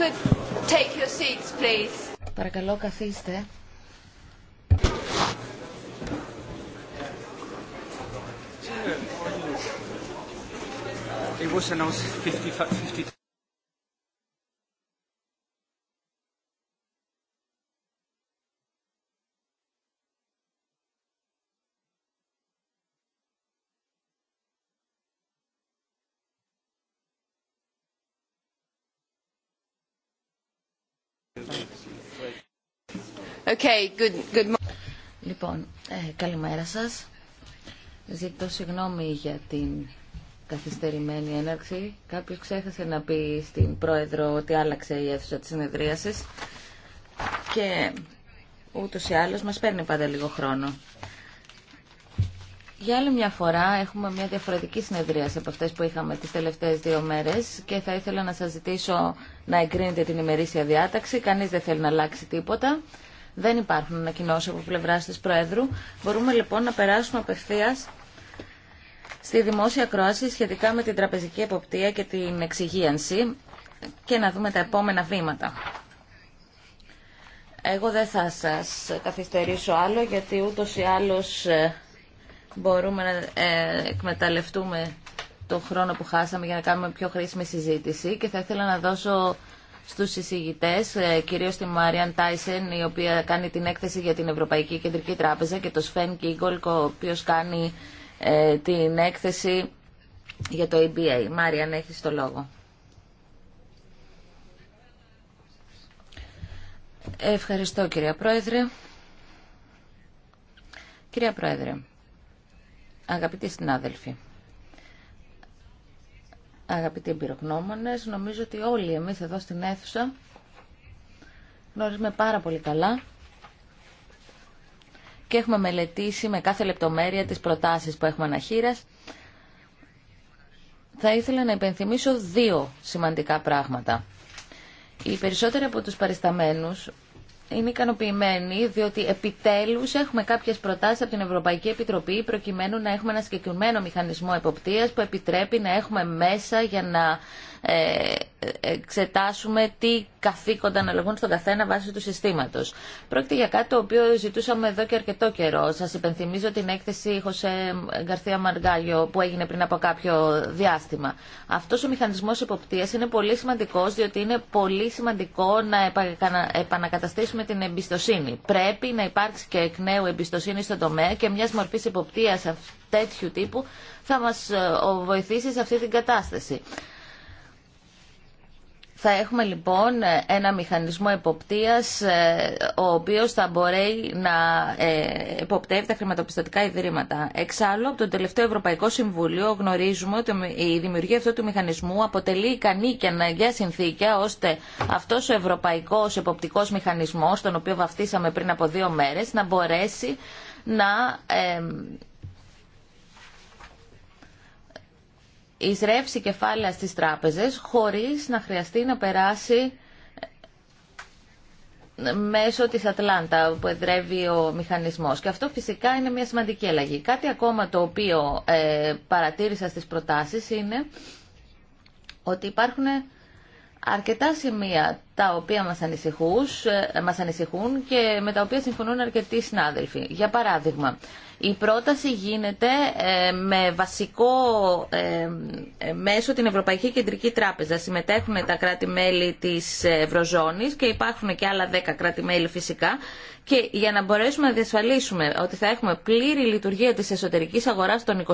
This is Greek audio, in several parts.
could take your seats, please. Παρακαλώ καθίστε. It was announced 50, 50 Λοιπόν, ε, καλημέρα σας. Ζητώ συγγνώμη για την καθυστερημένη έναρξη. Κάποιος ξέχασε να πει στην Πρόεδρο ότι άλλαξε η αίθουσα της συνεδρίασης και ούτως ή άλλως μας παίρνει πάντα λίγο χρόνο. Για άλλη μια φορά έχουμε μια διαφορετική συνεδρίαση από αυτές που είχαμε τις τελευταίες δύο μέρες και θα ήθελα να σας ζητήσω να εγκρίνετε την ημερήσια διάταξη. Κανείς δεν θέλει να αλλάξει τίποτα. Δεν υπάρχουν ανακοινώσει από πλευρά τη Προέδρου. Μπορούμε λοιπόν να περάσουμε απευθεία στη δημόσια κρόαση σχετικά με την τραπεζική εποπτεία και την εξυγίανση και να δούμε τα επόμενα βήματα. Εγώ δεν θα σας καθυστερήσω άλλο γιατί ούτως ή άλλως ε, μπορούμε να ε, εκμεταλλευτούμε το χρόνο που χάσαμε για να κάνουμε πιο χρήσιμη συζήτηση και θα ήθελα να δώσω στους συζητητέ, ε, Κυρίω τη Μαριάν Τάισεν, η οποία κάνει την έκθεση για την Ευρωπαϊκή Κεντρική Τράπεζα και το Σφεν Κίγκολ, ο οποίο κάνει ε, την έκθεση για το EBA. Μάριαν, έχεις το λόγο. Ευχαριστώ, κυρία Πρόεδρε. Κυρία Πρόεδρε, αγαπητοί συνάδελφοι, αγαπητοί εμπειρογνώμονες. Νομίζω ότι όλοι εμείς εδώ στην αίθουσα γνωρίζουμε πάρα πολύ καλά και έχουμε μελετήσει με κάθε λεπτομέρεια τις προτάσεις που έχουμε αναχείρας. Θα ήθελα να υπενθυμίσω δύο σημαντικά πράγματα. Οι περισσότεροι από τους παρισταμένους είναι ικανοποιημένη διότι επιτέλους έχουμε κάποιες προτάσεις από την Ευρωπαϊκή Επιτροπή προκειμένου να έχουμε ένα συγκεκριμένο μηχανισμό εποπτείας που επιτρέπει να έχουμε μέσα για να ε, εξετάσουμε τι καθήκοντα αναλογούν στον καθένα βάσει του συστήματο. Πρόκειται για κάτι το οποίο ζητούσαμε εδώ και αρκετό καιρό. Σα υπενθυμίζω την έκθεση Χωσέ Γκαρθία Μαργκάλιο που έγινε πριν από κάποιο διάστημα. Αυτό ο μηχανισμό υποπτία είναι πολύ σημαντικό διότι είναι πολύ σημαντικό να επανακαταστήσουμε την εμπιστοσύνη. Πρέπει να υπάρξει και εκ νέου εμπιστοσύνη στον τομέα και μια μορφή υποπτία τέτοιου τύπου θα μας ε, βοηθήσει σε αυτή την κατάσταση. Θα έχουμε λοιπόν ένα μηχανισμό εποπτείας ε, ο οποίος θα μπορεί να ε, εποπτεύει τα χρηματοπιστωτικά ιδρύματα. Εξάλλου, από το τελευταίο Ευρωπαϊκό Συμβούλιο γνωρίζουμε ότι η δημιουργία αυτού του μηχανισμού αποτελεί ικανή και αναγκαία συνθήκια ώστε αυτός ο ευρωπαϊκός εποπτικός μηχανισμός, τον οποίο βαφτίσαμε πριν από δύο μέρες, να μπορέσει να ε, εισρεύσει κεφάλαια στις τράπεζες χωρίς να χρειαστεί να περάσει ε, μέσω της Ατλάντα που εδρεύει ο μηχανισμός. Και αυτό φυσικά είναι μια σημαντική αλλαγή. Κάτι ακόμα το οποίο ε, παρατήρησα στις προτάσεις είναι ότι υπάρχουν αρκετά σημεία τα οποία μας ανησυχούν, ε, μας ανησυχούν και με τα οποία συμφωνούν αρκετοί συνάδελφοι. Για παράδειγμα, η πρόταση γίνεται ε, με βασικό ε, μέσο την Ευρωπαϊκή Κεντρική Τράπεζα. Συμμετέχουν τα κράτη-μέλη της Ευρωζώνης και υπάρχουν και άλλα 10 κράτη-μέλη φυσικά. Και για να μπορέσουμε να διασφαλίσουμε ότι θα έχουμε πλήρη λειτουργία της εσωτερικής αγοράς των 27,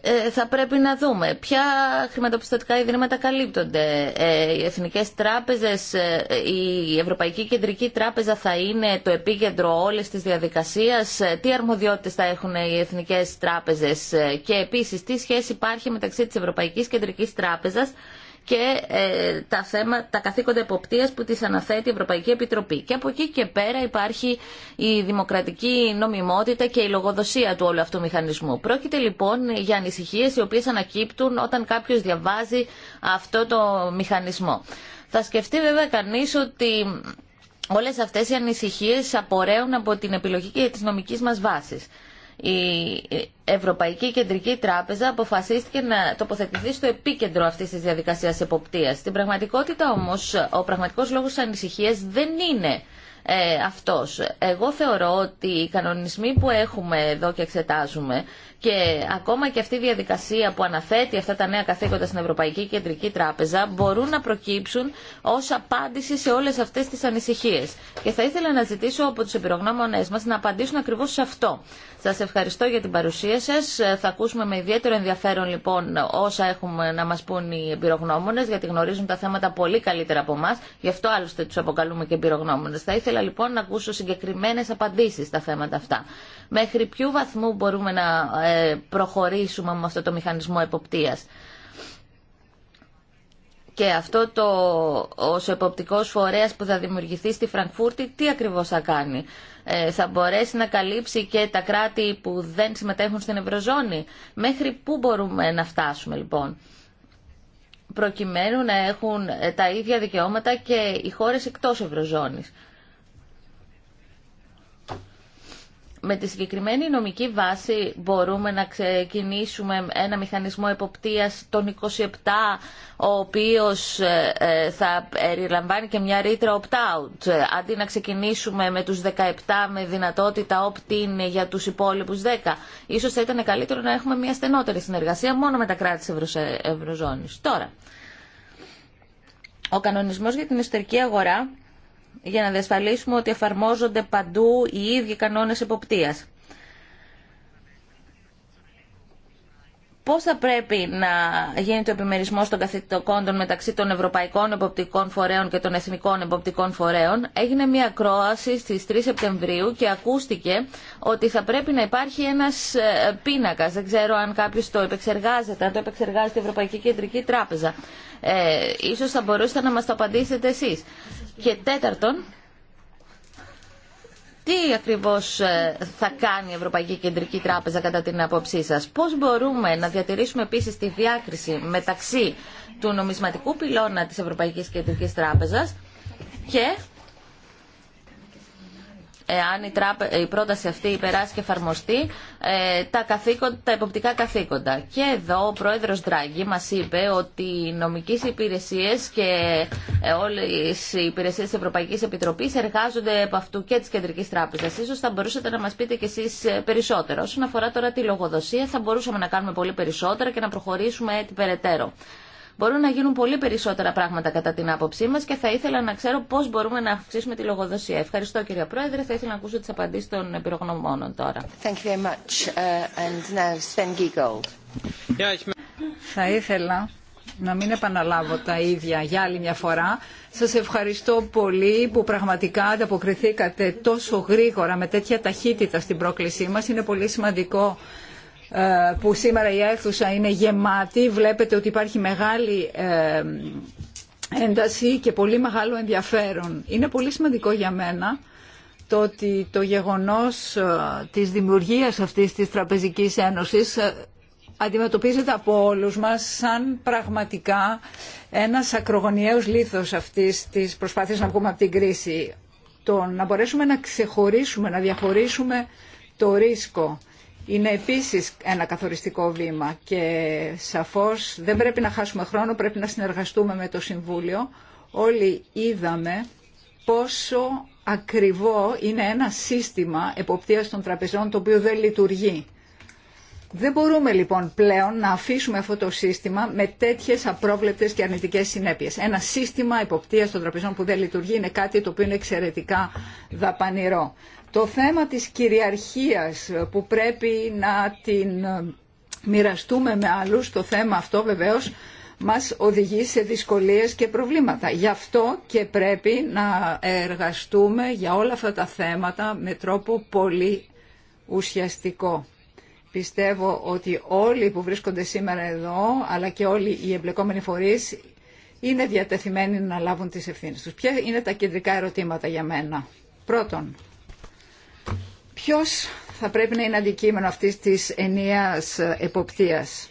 ε, θα πρέπει να δούμε ποια χρηματοπιστωτικά ιδρύματα καλύπτονται. Ε, οι εθνικές τράπεζες, ε, η Ευρωπαϊκή Κεντρική Τράπεζα θα είναι το επίκεντρο όλες της διαδικασίας. Τι αρμοδιότητες θα έχουν οι εθνικές τράπεζες και επίσης τι σχέση υπάρχει μεταξύ της Ευρωπαϊκής Κεντρικής Τράπεζας και ε, τα, θέμα, τα καθήκοντα εποπτείας που τις αναθέτει η Ευρωπαϊκή Επιτροπή. Και από εκεί και πέρα υπάρχει η δημοκρατική νομιμότητα και η λογοδοσία του όλου αυτού του μηχανισμού. Πρόκειται λοιπόν για ανησυχίες οι οποίες ανακύπτουν όταν κάποιος διαβάζει αυτό το μηχανισμό. Θα σκεφτεί βέβαια κανείς ότι όλες αυτές οι ανησυχίες απορρέουν από την επιλογή και της νομικής μας βάσης. Η Ευρωπαϊκή Κεντρική Τράπεζα αποφασίστηκε να τοποθετηθεί στο επίκεντρο αυτής της διαδικασίας εποπτείας. Στην πραγματικότητα όμως ο πραγματικός λόγος της ανησυχίας δεν είναι ε, αυτός. Εγώ θεωρώ ότι οι κανονισμοί που έχουμε εδώ και εξετάζουμε και ακόμα και αυτή η διαδικασία που αναθέτει αυτά τα νέα καθήκοντα στην Ευρωπαϊκή Κεντρική Τράπεζα μπορούν να προκύψουν ω απάντηση σε όλε αυτέ τι ανησυχίε. Και θα ήθελα να ζητήσω από του εμπειρογνώμονέ μα να απαντήσουν ακριβώ σε αυτό. Σα ευχαριστώ για την παρουσία σα. Θα ακούσουμε με ιδιαίτερο ενδιαφέρον λοιπόν όσα έχουν να μα πούν οι εμπειρογνώμονε, γιατί γνωρίζουν τα θέματα πολύ καλύτερα από εμά. Γι' αυτό άλλωστε του αποκαλούμε και εμπειρογνώμονε. Θα ήθελα λοιπόν να ακούσω συγκεκριμένε απαντήσει στα θέματα αυτά μέχρι ποιου βαθμού μπορούμε να ε, προχωρήσουμε με αυτό το μηχανισμό εποπτείας. Και αυτό το ως εποπτικός φορέας που θα δημιουργηθεί στη Φραγκφούρτη τι ακριβώς θα κάνει. Ε, θα μπορέσει να καλύψει και τα κράτη που δεν συμμετέχουν στην Ευρωζώνη. Μέχρι πού μπορούμε να φτάσουμε λοιπόν προκειμένου να έχουν ε, τα ίδια δικαιώματα και οι χώρες εκτός Ευρωζώνης. με τη συγκεκριμένη νομική βάση μπορούμε να ξεκινήσουμε ένα μηχανισμό εποπτείας των 27, ο οποίος ε, ε, θα περιλαμβάνει και μια ρήτρα opt-out, αντί να ξεκινήσουμε με τους 17 με δυνατότητα opt-in για τους υπόλοιπους 10. Ίσως θα ήταν καλύτερο να έχουμε μια στενότερη συνεργασία μόνο με τα κράτη της Ευρωζώνης. Τώρα, ο κανονισμός για την εσωτερική αγορά για να διασφαλίσουμε ότι εφαρμόζονται παντού οι ίδιοι κανόνες εποπτείας. Πώ θα πρέπει να γίνει το επιμερισμό των καθηκόντων μεταξύ των Ευρωπαϊκών Εποπτικών Φορέων και των Εθνικών Εποπτικών Φορέων. Έγινε μια κρόαση στις 3 Σεπτεμβρίου και ακούστηκε ότι θα πρέπει να υπάρχει ένας ε, πίνακας. Δεν ξέρω αν κάποιο το επεξεργάζεται, αν το επεξεργάζεται η Ευρωπαϊκή Κεντρική Τράπεζα. Ε, ίσως θα μπορούσατε να μας το απαντήσετε εσείς. Και τέταρτον, τι ακριβώς ε, θα κάνει η Ευρωπαϊκή Κεντρική Τράπεζα κατά την άποψή σας. Πώς μπορούμε να διατηρήσουμε επίσης τη διάκριση μεταξύ του νομισματικού πυλώνα της Ευρωπαϊκής Κεντρικής Τράπεζας και εάν η, η πρόταση αυτή περάσει και εφαρμοστεί, ε, τα, καθήκοντα, τα εποπτικά καθήκοντα. Και εδώ ο πρόεδρος Δράγκη μας είπε ότι οι νομικές υπηρεσίες και ε, όλες οι υπηρεσίες της Ευρωπαϊκής Επιτροπής εργάζονται από αυτού και της Κεντρικής Τράπεζας. Ίσως θα μπορούσατε να μας πείτε κι εσείς ε, περισσότερο. Όσον αφορά τώρα τη λογοδοσία θα μπορούσαμε να κάνουμε πολύ περισσότερα και να προχωρήσουμε την περαιτέρω. Μπορούν να γίνουν πολύ περισσότερα πράγματα κατά την άποψή μα και θα ήθελα να ξέρω πώ μπορούμε να αυξήσουμε τη λογοδοσία. Ευχαριστώ κύριε Πρόεδρε. Θα ήθελα να ακούσω τι απαντήσει των εμπειρογνωμόνων τώρα. Thank you very much. Uh, and now θα ήθελα να μην επαναλάβω τα ίδια για άλλη μια φορά. Σας ευχαριστώ πολύ που πραγματικά ανταποκριθήκατε τόσο γρήγορα με τέτοια ταχύτητα στην πρόκλησή μας. Είναι πολύ σημαντικό ε, που σήμερα η αίθουσα είναι γεμάτη. Βλέπετε ότι υπάρχει μεγάλη ε, ένταση και πολύ μεγάλο ενδιαφέρον. Είναι πολύ σημαντικό για μένα το ότι το γεγονός ε, της δημιουργίας αυτής της Τραπεζικής Ένωσης αντιμετωπίζεται από όλους μας σαν πραγματικά ένας ακρογωνιαίος λίθος αυτής της προσπάθειας να βγούμε από την κρίση. Το να μπορέσουμε να ξεχωρίσουμε, να διαχωρίσουμε το ρίσκο είναι επίσης ένα καθοριστικό βήμα και σαφώς δεν πρέπει να χάσουμε χρόνο, πρέπει να συνεργαστούμε με το Συμβούλιο. Όλοι είδαμε πόσο ακριβό είναι ένα σύστημα εποπτείας των τραπεζών το οποίο δεν λειτουργεί. Δεν μπορούμε λοιπόν πλέον να αφήσουμε αυτό το σύστημα με τέτοιες απρόβλεπτες και αρνητικές συνέπειες. Ένα σύστημα εποπτείας των τραπεζών που δεν λειτουργεί είναι κάτι το οποίο είναι εξαιρετικά δαπανηρό. Το θέμα της κυριαρχίας που πρέπει να την μοιραστούμε με άλλους, το θέμα αυτό βεβαίως μας οδηγεί σε δυσκολίες και προβλήματα. Γι' αυτό και πρέπει να εργαστούμε για όλα αυτά τα θέματα με τρόπο πολύ ουσιαστικό. Πιστεύω ότι όλοι που βρίσκονται σήμερα εδώ, αλλά και όλοι οι εμπλεκόμενοι φορείς, είναι διατεθειμένοι να λάβουν τις ευθύνες τους. Ποια είναι τα κεντρικά ερωτήματα για μένα. Πρώτον, ποιος θα πρέπει να είναι αντικείμενο αυτής της ενιαίας εποπτείας.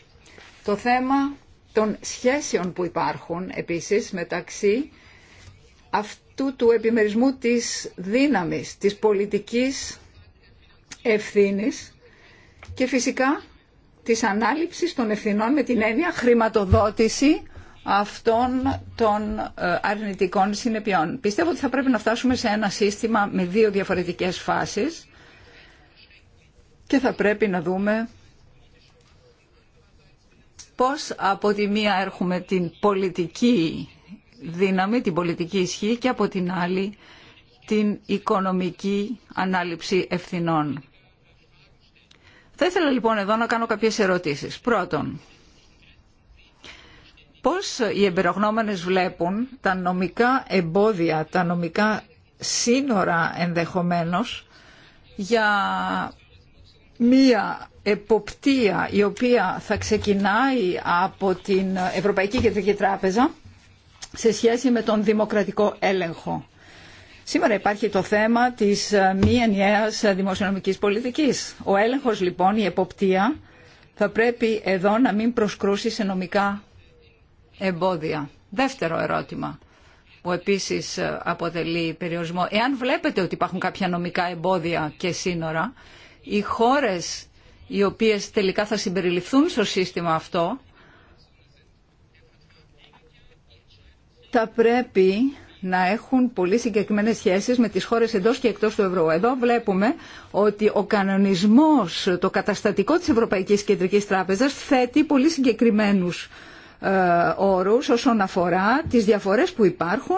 Το θέμα των σχέσεων που υπάρχουν επίσης μεταξύ αυτού του επιμερισμού της δύναμης, της πολιτικής ευθύνης και φυσικά της ανάληψης των ευθυνών με την έννοια χρηματοδότηση αυτών των ε, αρνητικών συνεπειών. Πιστεύω ότι θα πρέπει να φτάσουμε σε ένα σύστημα με δύο διαφορετικές φάσεις και θα πρέπει να δούμε πώς από τη μία έχουμε την πολιτική δύναμη, την πολιτική ισχύ και από την άλλη την οικονομική ανάληψη ευθυνών. Θα ήθελα λοιπόν εδώ να κάνω κάποιες ερωτήσεις. Πρώτον, πώς οι εμπειρογνώμενες βλέπουν τα νομικά εμπόδια, τα νομικά σύνορα ενδεχομένως για μία εποπτεία η οποία θα ξεκινάει από την Ευρωπαϊκή Κεντρική Τράπεζα σε σχέση με τον δημοκρατικό έλεγχο. Σήμερα υπάρχει το θέμα της μη ενιαίας δημοσιονομικής πολιτικής. Ο έλεγχος λοιπόν, η εποπτεία, θα πρέπει εδώ να μην προσκρούσει σε νομικά εμπόδια. Δεύτερο ερώτημα που επίσης αποτελεί περιορισμό. Εάν βλέπετε ότι υπάρχουν κάποια νομικά εμπόδια και σύνορα, οι χώρες οι οποίες τελικά θα συμπεριληφθούν στο σύστημα αυτό θα πρέπει να έχουν πολύ συγκεκριμένες σχέσεις με τις χώρες εντός και εκτός του ευρώ. Εδώ βλέπουμε ότι ο κανονισμός, το καταστατικό της Ευρωπαϊκής Κεντρικής Τράπεζας θέτει πολύ συγκεκριμένους ε, όρους όσον αφορά τις διαφορές που υπάρχουν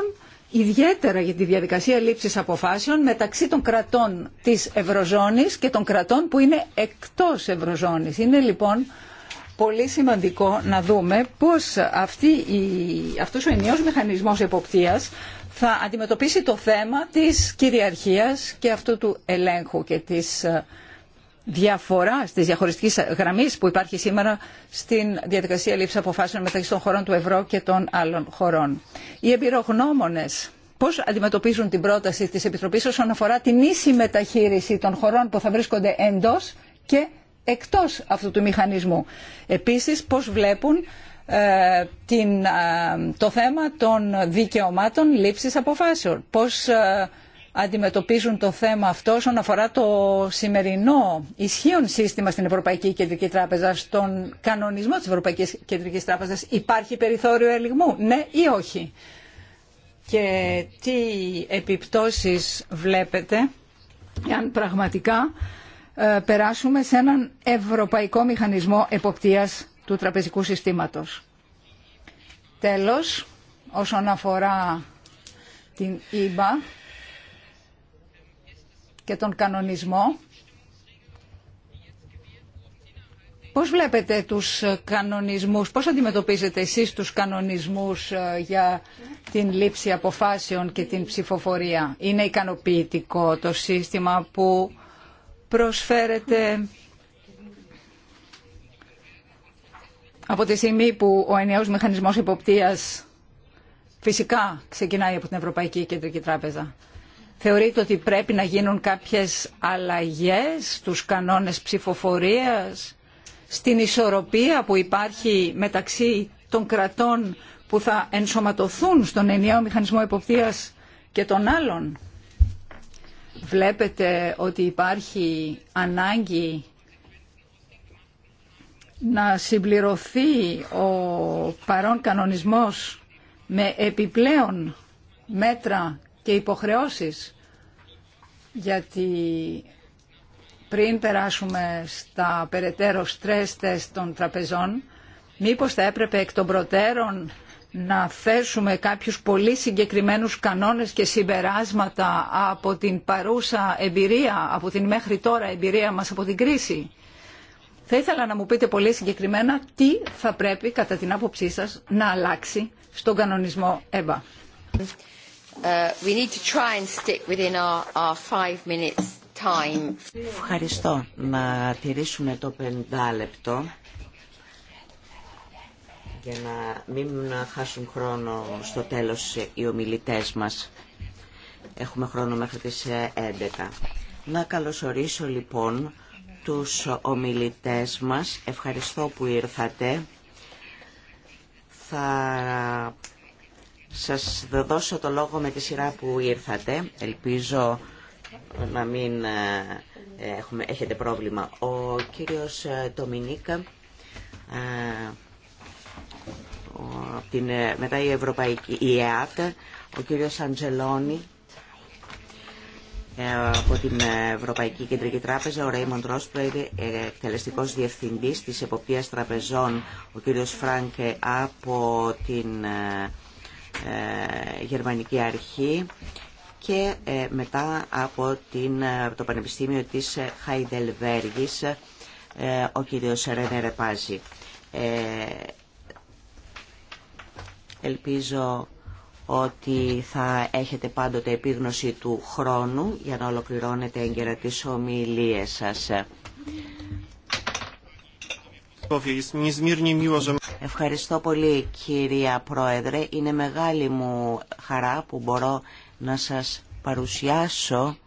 ιδιαίτερα για τη διαδικασία λήψης αποφάσεων μεταξύ των κρατών της Ευρωζώνης και των κρατών που είναι εκτός Ευρωζώνης. Είναι λοιπόν πολύ σημαντικό να δούμε πώς αυτή αυτός ο ενιαίος μηχανισμός εποπτείας θα αντιμετωπίσει το θέμα της κυριαρχίας και αυτού του ελέγχου και της ε, διαφορά τη διαχωριστική γραμμή που υπάρχει σήμερα στην διαδικασία λήψη αποφάσεων μεταξύ των χωρών του ευρώ και των άλλων χωρών. Οι εμπειρογνώμονε πώ αντιμετωπίζουν την πρόταση τη Επιτροπή όσον αφορά την ίση μεταχείριση των χωρών που θα βρίσκονται εντό και εκτό αυτού του μηχανισμού. Επίση, πώ βλέπουν ε, την, ε, το θέμα των δικαιωμάτων λήψη αποφάσεων. Πώς, ε, αντιμετωπίζουν το θέμα αυτό όσον αφορά το σημερινό ισχύον σύστημα στην Ευρωπαϊκή Κεντρική Τράπεζα, στον κανονισμό της Ευρωπαϊκής Κεντρικής Τράπεζας. Υπάρχει περιθώριο ελιγμού, ναι ή όχι. Και τι επιπτώσεις βλέπετε, αν πραγματικά ε, περάσουμε σε έναν ευρωπαϊκό μηχανισμό εποπτείας του τραπεζικού συστήματος. Τέλος, όσον αφορά την ΕΙΜΠΑ, και τον κανονισμό. Πώς βλέπετε τους κανονισμούς, πώς αντιμετωπίζετε εσείς τους κανονισμούς ε, για την λήψη αποφάσεων και την ψηφοφορία. Είναι ικανοποιητικό το σύστημα που προσφέρεται από τη στιγμή που ο ενιαίος μηχανισμός υποπτίας φυσικά ξεκινάει από την Ευρωπαϊκή Κεντρική Τράπεζα. Θεωρείτε ότι πρέπει να γίνουν κάποιες αλλαγές στους κανόνες ψηφοφορίας, στην ισορροπία που υπάρχει μεταξύ των κρατών που θα ενσωματωθούν στον ενιαίο μηχανισμό εποπτείας και των άλλων. Βλέπετε ότι υπάρχει ανάγκη να συμπληρωθεί ο παρόν κανονισμός με επιπλέον μέτρα και υποχρεώσεις. Γιατί πριν περάσουμε στα περαιτέρω στρες τεστ των τραπεζών, μήπως θα έπρεπε εκ των προτέρων να θέσουμε κάποιους πολύ συγκεκριμένους κανόνες και συμπεράσματα από την παρούσα εμπειρία, από την μέχρι τώρα εμπειρία μας από την κρίση. Θα ήθελα να μου πείτε πολύ συγκεκριμένα τι θα πρέπει κατά την άποψή σας να αλλάξει στον κανονισμό ΕΒΑ. Uh, we need to try and stick within our, our minutes time. Ευχαριστώ. Να τηρήσουμε το πεντάλεπτο, για να μην χάσουν χρόνο στο τέλος οι ομιλητές μας. Έχουμε χρόνο μέχρι τις 11. Ε, να καλωσορίσω λοιπόν τους ομιλητές μας. Ευχαριστώ που ήρθατε. Θα σας δώσω το λόγο με τη σειρά που ήρθατε. Ελπίζω να μην ε, έχουμε, έχετε πρόβλημα. Ο κύριος ε, Ντομινίκα, ε, την, μετά η Ευρωπαϊκή ΕΑΤ, ο κύριος Αντζελόνι, από την Ευρωπαϊκή Κεντρική Τράπεζα, ο Ρέιμοντ Ρόσπρειδ, εκτελεστικός διευθυντής της Εποπτείας Τραπεζών, ο κύριος Φράνκε από την ε, γερμανική Αρχή και ε, μετά από την, ε, το Πανεπιστήμιο της Χαϊδελβέργης ο κύριος Σερένε Ρεπάζη. Ελπίζω ότι θα έχετε πάντοτε επίγνωση του χρόνου για να ολοκληρώνετε έγκαιρα τις ομιλίες σας. Ευχαριστώ πολύ κυρία Πρόεδρε. Είναι μεγάλη μου χαρά που μπορώ να σας παρουσιάσω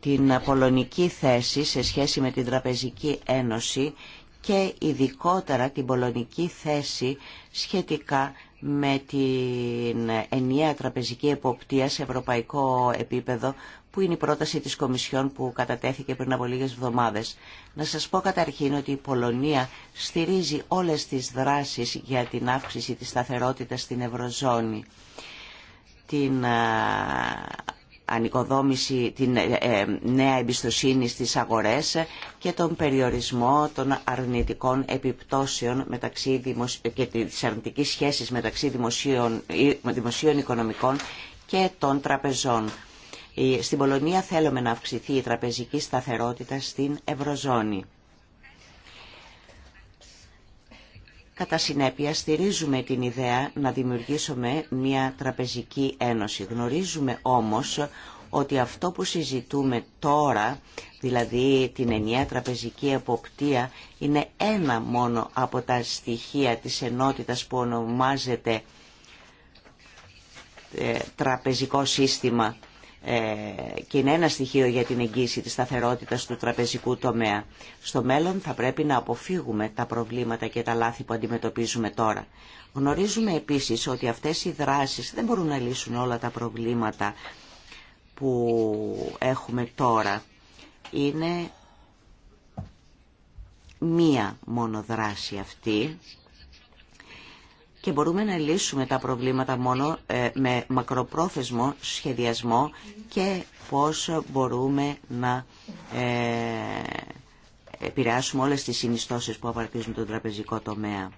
την πολωνική θέση σε σχέση με την Τραπεζική Ένωση και ειδικότερα την πολωνική θέση σχετικά με την ενιαία τραπεζική εποπτεία σε ευρωπαϊκό επίπεδο που είναι η πρόταση της Κομισιόν που κατατέθηκε πριν από λίγες εβδομάδες. Να σας πω καταρχήν ότι η Πολωνία στηρίζει όλες τις δράσεις για την αύξηση της σταθερότητας στην Ευρωζώνη. Την ανοικοδόμηση, την ε, ε, νέα εμπιστοσύνη στις αγορές και τον περιορισμό των αρνητικών επιπτώσεων μεταξύ και της αρνητικής σχέσης μεταξύ δημοσίων, ε, δημοσίων οικονομικών και των τραπεζών. Ε, στην Πολωνία θέλουμε να αυξηθεί η τραπεζική σταθερότητα στην Ευρωζώνη. Κατά συνέπεια στηρίζουμε την ιδέα να δημιουργήσουμε μια τραπεζική ένωση. Γνωρίζουμε όμως ότι αυτό που συζητούμε τώρα, δηλαδή την ενιαία τραπεζική εποπτεία, είναι ένα μόνο από τα στοιχεία της ενότητας που ονομάζεται ε, τραπεζικό σύστημα ε, και είναι ένα στοιχείο για την εγγύηση της σταθερότητας του τραπεζικού τομέα. Στο μέλλον θα πρέπει να αποφύγουμε τα προβλήματα και τα λάθη που αντιμετωπίζουμε τώρα. Γνωρίζουμε επίσης ότι αυτές οι δράσεις δεν μπορούν να λύσουν όλα τα προβλήματα που έχουμε τώρα. Είναι μία μόνο δράση αυτή και μπορούμε να λύσουμε τα προβλήματα μόνο ε, με μακροπρόθεσμο σχεδιασμό και πώς μπορούμε να ε, επηρεάσουμε όλες τις συνιστώσεις που απαρτίζουν τον τραπεζικό τομέα.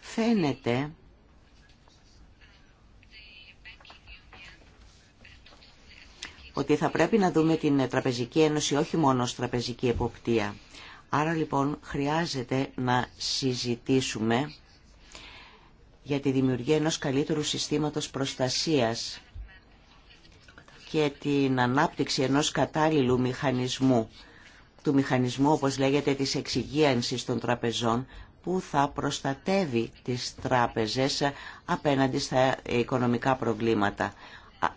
Φαίνεται ότι θα πρέπει να δούμε την Τραπεζική Ένωση όχι μόνο ως τραπεζική εποπτεία. Άρα λοιπόν χρειάζεται να συζητήσουμε για τη δημιουργία ενός καλύτερου συστήματος προστασίας και την ανάπτυξη ενός κατάλληλου μηχανισμού, του μηχανισμού όπως λέγεται της εξυγίανσης των τραπεζών, που θα προστατεύει τις τράπεζες απέναντι στα οικονομικά προβλήματα.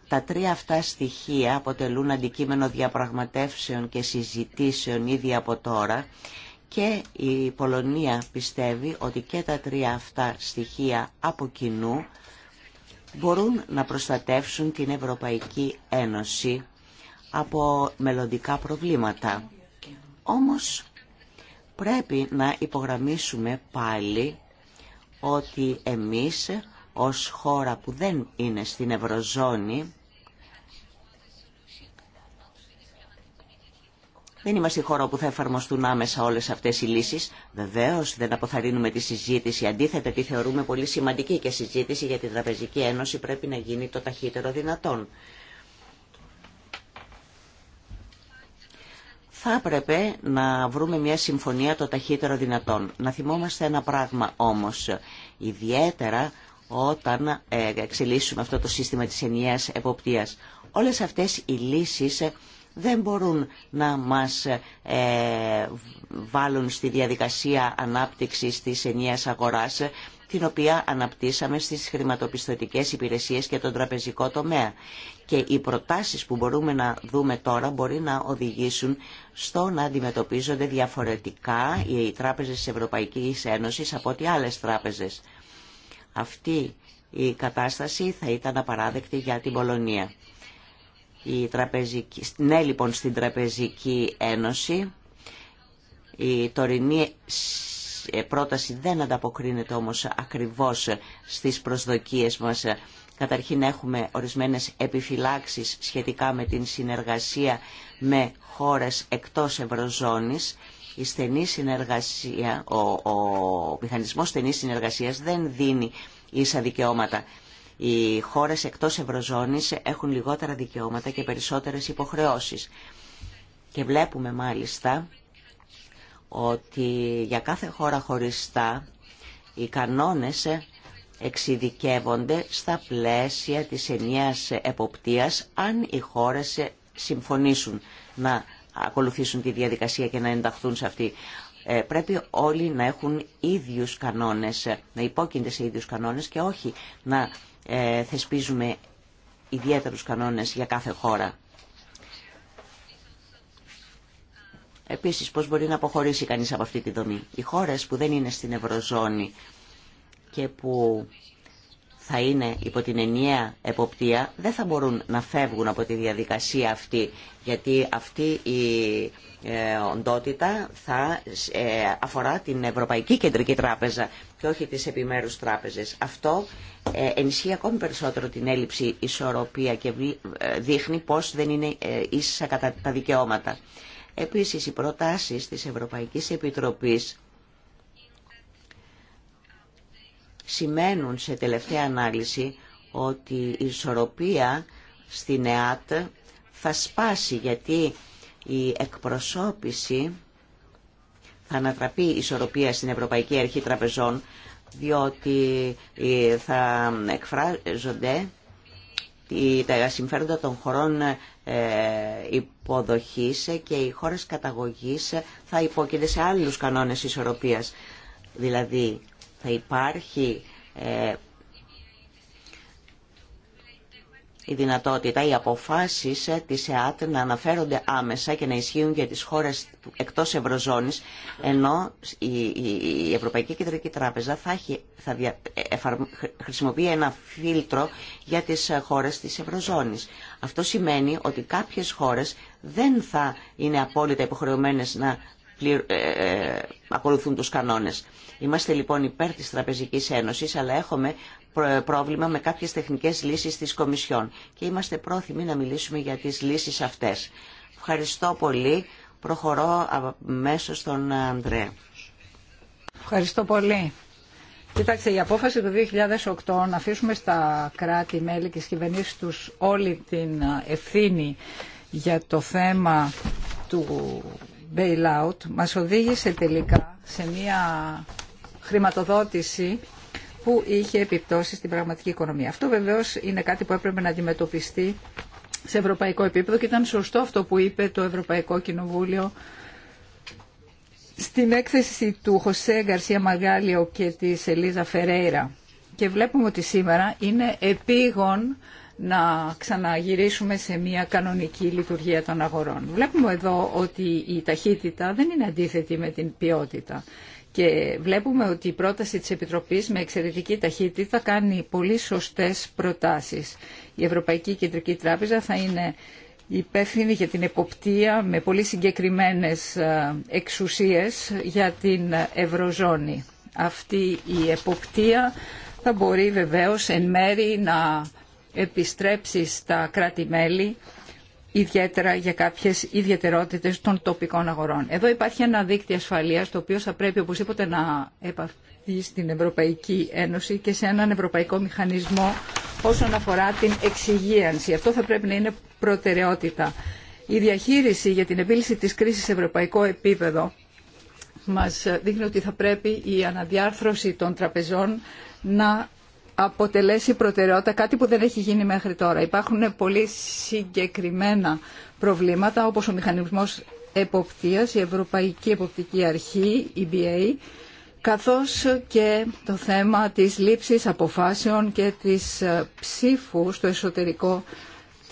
Τα τρία αυτά στοιχεία αποτελούν αντικείμενο διαπραγματεύσεων και συζητήσεων ήδη από τώρα και η Πολωνία πιστεύει ότι και τα τρία αυτά στοιχεία από κοινού μπορούν να προστατεύσουν την Ευρωπαϊκή Ένωση από μελλοντικά προβλήματα. Όμως πρέπει να υπογραμμίσουμε πάλι ότι εμείς ως χώρα που δεν είναι στην Ευρωζώνη, Δεν είμαστε η χώρα που θα εφαρμοστούν άμεσα όλε αυτέ οι λύσει. Βεβαίω δεν αποθαρρύνουμε τη συζήτηση. Αντίθετα, τη θεωρούμε πολύ σημαντική και συζήτηση για την Τραπεζική Ένωση πρέπει να γίνει το ταχύτερο δυνατόν. Θα έπρεπε να βρούμε μια συμφωνία το ταχύτερο δυνατόν. Να θυμόμαστε ένα πράγμα όμως, ιδιαίτερα όταν ε, εξελίσσουμε αυτό το σύστημα της ενιαίας εποπτείας. Όλες αυτές οι λύσεις ε, δεν μπορούν να μας ε, βάλουν στη διαδικασία ανάπτυξης της ενιαίας αγοράς, την οποία αναπτύσσαμε στις χρηματοπιστωτικές υπηρεσίες και τον τραπεζικό τομέα. Και οι προτάσεις που μπορούμε να δούμε τώρα μπορεί να οδηγήσουν στο να αντιμετωπίζονται διαφορετικά οι τράπεζες της Ευρωπαϊκής Ένωσης από ό,τι άλλες τράπεζες. Αυτή η κατάσταση θα ήταν απαράδεκτη για την Πολωνία. Η τραπεζική... Ναι, λοιπόν, στην Τραπεζική Ένωση η τωρινή πρόταση δεν ανταποκρίνεται όμως ακριβώς στις προσδοκίες μας. Καταρχήν έχουμε ορισμένες επιφυλάξεις σχετικά με την συνεργασία με χώρες εκτός Ευρωζώνης η στενή συνεργασία, ο, ο μηχανισμός στενής συνεργασίας δεν δίνει ίσα δικαιώματα. Οι χώρες εκτός Ευρωζώνης έχουν λιγότερα δικαιώματα και περισσότερες υποχρεώσεις. Και βλέπουμε μάλιστα ότι για κάθε χώρα χωριστά οι κανόνες εξειδικεύονται στα πλαίσια της ενιαίας εποπτείας αν οι χώρες συμφωνήσουν να ακολουθήσουν τη διαδικασία και να ενταχθούν σε αυτή. Ε, πρέπει όλοι να έχουν ίδιους κανόνες, να υπόκεινται σε ίδιους κανόνες και όχι να ε, θεσπίζουμε ιδιαίτερους κανόνες για κάθε χώρα. Επίσης, πώς μπορεί να αποχωρήσει κανείς από αυτή τη δομή. Οι χώρες που δεν είναι στην Ευρωζώνη και που θα είναι υπό την ενιαία εποπτεία δεν θα μπορούν να φεύγουν από τη διαδικασία αυτή γιατί αυτή η ε, οντότητα θα ε, αφορά την Ευρωπαϊκή Κεντρική Τράπεζα και όχι τις επιμέρους τράπεζες. Αυτό ε, ενισχύει ακόμη περισσότερο την έλλειψη ισορροπία και δείχνει πως δεν είναι ίσα κατά τα δικαιώματα. Επίσης, οι προτάσεις της Ευρωπαϊκής Επιτροπής σημαίνουν σε τελευταία ανάλυση ότι η ισορροπία στην ΕΑΤ θα σπάσει γιατί η εκπροσώπηση θα ανατραπεί η ισορροπία στην Ευρωπαϊκή Αρχή Τραπεζών διότι ε, θα εκφράζονται τα συμφέροντα των χωρών ε, υποδοχής και οι χώρες καταγωγής θα υπόκεινται σε άλλους κανόνες ισορροπίας. Δηλαδή θα υπάρχει ε, η δυνατότητα, οι αποφάσεις ε, της ΕΑΤ να αναφέρονται άμεσα και να ισχύουν για τις χώρες εκτός Ευρωζώνης, ενώ η Ευρωπαϊκή Κεντρική Τράπεζα θα, θα δια, χρησιμοποιεί ένα φίλτρο για τις χώρες της Ευρωζώνης. Αυτό σημαίνει ότι κάποιες χώρες δεν θα είναι απόλυτα υποχρεωμένες να ε, ε, ακολουθούν τους κανόνες. Είμαστε λοιπόν υπέρ της Τραπεζικής Ένωσης, αλλά έχουμε πρόβλημα με κάποιες τεχνικές λύσεις της Κομισιόν και είμαστε πρόθυμοι να μιλήσουμε για τις λύσεις αυτές. Ευχαριστώ πολύ. Προχωρώ μέσω στον Ανδρέα. Ευχαριστώ πολύ. Κοιτάξτε, η απόφαση του 2008 να αφήσουμε στα κράτη-μέλη και στις κυβερνήσεις τους όλη την ευθύνη για το θέμα του bailout μας οδήγησε τελικά σε μια χρηματοδότηση που είχε επιπτώσει στην πραγματική οικονομία. Αυτό βεβαίως είναι κάτι που έπρεπε να αντιμετωπιστεί σε ευρωπαϊκό επίπεδο και ήταν σωστό αυτό που είπε το Ευρωπαϊκό Κοινοβούλιο στην έκθεση του Χωσέ Γκαρσία Μαγάλιο και της Ελίζα Φερέιρα. Και βλέπουμε ότι σήμερα είναι επίγον να ξαναγυρίσουμε σε μια κανονική λειτουργία των αγορών. Βλέπουμε εδώ ότι η ταχύτητα δεν είναι αντίθετη με την ποιότητα. Και βλέπουμε ότι η πρόταση της Επιτροπής με εξαιρετική ταχύτητα κάνει πολύ σωστές προτάσεις. Η Ευρωπαϊκή Κεντρική Τράπεζα θα είναι υπεύθυνη για την εποπτεία με πολύ συγκεκριμένες ε, εξουσίες για την Ευρωζώνη. Αυτή η εποπτεία θα μπορεί βεβαίως εν μέρη να επιστρέψει στα κράτη-μέλη ιδιαίτερα για κάποιε ιδιαίτερότητε των τοπικών αγορών. Εδώ υπάρχει ένα δίκτυο ασφαλεία, το οποίο θα πρέπει οπωσδήποτε να επαφθεί στην Ευρωπαϊκή Ένωση και σε έναν ευρωπαϊκό μηχανισμό όσον αφορά την εξυγίανση. Αυτό θα πρέπει να είναι προτεραιότητα. Η διαχείριση για την επίλυση της κρίσης σε ευρωπαϊκό επίπεδο μας δείχνει ότι θα πρέπει η αναδιάρθρωση των τραπεζών να αποτελέσει προτεραιότητα κάτι που δεν έχει γίνει μέχρι τώρα. Υπάρχουν πολύ συγκεκριμένα προβλήματα όπως ο μηχανισμός εποπτείας, η Ευρωπαϊκή Εποπτική Αρχή, EBA, καθώς και το θέμα της λήψης αποφάσεων και της ψήφου στο εσωτερικό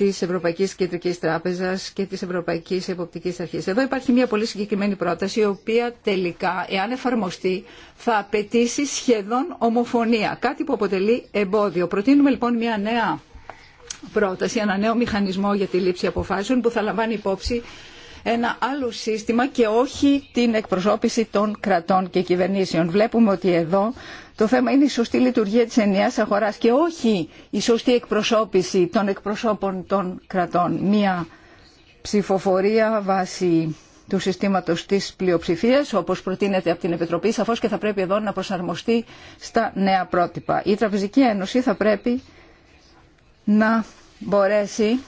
της Ευρωπαϊκής Κεντρικής Τράπεζας και της Ευρωπαϊκής Εποπτικής Αρχής. Εδώ υπάρχει μια πολύ συγκεκριμένη πρόταση, η οποία τελικά, εάν εφαρμοστεί, θα απαιτήσει σχεδόν ομοφωνία, κάτι που αποτελεί εμπόδιο. Προτείνουμε λοιπόν μια νέα πρόταση, ένα νέο μηχανισμό για τη λήψη αποφάσεων που θα λαμβάνει υπόψη ένα άλλο σύστημα και όχι την εκπροσώπηση των κρατών και κυβερνήσεων. Βλέπουμε ότι εδώ το θέμα είναι η σωστή λειτουργία της ενιαίας αγοράς και όχι η σωστή εκπροσώπηση των εκπροσώπων των κρατών. Μία ψηφοφορία βάσει του συστήματος της πλειοψηφίας, όπως προτείνεται από την Επιτροπή, σαφώς και θα πρέπει εδώ να προσαρμοστεί στα νέα πρότυπα. Η Τραπεζική Ένωση θα πρέπει να μπορέσει...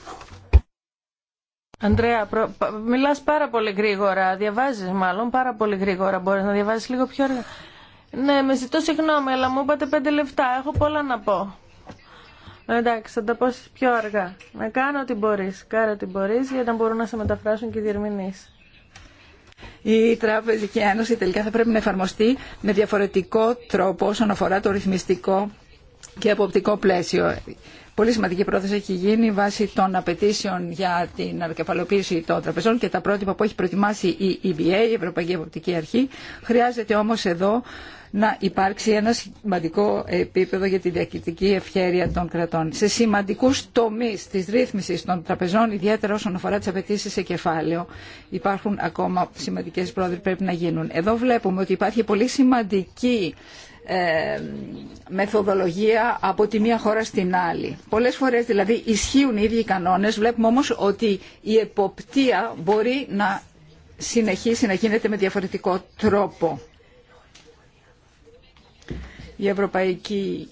Αντρέα, προ... πάρα πολύ γρήγορα, διαβάζεις μάλλον πάρα πολύ γρήγορα, μπορείς να διαβάζεις λίγο πιο ναι, με ζητώ συγγνώμη, αλλά μου είπατε πέντε λεφτά. Έχω πολλά να πω. Εντάξει, θα τα πω πιο αργά. Να κάνω ό,τι μπορεί, Κάνω ό,τι μπορεί για να μπορούν να σε μεταφράσουν και οι διερμηνεί. Η Τραπεζική Ένωση τελικά θα πρέπει να εφαρμοστεί με διαφορετικό τρόπο όσον αφορά το ρυθμιστικό και αποπτικό πλαίσιο. Πολύ σημαντική πρόθεση έχει γίνει βάσει των απαιτήσεων για την ανακεφαλοποίηση των τραπεζών και τα πρότυπα που έχει προετοιμάσει η EBA, η Ευρωπαϊκή Αποπτική Αρχή. Χρειάζεται όμως εδώ να υπάρξει ένα σημαντικό επίπεδο για τη διακριτική ευχέρεια των κρατών. Σε σημαντικού τομεί τη ρύθμιση των τραπεζών, ιδιαίτερα όσον αφορά τι απαιτήσει σε κεφάλαιο, υπάρχουν ακόμα σημαντικέ πρόοδοι που πρέπει να γίνουν. Εδώ βλέπουμε ότι υπάρχει πολύ σημαντική ε, μεθοδολογία από τη μία χώρα στην άλλη. Πολλέ φορέ, δηλαδή ισχύουν οι ίδιοι οι κανόνες, βλέπουμε όμω ότι η εποπτεία μπορεί να συνεχίσει να γίνεται με διαφορετικό τρόπο. Η Ευρωπαϊκή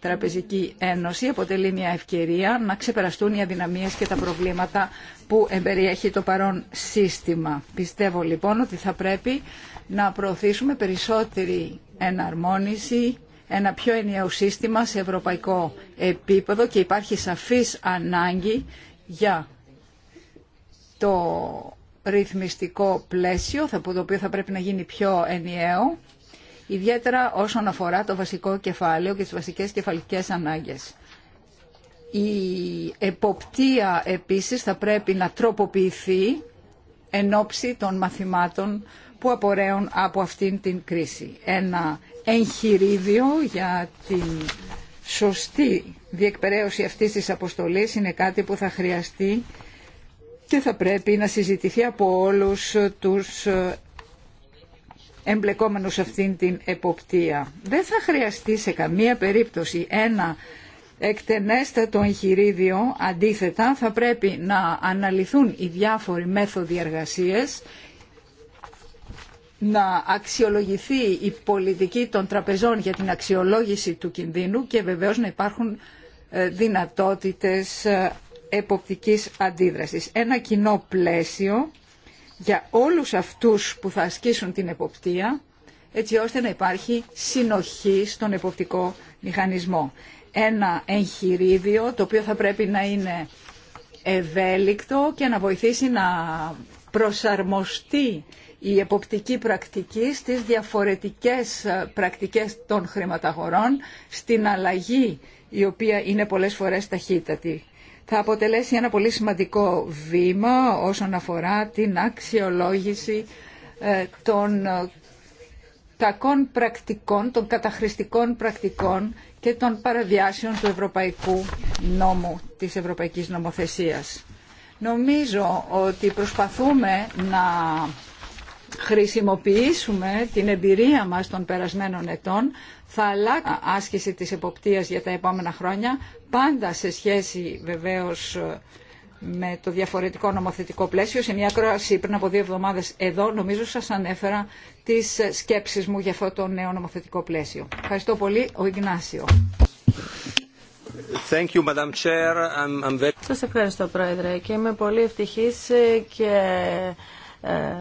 Τραπεζική Ένωση αποτελεί μια ευκαιρία να ξεπεραστούν οι αδυναμίες και τα προβλήματα που εμπεριέχει το παρόν σύστημα. Πιστεύω λοιπόν ότι θα πρέπει να προωθήσουμε περισσότερη εναρμόνιση, ένα πιο ενιαίο σύστημα σε ευρωπαϊκό επίπεδο και υπάρχει σαφής ανάγκη για το ρυθμιστικό πλαίσιο, το οποίο θα πρέπει να γίνει πιο ενιαίο ιδιαίτερα όσον αφορά το βασικό κεφάλαιο και τις βασικές κεφαλικές ανάγκες. Η εποπτεία επίσης θα πρέπει να τροποποιηθεί εν ώψη των μαθημάτων που απορρέουν από αυτήν την κρίση. Ένα εγχειρίδιο για την σωστή διεκπαιρέωση αυτής της αποστολής είναι κάτι που θα χρειαστεί και θα πρέπει να συζητηθεί από όλους τους Εμπλεκόμενο σε αυτήν την εποπτεία. Δεν θα χρειαστεί σε καμία περίπτωση ένα εκτενέστατο εγχειρίδιο, αντίθετα θα πρέπει να αναλυθούν οι διάφοροι μέθοδοι εργασίες, να αξιολογηθεί η πολιτική των τραπεζών για την αξιολόγηση του κινδύνου και βεβαίως να υπάρχουν ε, δυνατότητες ε, εποπτικής αντίδρασης. Ένα κοινό πλαίσιο για όλους αυτούς που θα ασκήσουν την εποπτεία, έτσι ώστε να υπάρχει συνοχή στον εποπτικό μηχανισμό. Ένα εγχειρίδιο το οποίο θα πρέπει να είναι ευέλικτο και να βοηθήσει να προσαρμοστεί η εποπτική πρακτική στις διαφορετικές πρακτικές των χρηματαγορών, στην αλλαγή η οποία είναι πολλές φορές ταχύτατη θα αποτελέσει ένα πολύ σημαντικό βήμα όσον αφορά την αξιολόγηση ε, των ε, κακών πρακτικών, των καταχρηστικών πρακτικών και των παραβιάσεων του ευρωπαϊκού νόμου, της ευρωπαϊκής νομοθεσίας. Νομίζω ότι προσπαθούμε να χρησιμοποιήσουμε την εμπειρία μας των περασμένων ετών, θα αλλάξει άσκηση της εποπτείας για τα επόμενα χρόνια, πάντα σε σχέση βεβαίως με το διαφορετικό νομοθετικό πλαίσιο. Σε μια κρόαση πριν από δύο εβδομάδες εδώ, νομίζω σας ανέφερα τις σκέψεις μου για αυτό το νέο νομοθετικό πλαίσιο. Ευχαριστώ πολύ, ο Ιγνάσιο. Thank you, Madam Chair. I'm, I'm very... Σας ευχαριστώ, Πρόεδρε, και είμαι πολύ ευτυχής και ε,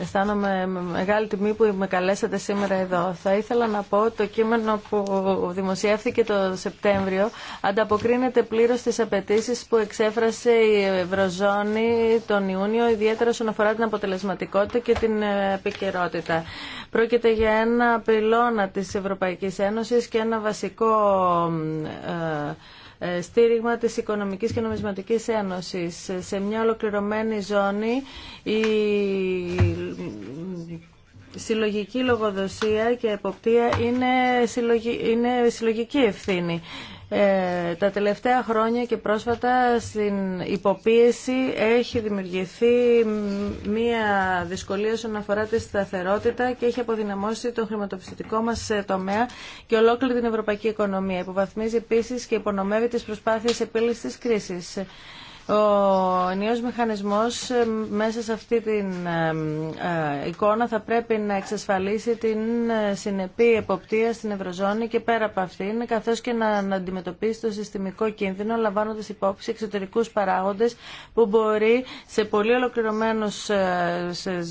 αισθάνομαι μεγάλη τιμή που με καλέσατε σήμερα εδώ. Θα ήθελα να πω το κείμενο που δημοσιεύθηκε το Σεπτέμβριο ανταποκρίνεται πλήρως στι απαιτήσει που εξέφρασε η Ευρωζώνη τον Ιούνιο, ιδιαίτερα όσον αφορά την αποτελεσματικότητα και την επικαιρότητα. Πρόκειται για ένα πυλώνα της Ευρωπαϊκής Ένωσης και ένα βασικό ε, ε, στήριγμα της Οικονομικής και Νομισματικής Ένωσης. Ε, σε μια ολοκληρωμένη ζώνη η συλλογική λογοδοσία και εποπτεία είναι, συλλογική ευθύνη. Ε, τα τελευταία χρόνια και πρόσφατα στην υποπίεση έχει δημιουργηθεί μία δυσκολία όσον αφορά τη σταθερότητα και έχει αποδυναμώσει τον χρηματοπιστωτικό μας ε, τομέα και ολόκληρη την ευρωπαϊκή οικονομία. Υποβαθμίζει επίσης και υπονομεύει τις προσπάθειες επίλυσης της κρίσης. Ο νέος μηχανισμός ε, μέσα σε αυτή την ε, ε, εικόνα θα πρέπει να εξασφαλίσει την συνεπή εποπτεία στην Ευρωζώνη και πέρα από αυτήν, καθώς και να αντιμετωπίσει το συστημικό κίνδυνο, λαμβάνοντας υπόψη εξωτερικούς παράγοντες που μπορεί σε πολύ ολοκληρωμένους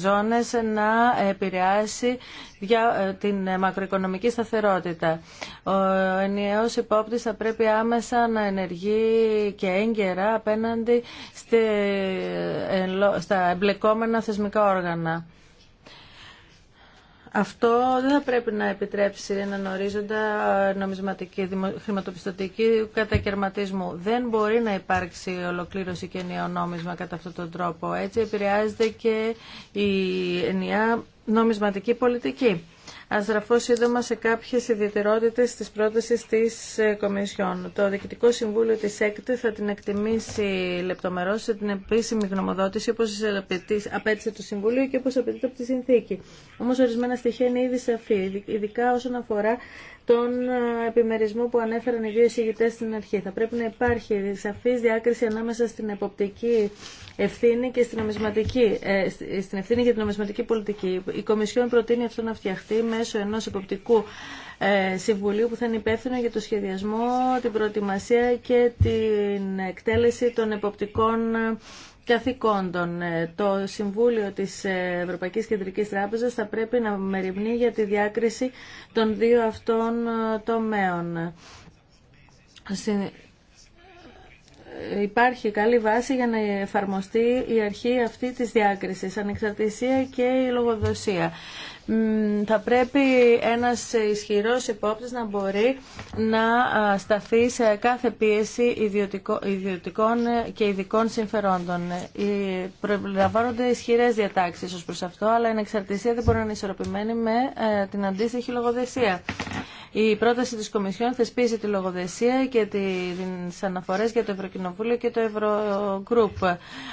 ζώνες να επηρεάσει για ε, την ε, μακροοικονομική σταθερότητα. Ο ενιαίος υπόπτης θα πρέπει άμεσα να ενεργεί και έγκαιρα απέναντι ε, στα εμπλεκόμενα θεσμικά όργανα. Αυτό δεν θα πρέπει να επιτρέψει έναν ορίζοντα νομισματική, χρηματοπιστωτική κατακαιρματισμού. Δεν μπορεί να υπάρξει ολοκλήρωση και νέο νόμισμα κατά αυτόν τον τρόπο. Έτσι επηρεάζεται και η ενιαία νομισματική πολιτική γραφώ σύντομα σε κάποιες ιδιαιτερότητες της πρότασης της ε, Κομισιόν. Το Διοικητικό Συμβούλιο της ΕΚΤ θα την εκτιμήσει λεπτομερώς σε την επίσημη γνωμοδότηση όπως απέτησε το Συμβούλιο και όπως απαιτείται από τη συνθήκη. Όμως ορισμένα στοιχεία είναι ήδη σαφή, ειδικά όσον αφορά τον ε, επιμερισμό που ανέφεραν οι δύο εισηγητές στην αρχή. Θα πρέπει να υπάρχει σαφής διάκριση ανάμεσα στην εποπτική ευθύνη και στην, νομισματική, ε, ε, στην ευθύνη για την νομισματική πολιτική. Η Κομισιόν προτείνει αυτό να φτιαχτεί μέσω ενός εποπτικού συμβουλίου που θα είναι υπεύθυνο για το σχεδιασμό, την προετοιμασία και την εκτέλεση των εποπτικών καθηκόντων. Ε, το Συμβούλιο της ε, Ευρωπαϊκής Κεντρικής Τράπεζας θα πρέπει να μεριμνεί για τη διάκριση των δύο αυτών ε, τομέων υπάρχει καλή βάση για να εφαρμοστεί η αρχή αυτή της διάκρισης, ανεξαρτησία και η λογοδοσία θα πρέπει ένας ισχυρός υπόπτης να μπορεί να σταθεί σε κάθε πίεση ιδιωτικών και ειδικών συμφερόντων. Ε, Προλαμβάνονται ισχυρές διατάξεις ως προς αυτό, αλλά η εξαρτησία δεν μπορεί να είναι ισορροπημένη με ε, την αντίστοιχη λογοδεσία. Η πρόταση της Κομισιόν θεσπίζει τη λογοδεσία και τι αναφορέ για το Ευρωκοινοβούλιο και το Ευρωγκρουπ.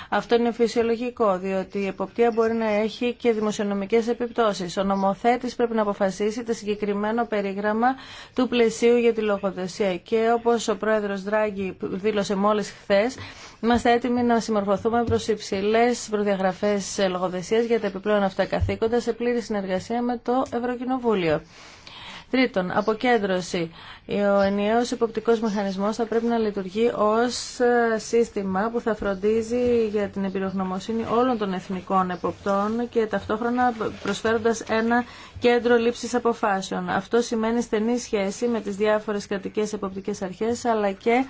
Αυτό είναι φυσιολογικό, διότι η εποπτεία μπορεί να έχει και δημοσιονομικέ επιπτώσει. Ο νομοθέτη πρέπει να αποφασίσει το συγκεκριμένο περίγραμμα του πλαισίου για τη λογοδεσία. Και όπω ο πρόεδρο Δράγκη δήλωσε μόλι χθε, Είμαστε έτοιμοι να συμμορφωθούμε προ υψηλέ προδιαγραφέ λογοδεσία για τα επιπλέον αυτά καθήκοντα σε πλήρη συνεργασία με το Ευρωκοινοβούλιο. Τρίτον, αποκέντρωση. Ο ενιαίος υποπτικός μηχανισμός θα πρέπει να λειτουργεί ως ε, σύστημα που θα φροντίζει για την εμπειρογνωμοσύνη όλων των εθνικών εποπτών και ταυτόχρονα προσφέροντας ένα κέντρο λήψης αποφάσεων. Αυτό σημαίνει στενή σχέση με τις διάφορες κρατικές εποπτικές αρχές αλλά και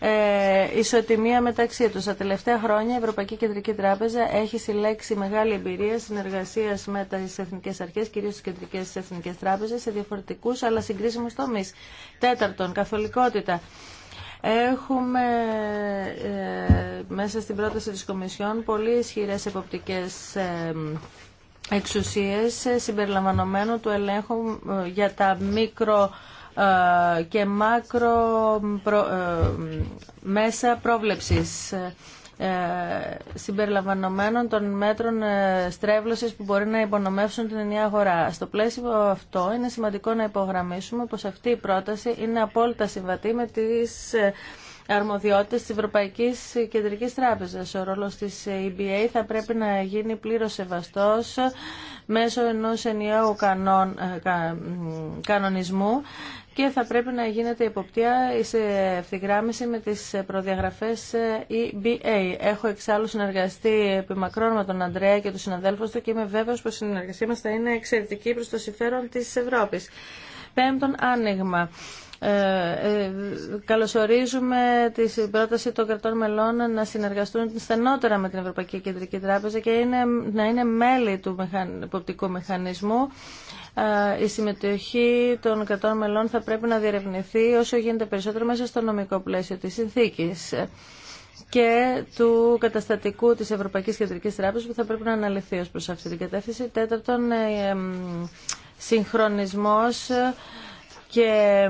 ε, ισοτιμία μεταξύ του. Τα τελευταία χρόνια η Ευρωπαϊκή Κεντρική Τράπεζα έχει συλλέξει μεγάλη εμπειρία συνεργασίας με τι εθνικέ αρχές, κυρίως τι κεντρικές εθνικές τράπεζες, σε διαφορετικούς αλλά συγκρίσιμους τομεί. Τέταρτον, καθολικότητα. Έχουμε ε, μέσα στην πρόταση της Κομισιόν πολύ ισχυρές εποπτικές ε, εξουσίες ε, συμπεριλαμβανομένου του ελέγχου ε, για τα μικρο και μάκρο ε, μέσα πρόβλεψης ε, ε, συμπεριλαμβανομένων των μέτρων στρέβλωσης που μπορεί να υπονομεύσουν την ενιαία αγορά. Στο πλαίσιο αυτό είναι σημαντικό να υπογραμμίσουμε πως αυτή η πρόταση είναι απόλυτα συμβατή με τις αρμοδιότητες της Ευρωπαϊκής Κεντρικής Τράπεζας. Ο ρόλος της EBA θα πρέπει να γίνει πλήρως σεβαστός μέσω ενός ενιαίου κανον, ε, κα, κανονισμού και θα πρέπει να γίνεται υποπτία σε ευθυγράμμιση με τις προδιαγραφές ε, EBA. Έχω εξάλλου συνεργαστεί επί μακρόν με τον Αντρέα και τους συναδέλφους του και είμαι βέβαιος πως η συνεργασία μας θα είναι εξαιρετική προς το συμφέρον της Ευρώπης. Πέμπτον, άνοιγμα. Ε, ε, καλωσορίζουμε την πρόταση των κρατών μελών να συνεργαστούν στενότερα με την Ευρωπαϊκή Κεντρική Τράπεζα και να είναι μέλη του υποπτικού μηχανισμού. Ε, η συμμετοχή των κρατών μελών θα πρέπει να διερευνηθεί όσο γίνεται περισσότερο μέσα στο νομικό πλαίσιο της συνθήκης και του καταστατικού της Ευρωπαϊκής Κεντρικής Τράπεζας που θα πρέπει να αναλυθεί ως προς αυτή την κατεύθυνση. Τέταρτον, συγχρονισμός και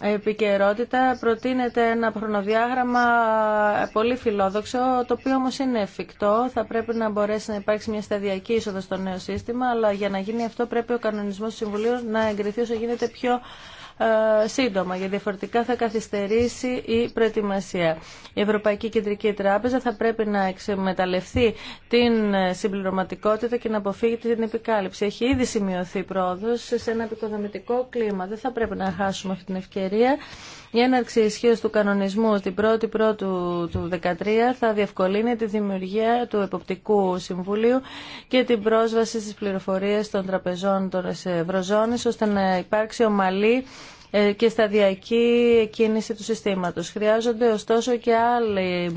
επικαιρότητα προτείνεται ένα χρονοδιάγραμμα ε, πολύ φιλόδοξο, το οποίο όμως είναι εφικτό. Θα πρέπει να μπορέσει να υπάρξει μια σταδιακή είσοδο στο νέο σύστημα, αλλά για να γίνει αυτό πρέπει ο κανονισμός του Συμβουλίου να εγκριθεί όσο γίνεται πιο ε, σύντομα, γιατί διαφορετικά θα καθυστερήσει η προετοιμασία. Η Ευρωπαϊκή Κεντρική Τράπεζα θα πρέπει να εξεμεταλλευτεί την συμπληρωματικότητα και να αποφύγει την επικάλυψη. Έχει ήδη σημειωθεί πρόοδο σε ένα επικοδομητικό κλίμα. Δεν θα πρέπει να χάσουμε αυτή την ευκαιρία. Η έναρξη ισχύω του κανονισμού την 1η Πρώτου του 2013 θα διευκολύνει τη δημιουργία του Εποπτικού Συμβουλίου και την πρόσβαση στι πληροφορίε των τραπεζών των Ευρωζώνη, ώστε να υπάρξει ομαλή ε, και σταδιακή κίνηση του συστήματος. Χρειάζονται ωστόσο και άλλοι,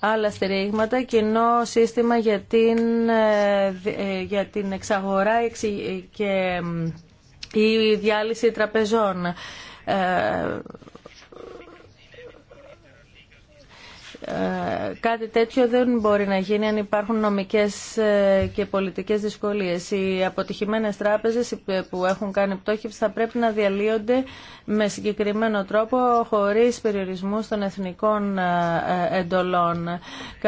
άλλα στηρίγματα, κοινό σύστημα για την, ε, ε, για την εξαγορά και η διάλυση τραπεζών Ε, κάτι τέτοιο δεν μπορεί να γίνει αν υπάρχουν νομικές ε, και πολιτικές δυσκολίες. Οι αποτυχημένες τράπεζες που έχουν κάνει πτώχευση θα πρέπει να διαλύονται με συγκεκριμένο τρόπο χωρίς περιορισμού των εθνικών ε, εντολών.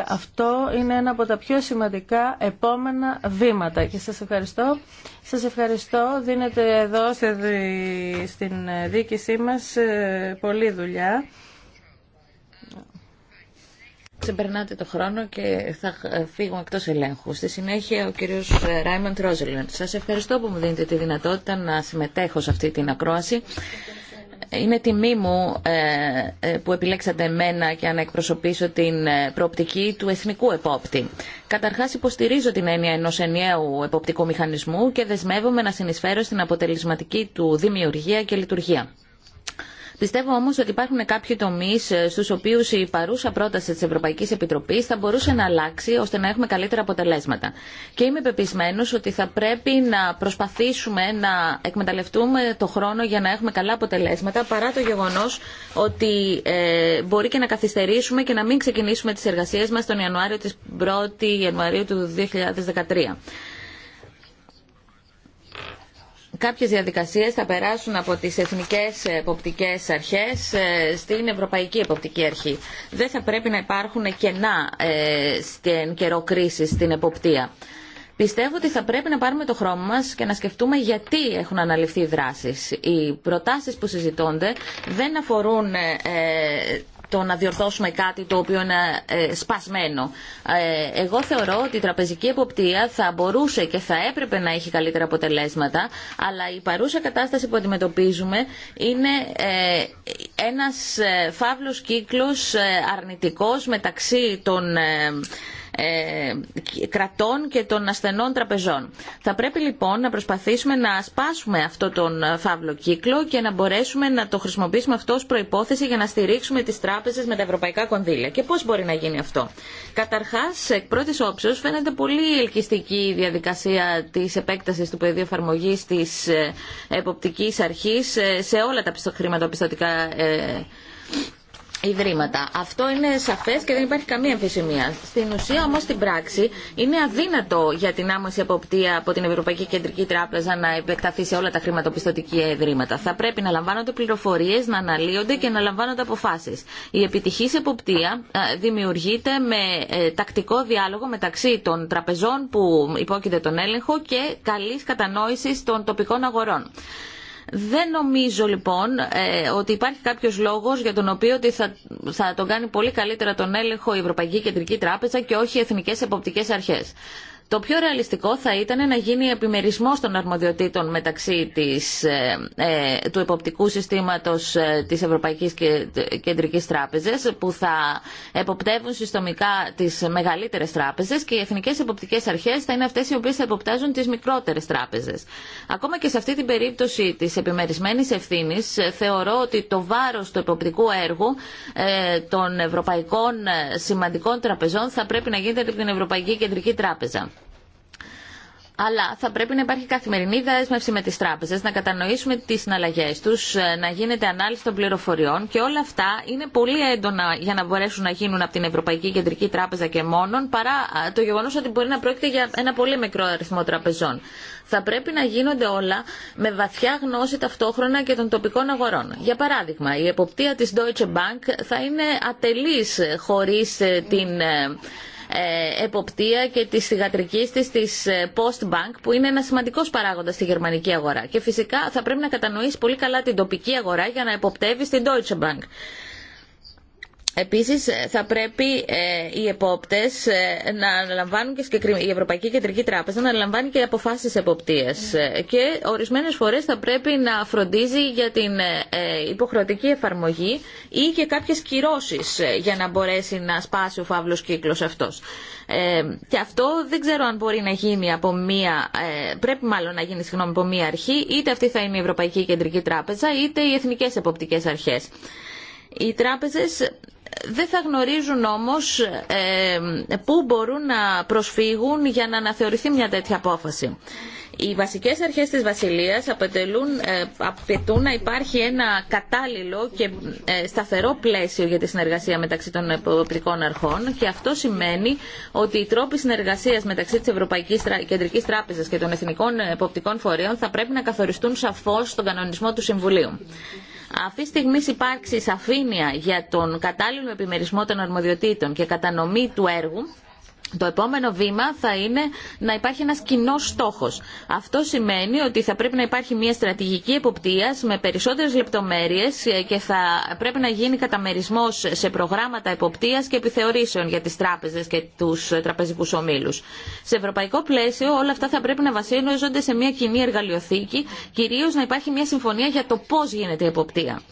Αυτό είναι ένα από τα πιο σημαντικά επόμενα βήματα. Και σας ευχαριστώ. Σας ευχαριστώ. Δίνετε εδώ στην δίκησή μας πολλή δουλειά ξεπερνάτε το χρόνο και θα φύγω εκτός ελέγχου. Στη συνέχεια ο κύριος Ράιμοντ ε, Ρόζελεν. Σας ευχαριστώ που μου δίνετε τη δυνατότητα να συμμετέχω σε αυτή την ακρόαση. Είναι τιμή μου ε, ε, που επιλέξατε εμένα για να εκπροσωπήσω την προοπτική του εθνικού επόπτη. Καταρχάς υποστηρίζω την έννοια ενός ενιαίου εποπτικού μηχανισμού και δεσμεύομαι να συνεισφέρω στην αποτελεσματική του δημιουργία και λειτουργία. Πιστεύω όμως ότι υπάρχουν κάποιοι τομείς ε, στους οποίους η παρούσα πρόταση της Ευρωπαϊκής Επιτροπής θα μπορούσε να αλλάξει ώστε να έχουμε καλύτερα αποτελέσματα. Και είμαι πεπισμένος ότι θα πρέπει να προσπαθήσουμε να εκμεταλλευτούμε το χρόνο για να έχουμε καλά αποτελέσματα παρά το γεγονός ότι ε, μπορεί και να καθυστερήσουμε και να μην ξεκινήσουμε τις εργασίες μας τον Ιανουάριο της 1η Ιανουαρίου του 2013 κάποιες διαδικασίες θα περάσουν από τις εθνικές εποπτικές αρχές ε, στην Ευρωπαϊκή Εποπτική Αρχή. Δεν θα πρέπει να υπάρχουν κενά ε, στην καιρό κρίση στην εποπτεία. Πιστεύω ότι θα πρέπει να πάρουμε το χρόνο μα και να σκεφτούμε γιατί έχουν αναλυφθεί οι δράσει. Οι προτάσει που συζητώνται δεν αφορούν ε, το να διορθώσουμε κάτι το οποίο είναι ε, σπασμένο. Ε, εγώ θεωρώ ότι η τραπεζική εποπτεία θα μπορούσε και θα έπρεπε να έχει καλύτερα αποτελέσματα, αλλά η παρούσα κατάσταση που αντιμετωπίζουμε είναι ε, ένας φαύλος κύκλος αρνητικός μεταξύ των ε, κρατών και των ασθενών τραπεζών. Θα πρέπει λοιπόν να προσπαθήσουμε να σπάσουμε αυτό τον φαύλο κύκλο και να μπορέσουμε να το χρησιμοποιήσουμε αυτό ως προϋπόθεση για να στηρίξουμε τις τράπεζες με τα ευρωπαϊκά κονδύλια. Και πώς μπορεί να γίνει αυτό. Καταρχάς, εκ πρώτης όψεως φαίνεται πολύ ελκυστική η διαδικασία της επέκτασης του πεδίου εφαρμογή της ε, εποπτικής αρχής ε, σε όλα τα χρηματοπιστωτικά ιδρύματα. Αυτό είναι σαφέ και δεν υπάρχει καμία εμφυσιμία. Στην ουσία όμω στην πράξη είναι αδύνατο για την άμεση εποπτεία από την Ευρωπαϊκή Κεντρική Τράπεζα να επεκταθεί σε όλα τα χρηματοπιστωτικά ιδρύματα. Θα πρέπει να λαμβάνονται πληροφορίε να αναλύονται και να λαμβάνονται αποφάσει. Η επιτυχής εποπτεία ε, δημιουργείται με ε, τακτικό διάλογο μεταξύ των τραπεζών που υπόκειται τον έλεγχο και καλή κατανόηση των τοπικών αγορών. Δεν νομίζω λοιπόν ε, ότι υπάρχει κάποιος λόγος για τον οποίο ότι θα, θα τον κάνει πολύ καλύτερα τον έλεγχο η Ευρωπαϊκή Κεντρική Τράπεζα και όχι οι Εθνικές Εποπτικές Αρχές. Το πιο ρεαλιστικό θα ήταν να γίνει επιμερισμό των αρμοδιοτήτων μεταξύ της, ε, ε, του εποπτικού συστήματος ε, της Ευρωπαϊκής Κεντρικής Τράπεζας που θα εποπτεύουν συστομικά τις μεγαλύτερες τράπεζες και οι εθνικές εποπτικές αρχές θα είναι αυτές οι οποίες θα εποπτάζουν τις μικρότερες τράπεζες. Ακόμα και σε αυτή την περίπτωση της επιμερισμένης ευθύνη, θεωρώ ότι το βάρος του εποπτικού έργου ε, των ευρωπαϊκών σημαντικών τραπεζών θα πρέπει να γίνεται από την Ευρωπαϊκή Κεντρική Τράπεζα αλλά θα πρέπει να υπάρχει καθημερινή δέσμευση με τι τράπεζε, να κατανοήσουμε τι συναλλαγέ του, ε, να γίνεται ανάλυση των πληροφοριών και όλα αυτά είναι πολύ έντονα για να μπορέσουν να γίνουν από την Ευρωπαϊκή Κεντρική Τράπεζα και μόνον, παρά ε, το γεγονό ότι μπορεί να πρόκειται για ένα πολύ μικρό αριθμό τραπεζών. Θα πρέπει να γίνονται όλα με βαθιά γνώση ταυτόχρονα και των τοπικών αγορών. Για παράδειγμα, η εποπτεία τη Deutsche Bank θα είναι ατελή ε, χωρί την ε, εποπτεία και τη θηγατρική της της ε, Postbank που είναι ένα σημαντικό παράγοντα στη γερμανική αγορά. Και φυσικά θα πρέπει να κατανοήσει πολύ καλά την τοπική αγορά για να εποπτεύει την Deutsche Bank. Επίσης θα πρέπει ε, οι επόπτες ε, να αναλαμβάνουν και η Ευρωπαϊκή Κεντρική Τράπεζα να αναλαμβάνει και αποφάσεις εποπτείας ναι. ε, και ορισμένες φορές θα πρέπει να φροντίζει για την υποχρεωτική εφαρμογή ή και κάποιες κυρώσεις για να μπορέσει να σπάσει ο φαύλος κύκλος αυτός. και αυτό δεν ξέρω αν μπορεί να γίνει από μία, πρέπει μάλλον να γίνει συγγνώμη, από μία αρχή, είτε αυτή θα είναι η Ευρωπαϊκή Κεντρική Τράπεζα είτε οι Εθνικές Εποπτικές Αρχές. Οι τράπεζες δεν θα γνωρίζουν όμως ε, πού μπορούν να προσφύγουν για να αναθεωρηθεί μια τέτοια απόφαση. Οι βασικές αρχές της Βασιλείας ε, απαιτούν, ε, να υπάρχει ένα κατάλληλο και ε, σταθερό πλαίσιο για τη συνεργασία μεταξύ των εποπτικών αρχών και αυτό σημαίνει ότι οι τρόποι συνεργασίας μεταξύ της Ευρωπαϊκής Κεντρικής Τράπεζας και των Εθνικών Εποπτικών Φορέων θα πρέπει να καθοριστούν σαφώς στον κανονισμό του Συμβουλίου. Αυτή τη στιγμή υπάρξει σαφήνεια για τον κατάλληλο επιμερισμό των αρμοδιοτήτων και κατανομή του έργου, το επόμενο βήμα θα είναι να υπάρχει ένας κοινό στόχος. Αυτό σημαίνει ότι θα πρέπει να υπάρχει μια στρατηγική εποπτείας με περισσότερες λεπτομέρειες και θα πρέπει να γίνει καταμερισμός σε προγράμματα εποπτείας και επιθεωρήσεων για τις τράπεζες και τους τραπεζικούς ομίλους. Σε ευρωπαϊκό πλαίσιο όλα αυτά θα πρέπει να βασίζονται σε μια κοινή εργαλειοθήκη, κυρίως να υπάρχει μια συμφωνία για το πώς γίνεται η εποπτεία.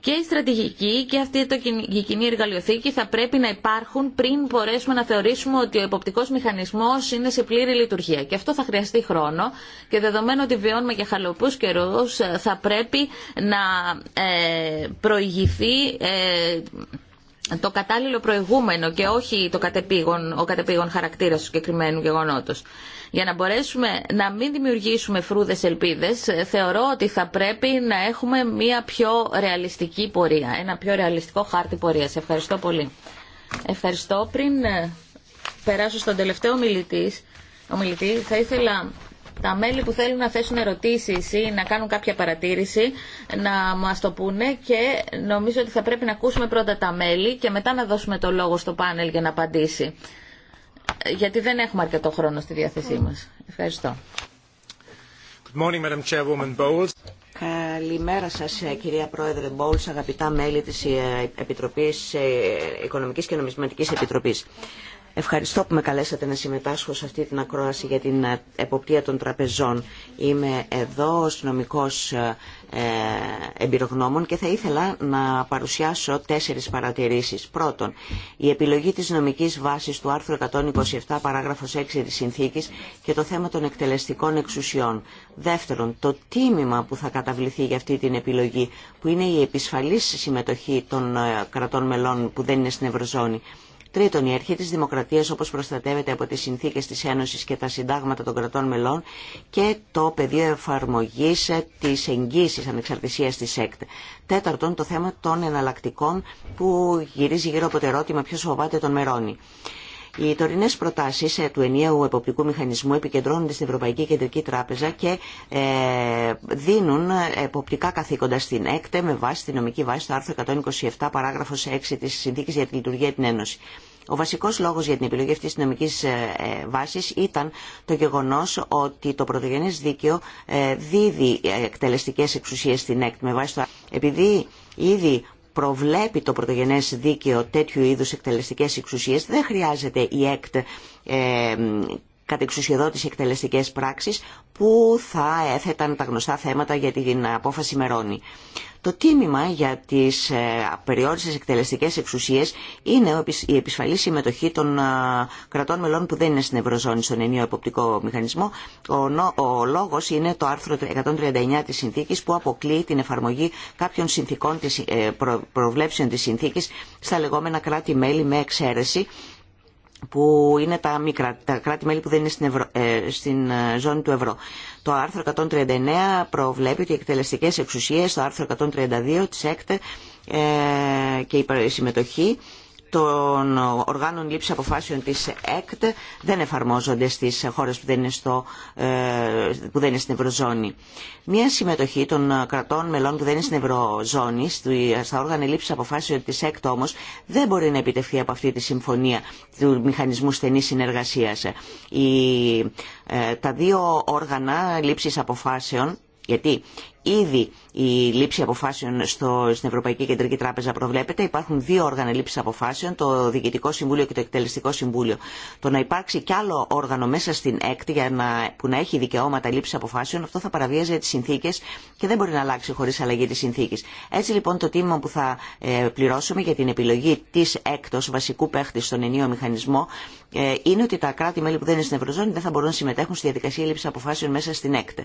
Και η στρατηγική και αυτή η κοινή εργαλειοθήκη θα πρέπει να υπάρχουν πριν μπορέσουμε να θεωρήσουμε ότι ο εποπτικό μηχανισμό είναι σε πλήρη λειτουργία. Και αυτό θα χρειαστεί χρόνο και δεδομένου ότι βιώνουμε και χαλοπού καιρού ε, θα πρέπει να ε, προηγηθεί ε, το κατάλληλο προηγούμενο και όχι το κατεπήγον, ο κατεπήγον χαρακτήρας του συγκεκριμένου γεγονότος. Για να μπορέσουμε να μην δημιουργήσουμε φρούδες ελπίδες, θεωρώ ότι θα πρέπει να έχουμε μια πιο ρεαλιστική πορεία, ένα πιο ρεαλιστικό χάρτη πορείας. Ευχαριστώ πολύ. Ευχαριστώ. Πριν ε, περάσω στον τελευταίο μιλητής, ομιλητή, θα ήθελα τα μέλη που θέλουν να θέσουν ερωτήσεις ή να κάνουν κάποια παρατήρηση να μας το πούνε και νομίζω ότι θα πρέπει να ακούσουμε πρώτα τα μέλη και μετά να δώσουμε το λόγο στο πάνελ για να απαντήσει γιατί δεν έχουμε αρκετό χρόνο στη διάθεσή mm. μας. Ευχαριστώ. Good morning, Madam Chairwoman Bowles. Καλημέρα σας ε, κυρία Πρόεδρε Μπόλς, αγαπητά μέλη της ε, Επιτροπής, ε, Οικονομικής και Νομισματικής Επιτροπής. Ευχαριστώ που με καλέσατε να συμμετάσχω σε αυτή την ακρόαση για την ε, εποπτεία των τραπεζών. Είμαι εδώ ως νομικός ε, ε, εμπειρογνώμων και θα ήθελα να παρουσιάσω τέσσερις παρατηρήσεις. Πρώτον, η επιλογή της νομικής βάσης του άρθρου 127 παράγραφος 6 της Συνθήκης και το θέμα των εκτελεστικών εξουσιών. Δεύτερον, το τίμημα που θα καταβληθεί για αυτή την επιλογή που είναι η επισφαλής συμμετοχή των κρατών μελών που δεν είναι στην Ευρωζώνη. Τρίτον, η αρχή τη δημοκρατίας όπως προστατεύεται από τις συνθήκες της Ένωση και τα συντάγματα των κρατών μελών και το πεδίο εφαρμογή ε, της εγγύηση ανεξαρτησίας τη ΕΚΤ. Τέταρτον, το θέμα των εναλλακτικών που γυρίζει γύρω από το ερώτημα ποιος φοβάται τον Μερώνη. Οι τωρινέ προτάσεις ε, του ενιαίου εποπτικού μηχανισμού επικεντρώνονται στην Ευρωπαϊκή Κεντρική Τράπεζα και ε, δίνουν εποπτικά καθήκοντα στην ΕΚΤΕ με βάση τη νομική βάση του άρθρο 127 παράγραφο 6 της συνθήκη για τη Λειτουργία την Ένωση. Ο βασικός λόγος για την επιλογή αυτής της νομικής ε, βάσης ήταν το γεγονός ότι το πρωτογενέ δίκαιο δίδει εκτελεστικέ εξουσίε στην ΕΚΤ με βάση το... Επειδή ήδη προβλέπει το πρωτογενές δίκαιο τέτοιου είδους εκτελεστικές εξουσίες δεν χρειάζεται η ΕΚΤ ε, κατεξουσιοδότηση εκτελεστικέ πράξει που θα έθεταν τα γνωστά θέματα για την απόφαση Μερώνη. Το τίμημα για τις ε, περιόρισες εκτελεστικέ εξουσίες είναι η επισφαλή συμμετοχή των κρατών μελών που δεν είναι στην Ευρωζώνη στον ενίο εποπτικό μηχανισμό. Ο λόγος είναι το άρθρο 139 της συνθήκη, που αποκλεί την εφαρμογή κάποιων συνθήκων ε, προβλέψεων τη συνθήκη στα λεγόμενα κράτη-μέλη με εξαίρεση που είναι τα μικρά, τα κράτη-μέλη που δεν είναι στην, ε, ε, ζώνη του ευρώ. Το άρθρο 139 προβλέπει ότι οι εκτελεστικές εξουσίες, το άρθρο 132 της ΕΚΤ ε, και η συμμετοχή των οργάνων λήψη αποφάσεων της ΕΚΤ δεν εφαρμόζονται στις χώρες που δεν είναι, ε, που δεν είναι στην Ευρωζώνη. Μία συμμετοχή των κρατών μελών που δεν είναι στην Ευρωζώνη στα όργανα λήψη αποφάσεων της ΕΚΤ όμως δεν μπορεί να επιτευχθεί από αυτή τη συμφωνία του μηχανισμού στενής συνεργασίας. Ε, τα δύο όργανα λήψης αποφάσεων γιατί Ήδη η λήψη αποφάσεων στο, στην Ευρωπαϊκή Κεντρική Τράπεζα προβλέπεται. Υπάρχουν δύο όργανα λήψη αποφάσεων, το Διοικητικό Συμβούλιο και το Εκτελεστικό Συμβούλιο. Το να υπάρξει κι άλλο όργανο μέσα στην ΕΚΤ για να, που να έχει δικαιώματα λήψη αποφάσεων, αυτό θα παραβίαζε τι συνθήκε και δεν μπορεί να αλλάξει χωρί αλλαγή τη συνθήκη. Έτσι λοιπόν το τίμημα που θα ε, πληρώσουμε για την επιλογή τη ΕΚΤ ω βασικού παίχτη στον ενίο μηχανισμό ε, είναι ότι τα κράτη-μέλη που δεν είναι στην Ευρωζώνη δεν θα μπορούν να συμμετέχουν στη διαδικασία λήψη αποφάσεων μέσα στην ΕΚΤ.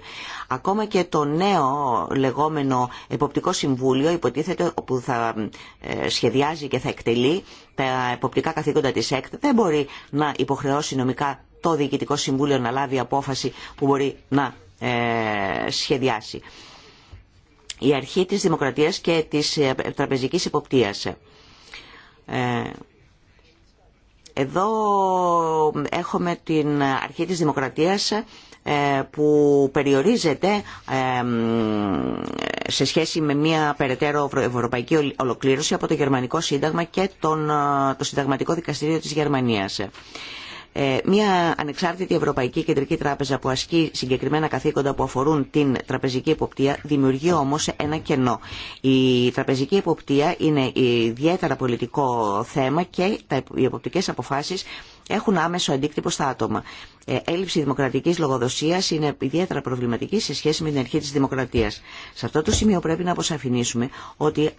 Ακόμα και το νέο λεγόμενο εποπτικό συμβούλιο υποτίθεται που θα ε, σχεδιάζει και θα εκτελεί τα εποπτικά καθήκοντα της ΕΚΤ δεν μπορεί να υποχρεώσει νομικά το Διοικητικό Συμβούλιο να λάβει απόφαση που μπορεί να ε, σχεδιάσει. Η αρχή της δημοκρατίας και της ε, τραπεζικής υποπτίας. Εδώ έχουμε την αρχή της δημοκρατίας ε, που περιορίζεται ε, σε σχέση με μια περαιτέρω ευρωπαϊκή ολοκλήρωση από το Γερμανικό Σύνταγμα και τον, ε, το Συνταγματικό Δικαστήριο της Γερμανίας. Μια ανεξάρτητη Ευρωπαϊκή Κεντρική Τράπεζα που ασκεί συγκεκριμένα καθήκοντα που αφορούν την τραπεζική υποπτία δημιουργεί όμως ένα κενό. Η τραπεζική υποπτία είναι ιδιαίτερα πολιτικό θέμα και οι εποπτικές αποφάσεις έχουν άμεσο αντίκτυπο στα άτομα. Ε, έλλειψη δημοκρατική λογοδοσία είναι ιδιαίτερα προβληματική σε σχέση με την αρχή τη δημοκρατία. Σε αυτό το σημείο πρέπει να αποσαφηνίσουμε ότι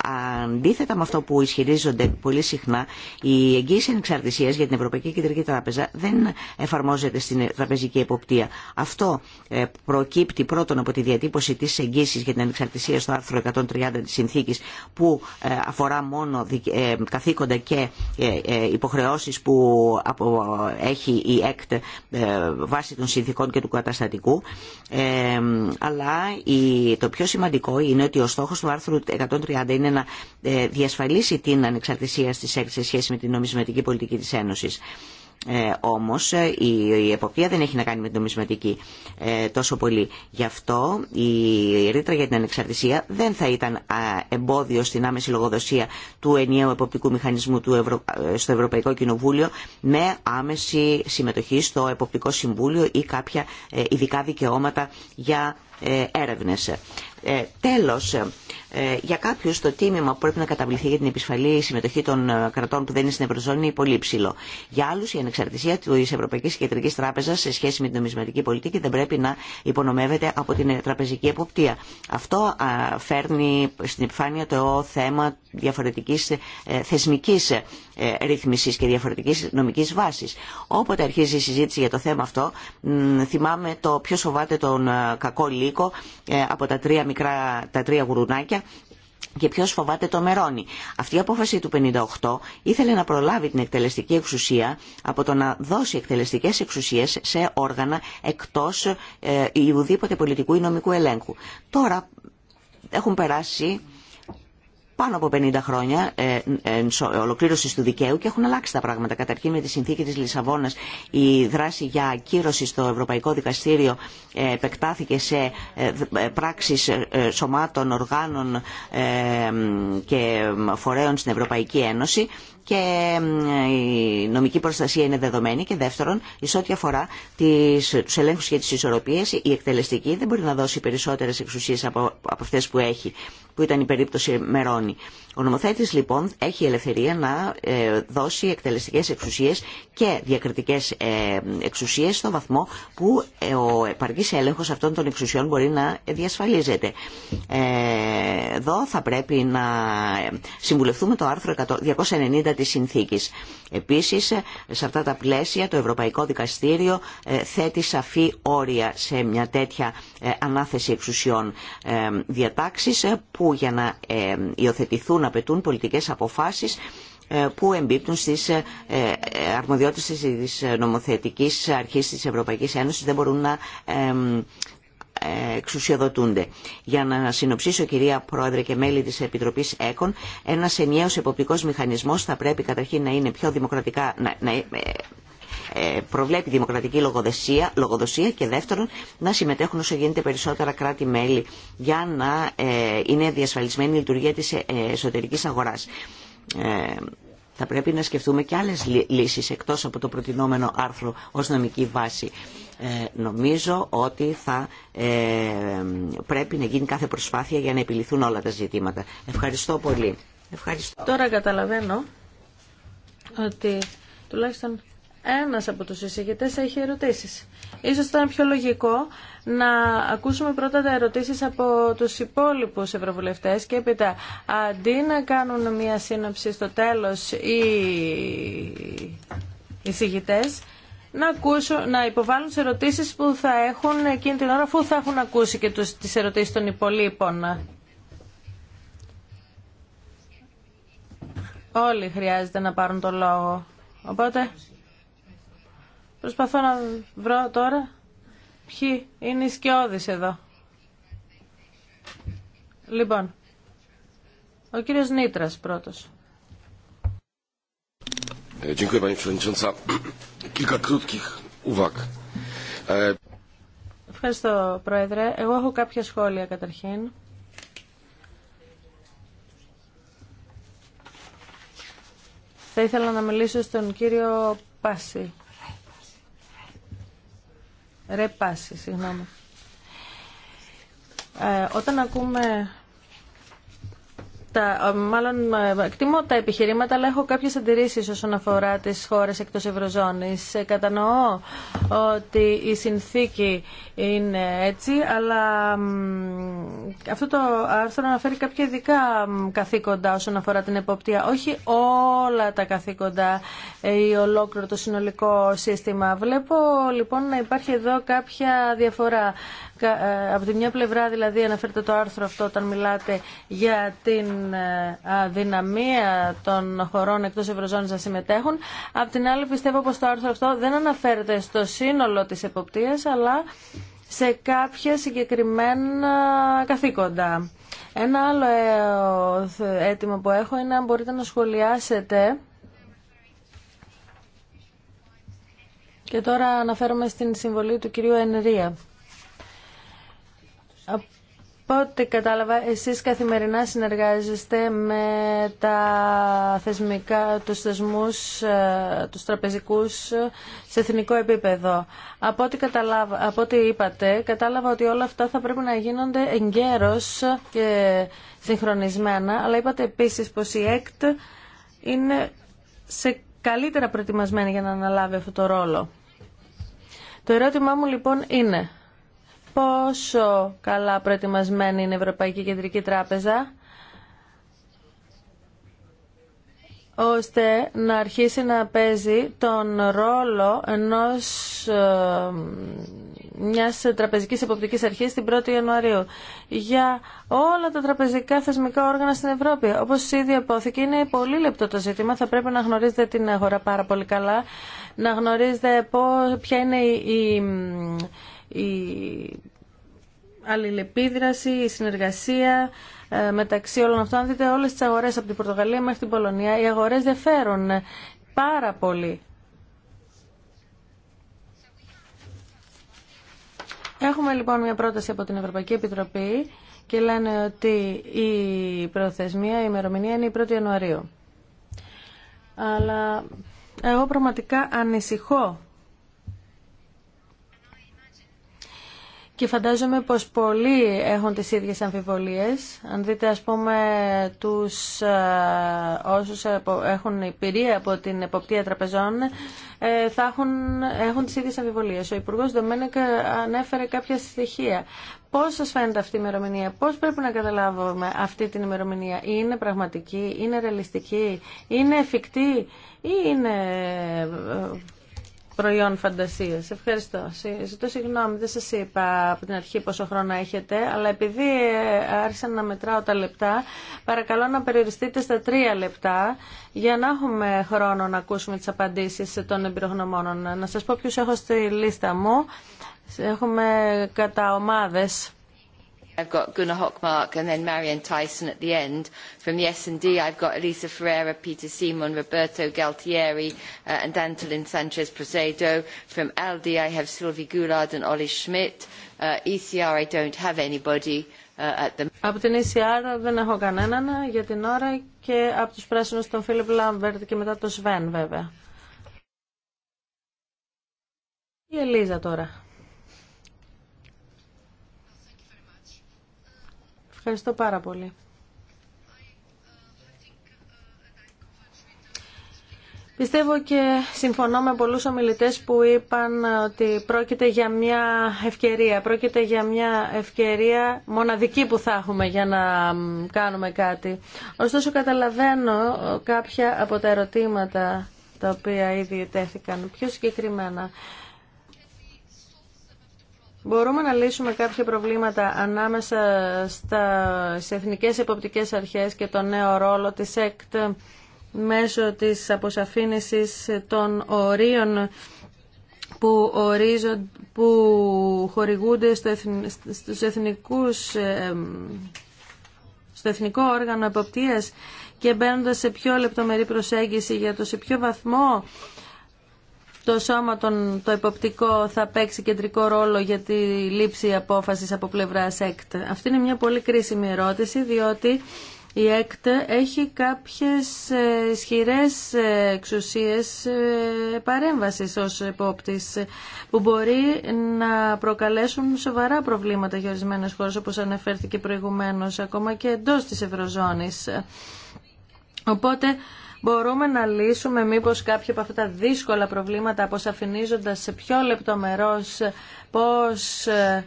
αντίθετα με αυτό που ισχυρίζονται πολύ συχνά, η εγγύηση ανεξαρτησία για την Ευρωπαϊκή Κεντρική Τράπεζα δεν εφαρμόζεται στην τραπεζική εποπτεία. Αυτό ε, προκύπτει πρώτον από τη διατύπωση τη εγγύηση για την ανεξαρτησία στο άρθρο 130 τη συνθήκη, που ε, αφορά μόνο καθήκοντα και υποχρεώσει που έχει η ΕΚΤ ε, βάσει των συνθήκων και του καταστατικού ε, αλλά το πιο σημαντικό είναι ότι ο στόχος του άρθρου 130 είναι να ε, διασφαλίσει την ανεξαρτησία στις σε σχέση με την νομισματική πολιτική της Ένωσης. Ε, όμως ε, η, εποπτεία δεν έχει να κάνει με την νομισματική ε, τόσο πολύ. Γι' αυτό η ρήτρα για την ανεξαρτησία δεν θα ήταν α, εμπόδιο στην άμεση λογοδοσία του ενιαίου εποπτικού μηχανισμού του ε, στο Ευρωπαϊκό Κοινοβούλιο με άμεση συμμετοχή στο Εποπτικό Συμβούλιο ή κάποια ειδικά δικαιώματα για ε, έρευνες. Ε, τέλος, ε, για κάποιους το τίμημα που πρέπει να καταβληθεί για την επισφαλή συμμετοχή των ε, κρατών που δεν είναι στην Ευρωζώνη είναι πολύ ψηλό. Για άλλους η ανεξαρτησία της Ευρωπαϊκής Κεντρικής Τράπεζας σε σχέση με την νομισματική πολιτική δεν πρέπει να υπονομεύεται από την τραπεζική εποπτεία. Αυτό φέρνει στην επιφάνεια το θέμα διαφορετικής θεσμικής ρύθμισης και διαφορετικής νομικής βάσης. Όποτε αρχίζει η συζήτηση για το θέμα αυτό, θυμάμαι το πιο σοβάται τον κακό λύκο από τα τρία μικρά τα τρία γουρουνάκια και ποιος φοβάται το Μερόνι. Αυτή η απόφαση του 58 ήθελε να προλάβει την εκτελεστική εξουσία από το να δώσει εκτελεστικές εξουσίες σε όργανα εκτός ε, πολιτικού ή νομικού ελέγχου. Τώρα έχουν περάσει πάνω από 50 χρόνια ε, ολοκλήρωση του δικαίου και έχουν αλλάξει τα πράγματα. Καταρχήν με τη συνθήκη της Λισαβόνας η δράση για ακύρωση στο Ευρωπαϊκό Δικαστήριο ε, επεκτάθηκε σε ε, ε, πράξεις σωμάτων, οργάνων και φορέων στην Ευρωπαϊκή Ένωση και η νομική προστασία είναι δεδομένη και δεύτερον, εις ό,τι αφορά τις, τους ελέγχους και τις ισορροπίες, η εκτελεστική δεν μπορεί να δώσει περισσότερες εξουσίες από, από αυτές που έχει, που ήταν η περίπτωση Μερώνη. Ο νομοθέτης λοιπόν έχει ελευθερία να ε, δώσει εκτελεστικές εξουσίες και διακριτικές ε, εξουσίες στο βαθμό που ε, ο επαρκής έλεγχος αυτών των εξουσιών μπορεί να διασφαλίζεται. εδώ θα πρέπει να συμβουλευτούμε το άρθρο 290 της συνθήκης. Επίσης, σε αυτά τα πλαίσια το Ευρωπαϊκό Δικαστήριο ε, θέτει σαφή όρια σε μια τέτοια ε, ανάθεση εξουσιών ε, διατάξεις που για να υιοθετηθούν απαιτούν πολιτικές αποφάσεις που εμπίπτουν στις αρμοδιότητες της νομοθετικής αρχής της Ευρωπαϊκής Ένωσης δεν μπορούν να εξουσιοδοτούνται. Για να συνοψίσω, κυρία Πρόεδρε και μέλη της Επιτροπής ΕΚΟΝ, ένας ενιαίος εποπτικός μηχανισμός θα πρέπει καταρχήν να είναι πιο δημοκρατικά, να, να ε, ε, προβλέπει δημοκρατική λογοδοσία, λογοδοσία και δεύτερον να συμμετέχουν όσο γίνεται περισσότερα κράτη-μέλη για να ε, είναι διασφαλισμένη η λειτουργία της εσωτερικής αγοράς. Θα πρέπει να σκεφτούμε και άλλες λύσεις εκτός από το προτινόμενο άρθρο ως νομική βάση. Ε, νομίζω ότι θα ε, πρέπει να γίνει κάθε προσπάθεια για να επιληθούν όλα τα ζητήματα. Ευχαριστώ πολύ. Ευχαριστώ. Τώρα καταλαβαίνω ότι τουλάχιστον ένας από τους εισηγητές έχει ερωτήσεις. Ίσως ήταν πιο λογικό να ακούσουμε πρώτα τα ερωτήσεις από τους υπόλοιπους ευρωβουλευτές και έπειτα αντί να κάνουν μια σύνοψη στο τέλος οι εισηγητές να, ακούσω, να υποβάλουν τι ερωτήσει που θα έχουν εκείνη την ώρα αφού θα έχουν ακούσει και τι τις ερωτήσεις των υπολείπων. Όλοι χρειάζεται να πάρουν το λόγο. Οπότε προσπαθώ να βρω τώρα ποιοι είναι οι σκιώδεις εδώ. Λοιπόν, ο κύριος Νίτρας πρώτος. Ε, E, Ευχαριστώ, Πρόεδρε. Εγώ έχω κάποια σχόλια καταρχήν. Θα ήθελα να μιλήσω στον κύριο Πάση. Ρε Πάση, συγγνώμη. Ε, όταν ακούμε ε, μάλλον ε, εκτιμώ τα επιχειρήματα, αλλά έχω κάποιε αντιρρήσει όσον αφορά τι χώρε εκτό Ευρωζώνης. Ε, κατανοώ ότι η συνθήκη είναι έτσι, αλλά αυτό το άρθρο αναφέρει κάποια ειδικά καθήκοντα όσον αφορά την εποπτεία. Όχι όλα τα καθήκοντα ή ολόκληρο το συνολικό σύστημα. Βλέπω λοιπόν να υπάρχει εδώ κάποια διαφορά. Ε, από τη μια πλευρά δηλαδή αναφέρεται το άρθρο αυτό όταν μιλάτε για την ε, αδυναμία των χωρών εκτός Ευρωζώνης να συμμετέχουν. Από την άλλη πιστεύω πως το άρθρο αυτό δεν αναφέρεται στο σύνολο της εποπτείας αλλά σε κάποια συγκεκριμένα καθήκοντα. Ένα άλλο ε, αίτημα που έχω είναι αν μπορείτε να σχολιάσετε και τώρα αναφέρομαι στην συμβολή του κυρίου Ενρία. Από ό,τι κατάλαβα, εσείς καθημερινά συνεργάζεστε με τα θεσμικά, του θεσμούς, ε, τους τραπεζικούς ε, σε εθνικό επίπεδο. Από ό,τι, από είπατε, κατάλαβα ότι όλα αυτά θα πρέπει να γίνονται εγκαίρως και συγχρονισμένα, αλλά είπατε επίσης πως η ΕΚΤ είναι σε καλύτερα προετοιμασμένη για να αναλάβει αυτό το ρόλο. Το ερώτημά μου λοιπόν είναι, πόσο καλά προετοιμασμένη είναι η Ευρωπαϊκή Κεντρική Τράπεζα ώστε να αρχίσει να παίζει τον ρόλο ενός ε, μιας τραπεζικής εποπτικής αρχής την 1η Ιανουαρίου για όλα τα τραπεζικά θεσμικά όργανα στην Ευρώπη. Όπως ήδη απόθηκε είναι πολύ λεπτό το ζήτημα, θα πρέπει να γνωρίζετε την αγορά πάρα πολύ καλά, να γνωρίζετε ποια είναι η η αλληλεπίδραση, η συνεργασία ε, μεταξύ όλων αυτών. Αν δείτε όλες τις αγορές από την Πορτογαλία μέχρι την Πολωνία, οι αγορές διαφέρουν πάρα πολύ. Έχουμε λοιπόν μια πρόταση από την Ευρωπαϊκή Επιτροπή και λένε ότι η προθεσμία, η ημερομηνία είναι η 1η Ιανουαρίου. Αλλά εγώ πραγματικά ανησυχώ και φαντάζομαι πως πολλοί έχουν τις ίδιες αμφιβολίες. Αν δείτε ας πούμε τους ε, όσους έχουν υπηρεία από την εποπτεία τραπεζών ε, θα έχουν, έχουν τις ίδιες αμφιβολίες. Ο Υπουργός Ντομένικα ανέφερε κάποια στοιχεία. Πώς σας φαίνεται αυτή η ημερομηνία, πώς πρέπει να καταλάβουμε αυτή την ημερομηνία. Είναι πραγματική, είναι ρεαλιστική, είναι εφικτή ή είναι ε, προϊόν φαντασίας. Ευχαριστώ. Ζητώ συγγνώμη, δεν σα είπα από την αρχή πόσο χρόνο έχετε, αλλά επειδή ε, άρχισα να μετράω τα λεπτά, παρακαλώ να περιοριστείτε στα τρία λεπτά για να έχουμε χρόνο να ακούσουμε τι απαντήσει των εμπειρογνωμόνων. Να σα πω ποιου έχω στη λίστα μου. Έχουμε κατά ομάδες I've got Gunnar Hockmark and then Marion Tyson at the end. From the S&D, I've got Elisa Ferreira, Peter Simon, Roberto Galtieri and Antolin Sanchez Prosedo. From LD, I have Sylvie Goulard and Olli Schmidt. ECR, I don't have anybody. Από την ECR δεν έχω κανέναν για την ώρα και από τους πράσινους τον Φίλιπ Λάμπερτ και μετά τον Σβέν βέβαια. Η Ελίζα τώρα. Ευχαριστώ πάρα πολύ. Πιστεύω και συμφωνώ με πολλούς ομιλητές που είπαν ότι πρόκειται για μια ευκαιρία. Πρόκειται για μια ευκαιρία μοναδική που θα έχουμε για να κάνουμε κάτι. Ωστόσο καταλαβαίνω κάποια από τα ερωτήματα τα οποία ήδη τέθηκαν πιο συγκεκριμένα. Μπορούμε να λύσουμε κάποια προβλήματα ανάμεσα στα εθνικές εποπτικές αρχές και το νέο ρόλο της ΕΚΤ μέσω της αποσαφήνισης των ορίων που, ορίζον, που χορηγούνται στο στους εθνικούς, στο Εθνικό Όργανο Εποπτείας και μπαίνοντας σε πιο λεπτομερή προσέγγιση για το σε ποιο βαθμό το σώμα των, το εποπτικό θα παίξει κεντρικό ρόλο για τη λήψη απόφασης από πλευράς ΕΚΤ. Αυτή είναι μια πολύ κρίσιμη ερώτηση διότι η ΕΚΤ έχει κάποιες ε, ισχυρές ε, εξουσίες ε, παρέμβασης ως επόπτης που μπορεί να προκαλέσουν σοβαρά προβλήματα για ορισμένες χώρες όπως αναφέρθηκε προηγουμένως ακόμα και εντός της Ευρωζώνης. Οπότε μπορούμε να λύσουμε μήπως κάποια από αυτά τα δύσκολα προβλήματα αποσαφηνίζοντας σε πιο λεπτομερώς πώς ε,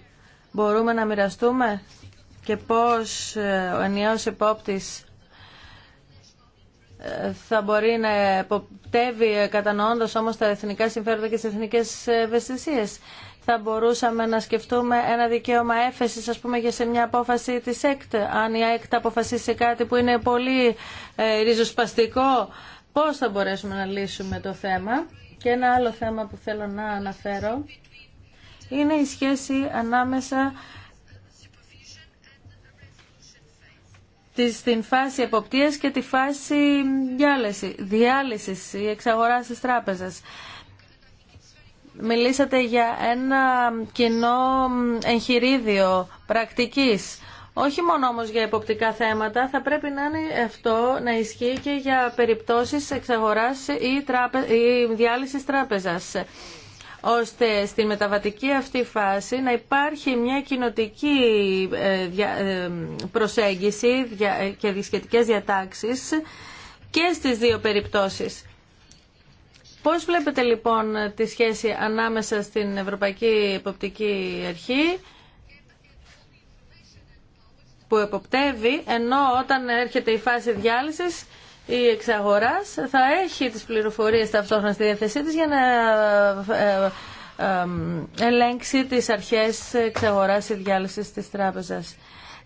μπορούμε να μοιραστούμε και πώς ε, ο ενιαίος επόπτης ε, θα μπορεί να εποπτεύει κατανοώντας όμως τα εθνικά συμφέροντα και τις εθνικές ευαισθησίες θα μπορούσαμε να σκεφτούμε ένα δικαίωμα έφεση, α πούμε, για σε μια απόφαση τη ΕΚΤ. Αν η ΕΚΤ αποφασίσει κάτι που είναι πολύ ε, ριζοσπαστικό, πώ θα μπορέσουμε να λύσουμε το θέμα. Και ένα άλλο θέμα που θέλω να αναφέρω είναι η σχέση ανάμεσα στην φάση εποπτείας και τη φάση διάλυσης, ή εξαγορά τράπεζας μιλήσατε για ένα κοινό εγχειρίδιο πρακτικής. Όχι μόνο όμως για υποπτικά θέματα, θα πρέπει να είναι αυτό να ισχύει και για περιπτώσεις εξαγοράς ή, ή διάλυσης τράπεζας ώστε στη μεταβατική αυτή φάση να υπάρχει μια κοινοτική ε, ε, προσέγγιση και σχετικές διατάξεις και στις δύο περιπτώσεις. Πώς βλέπετε λοιπόν τη σχέση ανάμεσα στην Ευρωπαϊκή Εποπτική Αρχή που εποπτεύει, ενώ όταν έρχεται η φάση διάλυσης η εξαγοράς θα έχει τις πληροφορίες ταυτόχρονα στη διάθεσή της για να ε, ε, ε, ελέγξει τις αρχές εξαγοράς ή διάλυσης της τράπεζας.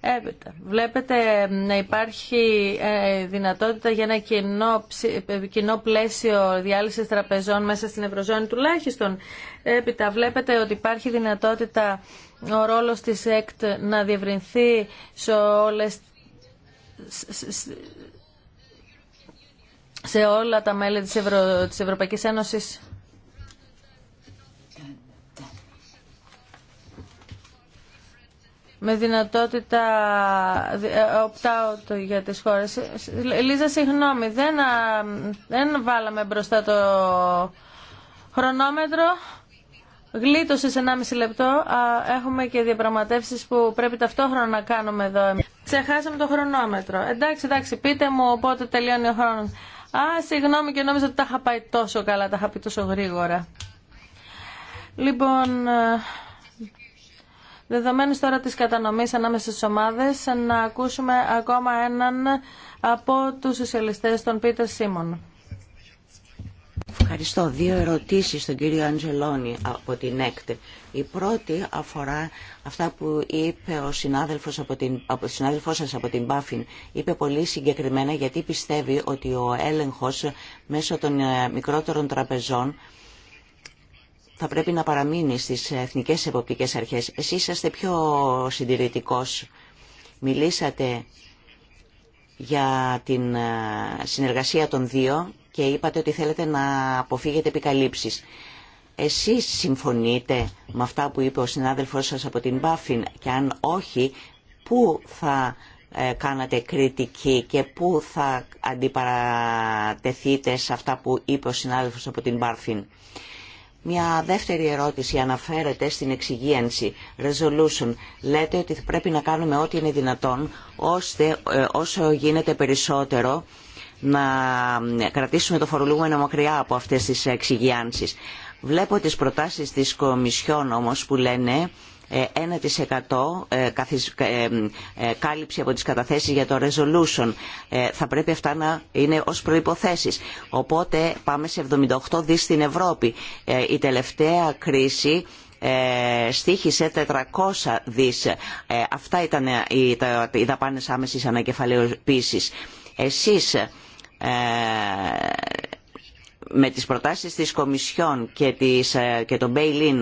Έπειτα, βλέπετε να υπάρχει ε, δυνατότητα για ένα κοινό, ε, κοινό πλαίσιο διάλυσης τραπεζών μέσα στην Ευρωζώνη τουλάχιστον. Έπειτα, βλέπετε ότι υπάρχει δυνατότητα ο ρόλος της ΕΚΤ να διευρυνθεί σε όλες σε όλα τα μέλη της, Ευρω... της Ευρωπαϊκής Ένωσης με δυνατότητα ε, opt-out για τις χώρες. Λίζα, συγγνώμη, δεν, δεν βάλαμε μπροστά το χρονόμετρο. Γλίτωσε σε 1,5 λεπτό. Έχουμε και διαπραγματεύσει που πρέπει ταυτόχρονα να κάνουμε εδώ. Ξεχάσαμε το χρονόμετρο. Εντάξει, εντάξει, πείτε μου πότε τελειώνει ο χρόνος. Α, συγγνώμη και νόμιζα ότι τα είχα πάει τόσο καλά, τα είχα πει τόσο γρήγορα. Λοιπόν, ε, Δεδομένης τώρα της κατανομής ανάμεσα στις ομάδες, να ακούσουμε ακόμα έναν από τους σοσιαλιστές, τον Πίτερ Σίμων. Ευχαριστώ. Δύο ερωτήσεις στον κύριο Αντζελόνη από την Εκτε. Η πρώτη αφορά αυτά που είπε ο συνάδελφος, από την, συνάδελφός σας από την Μπάφιν. Είπε πολύ συγκεκριμένα γιατί πιστεύει ότι ο έλεγχος μέσω των ε, μικρότερων τραπεζών θα πρέπει να παραμείνει στις εθνικές εποπτικές αρχές. Εσείς είσαστε πιο συντηρητικός. Μιλήσατε για την ε, συνεργασία των δύο και είπατε ότι θέλετε να αποφύγετε επικαλύψεις. Εσείς συμφωνείτε με αυτά που είπε ο συνάδελφός σας από την Μπάφιν και αν όχι, πού θα ε, κάνατε κριτική και πού θα αντιπαρατεθείτε σε αυτά που είπε ο συνάδελφος από την Μπάφιν. Μια δεύτερη ερώτηση αναφέρεται στην εξυγίανση. Resolution. Λέτε ότι πρέπει να κάνουμε ό,τι είναι δυνατόν, ώστε ε, όσο γίνεται περισσότερο να ε, κρατήσουμε το φορολογούμενο μακριά από αυτές τις εξυγιάνσεις. Βλέπω τις προτάσεις της Κομισιόν όμως που λένε 1% ε, ε, ε, κάλυψη από τις καταθέσεις για το resolution. Θα πρέπει αυτά να είναι ως προϋποθέσεις. Οπότε πάμε σε 78 δις στην Ευρώπη. Η τελευταία κρίση στήχησε 400 δις. Αυτά ήταν οι δαπάνες άμεσης ανακεφαλαιοποίησης. Εσείς με τις προτάσεις της Κομισιόν και, και το Bail-in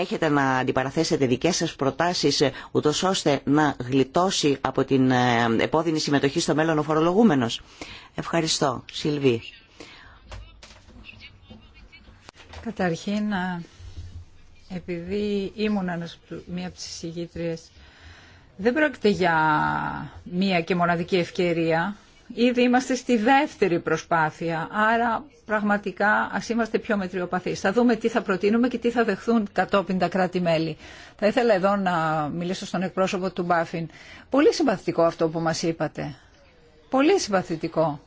έχετε να αντιπαραθέσετε δικές σας προτάσεις ούτως ώστε να γλιτώσει από την ε, επώδυνη συμμετοχή στο μέλλον ο φορολογούμενος. Ευχαριστώ. Σιλβί. Καταρχήν, επειδή ήμουν μία από τις εισηγήτριες, δεν πρόκειται για μία και μοναδική ευκαιρία Ήδη είμαστε στη δεύτερη προσπάθεια, άρα πραγματικά ας είμαστε πιο μετριοπαθείς. Θα δούμε τι θα προτείνουμε και τι θα δεχθούν κατόπιν τα κράτη-μέλη. Θα ήθελα εδώ να μιλήσω στον εκπρόσωπο του Μπάφιν. Πολύ συμπαθητικό αυτό που μας είπατε. Πολύ συμπαθητικό.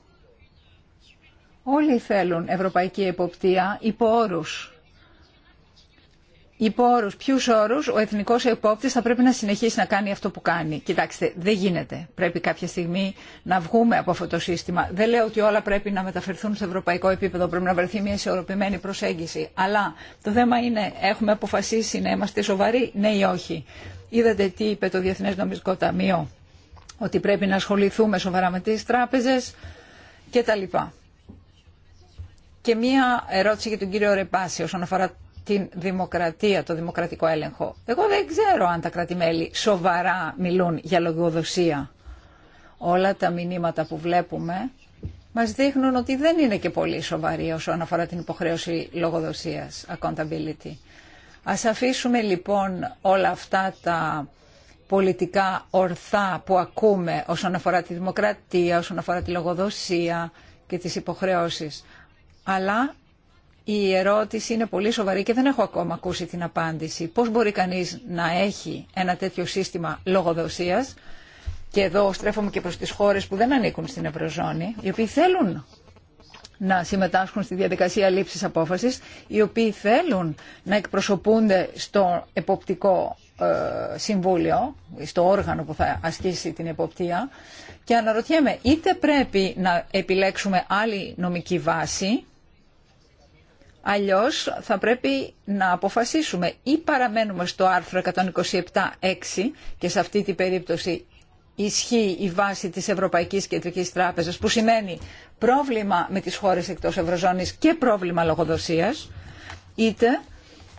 Όλοι θέλουν ευρωπαϊκή εποπτεία υπό όρους υπό όρους, ποιους όρους ο εθνικός επόπτης θα πρέπει να συνεχίσει να κάνει αυτό που κάνει. Κοιτάξτε, δεν γίνεται. Πρέπει κάποια στιγμή να βγούμε από αυτό το σύστημα. Δεν λέω ότι όλα πρέπει να μεταφερθούν σε ευρωπαϊκό επίπεδο, πρέπει να βρεθεί μια ισορροπημένη προσέγγιση. Αλλά το θέμα είναι, έχουμε αποφασίσει να είμαστε σοβαροί, ναι ή όχι. Είδατε τι είπε το Διεθνές Νομιστικό Ταμείο, ότι πρέπει να ασχοληθούμε σοβαρά με τις τράπεζες κτλ. Και μία ερώτηση για τον κύριο Ρεπάση όσον αφορά την δημοκρατία, το δημοκρατικό έλεγχο. Εγώ δεν ξέρω αν τα κράτη-μέλη σοβαρά μιλούν για λογοδοσία. Όλα τα μηνύματα που βλέπουμε μας δείχνουν ότι δεν είναι και πολύ σοβαρή όσον αφορά την υποχρέωση λογοδοσίας, accountability. Ας αφήσουμε λοιπόν όλα αυτά τα πολιτικά ορθά που ακούμε όσον αφορά τη δημοκρατία, όσον αφορά τη λογοδοσία και τις υποχρεώσεις. Αλλά η ερώτηση είναι πολύ σοβαρή και δεν έχω ακόμα ακούσει την απάντηση. Πώς μπορεί κανείς να έχει ένα τέτοιο σύστημα λογοδοσίας και εδώ στρέφομαι και προς τις χώρες που δεν ανήκουν στην Ευρωζώνη, οι οποίοι θέλουν να συμμετάσχουν στη διαδικασία λήψης απόφασης, οι οποίοι θέλουν να εκπροσωπούνται στο εποπτικό ε, συμβούλιο, στο όργανο που θα ασκήσει την εποπτεία. Και αναρωτιέμαι, είτε πρέπει να επιλέξουμε άλλη νομική βάση, Αλλιώς θα πρέπει να αποφασίσουμε ή παραμένουμε στο άρθρο 127.6 και σε αυτή την περίπτωση ισχύει η βάση της Ευρωπαϊκής Κεντρικής Τράπεζας που σημαίνει πρόβλημα με τις χώρες εκτός Ευρωζώνης και πρόβλημα λογοδοσίας είτε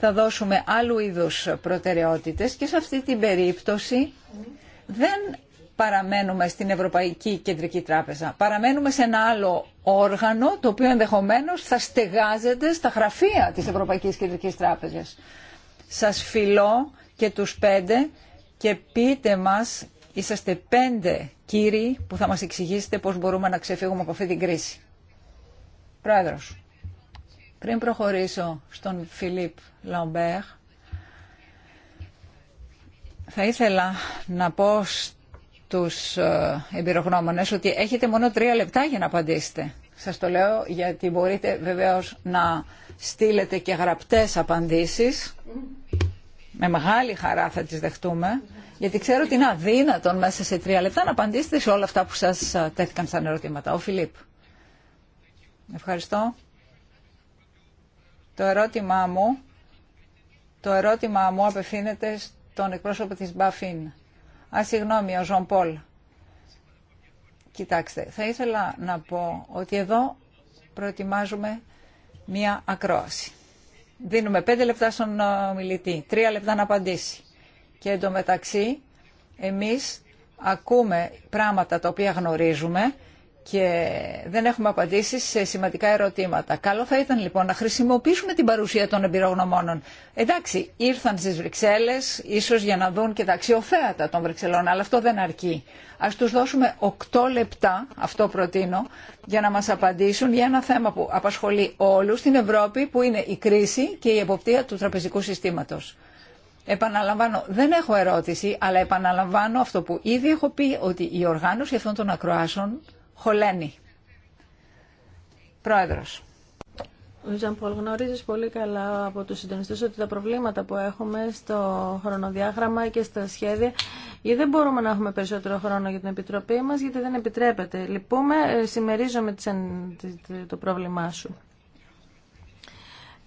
θα δώσουμε άλλου είδους προτεραιότητες και σε αυτή την περίπτωση δεν παραμένουμε στην Ευρωπαϊκή Κεντρική Τράπεζα. Παραμένουμε σε ένα άλλο όργανο το οποίο ενδεχομένως θα στεγάζεται στα γραφεία της Ευρωπαϊκής Κεντρικής Τράπεζας. Σας φιλώ και τους πέντε και πείτε μας, είσαστε πέντε κύριοι που θα μας εξηγήσετε πώς μπορούμε να ξεφύγουμε από αυτή την κρίση. Πρόεδρος, πριν προχωρήσω στον Φιλίπ Λαμπέρ, θα ήθελα να πω τους ε, εμπειρογνώμονες ότι έχετε μόνο τρία λεπτά για να απαντήσετε. Σας το λέω γιατί μπορείτε βεβαίως να στείλετε και γραπτές απαντήσεις. Με μεγάλη χαρά θα τις δεχτούμε. Γιατί ξέρω ότι είναι αδύνατον μέσα σε τρία λεπτά να απαντήσετε σε όλα αυτά που σας ε, τέθηκαν σαν ερωτήματα. Ο Φιλίπ. Ευχαριστώ. Το ερώτημά μου, το ερώτημά μου απευθύνεται στον εκπρόσωπο της Μπαφίν. Α, συγγνώμη, ο Ζων Πολ. Κοιτάξτε, θα ήθελα να πω ότι εδώ προετοιμάζουμε μία ακρόαση. Δίνουμε πέντε λεπτά στον ε, μιλητή, τρία λεπτά να απαντήσει. Και εντωμεταξύ, εμείς ακούμε πράγματα τα οποία γνωρίζουμε και δεν έχουμε απαντήσει σε σημαντικά ερωτήματα. Καλό θα ήταν λοιπόν να χρησιμοποιήσουμε την παρουσία των εμπειρογνωμόνων. Εντάξει, ήρθαν στις Βρυξέλλες, ίσως για να δουν και τα αξιοθέατα των Βρυξελών, αλλά αυτό δεν αρκεί. Ας τους δώσουμε 8 λεπτά, αυτό προτείνω, για να μας απαντήσουν για ένα θέμα που απασχολεί όλους στην Ευρώπη, που είναι η κρίση και η εποπτεία του τραπεζικού συστήματος. Επαναλαμβάνω, δεν έχω ερώτηση, αλλά επαναλαμβάνω αυτό που ήδη έχω πει, ότι η οργάνωση αυτών των ακροάσεων Χολένη. Πρόεδρος. Ζαν Πολ, γνωρίζεις πολύ καλά από τους συντονιστές ότι τα προβλήματα που έχουμε στο χρονοδιάγραμμα και στα σχέδια η δεν μπορούμε να έχουμε περισσότερο χρόνο για την Επιτροπή μας γιατί δεν επιτρέπεται. Λυπούμε, ε, συμμερίζομαι το πρόβλημά σου.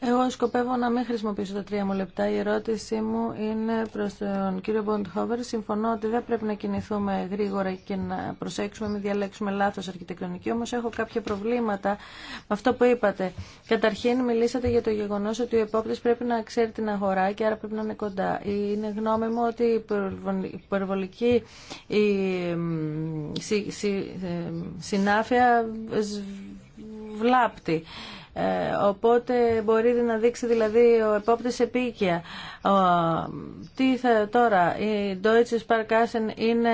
Εγώ σκοπεύω να μην χρησιμοποιήσω τα τρία μου λεπτά. Η ερώτησή μου είναι προ τον κύριο Μποντχόβερ. Συμφωνώ ότι δεν πρέπει να κινηθούμε γρήγορα και να προσέξουμε, μην διαλέξουμε λάθο αρχιτεκτονική. Όμω έχω κάποια προβλήματα με αυτό που είπατε. Καταρχήν, μιλήσατε για το γεγονό ότι ο επόπτη πρέπει να ξέρει την αγορά και άρα πρέπει να είναι κοντά. Είναι γνώμη μου ότι η υπερβολική η ε, συνάφεια βλάπτει. Ε, οπότε μπορεί να δείξει δηλαδή ο επόπτης επίκαια. τι θα τώρα, η Deutsche Sparkassen είναι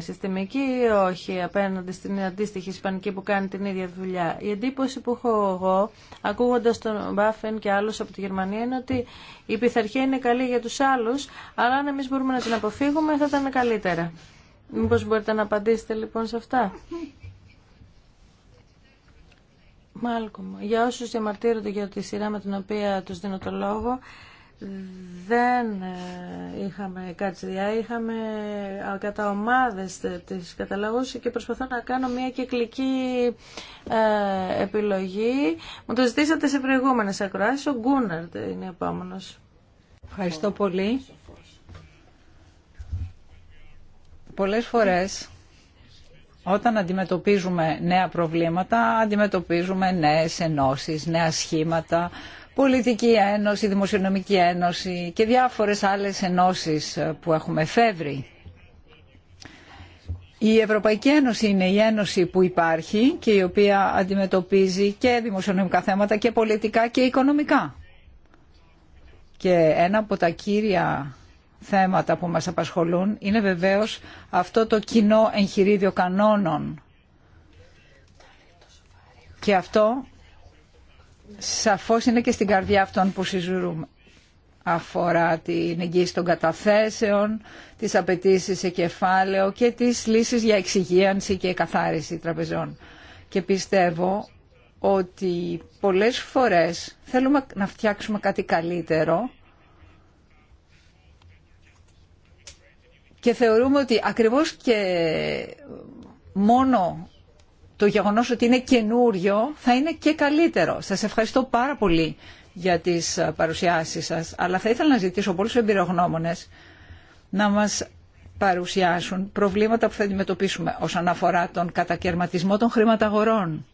συστημική ή όχι απέναντι στην αντίστοιχη Ισπανική που κάνει την ίδια δουλειά. Η εντύπωση που έχω εγώ, ακούγοντας τον Μπάφεν και άλλους από τη Γερμανία, είναι ότι η πειθαρχία είναι καλή για τους άλλους, αλλά αν εμείς μπορούμε να την αποφύγουμε θα ήταν καλύτερα. Μήπως μπορείτε να απαντήσετε λοιπόν σε αυτά. Μάλκομ, για όσους διαμαρτύρονται για τη σειρά με την οποία τους δίνω το λόγο, δεν ε, είχαμε κατσιδιά, είχαμε κατά ομάδες τις καταλαγούς και προσπαθώ να κάνω μια κυκλική ε, επιλογή. Μου το ζητήσατε σε προηγούμενες ακροάσεις, ο Γκούναρντ είναι επόμενος. Ευχαριστώ πολύ. Πολλές φορές όταν αντιμετωπίζουμε νέα προβλήματα, αντιμετωπίζουμε νέες ενώσεις, νέα σχήματα, πολιτική ένωση, δημοσιονομική ένωση και διάφορες άλλες ενώσεις που έχουμε φεύρει. Η Ευρωπαϊκή Ένωση είναι η ένωση που υπάρχει και η οποία αντιμετωπίζει και δημοσιονομικά θέματα και πολιτικά και οικονομικά. Και ένα από τα κύρια θέματα που μας απασχολούν είναι βεβαίως αυτό το κοινό εγχειρίδιο κανόνων. Και αυτό σαφώς είναι και στην καρδιά αυτών που συζητούμε. Αφορά την εγγύηση των καταθέσεων, τις απαιτήσει σε κεφάλαιο και τις λύσεις για εξυγίανση και καθάριση τραπεζών. Και πιστεύω ότι πολλές φορές θέλουμε να φτιάξουμε κάτι καλύτερο Και θεωρούμε ότι ακριβώς και μόνο το γεγονός ότι είναι καινούριο θα είναι και καλύτερο. Σας ευχαριστώ πάρα πολύ για τις παρουσιάσεις σας, αλλά θα ήθελα να ζητήσω πολλούς εμπειρογνώμονες να μας παρουσιάσουν προβλήματα που θα αντιμετωπίσουμε όσον αφορά τον κατακαιρματισμό των χρηματαγορών,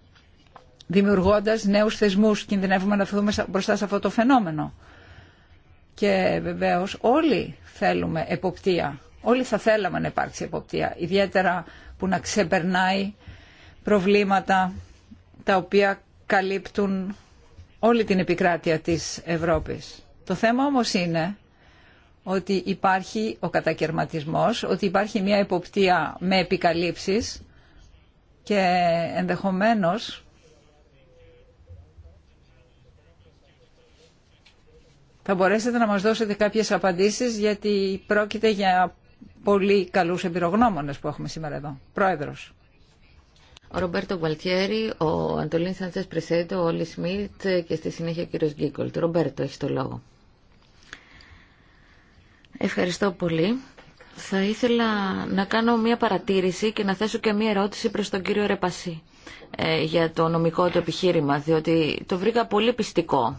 δημιουργώντας νέους θεσμούς, κινδυνεύουμε να φύγουμε μπροστά σε αυτό το φαινόμενο. Και βεβαίως όλοι θέλουμε εποπτεία Όλοι θα θέλαμε να υπάρξει εποπτεία, ιδιαίτερα που να ξεπερνάει προβλήματα τα οποία καλύπτουν όλη την επικράτεια της Ευρώπης. Το θέμα όμως είναι ότι υπάρχει ο κατακαιρματισμός, ότι υπάρχει μια εποπτεία με επικαλύψεις και ενδεχομένως θα μπορέσετε να μας δώσετε κάποιες απαντήσεις γιατί πρόκειται για πολύ καλού εμπειρογνώμονε που έχουμε σήμερα εδώ. Πρόεδρο. Ο Ρομπέρτο Γκουαλτιέρη, ο Αντολίν Σάντσε Πρεσέντο, ο Όλι Σμιτ και στη συνέχεια ο κύριο Γκίκολτ. Ρομπέρτο, έχει το λόγο. Ευχαριστώ πολύ. Θα ήθελα να κάνω μία παρατήρηση και να θέσω και μία ερώτηση προς τον κύριο Ρεπασί ε, για το νομικό του επιχείρημα, διότι το βρήκα πολύ πιστικό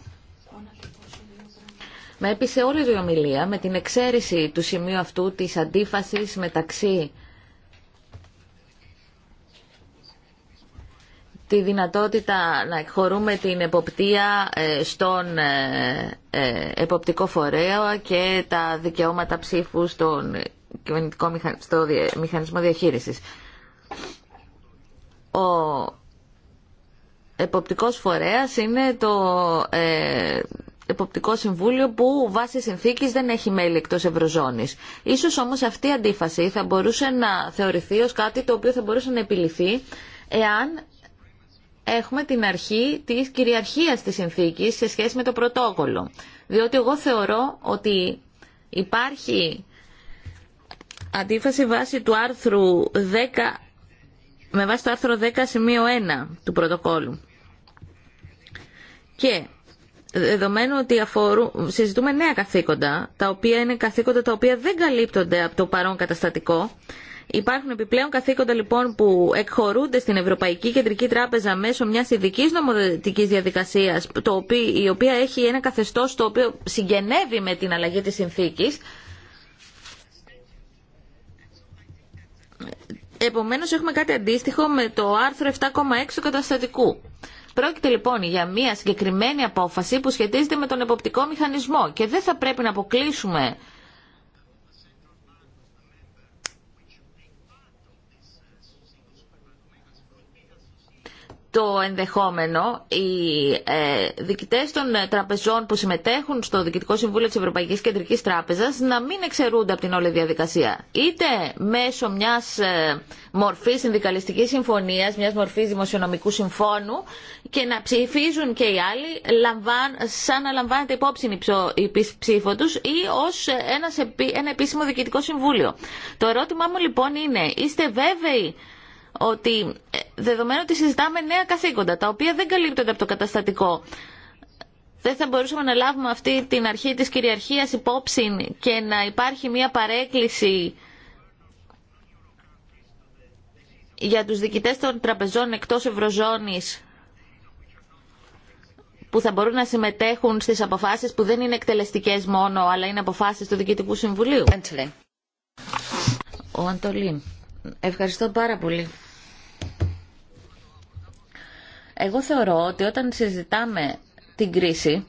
με έπεισε όλη η ομιλία με την εξαίρεση του σημείου αυτού της αντίφασης μεταξύ τη δυνατότητα να εκχωρούμε την εποπτεία ε, στον ε, ε, εποπτικό φορέα και τα δικαιώματα ψήφου στον στο μηχανισμό διαχείρισης. Ο εποπτικός φορέας είναι το Εποπτικό Συμβούλιο που βάσει συνθήκης δεν έχει μέλη εκτός Ευρωζώνης. Ίσως όμως αυτή η αντίφαση θα μπορούσε να θεωρηθεί ως κάτι το οποίο θα μπορούσε να επιληθεί εάν έχουμε την αρχή της κυριαρχίας της συνθήκης σε σχέση με το πρωτόκολλο. Διότι εγώ θεωρώ ότι υπάρχει αντίφαση βάσει του άρθρου 10 με βάση το άρθρο 10 σημείο 1 του πρωτοκόλλου. Και δεδομένου ότι αφορού, συζητούμε νέα καθήκοντα, τα οποία είναι καθήκοντα τα οποία δεν καλύπτονται από το παρόν καταστατικό, Υπάρχουν επιπλέον καθήκοντα λοιπόν που εκχωρούνται στην Ευρωπαϊκή Κεντρική Τράπεζα μέσω μια ειδική νομοθετική διαδικασία, η οποία έχει ένα καθεστώ το οποίο συγγενεύει με την αλλαγή τη συνθήκη. Επομένως έχουμε κάτι αντίστοιχο με το άρθρο 7,6 του καταστατικού. Πρόκειται λοιπόν για μια συγκεκριμένη απόφαση που σχετίζεται με τον εποπτικό μηχανισμό και δεν θα πρέπει να αποκλείσουμε το ενδεχόμενο οι ε, διοικητές των ε, τραπεζών που συμμετέχουν στο Διοικητικό Συμβούλιο της Ευρωπαϊκής Κεντρικής Τράπεζας να μην εξαιρούνται από την όλη διαδικασία. Είτε μέσω μιας ε, μορφής συνδικαλιστικής συμφωνίας, μιας μορφής δημοσιονομικού συμφώνου και να ψηφίζουν και οι άλλοι λαμβάν, σαν να λαμβάνεται υπόψη η ψήφο τους ή ως ένα επίσημο Διοικητικό Συμβούλιο. Το ερώτημά μου λοιπόν είναι, είστε βέβαιοι ότι ε, δεδομένου ότι συζητάμε νέα καθήκοντα, τα οποία δεν καλύπτονται από το καταστατικό, δεν θα μπορούσαμε να λάβουμε αυτή την αρχή της κυριαρχίας υπόψη και να υπάρχει μια παρέκκληση για τους διοικητές των τραπεζών εκτός Ευρωζώνης που θα μπορούν να συμμετέχουν στις αποφάσεις που δεν είναι εκτελεστικές μόνο, αλλά είναι αποφάσεις του Διοικητικού Συμβουλίου. Ο Αντολίν. Ευχαριστώ πάρα πολύ. Εγώ θεωρώ ότι όταν συζητάμε την κρίση,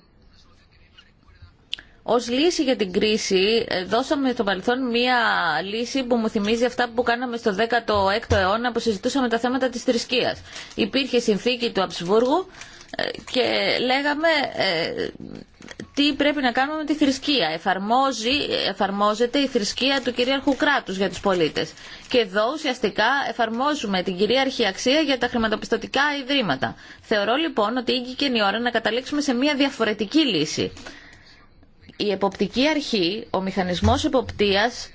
ως λύση για την κρίση ε, δώσαμε στο παρελθόν μία λύση που μου θυμίζει αυτά που κάναμε στο 16ο αιώνα που συζητούσαμε τα θέματα της θρησκείας. Υπήρχε συνθήκη του Αψβούργου ε, και λέγαμε ε, τι πρέπει να κάνουμε με τη θρησκεία. Εφαρμόζει, εφαρμόζεται η θρησκεία του κυρίαρχου κράτους για τους πολίτες. Και εδώ ουσιαστικά εφαρμόζουμε την κυρίαρχη αξία για τα χρηματοπιστωτικά ιδρύματα. Θεωρώ λοιπόν ότι ήγηκε η ώρα να καταλήξουμε σε μια διαφορετική λύση. Η εποπτική αρχή, ο μηχανισμός εποπτείας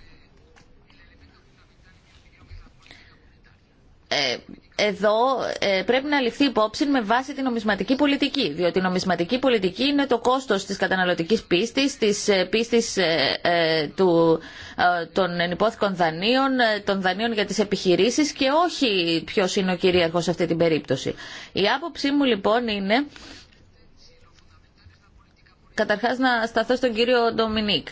ε, εδώ ε, πρέπει να ληφθεί υπόψη με βάση την νομισματική πολιτική. Διότι η νομισματική πολιτική είναι το κόστος της καταναλωτικής πίστης, της ε, πίστης ε, των ενυπόθηκων δανείων, των δανείων για τις επιχειρήσεις και όχι ποιος είναι ο κυρίαρχος σε αυτή την περίπτωση. Η άποψή μου λοιπόν είναι... Καταρχάς να σταθώ στον κύριο Ντομινίκ.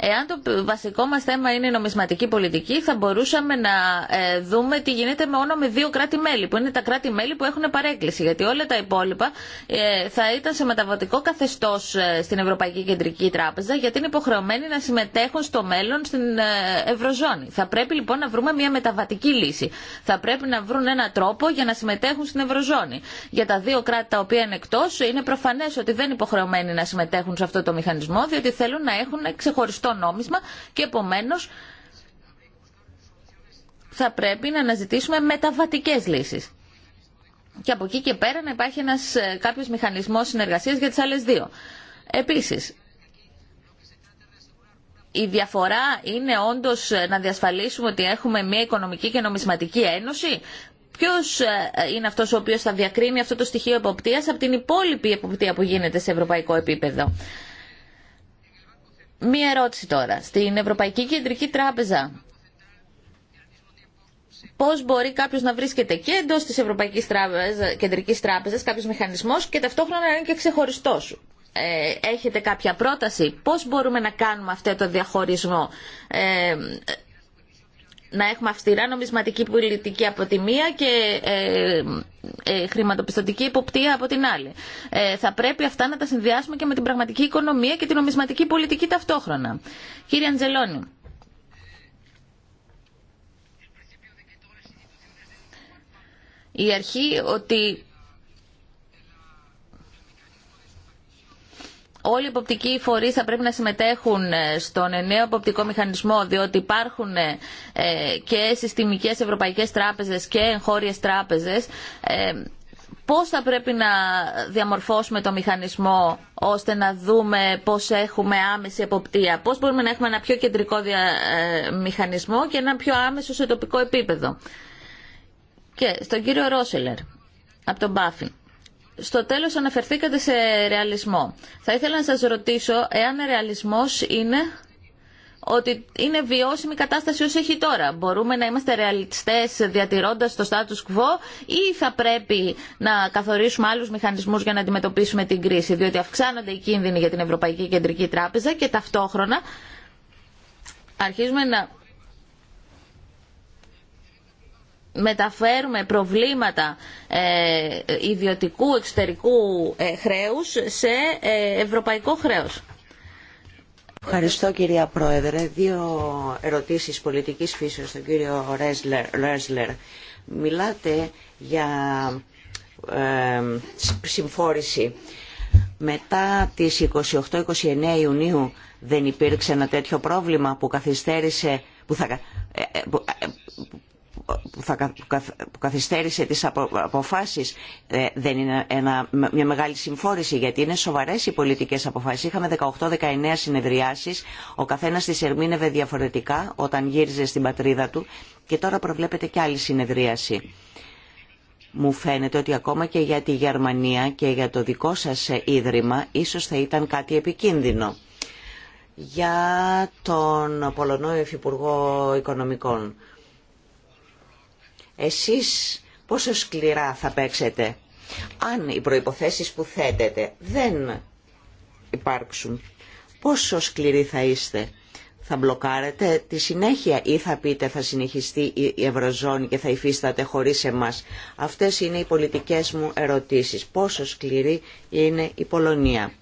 Εάν το βασικό μας θέμα είναι η νομισματική πολιτική, θα μπορούσαμε να ε, δούμε τι γίνεται μόνο με δύο κράτη-μέλη, που είναι τα κράτη-μέλη που έχουν παρέκκληση, γιατί όλα τα υπόλοιπα ε, θα ήταν σε μεταβατικό καθεστώς ε, στην Ευρωπαϊκή Κεντρική Τράπεζα, γιατί είναι υποχρεωμένοι να συμμετέχουν στο μέλλον στην Ευρωζώνη. Θα πρέπει λοιπόν να βρούμε μια μεταβατική λύση. Θα πρέπει να βρουν ένα τρόπο για να συμμετέχουν στην Ευρωζώνη. Για τα δύο κράτη τα οποία είναι εκτό είναι προφανέ ότι δεν υποχρεωμένοι να συμμετέχουν σε αυτό το μηχανισμό, διότι θέλουν να έχουν ξεχωριστό νόμισμα και επομένως θα πρέπει να αναζητήσουμε μεταβατικές λύσεις. Και από εκεί και πέρα να υπάρχει ένας ε, κάποιος μηχανισμός συνεργασίας για τις άλλες δύο. Επίσης, η διαφορά είναι όντως ε, να διασφαλίσουμε ότι έχουμε μια οικονομική και νομισματική ένωση. Ποιος ε, είναι αυτό ο οποίο θα διακρίνει αυτό το στοιχείο εποπτεία από την υπόλοιπη εποπτεία που γίνεται σε ευρωπαϊκό επίπεδο. Μία ερώτηση τώρα. Στην Ευρωπαϊκή Κεντρική Τράπεζα πώ μπορεί κάποιο να βρίσκεται και εντό τη Ευρωπαϊκή Κεντρική Τράπεζα, κάποιο μηχανισμό και ταυτόχρονα να είναι και ξεχωριστό. Ε, έχετε κάποια πρόταση, πώς μπορούμε να κάνουμε αυτό το διαχωρισμό. Ε, να έχουμε αυστηρά νομισματική πολιτική από τη μία και ε, ε, χρηματοπιστωτική υποπτία από την άλλη. Ε, θα πρέπει αυτά να τα συνδυάσουμε και με την πραγματική οικονομία και την νομισματική πολιτική ταυτόχρονα. Κύριε Αντζελώνη. Η αρχή ότι όλοι οι υποπτικοί φορεί θα πρέπει να συμμετέχουν ε, στον νέο υποπτικό μηχανισμό διότι υπάρχουν ε, και συστημικές ευρωπαϊκές τράπεζες και εγχώριες τράπεζε. Ε, πώς θα πρέπει να διαμορφώσουμε το μηχανισμό ώστε να δούμε πώς έχουμε άμεση εποπτεία, πώς μπορούμε να έχουμε ένα πιο κεντρικό μηχανισμό και ένα πιο άμεσο σε τοπικό επίπεδο. Και στον κύριο Ρόσελερ από τον Μπάφιν. Στο τέλος αναφερθήκατε σε ρεαλισμό. Θα ήθελα να σας ρωτήσω εάν ρεαλισμός είναι ότι είναι βιώσιμη η κατάσταση όσο έχει τώρα. Μπορούμε να είμαστε ρεαλιστές διατηρώντας το status quo ή θα πρέπει να καθορίσουμε άλλους μηχανισμούς για να αντιμετωπίσουμε την κρίση, διότι αυξάνονται οι κίνδυνοι για την Ευρωπαϊκή Κεντρική Τράπεζα και ταυτόχρονα αρχίζουμε να μεταφέρουμε προβλήματα ε, ιδιωτικού εξωτερικού ε, χρέους σε ε, ευρωπαϊκό χρέος. Ευχαριστώ κυρία Πρόεδρε. Δύο ερωτήσεις πολιτικής φύσεως στον κύριο Ρέσλερ. Μιλάτε για ε, συμφόρηση. Μετά τις 28-29 Ιουνίου δεν υπήρξε ένα τέτοιο πρόβλημα που καθυστέρησε, που, θα, που καθυστέρησε τις αποφάσεις ε, δεν είναι μια μεγάλη συμφόρηση γιατί είναι σοβαρές οι πολιτικές αποφάσεις. Είχαμε 18-19 συνεδριάσεις, ο καθένας τις ερμήνευε διαφορετικά όταν γύριζε στην πατρίδα του και τώρα προβλέπεται και άλλη συνεδρίαση. Μου φαίνεται ότι ακόμα και για τη Γερμανία και για το δικό σας ίδρυμα ίσως θα ήταν κάτι επικίνδυνο. Για τον Πολωνό Υφυπουργό Οικονομικών εσείς πόσο σκληρά θα παίξετε αν οι προϋποθέσεις που θέτετε δεν υπάρξουν. Πόσο σκληροί θα είστε. Θα μπλοκάρετε τη συνέχεια ή θα πείτε θα συνεχιστεί η Ευρωζώνη και θα υφίσταται χωρίς εμάς. Αυτές είναι οι πολιτικές μου ερωτήσεις. Πόσο σκληρή είναι η Πολωνία.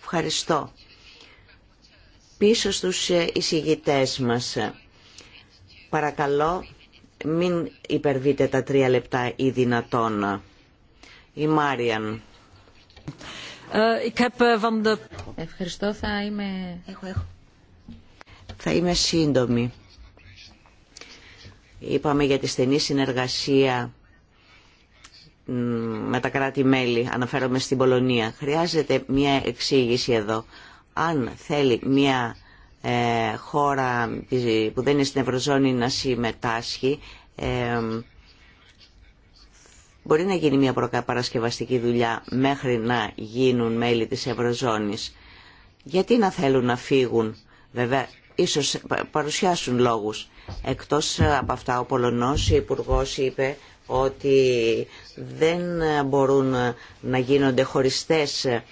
Ευχαριστώ. Πίσω στους ε, εισηγητές μας. Παρακαλώ μην υπερβείτε τα τρία λεπτά ή δυνατόν. Η Μάριαν. Ε, ε, Ευχαριστώ, θα είμαι... Έχω, έχω. Θα είμαι σύντομη. Είπαμε για τη στενή συνεργασία με τα κράτη-μέλη, αναφέρομαι στην Πολωνία. Χρειάζεται μια εξήγηση εδώ. Αν θέλει μια ε, χώρα που δεν είναι στην Ευρωζώνη να συμμετάσχει ε, μπορεί να γίνει μια παρασκευαστική δουλειά μέχρι να γίνουν μέλη της Ευρωζώνης. Γιατί να θέλουν να φύγουν, βέβαια, ίσως παρουσιάσουν λόγους. Εκτός από αυτά, ο Πολωνός υπουργό είπε ότι δεν μπορούν να γίνονται χωριστές ε,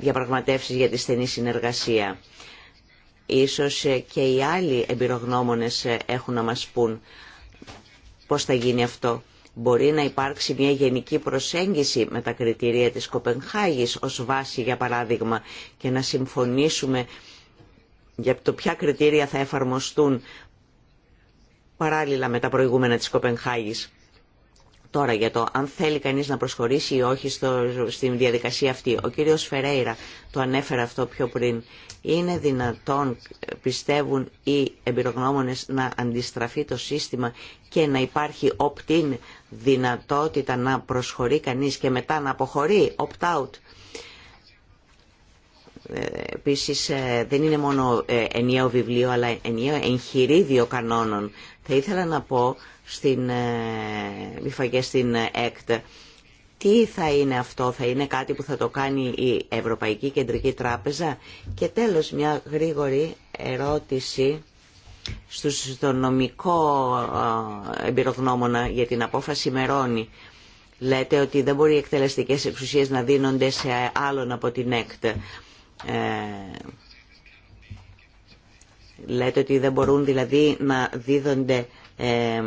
διαπραγματεύσεις για τη στενή συνεργασία. Ίσως ε, και οι άλλοι εμπειρογνώμονες ε, έχουν να μας πούν πώς θα γίνει αυτό. Μπορεί να υπάρξει μια γενική προσέγγιση με τα κριτηρία της Κοπενχάγης ως βάση για παράδειγμα και να συμφωνήσουμε για το ποια κριτήρια θα εφαρμοστούν παράλληλα με τα προηγούμενα της Κοπενχάγης. Τώρα για το αν θέλει κανείς να προσχωρήσει ή όχι στο, στην διαδικασία αυτή. Ο κύριος Φερέιρα το ανέφερε αυτό πιο πριν. Είναι δυνατόν, πιστεύουν οι εμπειρογνώμονες, να αντιστραφεί το σύστημα και να υπάρχει opt-in δυνατότητα να προσχωρεί κανείς και μετά να αποχωρεί opt-out. Ε, επίσης ε, δεν είναι μόνο ε, ενιαίο βιβλίο αλλά ενιαίο εγχειρίδιο κανόνων. Θα ήθελα να πω στην ε, στην ε, ΕΚΤ. Τι θα είναι αυτό, θα είναι κάτι που θα το κάνει η Ευρωπαϊκή Κεντρική Τράπεζα. Και τέλος μια γρήγορη ερώτηση στο νομικό ε, εμπειρογνώμονα για την απόφαση Μερώνη. Λέτε ότι δεν μπορεί οι εκτελεστικές εξουσίες να δίνονται σε άλλον από την ΕΚΤ. Ε, λέτε ότι δεν μπορούν δηλαδή να δίδονται ε,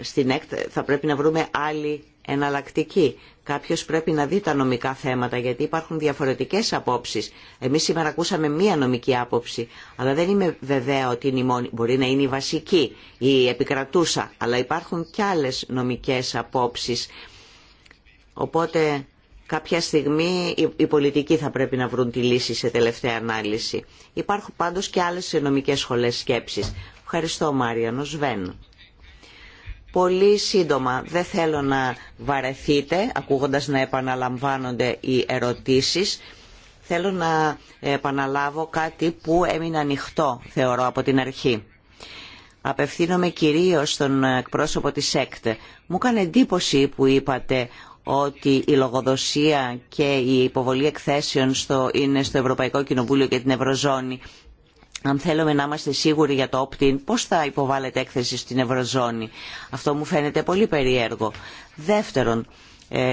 στην ΕΚΤ θα πρέπει να βρούμε άλλη εναλλακτική. Κάποιος πρέπει να δει τα νομικά θέματα γιατί υπάρχουν διαφορετικές απόψεις. Εμείς σήμερα ακούσαμε μία νομική άποψη, αλλά δεν είμαι βεβαία ότι είναι η μόνη. Μπορεί να είναι η βασική, η επικρατούσα, αλλά υπάρχουν κι άλλες νομικές απόψεις. Οπότε κάποια στιγμή οι πολιτικοί θα πρέπει να βρουν τη λύση σε τελευταία ανάλυση. Υπάρχουν πάντως και άλλες νομικές σχολές σκέψης. Ευχαριστώ Μάριανο Σβέν. Πολύ σύντομα, δεν θέλω να βαρεθείτε ακούγοντας να επαναλαμβάνονται οι ερωτήσεις. Θέλω να επαναλάβω κάτι που έμεινε ανοιχτό, θεωρώ, από την αρχή. Απευθύνομαι κυρίως στον εκπρόσωπο της ΕΚΤ. Μου έκανε εντύπωση που είπατε ότι η λογοδοσία και η υποβολή εκθέσεων στο, είναι στο Ευρωπαϊκό Κοινοβούλιο και την Ευρωζώνη αν θέλουμε να είμαστε σίγουροι για το opt-in, πώς θα υποβάλλετε έκθεση στην Ευρωζώνη. Αυτό μου φαίνεται πολύ περίεργο. Δεύτερον, ε,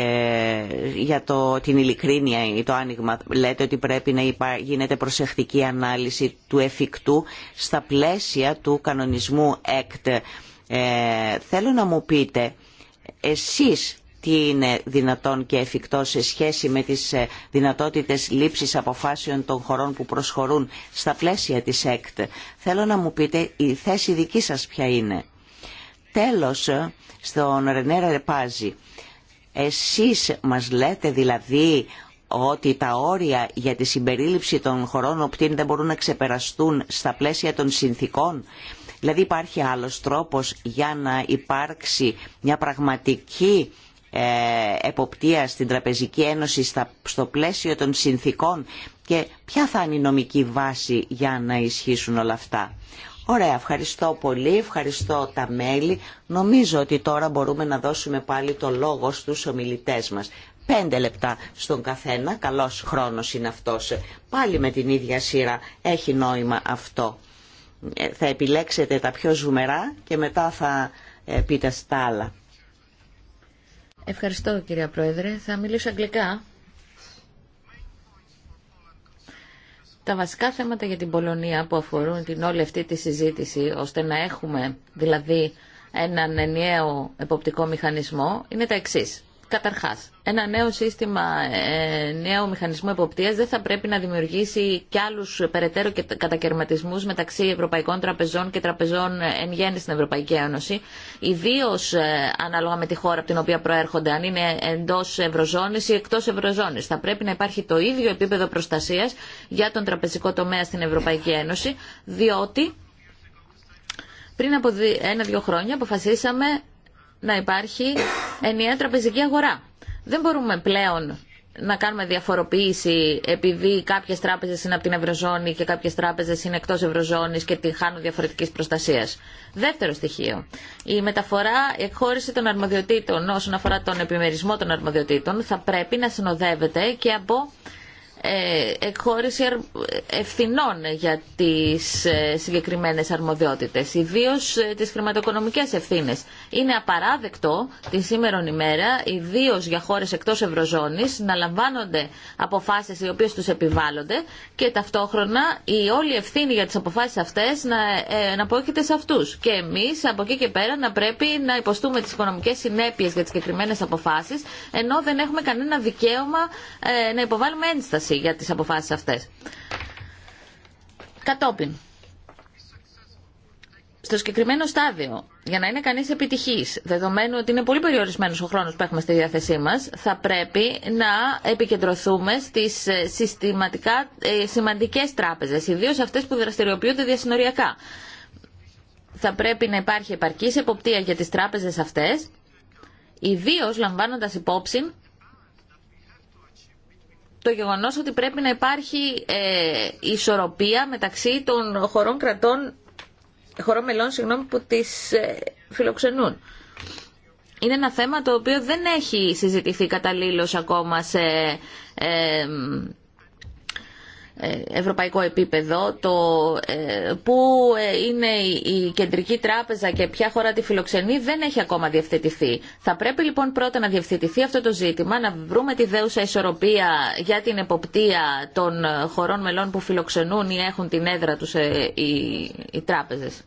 για το, την ειλικρίνεια ή το άνοιγμα λέτε ότι πρέπει να γίνεται προσεκτική ανάλυση του εφικτού στα πλαίσια του κανονισμού ΕΚΤ. Ε, θέλω να μου πείτε εσείς τι είναι δυνατόν και εφικτό σε σχέση με τις ε, δυνατότητες λήψης αποφάσεων των χωρών που προσχωρούν στα πλαίσια της ΕΚΤ. Θέλω να μου πείτε η θέση δική σας ποια είναι. Τέλος, ε, στον Ρενέρα Ρεπάζη, εσείς μας λέτε δηλαδή ότι τα όρια για τη συμπερίληψη των χωρών οπτήν δεν μπορούν να ξεπεραστούν στα πλαίσια των συνθήκων. Δηλαδή υπάρχει άλλος τρόπος για να υπάρξει μια πραγματική ε, εποπτεία στην Τραπεζική Ένωση στο πλαίσιο των συνθήκων και ποια θα είναι η νομική βάση για να ισχύσουν όλα αυτά. Ωραία, ευχαριστώ πολύ, ευχαριστώ τα μέλη. Νομίζω ότι τώρα μπορούμε να δώσουμε πάλι το λόγο στους ομιλητές μας. Πέντε λεπτά στον καθένα, καλός χρόνος είναι αυτός. Πάλι με την ίδια σειρά έχει νόημα αυτό. Ε, θα επιλέξετε τα πιο ζουμερά και μετά θα ε, πείτε στα άλλα. Ευχαριστώ κυρία Πρόεδρε. Θα μιλήσω αγγλικά. Τα βασικά θέματα για την Πολωνία που αφορούν την όλη αυτή τη συζήτηση, ώστε να έχουμε δηλαδή έναν ενιαίο εποπτικό μηχανισμό, είναι τα εξής. Καταρχά, ένα νέο σύστημα, ε, νέο μηχανισμό εποπτείας δεν θα πρέπει να δημιουργήσει κι άλλου περαιτέρω κατακαιρματισμού μεταξύ ευρωπαϊκών τραπεζών και τραπεζών εν γέννη στην Ευρωπαϊκή Ένωση, ιδίω ε, ανάλογα με τη χώρα από την οποία προέρχονται, αν είναι εντό ευρωζώνης ή εκτός ευρωζώνης. Θα πρέπει να υπάρχει το ίδιο επίπεδο προστασία για τον τραπεζικό τομέα στην Ευρωπαϊκή Ένωση, διότι πριν από ένα-δύο χρόνια αποφασίσαμε να υπάρχει ενιαία τραπεζική αγορά. Δεν μπορούμε πλέον να κάνουμε διαφοροποίηση επειδή κάποιε τράπεζε είναι από την Ευρωζώνη και κάποιε τράπεζε είναι εκτό Ευρωζώνη και τη χάνουν διαφορετική προστασία. Δεύτερο στοιχείο. Η μεταφορά, εκχώρηση των αρμοδιοτήτων όσον αφορά τον επιμερισμό των αρμοδιοτήτων θα πρέπει να συνοδεύεται και από ε, εκχώρηση ευθυνών για τις ε, συγκεκριμένες αρμοδιότητες, ιδίως ε, τις χρηματοοικονομικές ευθύνες. Είναι απαράδεκτο τη σήμερα ημέρα, ιδίως για χώρες εκτός Ευρωζώνης, να λαμβάνονται αποφάσεις οι οποίες τους επιβάλλονται και ταυτόχρονα η όλη ευθύνη για τις αποφάσεις αυτές να, απόκειται σε αυτούς. Και εμείς από εκεί και πέρα να πρέπει να υποστούμε τις οικονομικές συνέπειες για τις συγκεκριμένες αποφάσεις, ενώ δεν έχουμε κανένα δικαίωμα να υποβάλουμε ένσταση για τις αποφάσεις αυτές. Κατόπιν, στο συγκεκριμένο στάδιο, για να είναι κανεί επιτυχή, δεδομένου ότι είναι πολύ περιορισμένο ο χρόνο που έχουμε στη διάθεσή μα, θα πρέπει να επικεντρωθούμε στι ε, συστηματικά ε, σημαντικέ τράπεζε, ιδίω αυτέ που δραστηριοποιούνται διασυνοριακά. Θα πρέπει να υπάρχει επαρκή εποπτεία για τι τράπεζε αυτέ, ιδίω λαμβάνοντα υπόψη το γεγονός ότι πρέπει να υπάρχει ε, ισορροπία μεταξύ των χωρών κρατών, χωρών μελών συγγνώμη, που τις ε, φιλοξενούν. Είναι ένα θέμα το οποίο δεν έχει συζητηθεί καταλήλως ακόμα σε ε, ε, ευρωπαϊκό επίπεδο, το ε, πού ε, είναι η κεντρική τράπεζα και ποια χώρα τη φιλοξενεί δεν έχει ακόμα διευθετηθεί. Θα πρέπει λοιπόν πρώτα να διευθετηθεί αυτό το ζήτημα, να βρούμε τη δέουσα ισορροπία για την εποπτεία των χωρών μελών που φιλοξενούν ή έχουν την έδρα τους οι, οι τράπεζες.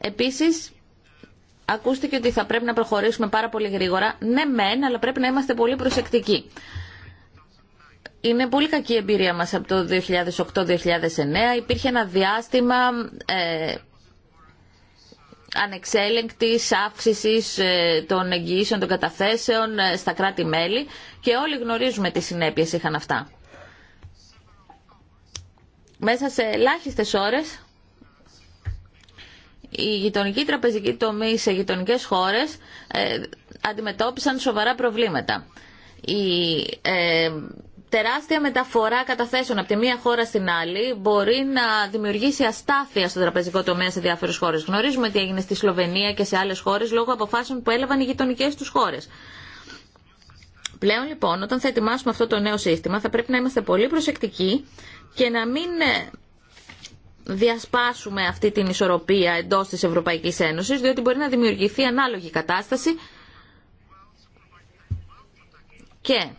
Επίσης, ακούστηκε ότι θα πρέπει να προχωρήσουμε πάρα πολύ γρήγορα. Ναι, μεν, αλλά πρέπει να είμαστε πολύ προσεκτικοί είναι πολύ κακή η εμπειρία μας από το 2008-2009. Υπήρχε ένα διάστημα ε, ανεξέλεγκτης αύξησης ε, των εγγυήσεων των καταθέσεων ε, στα κράτη-μέλη και όλοι γνωρίζουμε τι συνέπειες είχαν αυτά. Μέσα σε ελάχιστες ώρες η γειτονική τραπεζική τομή σε γειτονικές χώρες ε, αντιμετώπισαν σοβαρά προβλήματα. Η, τεράστια μεταφορά καταθέσεων από τη μία χώρα στην άλλη μπορεί να δημιουργήσει αστάθεια στο τραπεζικό τομέα σε διάφορε χώρε. Γνωρίζουμε τι έγινε στη Σλοβενία και σε άλλε χώρε λόγω αποφάσεων που έλαβαν οι γειτονικέ του χώρε. Πλέον λοιπόν, όταν θα ετοιμάσουμε αυτό το νέο σύστημα, θα πρέπει να είμαστε πολύ προσεκτικοί και να μην ε, διασπάσουμε αυτή την ισορροπία εντό τη Ευρωπαϊκή Ένωση, διότι μπορεί να δημιουργηθεί ανάλογη κατάσταση και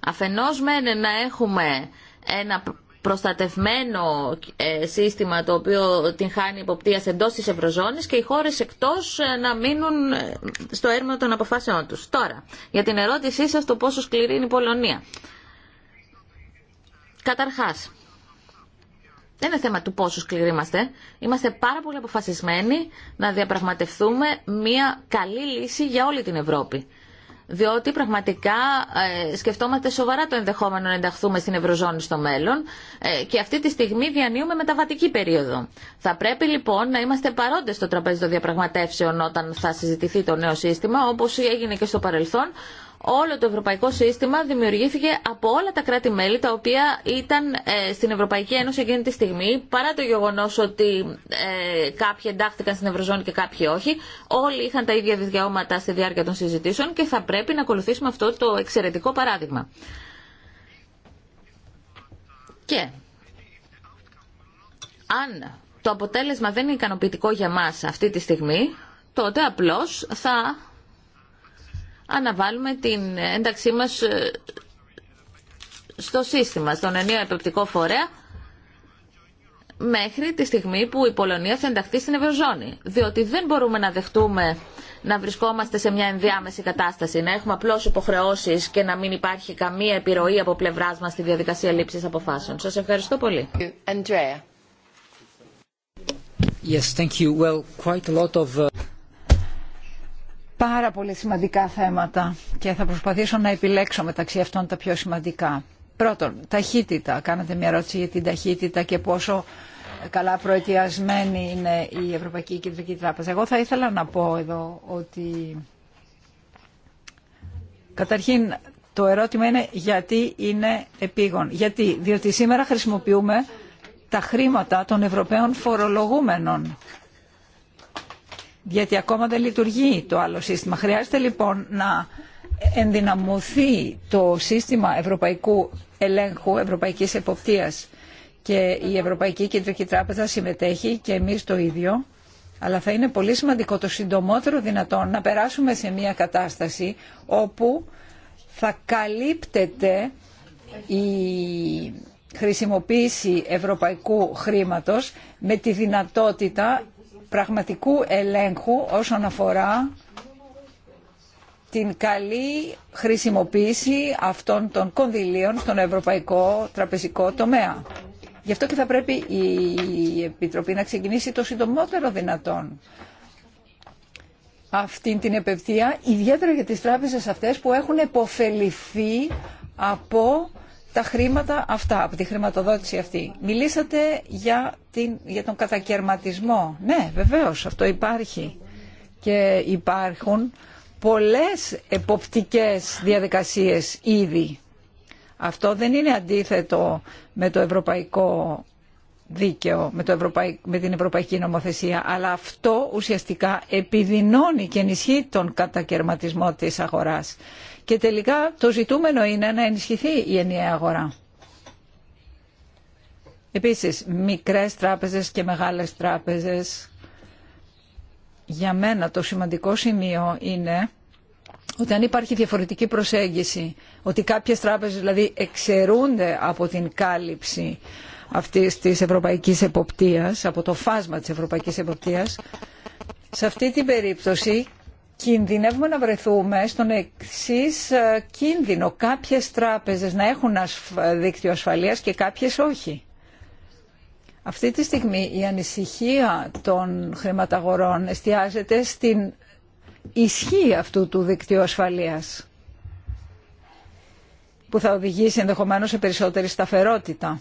Αφενός με να έχουμε ένα προστατευμένο ε, σύστημα το οποίο την χάνει υποπτίας εντός της Ευρωζώνης και οι χώρες εκτός ε, να μείνουν ε, στο έρμο των αποφάσεών τους. Τώρα, για την ερώτησή σας το πόσο σκληρή είναι η Πολωνία. Καταρχάς, δεν είναι θέμα του πόσο σκληροί είμαστε. Είμαστε πάρα πολύ αποφασισμένοι να διαπραγματευτούμε μια καλή λύση για όλη την Ευρώπη διότι πραγματικά ε, σκεφτόμαστε σοβαρά το ενδεχόμενο να ενταχθούμε στην Ευρωζώνη στο μέλλον ε, και αυτή τη στιγμή διανύουμε μεταβατική περίοδο. Θα πρέπει λοιπόν να είμαστε παρόντες στο τραπέζι των διαπραγματεύσεων όταν θα συζητηθεί το νέο σύστημα, όπως έγινε και στο παρελθόν, όλο το ευρωπαϊκό σύστημα δημιουργήθηκε από όλα τα κράτη-μέλη τα οποία ήταν ε, στην Ευρωπαϊκή Ένωση εκείνη τη στιγμή, παρά το γεγονό ότι ε, κάποιοι εντάχθηκαν στην Ευρωζώνη και κάποιοι όχι. Όλοι είχαν τα ίδια δικαιώματα στη διάρκεια των συζητήσεων και θα πρέπει να ακολουθήσουμε αυτό το εξαιρετικό παράδειγμα. Και αν το αποτέλεσμα δεν είναι ικανοποιητικό για μας αυτή τη στιγμή, τότε απλώς θα αναβάλουμε την ένταξή μας ε, στο σύστημα, στον ενίο επεπτικό φορέα, μέχρι τη στιγμή που η Πολωνία θα ενταχθεί στην Ευρωζώνη. Διότι δεν μπορούμε να δεχτούμε να βρισκόμαστε σε μια ενδιάμεση κατάσταση, να έχουμε απλώ υποχρεώσεις και να μην υπάρχει καμία επιρροή από πλευράς μας στη διαδικασία λήψη αποφάσεων. Σα ευχαριστώ πολύ. Yes, thank you. Well, quite a lot of... Uh, πάρα πολύ σημαντικά θέματα και θα προσπαθήσω να επιλέξω μεταξύ αυτών τα πιο σημαντικά. Πρώτον, ταχύτητα. Κάνατε μια ερώτηση για την ταχύτητα και πόσο καλά προετοιασμένη είναι η Ευρωπαϊκή Κεντρική Τράπεζα. Εγώ θα ήθελα να πω εδώ ότι καταρχήν το ερώτημα είναι γιατί είναι επίγον. Γιατί, διότι σήμερα χρησιμοποιούμε τα χρήματα των Ευρωπαίων φορολογούμενων γιατί ακόμα δεν λειτουργεί το άλλο σύστημα. Χρειάζεται λοιπόν να ενδυναμωθεί το σύστημα ευρωπαϊκού ελέγχου, ευρωπαϊκής εποπτείας και η Ευρωπαϊκή Κεντρική Τράπεζα συμμετέχει και εμείς το ίδιο. Αλλά θα είναι πολύ σημαντικό το συντομότερο δυνατόν να περάσουμε σε μια κατάσταση όπου θα καλύπτεται η χρησιμοποίηση ευρωπαϊκού χρήματος με τη δυνατότητα πραγματικού ελέγχου όσον αφορά την καλή χρησιμοποίηση αυτών των κονδυλίων στον ευρωπαϊκό τραπεζικό τομέα. Γι' αυτό και θα πρέπει η Επιτροπή να ξεκινήσει το συντομότερο δυνατόν αυτή την επευθεία ιδιαίτερα για τις τράπεζες αυτές που έχουν επωφεληθεί από τα χρήματα αυτά, από τη χρηματοδότηση αυτή. Μιλήσατε για, την, για τον κατακαιρματισμό. Ναι, βεβαίως, αυτό υπάρχει. Και υπάρχουν πολλές εποπτικές διαδικασίες ήδη. Αυτό δεν είναι αντίθετο με το ευρωπαϊκό δίκαιο, με, το ευρωπαϊ... με την ευρωπαϊκή νομοθεσία, αλλά αυτό ουσιαστικά επιδεινώνει και ενισχύει τον κατακαιρματισμό της αγοράς. Και τελικά το ζητούμενο είναι να ενισχυθεί η ενιαία αγορά. Επίσης, μικρές τράπεζες και μεγάλες τράπεζες. Για μένα το σημαντικό σημείο είναι ότι αν υπάρχει διαφορετική προσέγγιση, ότι κάποιες τράπεζες δηλαδή εξαιρούνται από την κάλυψη αυτής της ευρωπαϊκής εποπτείας, από το φάσμα της ευρωπαϊκής εποπτείας, σε αυτή την περίπτωση κινδυνεύουμε να βρεθούμε στον εξή ε, κίνδυνο. Κάποιες τράπεζες να έχουν δίκτυο ασφαλείας και κάποιες όχι. Αυτή τη στιγμή η ανησυχία των χρηματαγορών εστιάζεται στην ισχύ αυτού του δικτύου ασφαλείας που θα οδηγήσει ενδεχομένως σε περισσότερη σταθερότητα.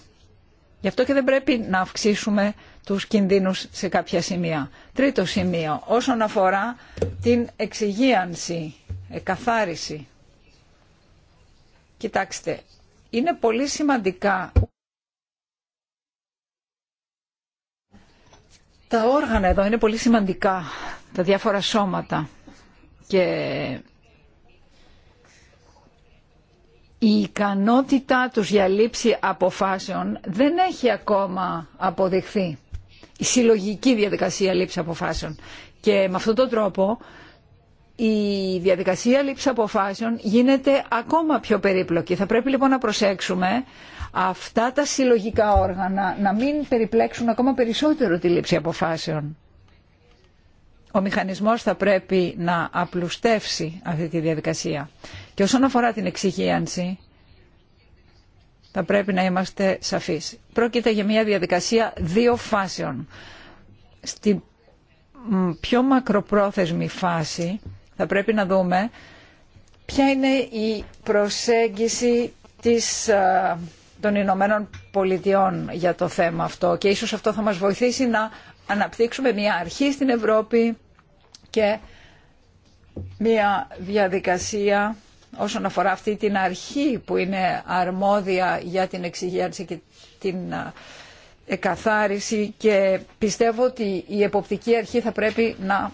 Γι' αυτό και δεν πρέπει να αυξήσουμε τους κινδύνους σε κάποια σημεία. Τρίτο σημείο, όσον αφορά την εξυγίανση, εκαθάριση. Κοιτάξτε, είναι πολύ σημαντικά τα όργανα εδώ, είναι πολύ σημαντικά τα διάφορα σώματα και η ικανότητά τους για λήψη αποφάσεων δεν έχει ακόμα αποδειχθεί. Η συλλογική διαδικασία λήψη αποφάσεων. Και με αυτόν τον τρόπο η διαδικασία λήψη αποφάσεων γίνεται ακόμα πιο περίπλοκη. Θα πρέπει λοιπόν να προσέξουμε αυτά τα συλλογικά όργανα να μην περιπλέξουν ακόμα περισσότερο τη λήψη αποφάσεων ο μηχανισμός θα πρέπει να απλουστεύσει αυτή τη διαδικασία. Και όσον αφορά την εξυγίανση, θα πρέπει να είμαστε σαφείς. Πρόκειται για μια διαδικασία δύο φάσεων. Στην πιο μακροπρόθεσμη φάση θα πρέπει να δούμε ποια είναι η προσέγγιση της, των Ηνωμένων Πολιτειών για το θέμα αυτό και ίσως αυτό θα μας βοηθήσει να αναπτύξουμε μια αρχή στην Ευρώπη και μια διαδικασία όσον αφορά αυτή την αρχή που είναι αρμόδια για την εξυγίανση και την εκαθάριση και πιστεύω ότι η εποπτική αρχή θα πρέπει να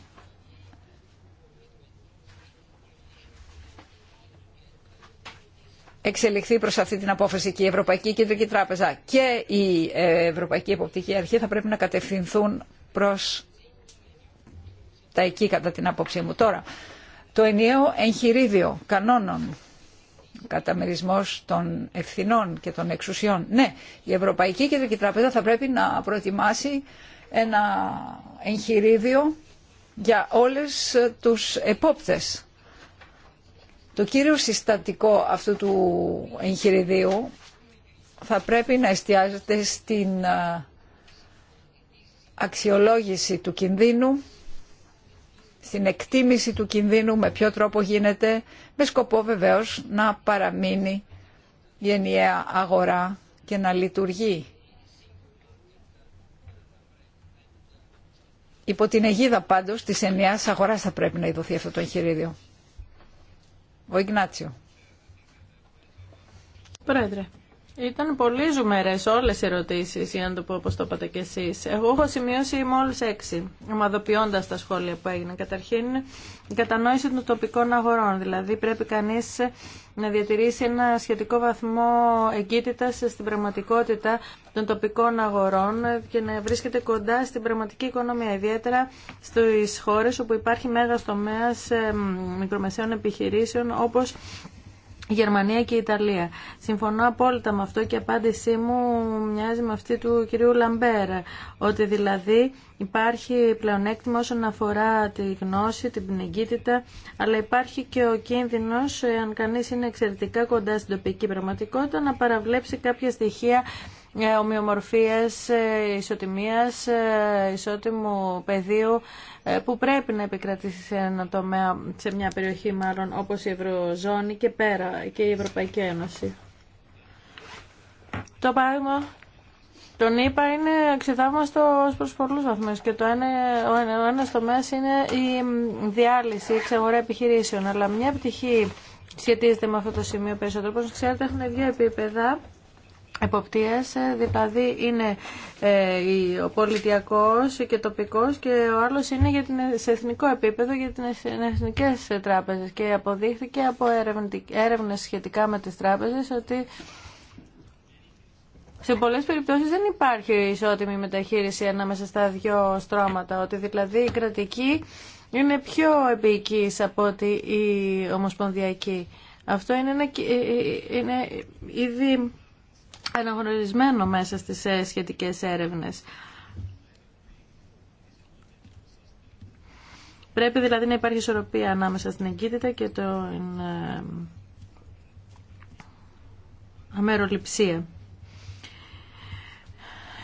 εξελιχθεί προς αυτή την απόφαση και η Ευρωπαϊκή Κεντρική Τράπεζα και η ε, Ευρωπαϊκή Εποπτική Αρχή θα πρέπει να κατευθυνθούν προς τα εκεί κατά την άποψή μου. Τώρα, το ενιαίο εγχειρίδιο κανόνων, καταμερισμός των ευθυνών και των εξουσιών. Ναι, η Ευρωπαϊκή Κεντρική Τράπεζα θα πρέπει να προετοιμάσει ένα εγχειρίδιο για όλες τους επόπτες. Το κύριο συστατικό αυτού του εγχειριδίου θα πρέπει να εστιάζεται στην αξιολόγηση του κινδύνου στην εκτίμηση του κινδύνου, με ποιο τρόπο γίνεται, με σκοπό βεβαίως να παραμείνει η ενιαία αγορά και να λειτουργεί. Υπό την αιγίδα πάντως της ενιαίας αγοράς θα πρέπει να ειδωθεί αυτό το εγχειρίδιο. Ο Ιγνάτσιο. Πρόεδρε, ήταν πολύ ζουμέρε όλε οι ερωτήσει για να το πω όπω το είπατε κι εσεί. Εγώ έχω σημειώσει μόλι έξι, ομαδοποιώντα τα σχόλια που έγιναν. Καταρχήν, η κατανόηση των τοπικών αγορών. Δηλαδή, πρέπει κανεί να διατηρήσει ένα σχετικό βαθμό εγκύτητα στην πραγματικότητα των τοπικών αγορών και να βρίσκεται κοντά στην πραγματική οικονομία, ιδιαίτερα στι χώρε όπου υπάρχει μέγα τομέα μικρομεσαίων επιχειρήσεων, όπω. Γερμανία και Ιταλία. Συμφωνώ απόλυτα με αυτό και η απάντησή μου μοιάζει με αυτή του κυρίου Λαμπέρα, ότι δηλαδή υπάρχει πλεονέκτημα όσον αφορά τη γνώση, την εγκύτητα, αλλά υπάρχει και ο κίνδυνος, αν κανείς είναι εξαιρετικά κοντά στην τοπική πραγματικότητα, να παραβλέψει κάποια στοιχεία ε, ομοιομορφίας, ε, ισοτιμίας, ε, ισότιμου πεδίου που πρέπει να επικρατήσει σε ένα τομέα, σε μια περιοχή μάλλον όπως η Ευρωζώνη και πέρα και η Ευρωπαϊκή Ένωση. Το παράδειγμα τον είπα είναι αξιδάμαστο προς πολλούς βαθμού και το ένα, ο ένα τομέα είναι η διάλυση, η εξαγορά επιχειρήσεων. Αλλά μια πτυχή σχετίζεται με αυτό το σημείο περισσότερο. όπως ξέρετε, έχουν δύο επίπεδα εποπτείας, δηλαδή είναι ο πολιτιακός και τοπικός και ο άλλος είναι για την, σε εθνικό επίπεδο για τις εθνικές τράπεζες και αποδείχθηκε από έρευνες σχετικά με τις τράπεζες ότι σε πολλές περιπτώσεις δεν υπάρχει ισότιμη μεταχείριση ανάμεσα στα δύο στρώματα, ότι δηλαδή η κρατική είναι πιο επίκη από ότι η ομοσπονδιακή. Αυτό είναι, ένα, είναι ήδη αναγνωρισμένο μέσα στις ε, σχετικές έρευνες. Πρέπει δηλαδή να υπάρχει ισορροπία ανάμεσα στην εγκύτητα και το ε, αμεροληψία.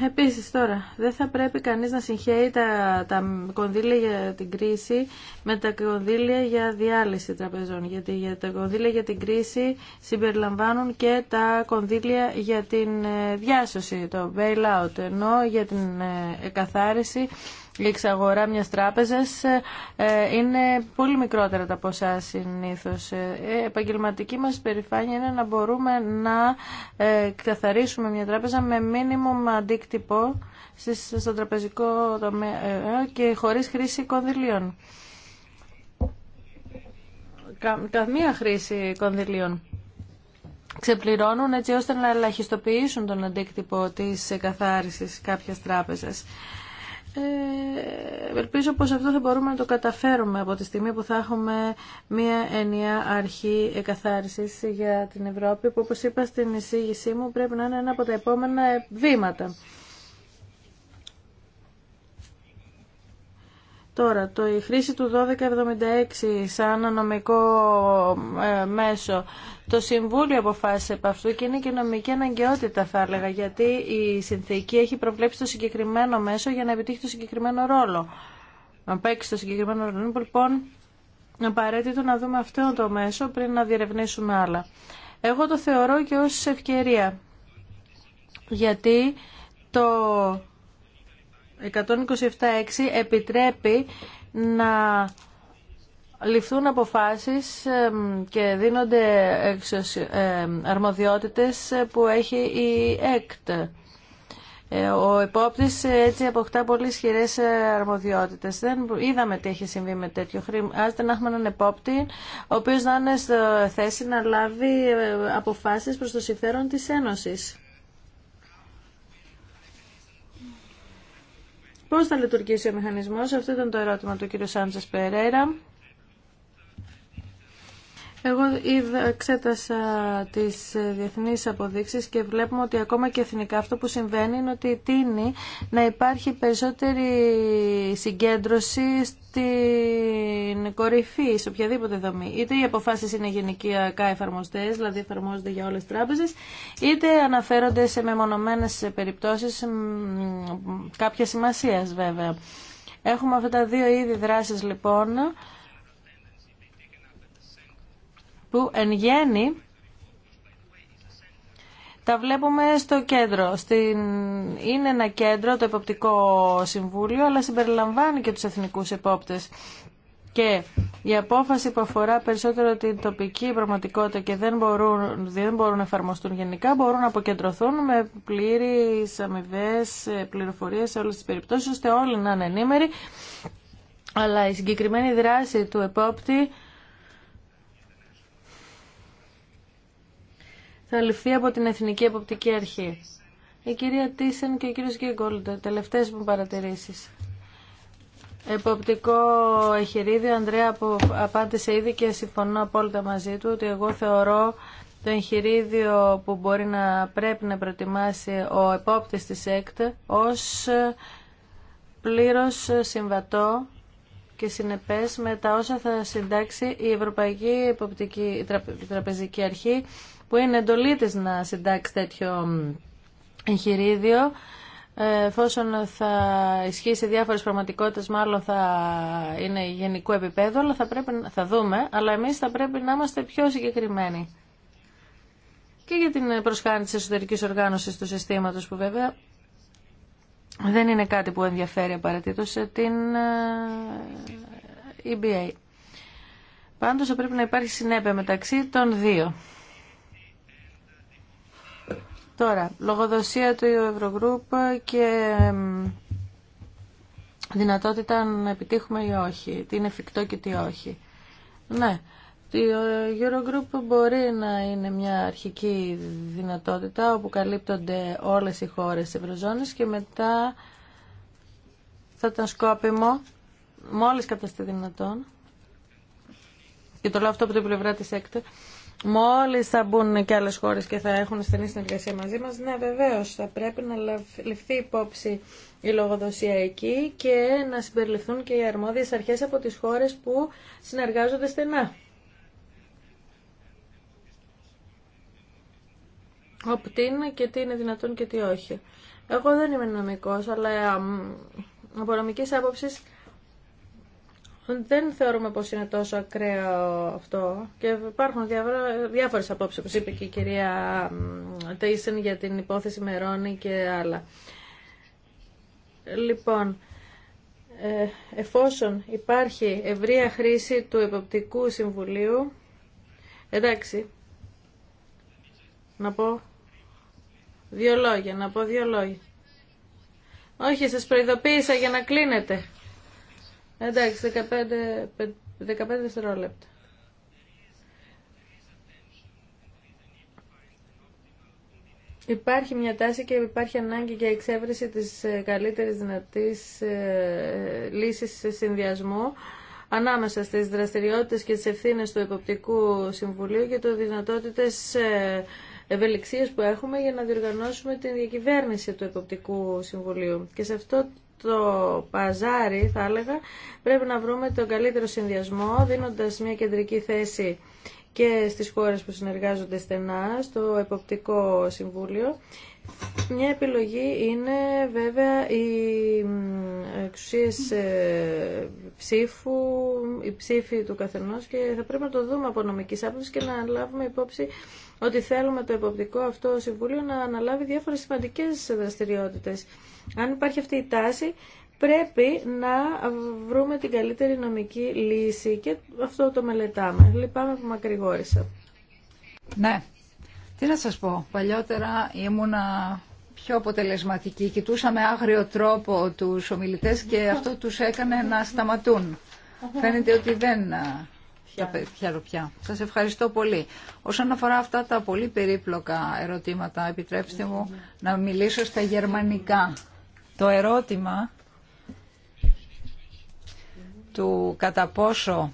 Επίσης τώρα, δεν θα πρέπει κανείς να συγχαίει τα, τα κονδύλια για την κρίση με τα κονδύλια για διάλυση τραπεζών, γιατί για τα κονδύλια για την κρίση συμπεριλαμβάνουν και τα κονδύλια για την ε, διάσωση, το bailout, ενώ για την ε, εκαθάριση η εξαγορά μιας τράπεζας ε, είναι πολύ μικρότερα τα ποσά συνήθως. Ε, ε, επαγγελματική μας περηφάνεια είναι να μπορούμε να καθαρίσουμε μια τράπεζα με μίνιμουμ αντίκτυπο στο τραπεζικό τομέα και χωρίς χρήση κονδυλίων. Καμία χρήση κονδυλίων ξεπληρώνουν έτσι ώστε να ελαχιστοποιήσουν τον αντίκτυπο της καθάρισης κάποιας τράπεζας. Ε, ελπίζω πως αυτό θα μπορούμε να το καταφέρουμε από τη στιγμή που θα έχουμε μία ενιαία αρχή εκαθάρισης για την Ευρώπη που όπως είπα στην εισήγησή μου πρέπει να είναι ένα από τα επόμενα βήματα. Τώρα, το, η χρήση του 1276 σαν νομικό ε, μέσο το Συμβούλιο αποφάσισε από αυτού και είναι και νομική αναγκαιότητα θα έλεγα γιατί η συνθήκη έχει προβλέψει το συγκεκριμένο μέσο για να επιτύχει το συγκεκριμένο ρόλο. Να παίξει το συγκεκριμένο ρόλο. Λοιπόν, απαραίτητο να δούμε αυτό το μέσο πριν να διερευνήσουμε άλλα. Εγώ το θεωρώ και ως ευκαιρία γιατί το 127.6 επιτρέπει να ληφθούν αποφάσεις και δίνονται αρμοδιότητες που έχει η ΕΚΤ. Ε, ο υπόπτης έτσι αποκτά πολύ ισχυρέ ε, αρμοδιότητες. Δεν είδαμε τι έχει συμβεί με τέτοιο χρήμα. Άστε να έχουμε έναν επόπτη, ο οποίος να είναι στη θέση να λάβει ε, αποφάσεις προς το συμφέρον της Ένωσης. Πώς θα λειτουργήσει ο μηχανισμός, αυτό ήταν το ερώτημα του κ. Σάντζες Περέρα. Εγώ εξέτασα τις ε, διεθνείς αποδείξεις και βλέπουμε ότι ακόμα και εθνικά αυτό που συμβαίνει είναι ότι τίνει να υπάρχει περισσότερη συγκέντρωση στην κορυφή, σε οποιαδήποτε δομή. Είτε οι αποφάσεις είναι γενικιακά εφαρμοστές, δηλαδή εφαρμόζονται για όλες τις τράπεζες, είτε αναφέρονται σε μεμονωμένες περιπτώσεις κάποια σημασίας βέβαια. Έχουμε αυτά τα δύο είδη δράσεις λοιπόν που εν γέννη τα βλέπουμε στο κέντρο. Στην... Είναι ένα κέντρο το Εποπτικό Συμβούλιο, αλλά συμπεριλαμβάνει και τους εθνικούς επόπτες. Και η απόφαση που αφορά περισσότερο την τοπική πραγματικότητα και δεν μπορούν, δεν μπορούν να εφαρμοστούν γενικά, μπορούν να αποκεντρωθούν με πλήρεις αμοιβέ ε, πληροφορίες σε όλες τις περιπτώσεις, ώστε όλοι να είναι ενήμεροι. Αλλά η συγκεκριμένη δράση του επόπτη θα ληφθεί από την Εθνική Εποπτική Αρχή. Η κυρία Τίσεν και ο κύριος Γκίγκολντ, τελευταίες μου παρατηρήσεις. Εποπτικό εγχειρίδιο, Ανδρέα που απάντησε ήδη και συμφωνώ απόλυτα μαζί του ότι εγώ θεωρώ το εγχειρίδιο που μπορεί να πρέπει να προετοιμάσει ο επόπτης της ΕΚΤ ως πλήρως συμβατό και συνεπές με τα όσα θα συντάξει η Ευρωπαϊκή Εποπτική, Τραπεζική Αρχή που είναι εντολή της να συντάξει τέτοιο εγχειρίδιο εφόσον θα ισχύσει διάφορες πραγματικότητες μάλλον θα είναι γενικού επίπεδου αλλά θα, πρέπει, θα δούμε αλλά εμείς θα πρέπει να είμαστε πιο συγκεκριμένοι και για την προσκάνη της εσωτερικής οργάνωσης του συστήματος που βέβαια δεν είναι κάτι που ενδιαφέρει σε την EBA. Ε, Πάντως θα πρέπει να υπάρχει συνέπεια μεταξύ των δύο. Τώρα, λογοδοσία του Eurogroup και δυνατότητα να επιτύχουμε ή όχι, τι είναι εφικτό και τι όχι. Ναι, το Eurogroup μπορεί να είναι μια αρχική δυνατότητα όπου καλύπτονται όλες οι χώρες της Ευρωζώνης και μετά θα ήταν σκόπιμο, μόλις καταστεί δυνατόν, και το λέω αυτό από την πλευρά της ΕΚΤΕ, Μόλις θα μπουν και άλλε χώρες και θα έχουν στενή συνεργασία μαζί μας, ναι βεβαίω. θα πρέπει να ληφθεί υπόψη η λογοδοσία εκεί και να συμπεριληφθούν και οι αρμόδιες αρχές από τις χώρες που συνεργάζονται στενά. όπου τι είναι και τι είναι δυνατόν και τι όχι. Εγώ δεν είμαι νομικός, αλλά από νομικής άποψης δεν θεωρούμε πως είναι τόσο ακραίο αυτό και υπάρχουν διάφορες απόψεις, όπως είπε και η κυρία Τέισεν για την υπόθεση Μερώνη και άλλα. Λοιπόν, ε, εφόσον υπάρχει ευρεία χρήση του Εποπτικού Συμβουλίου, εντάξει, να πω δύο λόγια, να πω δύο λόγια. Όχι, σας προειδοποίησα για να κλείνετε. Εντάξει, 15, 15 δευτερόλεπτα. Υπάρχει μια τάση και υπάρχει ανάγκη για εξέβρεση της ε, καλύτερης δυνατής ε, λύσης σε συνδυασμό ανάμεσα στις δραστηριότητες και τις ευθύνες του Εποπτικού Συμβουλίου και το δυνατότητες ε, ευελιξίες που έχουμε για να διοργανώσουμε την διακυβέρνηση του Εποπτικού Συμβουλίου. Και σε αυτό το παζάρι, θα έλεγα, πρέπει να βρούμε τον καλύτερο συνδυασμό, δίνοντας μια κεντρική θέση και στις χώρες που συνεργάζονται στενά, στο Εποπτικό Συμβούλιο μια επιλογή είναι βέβαια οι εξουσίες ε, ψήφου, η ψήφοι του καθενός και θα πρέπει να το δούμε από νομική άποψης και να λάβουμε υπόψη ότι θέλουμε το εποπτικό αυτό συμβούλιο να αναλάβει διάφορες σημαντικές δραστηριότητες. Αν υπάρχει αυτή η τάση, πρέπει να βρούμε την καλύτερη νομική λύση και αυτό το μελετάμε. Λυπάμαι που μακρηγόρησα. Ναι, τι να σας πω, παλιότερα ήμουνα πιο αποτελεσματική. Κοιτούσα με άγριο τρόπο τους ομιλητές και αυτό τους έκανε να σταματούν. Φαίνεται ότι δεν πιάνω πια. Σας ευχαριστώ πολύ. Όσον αφορά αυτά τα πολύ περίπλοκα ερωτήματα, επιτρέψτε μου να μιλήσω στα γερμανικά. Το ερώτημα του κατά πόσο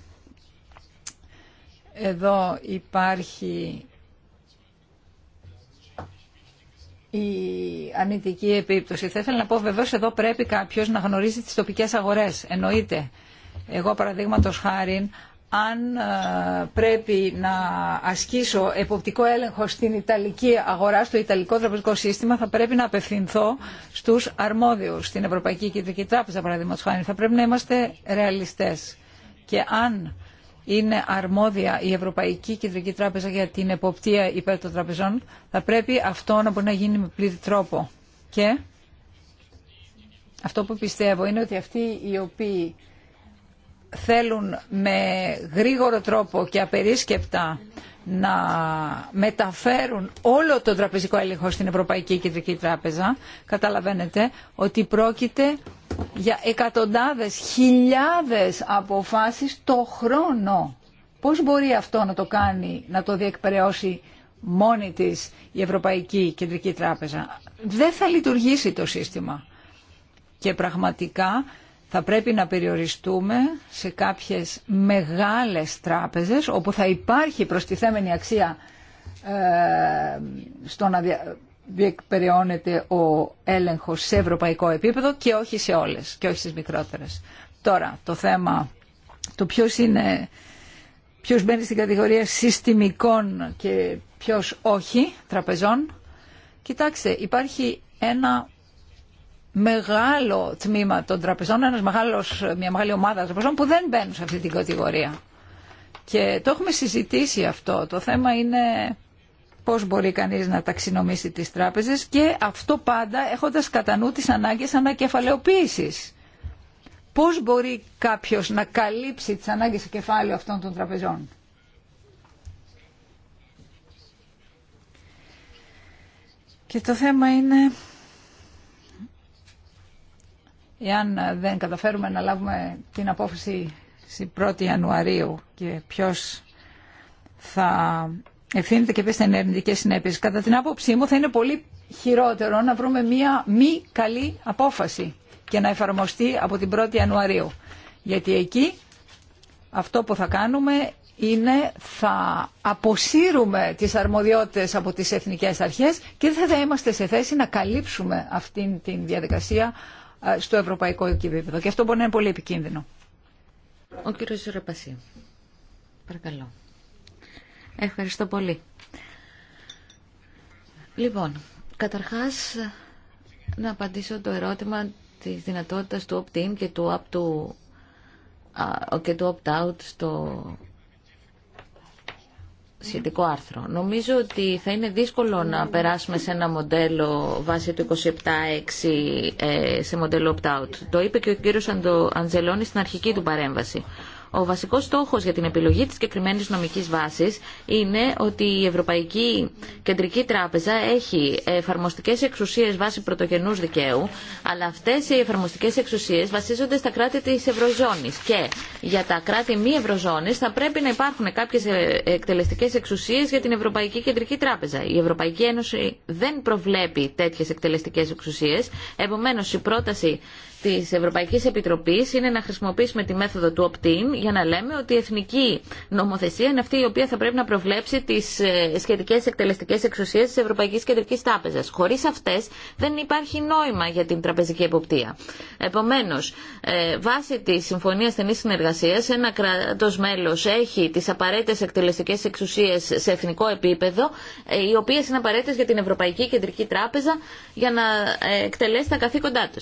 εδώ υπάρχει η ανητική επίπτωση. Θα ήθελα να πω βεβαίω, εδώ πρέπει κάποιο να γνωρίζει τις τοπικές αγορές. Εννοείται. Εγώ παραδείγματο χάρη αν ε, πρέπει να ασκήσω εποπτικό έλεγχο στην Ιταλική αγορά, στο Ιταλικό τραπεζικό σύστημα, θα πρέπει να απευθυνθώ στους αρμόδιους, στην Ευρωπαϊκή Κεντρική Τράπεζα, παραδείγματος χάρη. Θα πρέπει να είμαστε ρεαλιστές. Και αν είναι αρμόδια η Ευρωπαϊκή Κεντρική Τράπεζα για την εποπτεία υπέρ των τραπεζών, θα πρέπει αυτό να μπορεί να γίνει με πλήρη τρόπο. Και αυτό που πιστεύω είναι ότι αυτοί οι οποίοι θέλουν με γρήγορο τρόπο και απερίσκεπτα να μεταφέρουν όλο το τραπεζικό έλεγχο στην Ευρωπαϊκή Κεντρική Τράπεζα, καταλαβαίνετε ότι πρόκειται για εκατοντάδες, χιλιάδες αποφάσεις το χρόνο. Πώς μπορεί αυτό να το κάνει, να το διεκπαιρεώσει μόνη της η Ευρωπαϊκή Κεντρική Τράπεζα. Δεν θα λειτουργήσει το σύστημα. Και πραγματικά θα πρέπει να περιοριστούμε σε κάποιες μεγάλες τράπεζες όπου θα υπάρχει προστιθέμενη αξία ε, στο να διεκπεραιώνεται ο έλεγχος σε ευρωπαϊκό επίπεδο και όχι σε όλες και όχι στις μικρότερες. Τώρα, το θέμα του ποιος είναι, ποιος μπαίνει στην κατηγορία συστημικών και ποιος όχι τραπεζών. Κοιτάξτε, υπάρχει ένα μεγάλο τμήμα των τραπεζών, ένας μεγάλος, μια μεγάλη ομάδα τραπεζών που δεν μπαίνουν σε αυτή την κατηγορία. Και το έχουμε συζητήσει αυτό. Το θέμα είναι πώς μπορεί κανείς να ταξινομήσει τις τράπεζες και αυτό πάντα έχοντας κατά νου τις ανάγκες ανακεφαλαιοποίησης. Πώς μπορεί κάποιος να καλύψει τις ανάγκες σε κεφάλαιο αυτών των τραπεζών. Και το θέμα είναι Εάν δεν καταφέρουμε να λάβουμε την απόφαση στην 1η Ιανουαρίου και ποιος θα ευθύνεται και ποιες θα είναι αρνητικέ συνέπειες, κατά την άποψή μου θα είναι πολύ χειρότερο να βρούμε μία μη καλή απόφαση και να εφαρμοστεί από την 1η Ιανουαρίου. Γιατί εκεί αυτό που θα κάνουμε είναι θα αποσύρουμε τις αρμοδιότητες από τις εθνικές αρχές και δεν θα είμαστε σε θέση να καλύψουμε αυτήν την διαδικασία στο ευρωπαϊκό επίπεδο. Και αυτό μπορεί να είναι πολύ επικίνδυνο. Ο κύριος Ζωραπασί. Παρακαλώ. Ευχαριστώ πολύ. Λοιπόν, καταρχάς να απαντήσω το ερώτημα της δυνατότητας του opt-in και του opt-out στο σχετικό άρθρο. Νομίζω ότι θα είναι δύσκολο να περάσουμε σε ένα μοντέλο βάσει του 27-6 ε, σε μοντέλο opt-out. Το είπε και ο κύριος Αντζελόνη στην αρχική του παρέμβαση. Ο βασικός στόχος για την επιλογή της συγκεκριμένη νομικής βάσης είναι ότι η Ευρωπαϊκή Κεντρική Τράπεζα έχει εφαρμοστικές εξουσίες βάσει πρωτογενούς δικαίου, αλλά αυτές οι εφαρμοστικές εξουσίες βασίζονται στα κράτη της Ευρωζώνης και για τα κράτη μη Ευρωζώνης θα πρέπει να υπάρχουν κάποιες ε, εκτελεστικές εξουσίες για την Ευρωπαϊκή Κεντρική Τράπεζα. Η Ευρωπαϊκή Ένωση δεν προβλέπει τέτοιες εκτελεστικές εξουσίες, επομένως η πρόταση τη Ευρωπαϊκή Επιτροπή είναι να χρησιμοποιήσουμε τη μέθοδο του opt-in για να λέμε ότι η εθνική νομοθεσία είναι αυτή η οποία θα πρέπει να προβλέψει τι ε, σχετικέ εκτελεστικέ εξουσίε τη Ευρωπαϊκή Κεντρική Τράπεζα. Χωρί αυτέ, δεν υπάρχει νόημα για την τραπεζική εποπτεία. Επομένως, ε, βάσει τη Συμφωνία Στενή Συνεργασία, ένα κρατό μέλο έχει τι απαραίτητε εκτελεστικέ εξουσίε σε εθνικό επίπεδο, ε, οι οποίε είναι απαραίτητε για την Ευρωπαϊκή Κεντρική Τράπεζα για να εκτελέσει τα καθήκοντά του.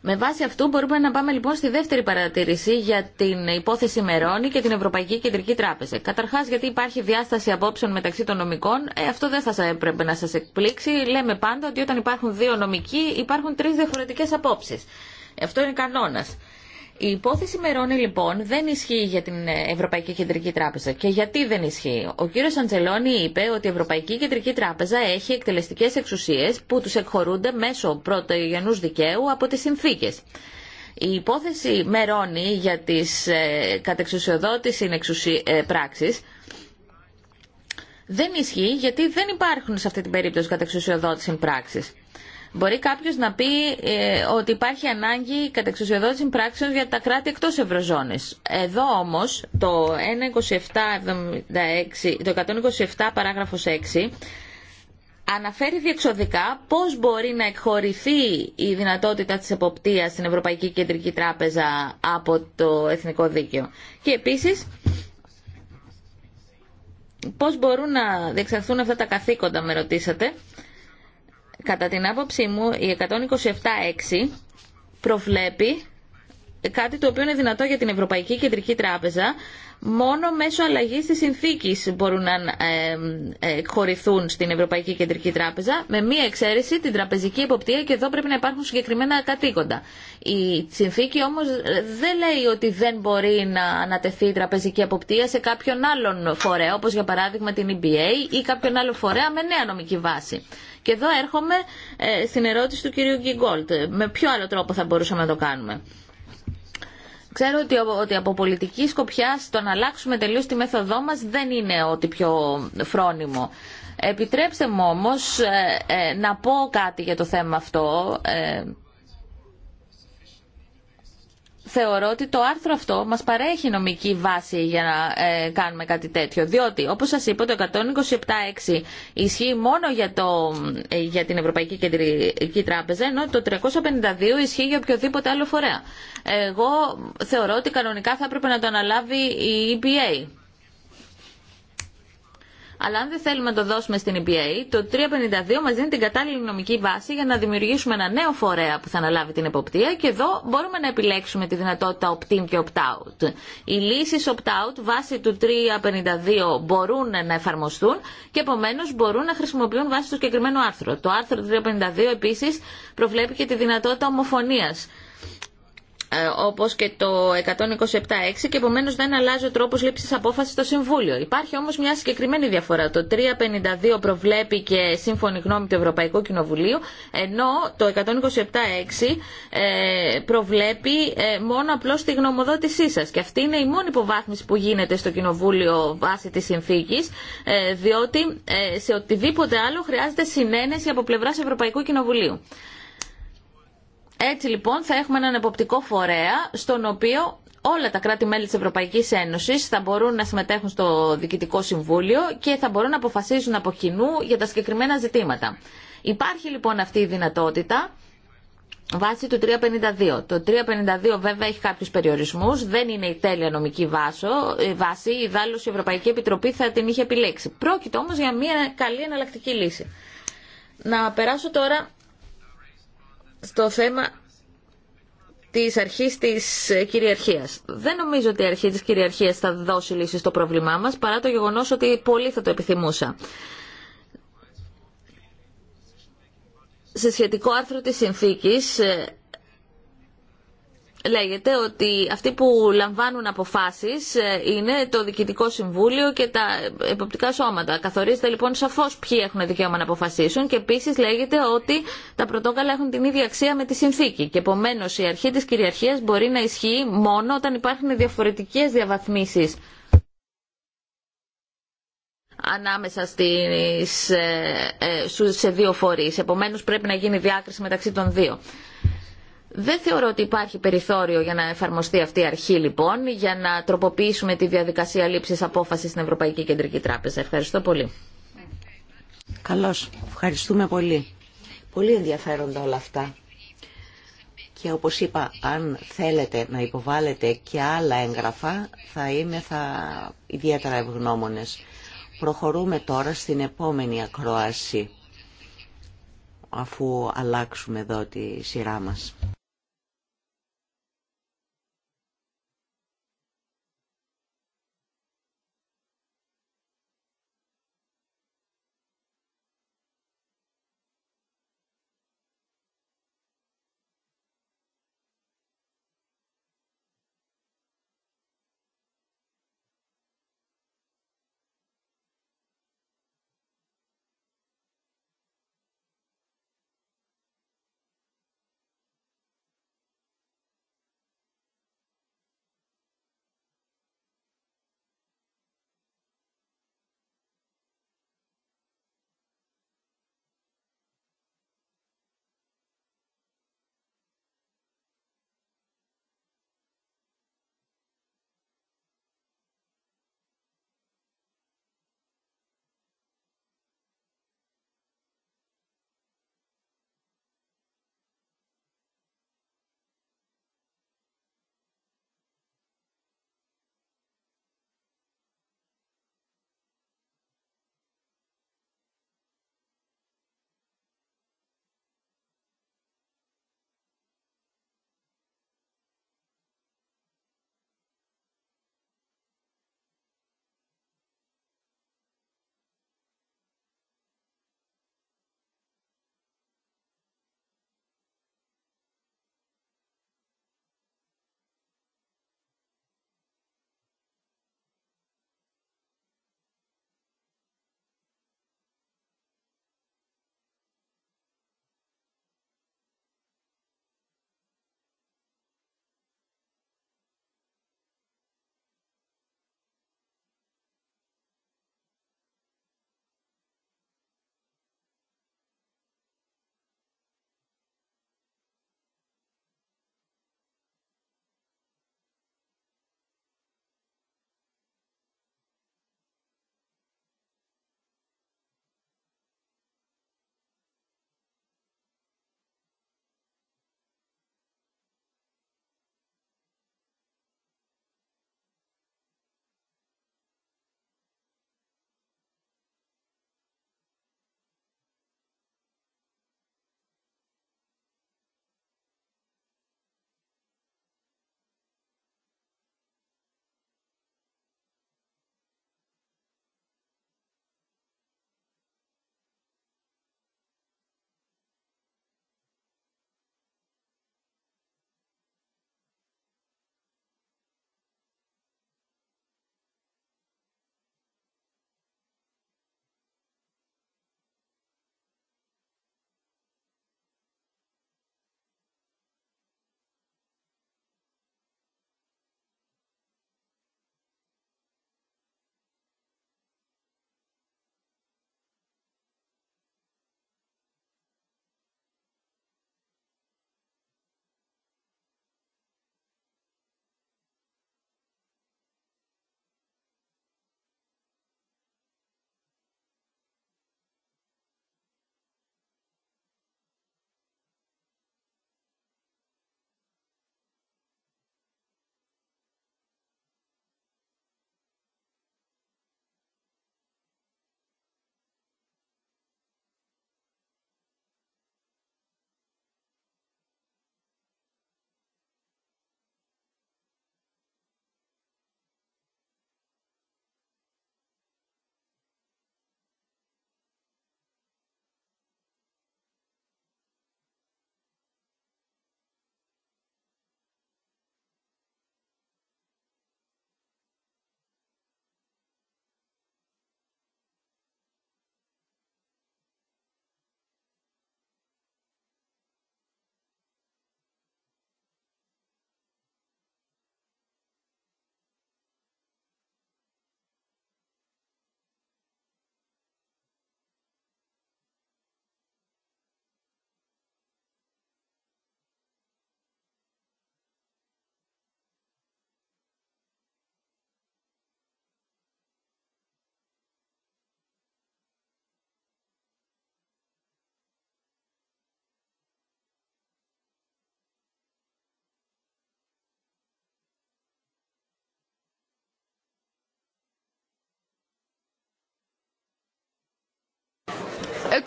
Με βάση αυτού μπορούμε να πάμε λοιπόν στη δεύτερη παρατήρηση για την υπόθεση Μερώνη και την Ευρωπαϊκή Κεντρική Τράπεζα. Καταρχάς γιατί υπάρχει διάσταση απόψεων μεταξύ των νομικών, ε, αυτό δεν θα έπρεπε να σας εκπλήξει. Λέμε πάντα ότι όταν υπάρχουν δύο νομικοί υπάρχουν τρεις διαφορετικές απόψεις. Ε, αυτό είναι κανόνας. Η υπόθεση Μερώνη λοιπόν δεν ισχύει για την ε, Ευρωπαϊκή Κεντρική Τράπεζα. Και γιατί δεν ισχύει. Ο κύριος Αντζελώνη είπε ότι η Ευρωπαϊκή Κεντρική Τράπεζα έχει εκτελεστικές εξουσίες που τους εκχωρούνται μέσω πρωτογενούς δικαίου από τις συνθήκες. Η υπόθεση Μερώνη για τις ε, κατεξουσιοδότηση ε, δεν ισχύει γιατί δεν υπάρχουν σε αυτή την περίπτωση κατεξουσιοδότηση πράξης. Μπορεί κάποιο να πει ε, ότι υπάρχει ανάγκη εξουσιοδότηση πράξεων για τα κράτη εκτό Ευρωζώνη. Εδώ όμω το, 127, το 127 παράγραφο 6 αναφέρει διεξοδικά πώς μπορεί να εκχωρηθεί η δυνατότητα της εποπτείας στην Ευρωπαϊκή Κεντρική Τράπεζα από το Εθνικό Δίκαιο. Και επίσης, πώς μπορούν να διεξαχθούν αυτά τα καθήκοντα, με ρωτήσατε. Κατά την άποψή μου, η 127.6 προβλέπει κάτι το οποίο είναι δυνατό για την Ευρωπαϊκή Κεντρική Τράπεζα, μόνο μέσω αλλαγής της συνθήκης μπορούν να ε, ε, χωριθούν στην Ευρωπαϊκή Κεντρική Τράπεζα, με μία εξαίρεση την τραπεζική υποπτία και εδώ πρέπει να υπάρχουν συγκεκριμένα κατοίκοντα. Η συνθήκη όμως ε, δεν λέει ότι δεν μπορεί να ανατεθεί η τραπεζική υποπτία σε κάποιον άλλον φορέα, όπως για παράδειγμα την EBA ή κάποιον άλλο φορέα με νέα νομική βάση. Και εδώ έρχομαι ε, στην ερώτηση του κυρίου Γκίγκολτ. Με ποιο άλλο τρόπο θα μπορούσαμε να το κάνουμε. Ξέρω ότι από πολιτική σκοπιά το να αλλάξουμε τελείως τη μέθοδό μας δεν είναι ότι πιο φρόνιμο. Επιτρέψτε μου όμως ε, ε, να πω κάτι για το θέμα αυτό θεωρώ ότι το άρθρο αυτό μας παρέχει νομική βάση για να ε, κάνουμε κάτι τέτοιο. Διότι, όπως σας είπα, το 127.6 ισχύει μόνο για, το, ε, για την Ευρωπαϊκή Κεντρική Τράπεζα, ενώ το 352 ισχύει για οποιοδήποτε άλλο φορέα. Εγώ θεωρώ ότι κανονικά θα έπρεπε να το αναλάβει η EPA. Αλλά αν δεν θέλουμε να το δώσουμε στην EPA, το 352 μας δίνει την κατάλληλη νομική βάση για να δημιουργήσουμε ένα νέο φορέα που θα αναλάβει την εποπτεία και εδώ μπορούμε να επιλέξουμε τη δυνατότητα opt-in και opt-out. Οι λύσεις opt-out βάσει του 352 μπορούν να εφαρμοστούν και επομένω μπορούν να χρησιμοποιούν βάσει του συγκεκριμένου άρθρο. Το άρθρο 352 επίσης προβλέπει και τη δυνατότητα ομοφωνίας ε, όπως και το 127.6 και επομένως δεν αλλάζει ο τρόπος λήψης απόφασης στο Συμβούλιο. Υπάρχει όμως μια συγκεκριμένη διαφορά. Το 352 προβλέπει και σύμφωνη γνώμη του Ευρωπαϊκού Κοινοβουλίου, ενώ το 127.6 ε, προβλέπει ε, μόνο απλώς τη γνωμοδότησή σας. Και αυτή είναι η μόνη υποβάθμιση που γίνεται στο Κοινοβούλιο βάσει της συνθήκης, διότι σε οτιδήποτε άλλο χρειάζεται συνένεση από πλευράς Ευρωπαϊκού Κοινοβουλίου. Έτσι λοιπόν θα έχουμε έναν εποπτικό φορέα στον οποίο όλα τα κράτη-μέλη της Ευρωπαϊκής Ένωσης θα μπορούν να συμμετέχουν στο Διοικητικό Συμβούλιο και θα μπορούν να αποφασίσουν από κοινού για τα συγκεκριμένα ζητήματα. Υπάρχει λοιπόν αυτή η δυνατότητα βάσει του 352. Το 352 βέβαια έχει κάποιους περιορισμούς, δεν είναι η τέλεια νομική βάσο, βάση, η δάλλωση η Ευρωπαϊκή Επιτροπή θα την είχε επιλέξει. Πρόκειται όμως για μια καλή εναλλακτική λύση. Να περάσω τώρα στο θέμα της αρχής της κυριαρχίας. Δεν νομίζω ότι η αρχή της κυριαρχίας θα δώσει λύση στο πρόβλημά μας, παρά το γεγονός ότι πολύ θα το επιθυμούσα. Σε σχετικό άρθρο της συνθήκης ε, λέγεται ότι αυτοί που λαμβάνουν αποφάσεις ε, είναι το Διοικητικό Συμβούλιο και τα εποπτικά σώματα. Καθορίζεται λοιπόν σαφώς ποιοι έχουν δικαίωμα να αποφασίσουν και επίσης λέγεται ότι τα πρωτόκαλα έχουν την ίδια αξία με τη συνθήκη και επομένω η αρχή της κυριαρχίας μπορεί να ισχύει μόνο όταν υπάρχουν διαφορετικές διαβαθμίσεις ανάμεσα στις, ε, ε, σε δύο φορείς. Επομένως πρέπει να γίνει διάκριση μεταξύ των δύο. Δεν θεωρώ ότι υπάρχει περιθώριο για να εφαρμοστεί αυτή η αρχή λοιπόν, για να τροποποιήσουμε τη διαδικασία λήψης απόφασης στην Ευρωπαϊκή Κεντρική Τράπεζα. Ευχαριστώ πολύ. Καλώς. Ευχαριστούμε πολύ. Πολύ ενδιαφέροντα όλα αυτά. Και όπως είπα, αν θέλετε να υποβάλλετε και άλλα έγγραφα, θα είμαι θα... ιδιαίτερα ευγνώμονες. Προχωρούμε τώρα στην επόμενη ακρόαση, αφού αλλάξουμε εδώ τη σειρά μας.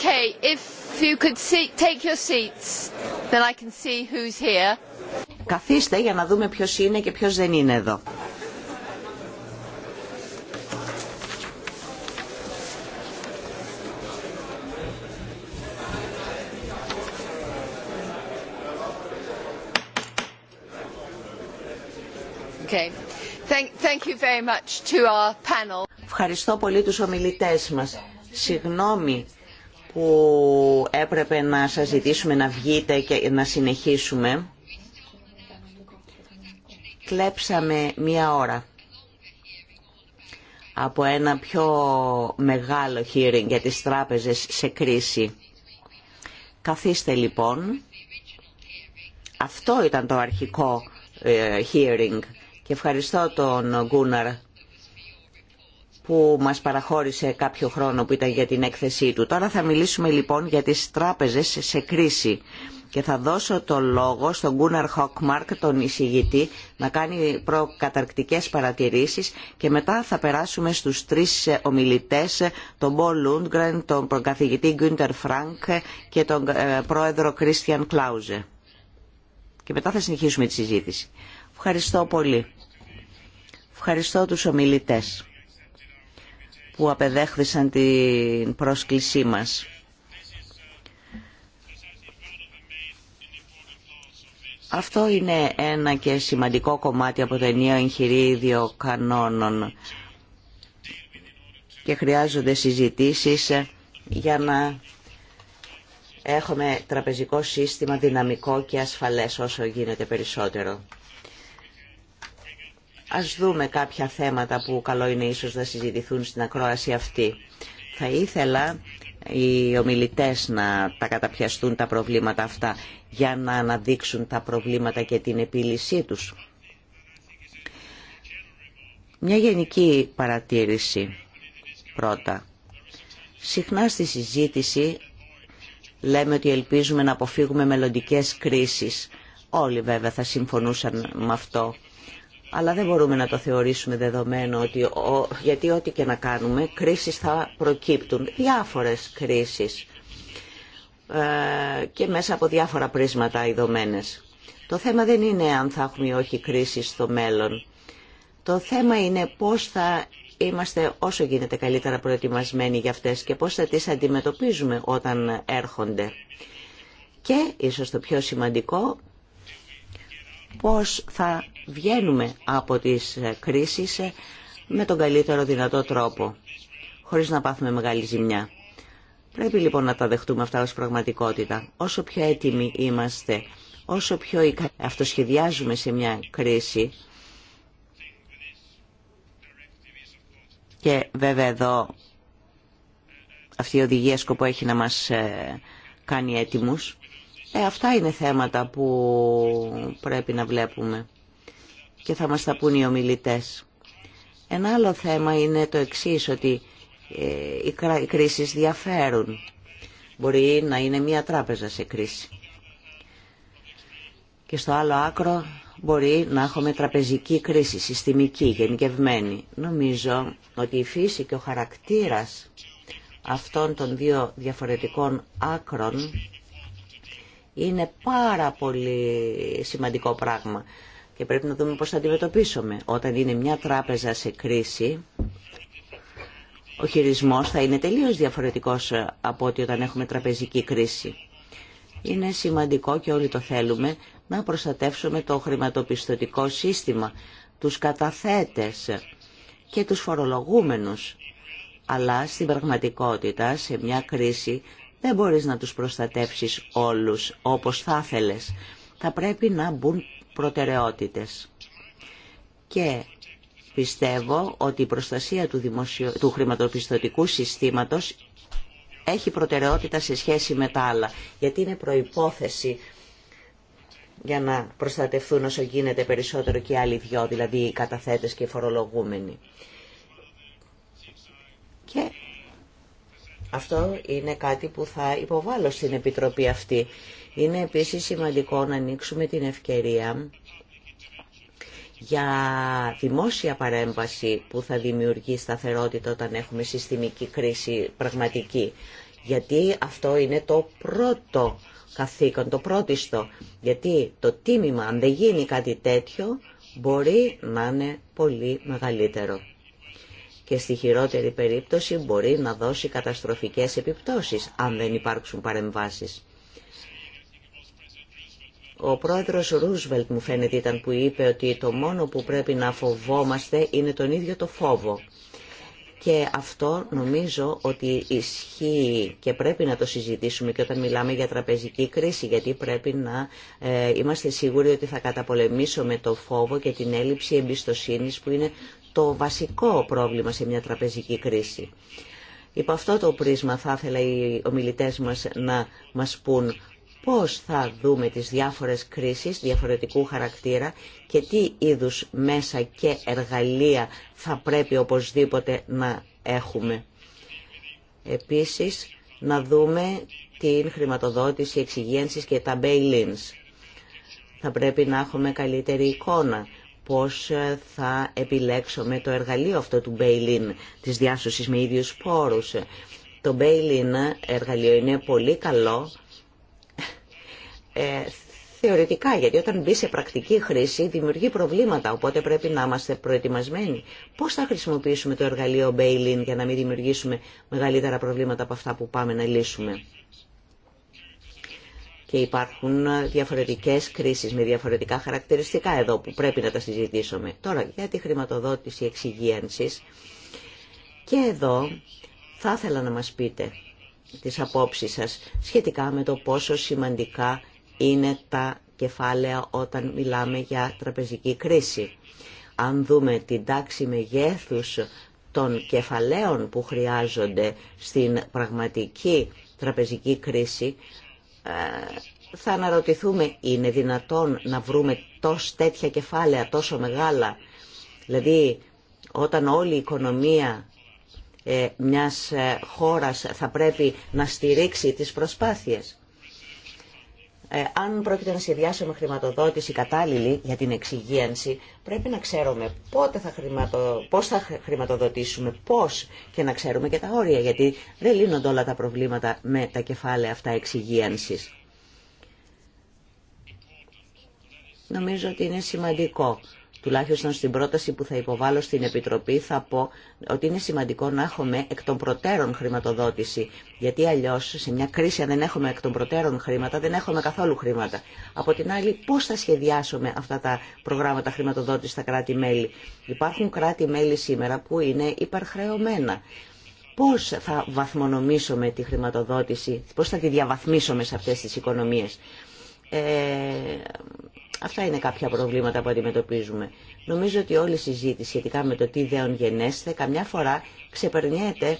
Okay, if you could see, take your seats, then I can see who's here. Καθίστε για να δούμε ποιος είναι και ποιος δεν είναι εδώ. Okay. Thank, thank you very much to our panel. Ευχαριστώ πολύ τους ομιλητές μας. Συγγνώμη που έπρεπε να σας ζητήσουμε να βγείτε και να συνεχίσουμε. Κλέψαμε μία ώρα από ένα πιο μεγάλο hearing για τις τράπεζες σε κρίση. Καθίστε λοιπόν. Αυτό ήταν το αρχικό ε, hearing και ευχαριστώ τον Γκούναρ που μας παραχώρησε κάποιο χρόνο που ήταν για την έκθεσή του. Τώρα θα μιλήσουμε λοιπόν για τις τράπεζες σε κρίση και θα δώσω το λόγο στον Γκούναρ Χόκμαρκ, τον εισηγητή, να κάνει προκαταρκτικές παρατηρήσεις και μετά θα περάσουμε στους τρεις ομιλητές, τον Μπο Λούντγκρεν, τον προκαθηγητή Γκούντερ Φρανκ και τον ε, πρόεδρο Κρίστιαν Κλάουζε. Και μετά θα συνεχίσουμε τη συζήτηση. Ευχαριστώ πολύ. Ευχαριστώ τους ομιλητές που απεδέχθησαν την πρόσκλησή μας. Αυτό είναι ένα και σημαντικό κομμάτι από το ενίο εγχειρίδιο κανόνων και χρειάζονται συζητήσεις για να έχουμε τραπεζικό σύστημα δυναμικό και ασφαλές όσο γίνεται περισσότερο. Ας δούμε κάποια θέματα που καλό είναι ίσως να συζητηθούν στην ακρόαση αυτή. Θα ήθελα οι ομιλητές να τα καταπιαστούν τα προβλήματα αυτά για να αναδείξουν τα προβλήματα και την επίλυσή τους. Μια γενική παρατήρηση πρώτα. Συχνά στη συζήτηση λέμε ότι ελπίζουμε να αποφύγουμε μελλοντικές κρίσεις. Όλοι βέβαια θα συμφωνούσαν με αυτό αλλά δεν μπορούμε να το θεωρήσουμε δεδομένο ότι γιατί ό,τι και να κάνουμε κρίσεις θα προκύπτουν, διάφορες κρίσεις ε, και μέσα από διάφορα πρίσματα ειδωμένες. Το θέμα δεν είναι αν θα έχουμε ή όχι κρίσεις στο μέλλον. Το θέμα είναι πώς θα είμαστε όσο γίνεται καλύτερα προετοιμασμένοι για αυτές και πώς θα τις αντιμετωπίζουμε όταν έρχονται. Και, ίσως το πιο σημαντικό, πώς θα βγαίνουμε από τις κρίσεις με τον καλύτερο δυνατό τρόπο, χωρίς να πάθουμε μεγάλη ζημιά. Πρέπει λοιπόν να τα δεχτούμε αυτά ως πραγματικότητα. Όσο πιο έτοιμοι είμαστε, όσο πιο αυτοσχεδιάζουμε σε μια κρίση, και βέβαια εδώ αυτή η οδηγία σκοπό έχει να μας ε, κάνει έτοιμους, ε, αυτά είναι θέματα που πρέπει να βλέπουμε και θα μας τα πούν οι ομιλητές. Ένα άλλο θέμα είναι το εξής, ότι ε, οι κρίσεις διαφέρουν. Μπορεί να είναι μία τράπεζα σε κρίση. Και στο άλλο άκρο μπορεί να έχουμε τραπεζική κρίση, συστημική, γενικευμένη. Νομίζω ότι η φύση και ο χαρακτήρας αυτών των δύο διαφορετικών άκρων είναι πάρα πολύ σημαντικό πράγμα και πρέπει να δούμε πώς θα αντιμετωπίσουμε. Όταν είναι μια τράπεζα σε κρίση, ο χειρισμός θα είναι τελείως διαφορετικός ε, από ότι όταν έχουμε τραπεζική κρίση. Είναι σημαντικό και όλοι το θέλουμε να προστατεύσουμε το χρηματοπιστωτικό σύστημα, τους καταθέτες και τους φορολογούμενους. Αλλά στην πραγματικότητα, σε μια κρίση, δεν μπορείς να τους προστατεύσεις όλους όπως θα θέλες. Θα πρέπει να μπουν προτεραιότητες. Και πιστεύω ότι η προστασία του, του χρηματοπιστωτικού συστήματος έχει προτεραιότητα σε σχέση με τα άλλα, γιατί είναι προϋπόθεση για να προστατευτούν όσο γίνεται περισσότερο και οι άλλοι δυο, δηλαδή οι καταθέτες και οι φορολογούμενοι. Και αυτό είναι κάτι που θα υποβάλω στην Επιτροπή αυτή είναι επίσης σημαντικό να ανοίξουμε την ευκαιρία για δημόσια παρέμβαση που θα δημιουργεί σταθερότητα όταν έχουμε συστημική κρίση πραγματική. Γιατί αυτό είναι το πρώτο καθήκον, το πρώτιστο. Γιατί το τίμημα, αν δεν γίνει κάτι τέτοιο, μπορεί να είναι πολύ μεγαλύτερο. Και στη χειρότερη περίπτωση μπορεί να δώσει καταστροφικές επιπτώσεις, αν δεν υπάρξουν παρεμβάσεις. Ο πρόεδρος Ρούσβελτ μου φαίνεται ήταν που είπε ότι το μόνο που πρέπει να φοβόμαστε είναι τον ίδιο το φόβο. Και αυτό νομίζω ότι ισχύει και πρέπει να το συζητήσουμε και όταν μιλάμε για τραπεζική κρίση, γιατί πρέπει να ε, είμαστε σίγουροι ότι θα καταπολεμήσουμε το φόβο και την έλλειψη εμπιστοσύνης που είναι το βασικό πρόβλημα σε μια τραπεζική κρίση. Υπό αυτό το πρίσμα θα ήθελα οι ομιλητές μας να μας πούν πώς θα δούμε τις διάφορες κρίσεις διαφορετικού χαρακτήρα και τι είδους μέσα και εργαλεία θα πρέπει οπωσδήποτε να έχουμε. Επίσης, να δούμε την χρηματοδότηση εξυγένσης και τα bail-ins. Θα πρέπει να έχουμε καλύτερη εικόνα πώς θα επιλέξουμε το εργαλείο αυτό του bail-in, της διάσωσης με ίδιους πόρους. Το bail-in εργαλείο είναι πολύ καλό, ε, θεωρητικά, γιατί όταν μπει σε πρακτική χρήση δημιουργεί προβλήματα, οπότε πρέπει να είμαστε προετοιμασμένοι. Πώς θα χρησιμοποιήσουμε το εργαλείο Bailin για να μην δημιουργήσουμε μεγαλύτερα προβλήματα από αυτά που πάμε να λύσουμε. Και υπάρχουν διαφορετικές κρίσεις με διαφορετικά χαρακτηριστικά εδώ που πρέπει να τα συζητήσουμε. Τώρα για τη χρηματοδότηση εξυγίανσης. Και εδώ θα ήθελα να μας πείτε τις απόψεις σας σχετικά με το πόσο σημαντικά είναι τα κεφάλαια όταν μιλάμε για τραπεζική κρίση. Αν δούμε την τάξη μεγέθους των κεφαλαίων που χρειάζονται στην πραγματική τραπεζική κρίση, ε, θα αναρωτηθούμε είναι δυνατόν να βρούμε τόσο τέτοια κεφάλαια τόσο μεγάλα. Δηλαδή όταν όλη η οικονομία ε, μιας ε, χώρας θα πρέπει να στηρίξει τις προσπάθειες. Ε, αν πρόκειται να σχεδιάσουμε χρηματοδότηση κατάλληλη για την εξυγίανση, πρέπει να ξέρουμε πότε θα χρηματο... πώς θα χρηματοδοτήσουμε, πώς και να ξέρουμε και τα όρια, γιατί δεν λύνονται όλα τα προβλήματα με τα κεφάλαια αυτά εξυγίανσης. Νομίζω ότι είναι σημαντικό τουλάχιστον στην πρόταση που θα υποβάλω στην Επιτροπή θα πω ότι είναι σημαντικό να έχουμε εκ των προτέρων χρηματοδότηση. Γιατί αλλιώ σε μια κρίση αν δεν έχουμε εκ των προτέρων χρήματα δεν έχουμε καθόλου χρήματα. Από την άλλη πώ θα σχεδιάσουμε αυτά τα προγράμματα χρηματοδότηση στα κράτη-μέλη. Υπάρχουν κράτη-μέλη σήμερα που είναι υπερχρεωμένα. Πώ θα βαθμονομήσουμε τη χρηματοδότηση, πώ θα τη διαβαθμίσουμε σε αυτέ τι οικονομίε. Ε, Αυτά είναι κάποια προβλήματα που αντιμετωπίζουμε. Νομίζω ότι όλη η συζήτηση σχετικά με το τι δέον γενέστε καμιά φορά ξεπερνιέται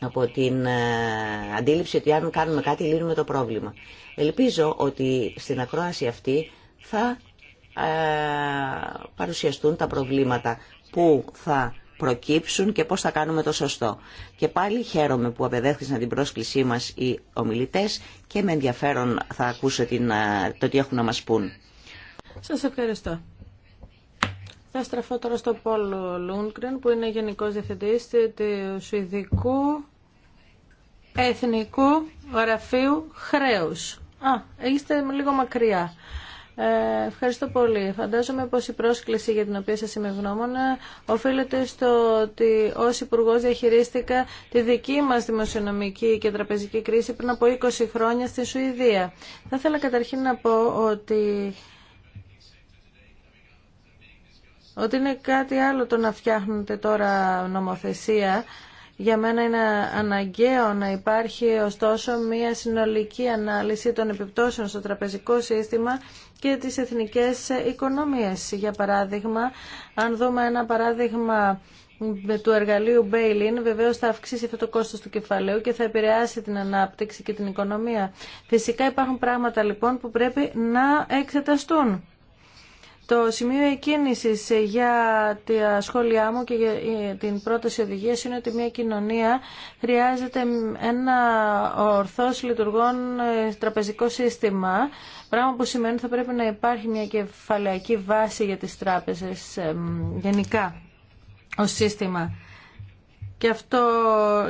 από την ε, αντίληψη ότι αν κάνουμε κάτι λύνουμε το πρόβλημα. Ελπίζω ότι στην ακρόαση αυτή θα ε, παρουσιαστούν τα προβλήματα που θα προκύψουν και πώς θα κάνουμε το σωστό. Και πάλι χαίρομαι που απεδέχθησαν την πρόσκλησή μας οι ομιλητές και με ενδιαφέρον θα ακούσω ε, το τι έχουν να μας πούν. Σας ευχαριστώ. Θα στραφώ τώρα στο Πόλο Λούνγκρεν, που είναι Γενικός Διευθυντής του Σουηδικού Εθνικού Γραφείου Χρέους. Α, είστε λίγο μακριά. Ε, ευχαριστώ πολύ. Φαντάζομαι πω η πρόσκληση για την οποία σα είμαι γνώμονα οφείλεται στο ότι ω υπουργό διαχειρίστηκα τη δική μα δημοσιονομική και τραπεζική κρίση πριν από 20 χρόνια στη Σουηδία. Θα ήθελα καταρχήν να πω ότι ότι είναι κάτι άλλο το να φτιάχνετε τώρα νομοθεσία. Για μένα είναι αναγκαίο να υπάρχει ωστόσο μια συνολική ανάλυση των επιπτώσεων στο τραπεζικό σύστημα και τις εθνικές οικονομίες. Για παράδειγμα, αν δούμε ένα παράδειγμα του εργαλείου Bailin βεβαίω θα αυξήσει αυτό το κόστος του κεφαλαίου και θα επηρεάσει την ανάπτυξη και την οικονομία. Φυσικά υπάρχουν πράγματα λοιπόν που πρέπει να εξεταστούν. Το σημείο εκκίνησης για τη σχόλιά μου και για ε, την πρόταση οδηγία είναι ότι μια κοινωνία χρειάζεται ένα ορθός λειτουργών ε, τραπεζικό σύστημα, πράγμα που σημαίνει ότι θα πρέπει να υπάρχει μια κεφαλαϊκή βάση για τις τράπεζες γενικά ω σύστημα. Και, αυτό,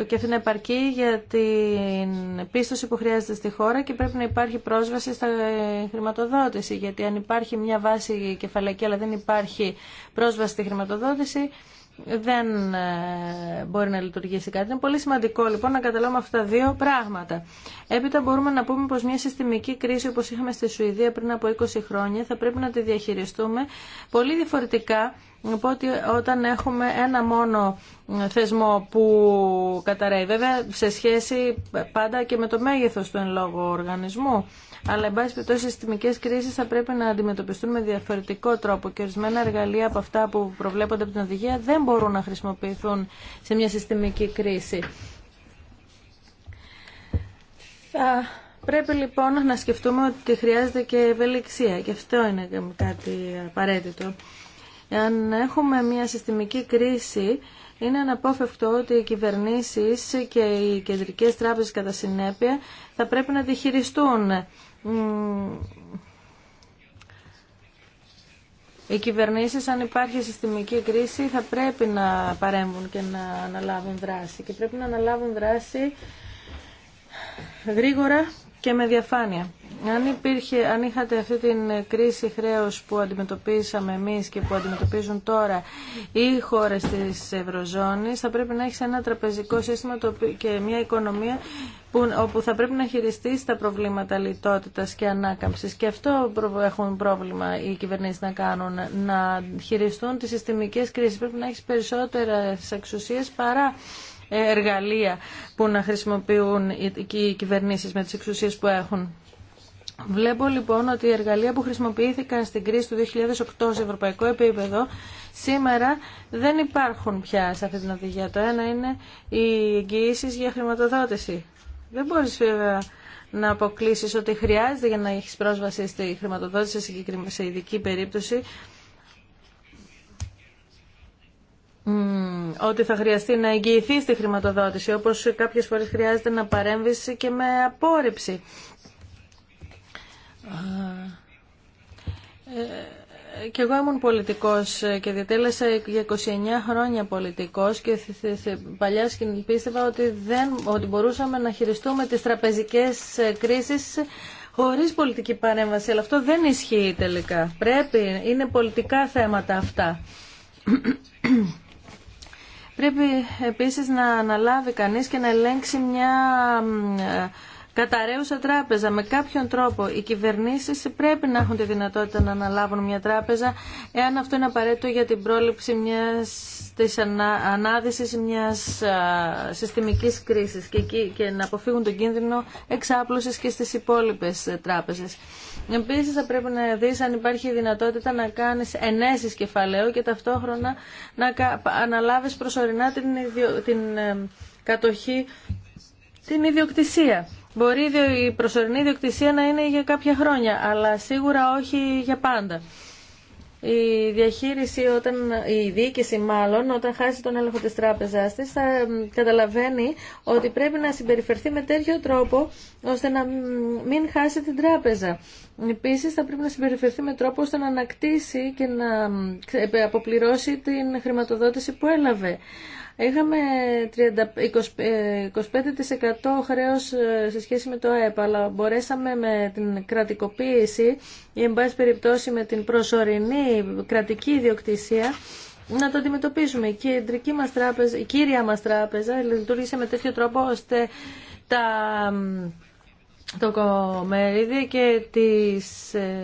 και αυτή είναι επαρκή για την πίστοση που χρειάζεται στη χώρα και πρέπει να υπάρχει πρόσβαση στα χρηματοδότηση. Γιατί αν υπάρχει μια βάση κεφαλαϊκή αλλά δεν υπάρχει πρόσβαση στη χρηματοδότηση, δεν ε, μπορεί να λειτουργήσει κάτι. Είναι πολύ σημαντικό λοιπόν να καταλάβουμε αυτά τα δύο πράγματα. Έπειτα μπορούμε να πούμε πως μια συστημική κρίση όπως είχαμε στη Σουηδία πριν από 20 χρόνια θα πρέπει να τη διαχειριστούμε πολύ διαφορετικά από ότι όταν έχουμε ένα μόνο θεσμό που καταραίει. Βέβαια σε σχέση πάντα και με το μέγεθος του εν λόγω οργανισμού. Αλλά, εν πάση περιπτώσει, οι συστημικέ κρίσει θα πρέπει να αντιμετωπιστούν με διαφορετικό τρόπο και ορισμένα εργαλεία από αυτά που προβλέπονται από την οδηγία δεν μπορούν να χρησιμοποιηθούν σε μια συστημική κρίση. Θα πρέπει λοιπόν να σκεφτούμε ότι χρειάζεται και ευελιξία και αυτό είναι κάτι απαραίτητο. Αν έχουμε μια συστημική κρίση, είναι αναπόφευκτο ότι οι κυβερνήσεις και οι κεντρικές τράπεζες κατά συνέπεια θα πρέπει να διαχειριστούν Οι κυβερνήσεις αν υπάρχει συστημική κρίση θα πρέπει να παρέμβουν και να αναλάβουν δράση και πρέπει να αναλάβουν δράση γρήγορα και με διαφάνεια. Αν, είχατε αυτή την κρίση χρέους που αντιμετωπίσαμε εμείς και που αντιμετωπίζουν τώρα οι χώρες της Ευρωζώνης, θα πρέπει να έχεις ένα τραπεζικό σύστημα και μια οικονομία που, όπου θα πρέπει να χειριστεί τα προβλήματα λιτότητας και ανάκαμψης. Και αυτό έχουν πρόβλημα οι κυβερνήσεις να κάνουν, να χειριστούν τις συστημικές κρίσεις. Πρέπει να έχεις περισσότερες εξουσίες παρά εργαλεία που να χρησιμοποιούν οι κυβερνήσεις με τις εξουσίες που έχουν. Βλέπω λοιπόν ότι οι εργαλεία που χρησιμοποιήθηκαν στην κρίση του 2008 σε ευρωπαϊκό επίπεδο σήμερα δεν υπάρχουν πια σε αυτή την οδηγία. Το ένα είναι οι εγγυήσει για χρηματοδότηση. Δεν μπορείς βέβαια να αποκλείσεις ότι χρειάζεται για να έχει πρόσβαση στη χρηματοδότηση σε ειδική περίπτωση ότι θα χρειαστεί να εγγυηθεί στη χρηματοδότηση, όπως κάποιες φορές χρειάζεται να παρέμβεις και με απόρριψη. Ε, ε, Κι εγώ ήμουν πολιτικός και διατέλεσα για 29 χρόνια πολιτικός και παλιά πίστευα ότι, δεν, ότι μπορούσαμε να χειριστούμε τις τραπεζικές ε, κρίσεις χωρίς πολιτική παρέμβαση, αλλά αυτό δεν ισχύει τελικά. Πρέπει, είναι πολιτικά θέματα αυτά. Πρέπει επίσης να αναλάβει κανείς και να ελέγξει μια ε, καταραίουσα τράπεζα. Με κάποιον τρόπο οι κυβερνήσεις πρέπει να έχουν τη δυνατότητα να αναλάβουν μια τράπεζα εάν αυτό είναι απαραίτητο για την πρόληψη μιας της ανάδυσης μιας συστημικής κρίσης και, και να αποφύγουν τον κίνδυνο εξάπλωσης και στις υπόλοιπες τράπεζες. Επίση, θα πρέπει να δει αν υπάρχει δυνατότητα να κάνεις ενέσεις κεφαλαίου και ταυτόχρονα να αναλάβει προσωρινά την, την ε, κατοχή, την ιδιοκτησία. Μπορεί η προσωρινή ιδιοκτησία να είναι για κάποια χρόνια, αλλά σίγουρα όχι για πάντα η διαχείριση, όταν, η διοίκηση μάλλον, όταν χάσει τον έλεγχο της τράπεζάς της, θα καταλαβαίνει ότι πρέπει να συμπεριφερθεί με τέτοιο τρόπο ώστε να μην χάσει την τράπεζα. Επίσης θα πρέπει να συμπεριφερθεί με τρόπο ώστε να ανακτήσει και να αποπληρώσει την χρηματοδότηση που έλαβε. Είχαμε 25% ε, χρέος ε, σε σχέση με το ΑΕΠ, αλλά μπορέσαμε με την κρατικοποίηση ή εν πάση περιπτώσει με την προσωρινή κρατική ιδιοκτησία να το αντιμετωπίσουμε. Η κεντρική μας τράπεζα, η κύρια μας τράπεζα λειτουργήσε με τέτοιο τρόπο ώστε τα, το κομμέριδι και τις... Ε,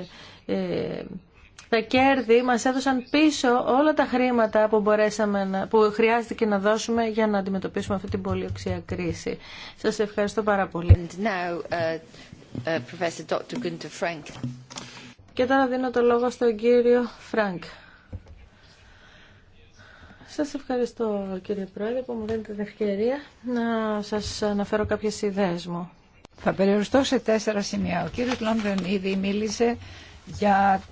τα κέρδη μας έδωσαν πίσω όλα τα χρήματα που, μπορέσαμε να, που χρειάστηκε να δώσουμε για να αντιμετωπίσουμε αυτή την πολιοξία κρίση. Σας ευχαριστώ πάρα πολύ. Now, uh, uh, Frank. Και τώρα δίνω το λόγο στον κύριο Φρανκ. Σας ευχαριστώ κύριε Πρόεδρε που μου δίνετε την ευκαιρία να σας αναφέρω κάποιες ιδέες μου. Θα περιοριστώ σε τέσσερα σημεία. Ο κύριος Λόμπεν ήδη μίλησε για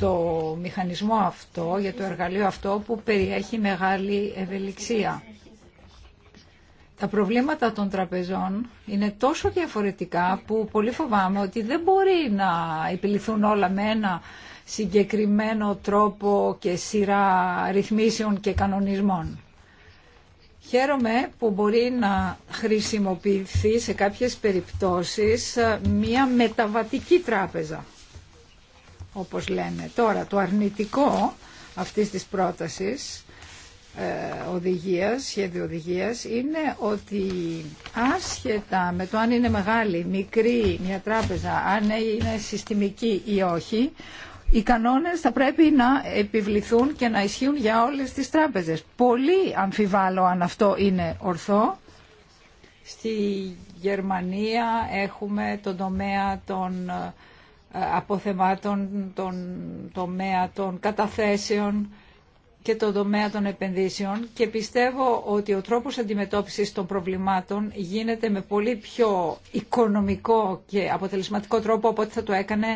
το μηχανισμό αυτό, για το εργαλείο αυτό που περιέχει μεγάλη ευελιξία. Τα προβλήματα των τραπεζών είναι τόσο διαφορετικά που πολύ φοβάμαι ότι δεν μπορεί να επιληθούν όλα με ένα συγκεκριμένο τρόπο και σειρά ρυθμίσεων και κανονισμών. Χαίρομαι που μπορεί να χρησιμοποιηθεί σε κάποιες περιπτώσεις μια μεταβατική τράπεζα όπως λένε. Τώρα, το αρνητικό αυτής της πρότασης ε, οδηγίας, σχέδιο είναι ότι άσχετα με το αν είναι μεγάλη, μικρή μια τράπεζα, αν είναι συστημική ή όχι, οι κανόνες θα πρέπει να επιβληθούν και να ισχύουν για όλες τις τράπεζες. Πολύ αμφιβάλλω αν αυτό είναι ορθό. Στη Γερμανία έχουμε τον τομέα των ε, αποθεμάτων, τον τομέα των καταθέσεων και τον τομέα των επενδύσεων και πιστεύω ότι ο τρόπος αντιμετώπισης των προβλημάτων γίνεται με πολύ πιο οικονομικό και αποτελεσματικό τρόπο από ό,τι θα το έκανε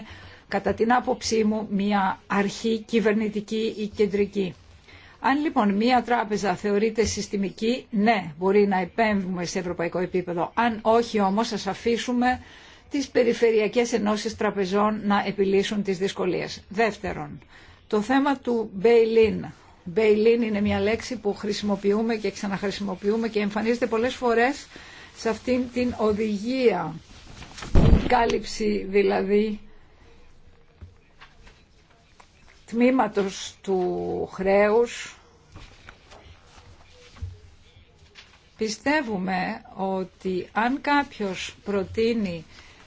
κατά την άποψή μου μια αρχή κυβερνητική ή κεντρική. Αν λοιπόν μια τράπεζα θεωρείται συστημική, ναι, μπορεί να επέμβουμε σε ευρωπαϊκό επίπεδο. Αν όχι όμως, ας αφήσουμε τις περιφερειακές ενώσεις τραπεζών να επιλύσουν τις δυσκολίες. Δεύτερον, το θέμα του bail-in. Bail-in είναι μια λέξη που χρησιμοποιούμε και ξαναχρησιμοποιούμε και εμφανίζεται πολλές φορές σε αυτήν την οδηγία. Την κάλυψη δηλαδή τμήματος του χρέους Πιστεύουμε ότι αν κάποιος προτείνει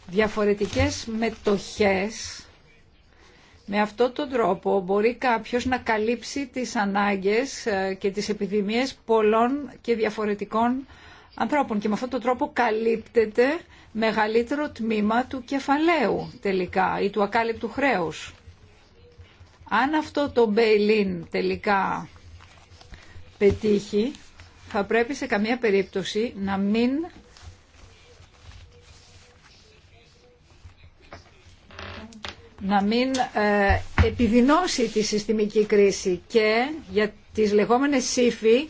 διαφορετικές μετοχές. Με αυτό τον τρόπο μπορεί κάποιος να καλύψει τις ανάγκες ε, και τις επιδημίες πολλών και διαφορετικών ανθρώπων και με αυτόν τον τρόπο καλύπτεται μεγαλύτερο τμήμα του κεφαλαίου τελικά ή του ακάλυπτου χρέους. Αν αυτό το bail τελικά πετύχει, θα πρέπει σε καμία περίπτωση να μην να μην ε, επιδεινώσει τη συστημική κρίση και για τις λεγόμενες ΣΥΦΗ,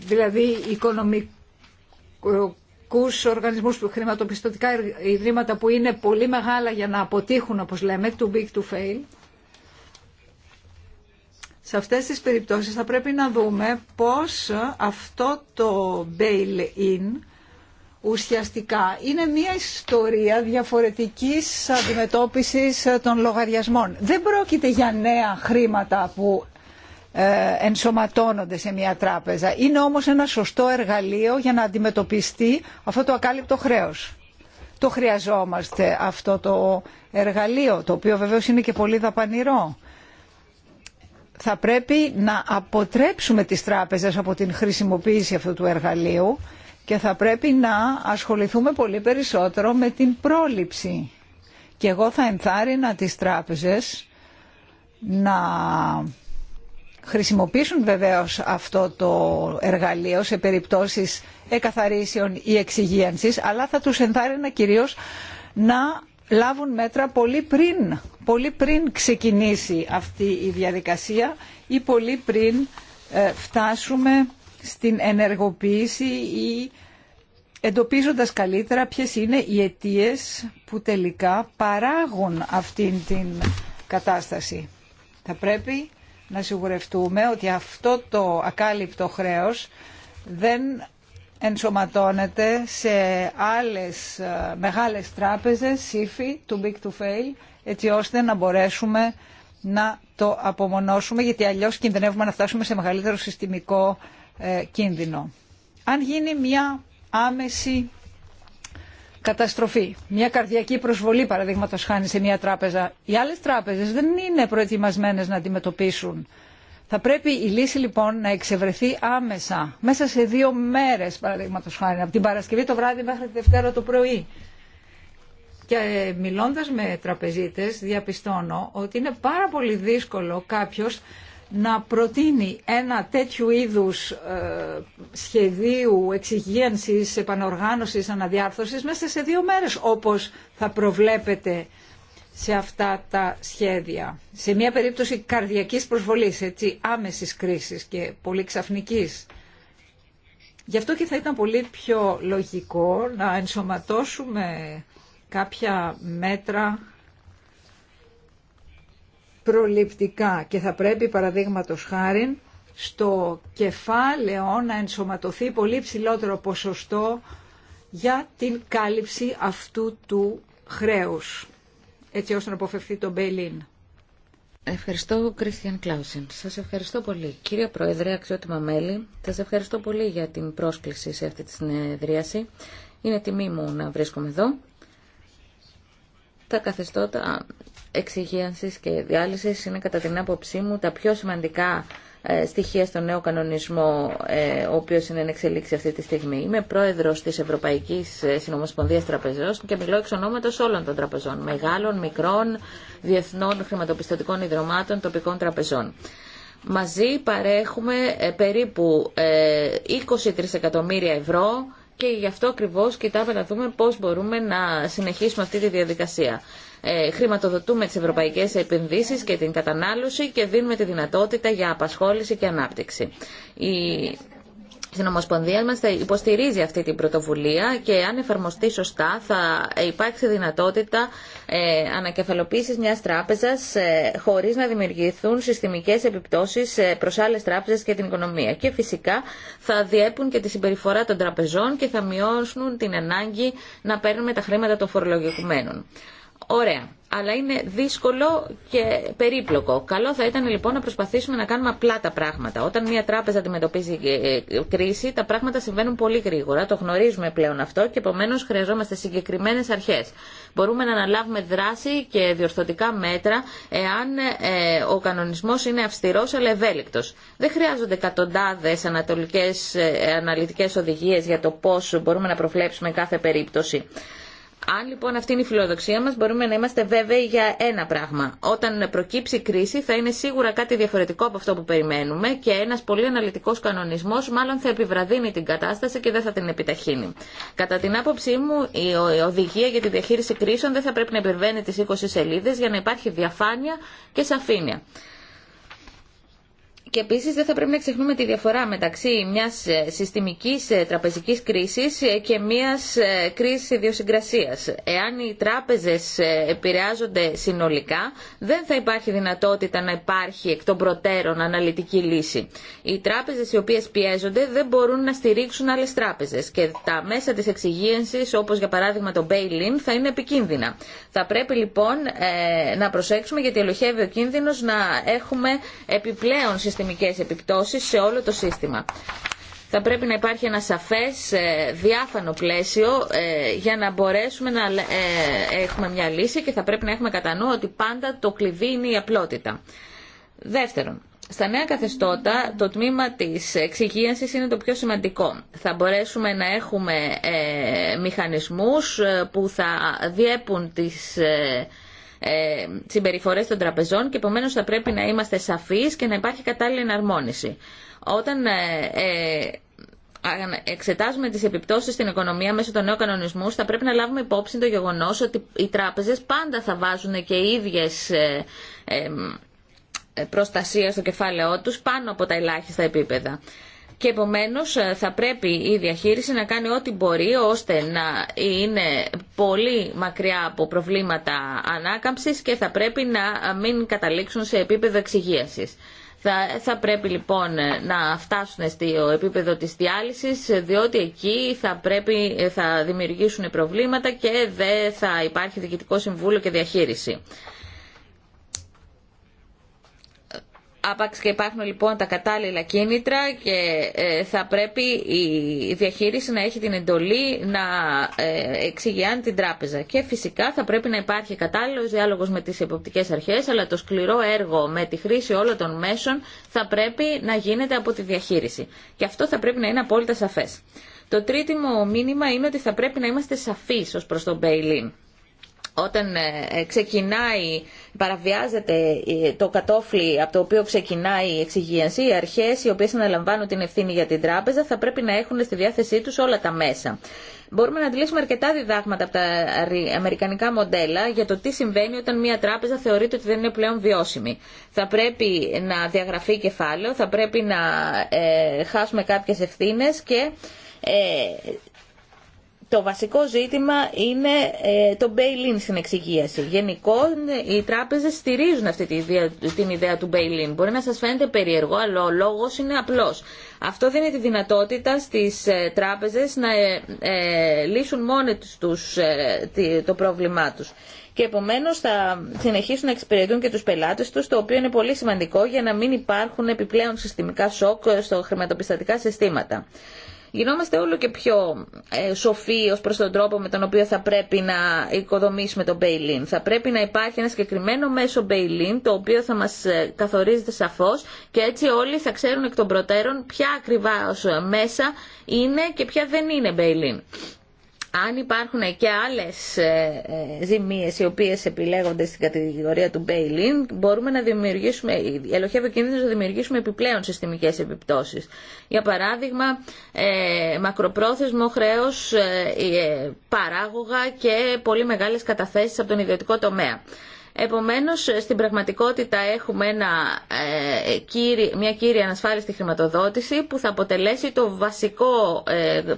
δηλαδή οικονομικούς οργανισμούς, χρηματοπιστωτικά ιδρύματα που είναι πολύ μεγάλα για να αποτύχουν, όπως λέμε, too big to fail, σε αυτές τις περιπτώσεις θα πρέπει να δούμε πώς αυτό το bail-in ουσιαστικά είναι μια ιστορία διαφορετικής αντιμετώπισης ε, των λογαριασμών. Δεν πρόκειται για νέα χρήματα που ε, ενσωματώνονται σε μια τράπεζα. Είναι όμως ένα σωστό εργαλείο για να αντιμετωπιστεί αυτό το ακάλυπτο χρέος. Το χρειαζόμαστε αυτό το εργαλείο, το οποίο βεβαίως είναι και πολύ δαπανηρό. Θα πρέπει να αποτρέψουμε τις τράπεζες από την χρησιμοποίηση αυτού του εργαλείου και θα πρέπει να ασχοληθούμε πολύ περισσότερο με την πρόληψη. Και εγώ θα ενθάρρυνα τις τράπεζες να χρησιμοποιήσουν βεβαίως αυτό το εργαλείο σε περιπτώσεις εκαθαρίσεων ή εξυγίανσης, αλλά θα τους ενθάρρυνα κυρίως να λάβουν μέτρα πολύ πριν, πολύ πριν ξεκινήσει αυτή η διαδικασία ή πολύ πριν ε, φτάσουμε στην ενεργοποίηση ή εντοπίζοντας καλύτερα ποιες είναι οι αιτίες που τελικά παράγουν αυτήν την κατάσταση. Θα πρέπει να σιγουρευτούμε ότι αυτό το ακάλυπτο χρέος δεν ενσωματώνεται σε άλλες ε, μεγάλες τράπεζες, σύφη, too big to fail, έτσι ώστε να μπορέσουμε να το απομονώσουμε, γιατί αλλιώς κινδυνεύουμε να φτάσουμε σε μεγαλύτερο συστημικό ε, κίνδυνο. Αν γίνει μια άμεση καταστροφή, μια καρδιακή προσβολή παραδείγματος χάνει σε μια τράπεζα, οι άλλες τράπεζες δεν είναι προετοιμασμένες να αντιμετωπίσουν. Θα πρέπει η λύση λοιπόν να εξευρεθεί άμεσα, μέσα σε δύο μέρες παραδείγματος χάνει, από την Παρασκευή το βράδυ μέχρι τη Δευτέρα το πρωί. Και ε, μιλώντας με τραπεζίτες διαπιστώνω ότι είναι πάρα πολύ δύσκολο κάποιος να προτείνει ένα τέτοιου είδους ε, σχεδίου εξυγίανσης, επανοργάνωσης, αναδιάρθρωσης μέσα σε δύο μέρες όπως θα προβλέπετε σε αυτά τα σχέδια. Σε μια περίπτωση καρδιακής προσβολής, έτσι, άμεσης κρίσης και πολύ ξαφνικής. Γι' αυτό και θα ήταν πολύ πιο λογικό να ενσωματώσουμε κάποια μέτρα προληπτικά και θα πρέπει παραδείγματο χάρη στο κεφάλαιο να ενσωματωθεί πολύ ψηλότερο ποσοστό για την κάλυψη αυτού του χρέους, έτσι ώστε να αποφευθεί το bail Ευχαριστώ, Κρίστιαν Κλάουσεν. Σας ευχαριστώ πολύ. Κύριε Πρόεδρε, αξιότιμα μέλη, σας ευχαριστώ πολύ για την πρόσκληση σε αυτή τη συνεδρίαση. Είναι τιμή μου να βρίσκομαι εδώ. Τα καθεστώτα εξυγίανσης και διάλυσης είναι κατά την άποψή μου τα πιο σημαντικά ε, στοιχεία στον νέο κανονισμό, ε, ο οποίο είναι εν εξελίξη αυτή τη στιγμή. Είμαι πρόεδρο τη Ευρωπαϊκή ε, Συνομοσπονδία Τραπεζών και μιλώ εξ ονόματο όλων των τραπεζών, μεγάλων, μικρών, διεθνών χρηματοπιστωτικών ιδρωμάτων, τοπικών τραπεζών. Μαζί παρέχουμε περίπου 20 εκατομμύρια ευρώ και γι' αυτό ακριβώ κοιτάμε να δούμε πώ μπορούμε να συνεχίσουμε αυτή τη διαδικασία. Ε, χρηματοδοτούμε τις ευρωπαϊκές επενδύσεις και την κατανάλωση και δίνουμε τη δυνατότητα για απασχόληση και ανάπτυξη. Η στην Ομοσπονδία μας θα υποστηρίζει αυτή την πρωτοβουλία και αν εφαρμοστεί σωστά θα υπάρξει δυνατότητα ε, ανακεφαλοποίησης μιας τράπεζας ε, χωρίς να δημιουργηθούν συστημικές επιπτώσεις ε, προς άλλες τράπεζες και την οικονομία. Και φυσικά θα διέπουν και τη συμπεριφορά των τραπεζών και θα μειώσουν την ανάγκη να παίρνουμε τα χρήματα των φορολογικουμένων. Ωραία. Αλλά είναι δύσκολο και περίπλοκο. Καλό θα ήταν λοιπόν να προσπαθήσουμε να κάνουμε απλά τα πράγματα. Όταν μια τράπεζα αντιμετωπίζει ε, ε, κρίση, τα πράγματα συμβαίνουν πολύ γρήγορα. Το γνωρίζουμε πλέον αυτό και επομένω χρειαζόμαστε συγκεκριμένε αρχέ. Μπορούμε να αναλάβουμε δράση και διορθωτικά μέτρα εάν ε, ο κανονισμό είναι αυστηρό αλλά ευέλικτο. Δεν χρειάζονται εκατοντάδε αναλυτικέ οδηγίε για το πώ μπορούμε να προβλέψουμε κάθε περίπτωση. Αν λοιπόν αυτή είναι η φιλοδοξία μας, μπορούμε να είμαστε βέβαιοι για ένα πράγμα. Όταν προκύψει κρίση θα είναι σίγουρα κάτι διαφορετικό από αυτό που περιμένουμε και ένας πολύ αναλυτικός κανονισμός μάλλον θα επιβραδύνει την κατάσταση και δεν θα την επιταχύνει. Κατά την άποψή μου, η οδηγία για τη διαχείριση κρίσεων δεν θα πρέπει να υπερβαίνει τις 20 σελίδες για να υπάρχει διαφάνεια και σαφήνεια. Και επίσης δεν θα πρέπει να ξεχνούμε τη διαφορά μεταξύ μιας ε, συστημικής ε, τραπεζικής κρίσης ε, και μιας κρίσης ιδιοσυγκρασίας. Εάν οι τράπεζες επηρεάζονται συνολικά, δεν θα υπάρχει δυνατότητα να υπάρχει εκ των προτέρων αναλυτική λύση. Οι τράπεζες οι οποίες πιέζονται δεν μπορούν να στηρίξουν άλλες τράπεζες και τα μέσα της εξυγίανσης, όπως για παράδειγμα το bail-in, θα είναι επικίνδυνα. Θα πρέπει λοιπόν να προσέξουμε γιατί ελοχεύει ο κίνδυνος να έχουμε επιπλέον συστημικές επιπτώσεις σε όλο το σύστημα. Θα πρέπει να υπάρχει ένα σαφές, ε, διάφανο πλαίσιο ε, για να μπορέσουμε να ε, έχουμε μια λύση και θα πρέπει να έχουμε κατά νου ότι πάντα το κλειδί είναι η απλότητα. Δεύτερον, στα νέα καθεστώτα το τμήμα της εξυγίανσης είναι το πιο σημαντικό. Θα μπορέσουμε να έχουμε μηχανισμούς που θα διέπουν τις ε, συμπεριφορές των τραπεζών και επομένω θα πρέπει να είμαστε σαφείς και να υπάρχει κατάλληλη εναρμόνιση. Όταν ε, ε, εξετάζουμε τις επιπτώσεις στην οικονομία μέσω των νέων κανονισμού, θα πρέπει να λάβουμε υπόψη το γεγονό ότι οι τράπεζες πάντα θα βάζουν και οι ίδιες ε, ε, ε, προστασία στο κεφάλαιό τους πάνω από τα ελάχιστα επίπεδα και επομένω, ε, θα πρέπει η διαχείριση να κάνει ό,τι μπορεί ώστε να είναι πολύ μακριά από προβλήματα ανάκαμψης και θα πρέπει να μην καταλήξουν σε επίπεδο εξυγίαση. Θα, θα πρέπει λοιπόν ε, να φτάσουν στο επίπεδο της διάλυσης διότι εκεί θα, πρέπει, ε, θα δημιουργήσουν προβλήματα και δεν θα υπάρχει διοικητικό συμβούλιο και διαχείριση. Άπαξ και υπάρχουν λοιπόν τα κατάλληλα κίνητρα και ε, θα πρέπει η διαχείριση να έχει την εντολή να ε, εξηγειάνει την τράπεζα. Και φυσικά θα πρέπει να υπάρχει κατάλληλος διάλογος με τις εποπτικές αρχές, αλλά το σκληρό έργο με τη χρήση όλων των μέσων θα πρέπει να γίνεται από τη διαχείριση. Και αυτό θα πρέπει να είναι απόλυτα σαφές. Το τρίτο μήνυμα είναι ότι θα πρέπει να είμαστε σαφείς ως προς τον bail όταν ε, ε, ξεκινάει, παραβιάζεται ε, το κατόφλι από το οποίο ξεκινάει η εξυγίανση, οι αρχές οι οποίες αναλαμβάνουν την ευθύνη για την τράπεζα θα πρέπει να έχουν στη διάθεσή τους όλα τα μέσα. Μπορούμε να αντιλήσουμε αρκετά διδάγματα από τα αμερικανικά μοντέλα για το τι συμβαίνει όταν μια τράπεζα θεωρείται ότι δεν είναι πλέον βιώσιμη. Θα πρέπει να διαγραφεί κεφάλαιο, θα πρέπει να χάσουμε κάποιες ευθύνες και το βασικό ζήτημα είναι ε, το bail-in στην εξυγίαση. Γενικώ οι τράπεζες στηρίζουν αυτή την ιδέα του bail-in. Μπορεί να σας φαίνεται περίεργο, αλλά ο λόγος είναι απλός. Αυτό δίνει τη δυνατότητα στις ε, τράπεζες να ε, λύσουν μόνοι τους το πρόβλημά τους. Και επομένως θα συνεχίσουν να εξυπηρετούν και τους πελάτες τους, το οποίο είναι πολύ σημαντικό για να μην υπάρχουν επιπλέον συστημικά σοκ στο χρηματοπιστωτικά συστήματα. Γινόμαστε όλο και πιο ε, σοφοί ως προς τον τρόπο με τον οποίο θα πρέπει να οικοδομήσουμε το bail Θα πρέπει να υπάρχει ένα συγκεκριμένο μέσο το οποίο θα μας ε, καθορίζεται σαφώς και έτσι όλοι θα ξέρουν εκ των προτέρων ποια ακριβά ε, μέσα είναι και ποια δεν είναι αν υπάρχουν και άλλες ε, ε, ζημίες οι οποίες επιλέγονται στην κατηγορία του bail-in, μπορούμε να δημιουργήσουμε, ελοχεύει ο κίνδυνος να δημιουργήσουμε επιπλέον συστημικές επιπτώσεις. Για παράδειγμα, ε, μακροπρόθεσμο χρέος, παράγωγα και πολύ μεγάλες καταθέσεις από τον ιδιωτικό τομέα. Επομένως, στην πραγματικότητα έχουμε μια κύρια ανασφάλιστη χρηματοδότηση που θα αποτελέσει το βασικό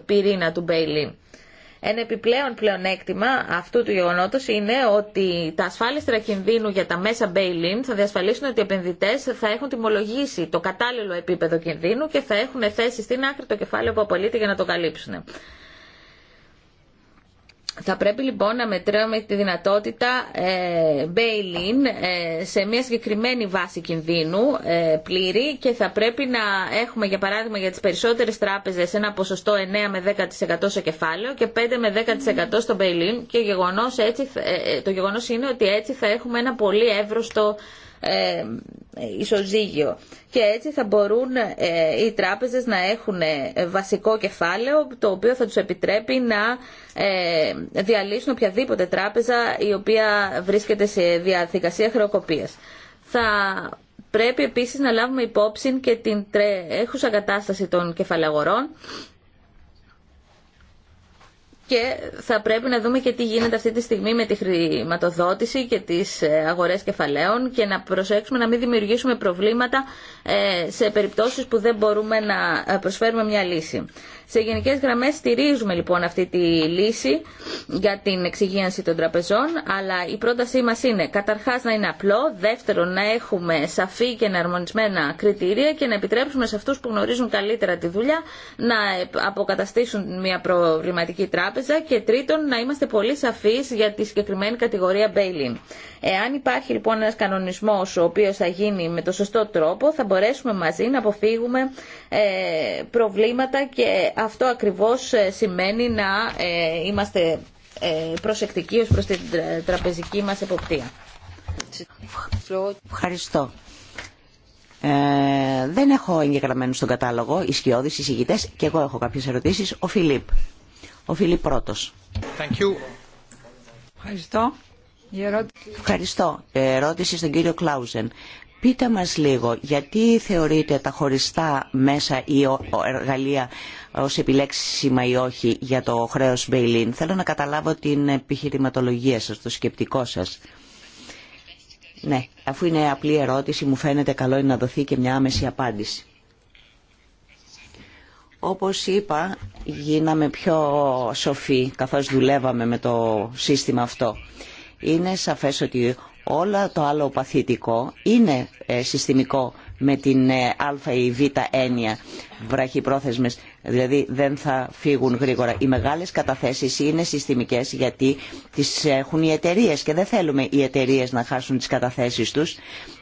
πυρήνα του Μπέιλιν. Ένα επιπλέον πλεονέκτημα αυτού του γεγονότος είναι ότι τα ασφάλιστρα κινδύνου για τα μέσα bail-in θα διασφαλίσουν ότι οι επενδυτές θα έχουν τιμολογήσει το κατάλληλο επίπεδο κινδύνου και θα έχουν θέσει στην άκρη το κεφάλαιο που απολύτει για να το καλύψουν. Θα πρέπει λοιπόν να μετράμε τη δυνατότητα ε, bail-in ε, σε μια συγκεκριμένη βάση κινδύνου ε, πλήρη και θα πρέπει να έχουμε για παράδειγμα για τις περισσότερες τράπεζες ένα ποσοστό 9 με 10% σε κεφάλαιο και 5 με 10% στο bail-in και γεγονός έτσι, το γεγονός είναι ότι έτσι θα έχουμε ένα πολύ εύρωστο ε, ισοζύγιο. Και έτσι θα μπορούν ε, οι τράπεζες να έχουν ε, βασικό κεφάλαιο το οποίο θα τους επιτρέπει να ε, διαλύσουν οποιαδήποτε τράπεζα η οποία βρίσκεται σε διαδικασία χρεοκοπίας. Θα πρέπει επίσης να λάβουμε υπόψη και την τρέχουσα κατάσταση των κεφαλαγορών και θα πρέπει να δούμε και τι γίνεται αυτή τη στιγμή με τη χρηματοδότηση και τις ε, αγορές κεφαλαίων και να προσέξουμε να μην δημιουργήσουμε προβλήματα ε, σε περιπτώσεις που δεν μπορούμε να ε, προσφέρουμε μια λύση. Σε γενικέ γραμμέ στηρίζουμε λοιπόν αυτή τη λύση για την εξυγίανση των τραπεζών, αλλά η πρότασή μα είναι καταρχά να είναι απλό, δεύτερον να έχουμε σαφή και εναρμονισμένα κριτήρια και να επιτρέψουμε σε αυτού που γνωρίζουν καλύτερα τη δουλειά να αποκαταστήσουν μια προβληματική τράπεζα και τρίτον να είμαστε πολύ σαφεί για τη συγκεκριμένη κατηγορία bail-in. Εάν υπάρχει λοιπόν ένα κανονισμό ο οποίο θα γίνει με το σωστό τρόπο, θα μπορέσουμε μαζί να αποφύγουμε ε, προβλήματα και αυτό ακριβώς ε, σημαίνει να ε, είμαστε ε, προσεκτικοί ως προς την τραπεζική μας εποπτεία. Ευχαριστώ. δεν έχω εγγεγραμμένο στον κατάλογο οι σκιώδεις, και εγώ έχω κάποιες ερωτήσεις. Ο Φιλίπ. Ο Φιλίπ πρώτος. Thank you. Ευχαριστώ. ερώτηση... Ευχαριστώ. Ερώτηση στον κύριο Κλάουζεν. Πείτε μας λίγο γιατί θεωρείτε τα χωριστά μέσα ή εργαλεία ως επιλέξιμα ή όχι για το χρέος Μπέιλιν. Θέλω να καταλάβω την επιχειρηματολογία σας, το σκεπτικό σας. Ναι, αφού είναι απλή ερώτηση, μου φαίνεται καλό είναι να δοθεί και μια άμεση απάντηση. Όπως είπα, γίναμε πιο σοφοί καθώς δουλεύαμε με το σύστημα αυτό. Είναι σαφές ότι όλα το άλλο παθητικό είναι ε, συστημικό με την ε, α ή β έννοια βραχυπρόθεσμες, δηλαδή δεν θα φύγουν γρήγορα. Οι μεγάλες καταθέσεις είναι συστημικές γιατί τις έχουν οι εταιρείε και δεν θέλουμε οι εταιρείε να χάσουν τις καταθέσεις τους.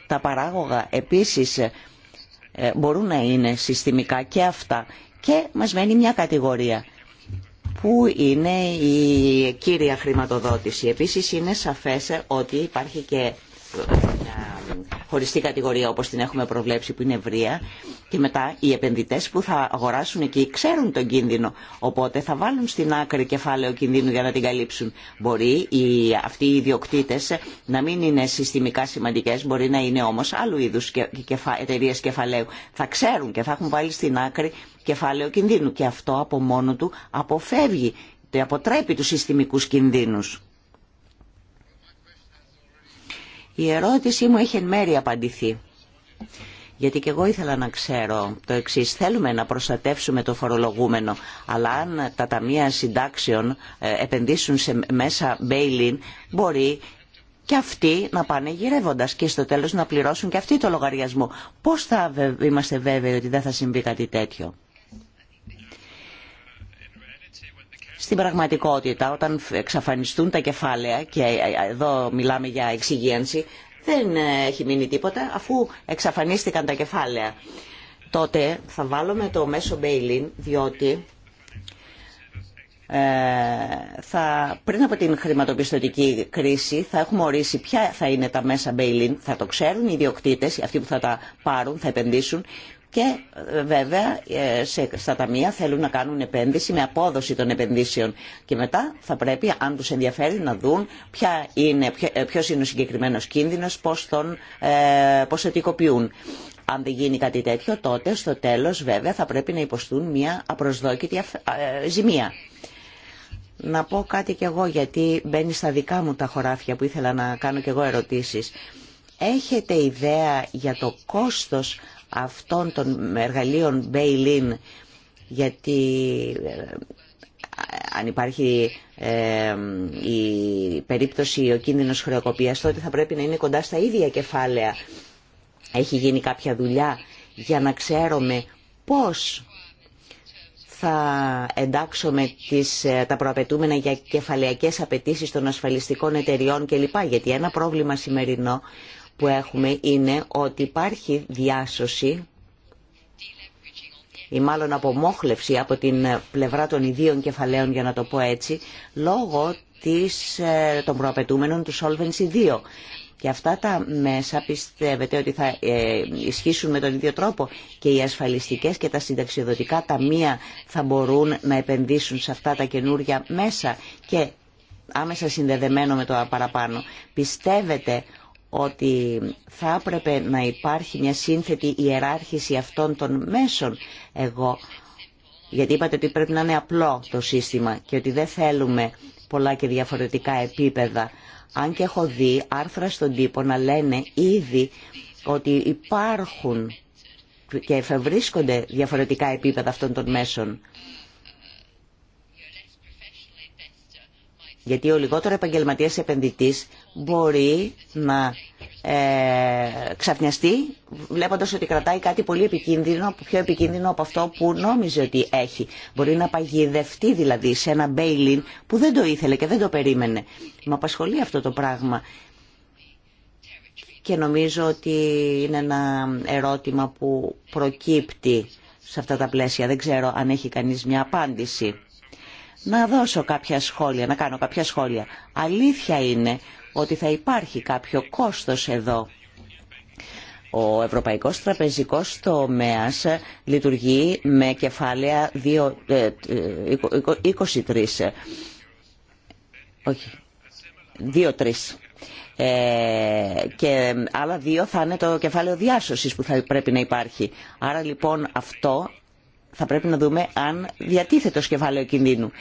Τα παράγωγα επίσης ε, μπορούν να είναι συστημικά και αυτά και μας μένει μια κατηγορία που είναι η κύρια χρηματοδότηση. Επίσης είναι σαφές ότι υπάρχει και ε, χωριστή κατηγορία όπως την έχουμε προβλέψει που είναι ευρεία και μετά οι επενδυτές που θα αγοράσουν εκεί ξέρουν τον κίνδυνο οπότε θα βάλουν στην άκρη κεφάλαιο κινδύνου για να την καλύψουν. Μπορεί οι, αυτοί οι ιδιοκτήτες να μην είναι συστημικά σημαντικές, μπορεί να είναι όμως άλλου είδους εταιρείε κεφαλαίου. Θα ξέρουν και θα έχουν βάλει στην άκρη κεφάλαιο κινδύνου και αυτό από μόνο του αποφεύγει, αποτρέπει τους συστημικούς κινδύνους. Η ερώτησή μου έχει εν μέρη απαντηθεί. Γιατί και εγώ ήθελα να ξέρω το εξή. Θέλουμε να προστατεύσουμε το φορολογούμενο, αλλά αν τα ταμεία συντάξεων ε, επενδύσουν σε μέσα bail-in, μπορεί και αυτοί να πάνε γυρεύοντα και στο τέλο να πληρώσουν και αυτοί το λογαριασμό. Πώ θα είμαστε βέβαιοι ότι δεν θα συμβεί κάτι τέτοιο. στην πραγματικότητα όταν εξαφανιστούν τα κεφάλαια και ε, ε, εδώ μιλάμε για εξυγίανση δεν ε, έχει μείνει τίποτα αφού εξαφανίστηκαν τα κεφάλαια. Τότε θα βάλουμε το μεσο Μπέιλιν διότι θα, πριν από την χρηματοπιστωτική κρίση θα έχουμε ορίσει ποια θα είναι τα μεσα Μπέιλιν. θα το ξέρουν οι ιδιοκτήτες, αυτοί που θα τα πάρουν, θα επενδύσουν και ε, βέβαια ε, σε, στα ταμεία θέλουν να κάνουν επένδυση με απόδοση των επενδύσεων και μετά θα πρέπει αν τους ενδιαφέρει να δουν ποια είναι, ε, ποιος είναι ο συγκεκριμένος κίνδυνος, πώς τον ε, ετικοποιούν Αν δεν γίνει κάτι τέτοιο τότε στο τέλος βέβαια θα πρέπει να υποστούν μια απροσδόκητη ζημία. Να πω κάτι κι εγώ γιατί μπαίνει στα δικά μου τα χωράφια που ήθελα να κάνω κι εγώ ερωτήσεις. Έχετε ιδέα για το κόστος αυτών των εργαλείων bail-in γιατί ε, αν υπάρχει ε, η περίπτωση, ο κίνδυνος χρεοκοπίας, τότε θα πρέπει να είναι κοντά στα ίδια κεφάλαια. Έχει γίνει κάποια δουλειά για να ξέρουμε πώς θα εντάξουμε τις, ε, τα προαπαιτούμενα για κεφαλαιακές απαιτήσεις των ασφαλιστικών εταιριών κλπ. Γιατί ένα πρόβλημα σημερινό που έχουμε είναι ότι υπάρχει διάσωση ή μάλλον απομόχλευση από την πλευρά των ιδίων κεφαλαίων, για να το πω έτσι, λόγω της, ε, των προαπαιτούμενων του Solvency 2. Και αυτά τα μέσα πιστεύετε ότι θα ε, ισχύσουν με τον ίδιο τρόπο και οι ασφαλιστικές και τα συνταξιοδοτικά ταμεία θα μπορούν να επενδύσουν σε αυτά τα καινούργια μέσα και άμεσα συνδεδεμένο με το παραπάνω. Πιστεύετε ότι θα έπρεπε να υπάρχει μια σύνθετη ιεράρχηση αυτών των μέσων. Εγώ, γιατί είπατε ότι πρέπει να είναι απλό το σύστημα και ότι δεν θέλουμε πολλά και διαφορετικά επίπεδα. Αν και έχω δει άρθρα στον τύπο να λένε ήδη ότι υπάρχουν και εφευρίσκονται διαφορετικά επίπεδα αυτών των μέσων. Γιατί ο λιγότερο επαγγελματίας επενδυτής μπορεί να ε, ξαφνιαστεί βλέποντας ότι κρατάει κάτι πολύ επικίνδυνο, πιο επικίνδυνο από αυτό που νόμιζε ότι έχει. Μπορεί να παγιδευτεί δηλαδή σε ενα μπέιλιν που δεν το ήθελε και δεν το περίμενε. Με απασχολεί αυτό το πράγμα και νομίζω ότι είναι ένα ερώτημα που προκύπτει σε αυτά τα πλαίσια. Δεν ξέρω αν έχει κανείς μια απάντηση. Να δώσω κάποια σχόλια, να κάνω κάποια σχόλια. Αλήθεια είναι ότι θα υπάρχει κάποιο κόστος εδώ. Ο Ευρωπαϊκός Τραπεζικός Τομέας λειτουργεί με κεφάλαια 23. Ε, Όχι, 2-3. Ε, και άλλα δύο θα είναι το κεφάλαιο διάσωσης που θα πρέπει να υπάρχει. Άρα λοιπόν αυτό θα πρέπει να δούμε αν διατίθεται ως κεφάλαιο κινδύνου.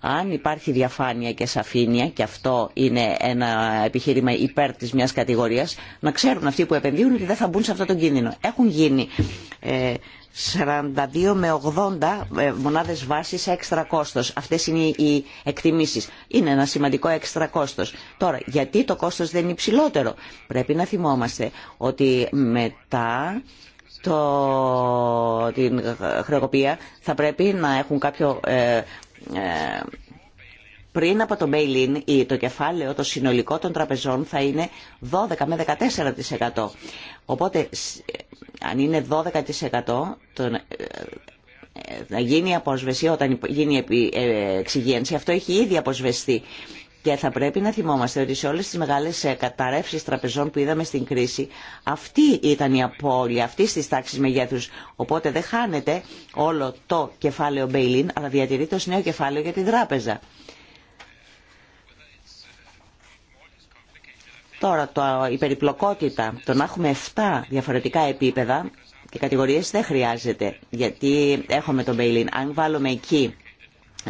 Αν υπάρχει διαφάνεια και σαφήνεια, και αυτό είναι ένα επιχείρημα υπέρ τη μια κατηγορία, να ξέρουν αυτοί που επενδύουν ότι δεν θα μπουν σε αυτό τον κίνδυνο. Έχουν γίνει 42 ε, με 80 ε, μονάδες βάσης έξτρα κόστο. Αυτέ είναι οι εκτιμήσει. Είναι ένα σημαντικό έξτρα κόστο. Τώρα, γιατί το κόστο δεν είναι υψηλότερο. Πρέπει να θυμόμαστε ότι μετά την χρεοκοπία θα πρέπει να έχουν κάποιο ε, ε, πριν από το bail-in το κεφάλαιο το συνολικό των τραπεζών θα είναι 12 με 14%. Οπότε ε, αν είναι 12% να ε, γίνει αποσβεστή όταν γίνει εξυγένση. Αυτό έχει ήδη αποσβεστεί και θα πρέπει να θυμόμαστε ότι σε όλες τις μεγάλες ε, καταρρεύσει τραπεζών που είδαμε στην κρίση, αυτή ήταν η απώλεια αυτή τη τάξη μεγέθους. Οπότε δεν χάνεται όλο το κεφάλαιο Μπέιλιν, αλλά διατηρείται ω νέο κεφάλαιο για την τράπεζα. Τώρα το, η περιπλοκότητα, το να έχουμε 7 διαφορετικά επίπεδα και κατηγορίες δεν χρειάζεται, γιατί έχουμε τον Μπέιλιν. Αν βάλουμε εκεί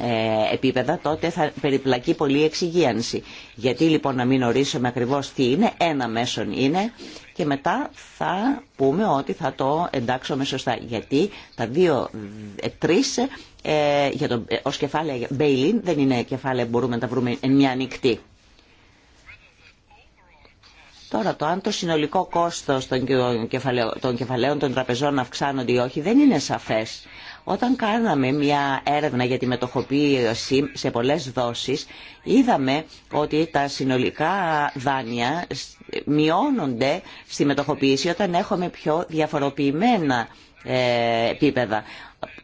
ε, επίπεδα, τότε θα περιπλακεί πολύ η εξυγίανση. Γιατί λοιπόν να μην ορίσουμε ακριβώς τι είναι, ένα μέσον είναι και μετά θα πούμε ότι θα το εντάξουμε σωστά. Γιατί τα δύο, ε, τρεις ε, για το, ε, ως κεφάλαια Μπέιλιν δεν είναι κεφάλαια που μπορούμε να τα βρούμε εν μια ανοιχτή. Τώρα το αν το συνολικό κόστος των κεφαλαίων των, κεφαλαίων, των τραπεζών αυξάνονται ή όχι δεν είναι σαφές όταν κάναμε μια έρευνα για τη μετοχοποίηση σε πολλές δόσεις, είδαμε ότι τα συνολικά δάνεια μειώνονται στη μετοχοποίηση όταν έχουμε πιο διαφοροποιημένα ε, επίπεδα.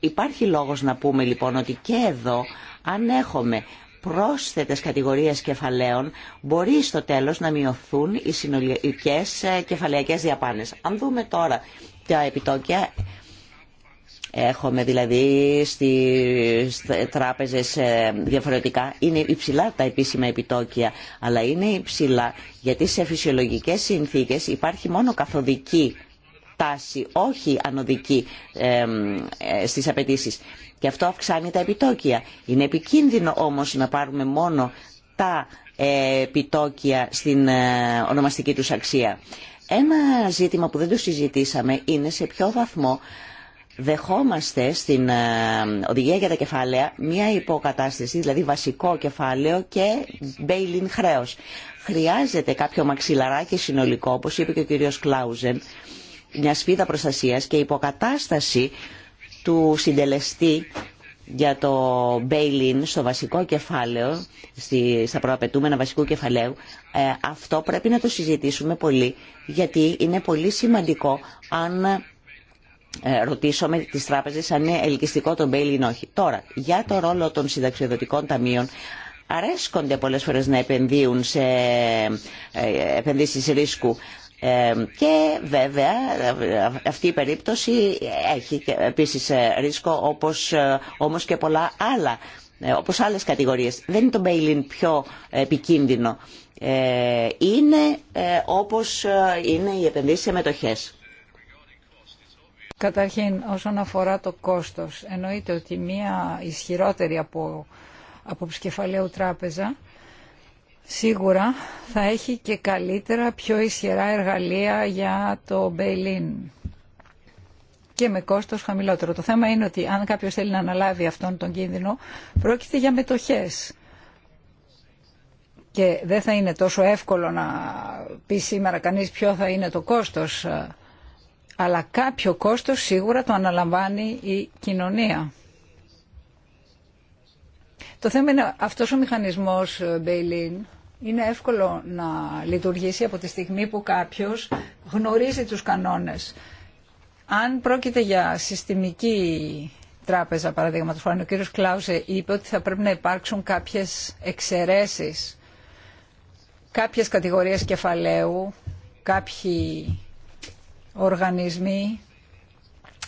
Υπάρχει λόγος να πούμε λοιπόν ότι και εδώ αν έχουμε πρόσθετες κατηγορίες κεφαλαίων μπορεί στο τέλος να μειωθούν οι συνολικές ε, κεφαλαιακές διαπάνες. Αν δούμε τώρα τα επιτόκια Έχουμε δηλαδή στις τράπεζες ε, διαφορετικά. Είναι υψηλά τα επίσημα επιτόκια, αλλά είναι υψηλά γιατί σε φυσιολογικές συνθήκες υπάρχει μόνο καθοδική τάση, όχι ανωδική ε, ε στις απαιτήσει. Και αυτό αυξάνει τα επιτόκια. Είναι επικίνδυνο όμως να πάρουμε μόνο τα ε, επιτόκια στην ονομαστική τους αξία. Ένα ζήτημα που δεν το συζητήσαμε είναι σε ποιο βαθμό δεχόμαστε στην ε, οδηγία για τα κεφάλαια μία υποκατάσταση, δηλαδή βασικό κεφάλαιο και bail-in χρέος. Χρειάζεται κάποιο μαξιλαράκι συνολικό, όπως είπε και ο κύριος Κλάουζεν, μια σπίδα προστασίας και υποκατάσταση του συντελεστή για το bail-in στο βασικό κεφάλαιο, στα προαπαιτούμενα βασικού κεφαλαίου, ε, αυτό πρέπει να το συζητήσουμε πολύ, γιατί είναι πολύ σημαντικό αν ε, ρωτήσω με τις τράπεζες αν είναι ελκυστικό το bail ή όχι. Τώρα, για το ρόλο των συνταξιοδοτικών ταμείων, αρέσκονται πολλέ φορέ να επενδύουν σε ε, επενδύσει ρίσκου. Ε, και βέβαια αυτή η περίπτωση έχει επίσης ρίσκο όπως όμως και πολλά άλλα όπως άλλες κατηγορίες. Δεν είναι το bail-in πιο επικίνδυνο. είναι όπως είναι οι επενδύσεις σε μετοχές. Καταρχήν, όσον αφορά το κόστος, εννοείται ότι μια ισχυρότερη από, από κεφαλαίου τράπεζα σίγουρα θα έχει και καλύτερα πιο ισχυρά εργαλεία για το bail-in και με κόστος χαμηλότερο. Το θέμα είναι ότι αν κάποιος θέλει να αναλάβει αυτόν τον κίνδυνο, πρόκειται για μετοχές. Και δεν θα είναι τόσο εύκολο να πει σήμερα κανείς ποιο θα είναι το κόστος αλλά κάποιο κόστος σίγουρα το αναλαμβάνει η κοινωνία. Το θέμα είναι αυτός ο μηχανισμος ε, Μπέιλιν, είναι εύκολο να λειτουργήσει από τη στιγμή που κάποιος γνωρίζει τους κανόνες. Αν πρόκειται για συστημική τράπεζα, παραδείγματο χάρη, ο κύριος Κλάουσε είπε ότι θα πρέπει να υπάρξουν κάποιες εξαιρέσεις, κάποιες κατηγορίες κεφαλαίου, κάποιοι οργανισμοί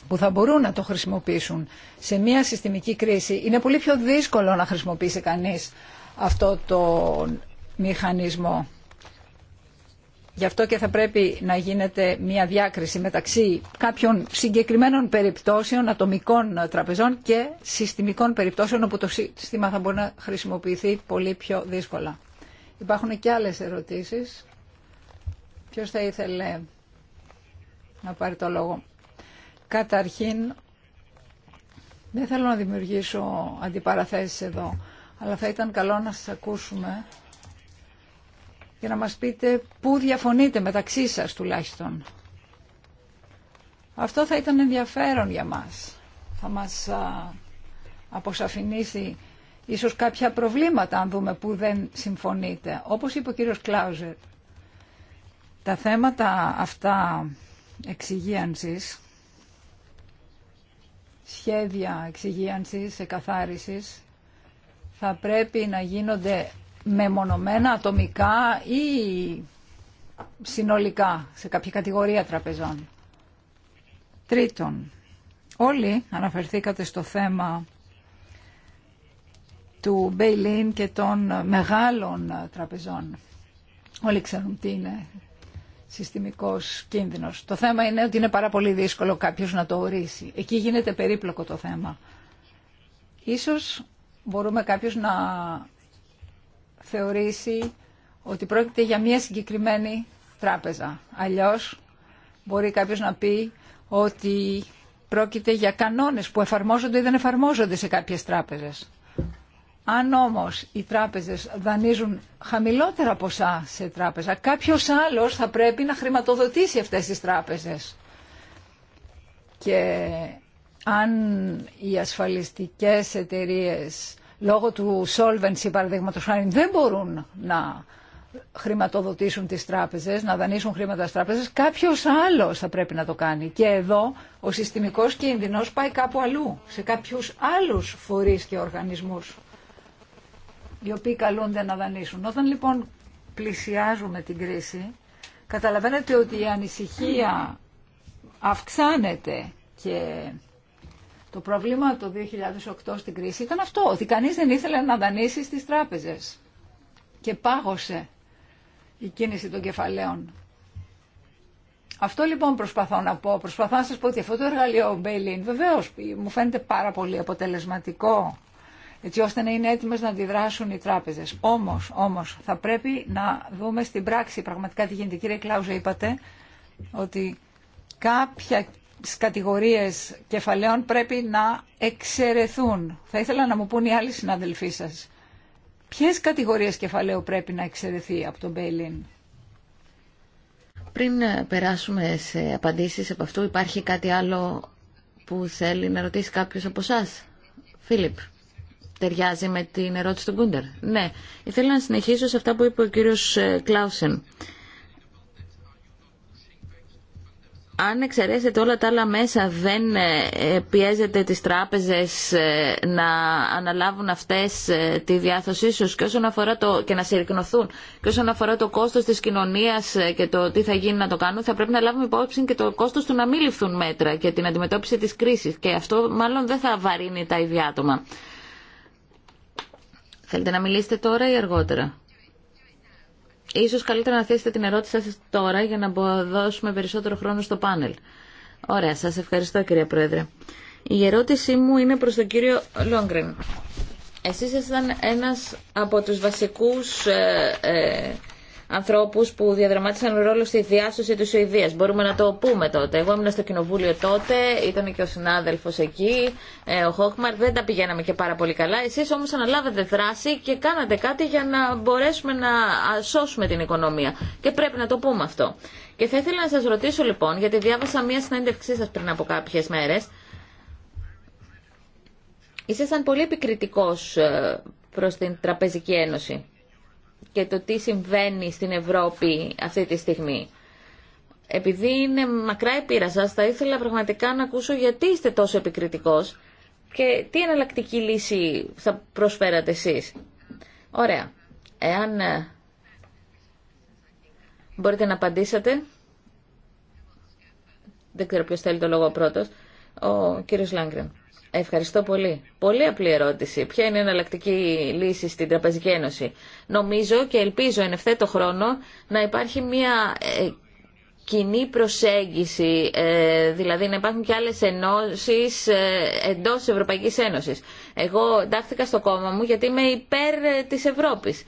που θα μπορούν να το χρησιμοποιήσουν σε μια συστημική κρίση. Είναι πολύ πιο δύσκολο να χρησιμοποιήσει κανείς αυτό το μηχανισμό. Γι' αυτό και θα πρέπει να γίνεται μια διάκριση μεταξύ κάποιων συγκεκριμένων περιπτώσεων, ατομικών τραπεζών και συστημικών περιπτώσεων όπου το σύστημα θα μπορεί να χρησιμοποιηθεί πολύ πιο δύσκολα. Υπάρχουν και άλλες ερωτήσεις. Ποιος θα ήθελε να πάρει το λόγο. Καταρχήν, δεν θέλω να δημιουργήσω αντιπαραθέσεις εδώ, αλλά θα ήταν καλό να σας ακούσουμε και να μας πείτε πού διαφωνείτε μεταξύ σας τουλάχιστον. Αυτό θα ήταν ενδιαφέρον για μας. Θα μας αποσαφηνίσει ίσως κάποια προβλήματα αν δούμε που δεν συμφωνείτε. Όπως είπε ο κύριος Κλάουζερ, τα θέματα αυτά εξυγίανσης, σχέδια εξυγίανσης, εκαθάρισης, θα πρέπει να γίνονται μεμονωμένα, ατομικά ή συνολικά, σε κάποια κατηγορία τραπεζών. Τρίτον, όλοι αναφερθήκατε στο θέμα του Μπέιλιν και των μεγάλων τραπεζών. Όλοι ξέρουν τι είναι συστημικός κίνδυνος. Το θέμα είναι ότι είναι πάρα πολύ δύσκολο κάποιος να το ορίσει. Εκεί γίνεται περίπλοκο το θέμα. Ίσως μπορούμε κάποιος να θεωρήσει ότι πρόκειται για μια συγκεκριμένη τράπεζα. Αλλιώς μπορεί κάποιος να πει ότι πρόκειται για κανόνες που εφαρμόζονται ή δεν εφαρμόζονται σε κάποιες τράπεζες. Αν όμως οι τράπεζες δανείζουν χαμηλότερα ποσά σε τράπεζα, κάποιος άλλος θα πρέπει να χρηματοδοτήσει αυτές τις τράπεζες. Και αν οι ασφαλιστικές εταιρείες λόγω του solvency παραδείγματο χάρη δεν μπορούν να χρηματοδοτήσουν τις τράπεζες, να δανείσουν χρήματα στις τράπεζες, κάποιος άλλος θα πρέπει να το κάνει. Και εδώ ο συστημικός κίνδυνος πάει κάπου αλλού, σε κάποιους άλλους φορείς και οργανισμούς οι οποίοι καλούνται να δανείσουν. Όταν λοιπόν πλησιάζουμε την κρίση, καταλαβαίνετε ότι η ανησυχία αυξάνεται και το πρόβλημα το 2008 στην κρίση ήταν αυτό, ότι κανείς δεν ήθελε να δανείσει στις τράπεζες και πάγωσε η κίνηση των κεφαλαίων. Αυτό λοιπόν προσπαθώ να πω. Προσπαθώ να σας πω ότι αυτό το εργαλείο Μπέιλιν, βεβαίως μου φαίνεται πάρα πολύ αποτελεσματικό έτσι ώστε να είναι έτοιμες να αντιδράσουν οι τράπεζες. Όμως, όμως θα πρέπει να δούμε στην πράξη πραγματικά τι γίνεται. Κύριε Κλάουζε είπατε ότι κάποια κατηγορίες κεφαλαίων πρέπει να εξαιρεθούν. Θα ήθελα να μου πούν οι άλλοι συναδελφοί σας. Ποιες κατηγορίες κεφαλαίου πρέπει να εξαιρεθεί από τον Μπέιλιν. Πριν ε, περάσουμε σε απαντήσεις από αυτού, υπάρχει κάτι άλλο που θέλει να ρωτήσει κάποιος από εσά. Φίλιπ. Ταιριάζει με την ερώτηση του Γκούντερ. Ναι, ήθελα να συνεχίσω σε αυτά που είπε ο κύριος ε, Κλάουσεν. Αν εξαιρέσετε όλα τα άλλα μέσα, δεν ε, πιέζετε τις τράπεζες ε, να αναλάβουν αυτές τη διάθεσή σου και, αφορά το, και να συρρυκνωθούν. Και όσον αφορά το κόστος της κοινωνίας και το τι θα γίνει να το κάνουν, θα πρέπει να λάβουμε υπόψη και το κόστος του να μην ληφθούν μέτρα και την αντιμετώπιση της κρίσης. Και αυτό μάλλον δεν θα βαρύνει τα ίδια άτομα. Θέλετε να μιλήσετε τώρα ή αργότερα. Ίσως καλύτερα να θέσετε την ερώτηση σας τώρα για να δώσουμε περισσότερο χρόνο στο πάνελ. Ωραία, σας ευχαριστώ κυρία Πρόεδρε. Η ερώτησή μου είναι προς τον κύριο Λόγκρεν. Εσείς ήσασταν ένας από τους βασικούς ε, ε, ανθρώπους που διαδραμάτισαν ρόλο στη διάσωση της Σουηδίας. Μπορούμε να το πούμε τότε. Εγώ ήμουν στο κοινοβούλιο τότε, ήταν και ο συνάδελφος εκεί, ε, ο Χόκμαρ, δεν τα πηγαίναμε και πάρα πολύ καλά. Εσείς όμως αναλάβατε δράση και κάνατε κάτι για να μπορέσουμε να σώσουμε την οικονομία. Και πρέπει να το πούμε αυτό. Και θα ήθελα να σας ρωτήσω λοιπόν, γιατί διάβασα μία συνέντευξή σας πριν από κάποιες μέρες, Ήσασταν πολύ επικριτικός ε, προς την Τραπεζική Ένωση και το τι συμβαίνει στην Ευρώπη αυτή τη στιγμή. Επειδή είναι μακρά η πείρα θα ήθελα πραγματικά να ακούσω γιατί είστε τόσο επικριτικός και τι εναλλακτική λύση θα προσφέρατε εσείς. Ωραία. Εάν ε, μπορείτε να απαντήσετε. Δεν ξέρω ποιος θέλει το λόγο πρώτος. Ο κύριος Λάγκρεν. Ευχαριστώ πολύ. Πολύ απλή ερώτηση. Ποια είναι η εναλλακτική λύση στην Τραπεζική Ένωση. Νομίζω και ελπίζω εν ευθέτω χρόνο να υπάρχει μια ε, κοινή προσέγγιση, ε, δηλαδή να υπάρχουν και άλλες ενώσεις ε, εντός της Ευρωπαϊκής Ένωσης. Εγώ εντάχθηκα στο κόμμα μου γιατί είμαι υπέρ της Ευρώπης.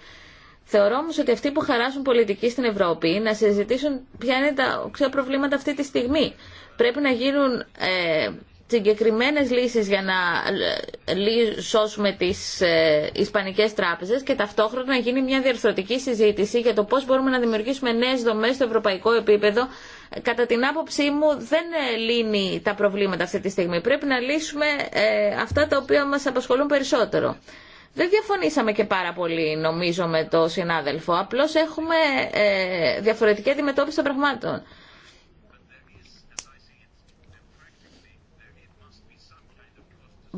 Θεωρώ όμω ότι αυτοί που χαράσουν πολιτική στην Ευρώπη να συζητήσουν ποια είναι τα προβλήματα αυτή τη στιγμή. Πρέπει να γίνουν συγκεκριμένε λύσεις για να σώσουμε τις ε, ισπανικές τράπεζες και ταυτόχρονα να γίνει μια διαρθρωτική συζήτηση για το πώς μπορούμε να δημιουργήσουμε νέε δομέ στο ευρωπαϊκό επίπεδο κατά την άποψή μου δεν ε, λύνει τα προβλήματα αυτή τη στιγμή. Πρέπει να λύσουμε ε, αυτά τα οποία μας απασχολούν περισσότερο. Δεν διαφωνήσαμε και πάρα πολύ νομίζω με το συνάδελφο, απλώ έχουμε διαφορετική αντιμετώπιση των πραγμάτων.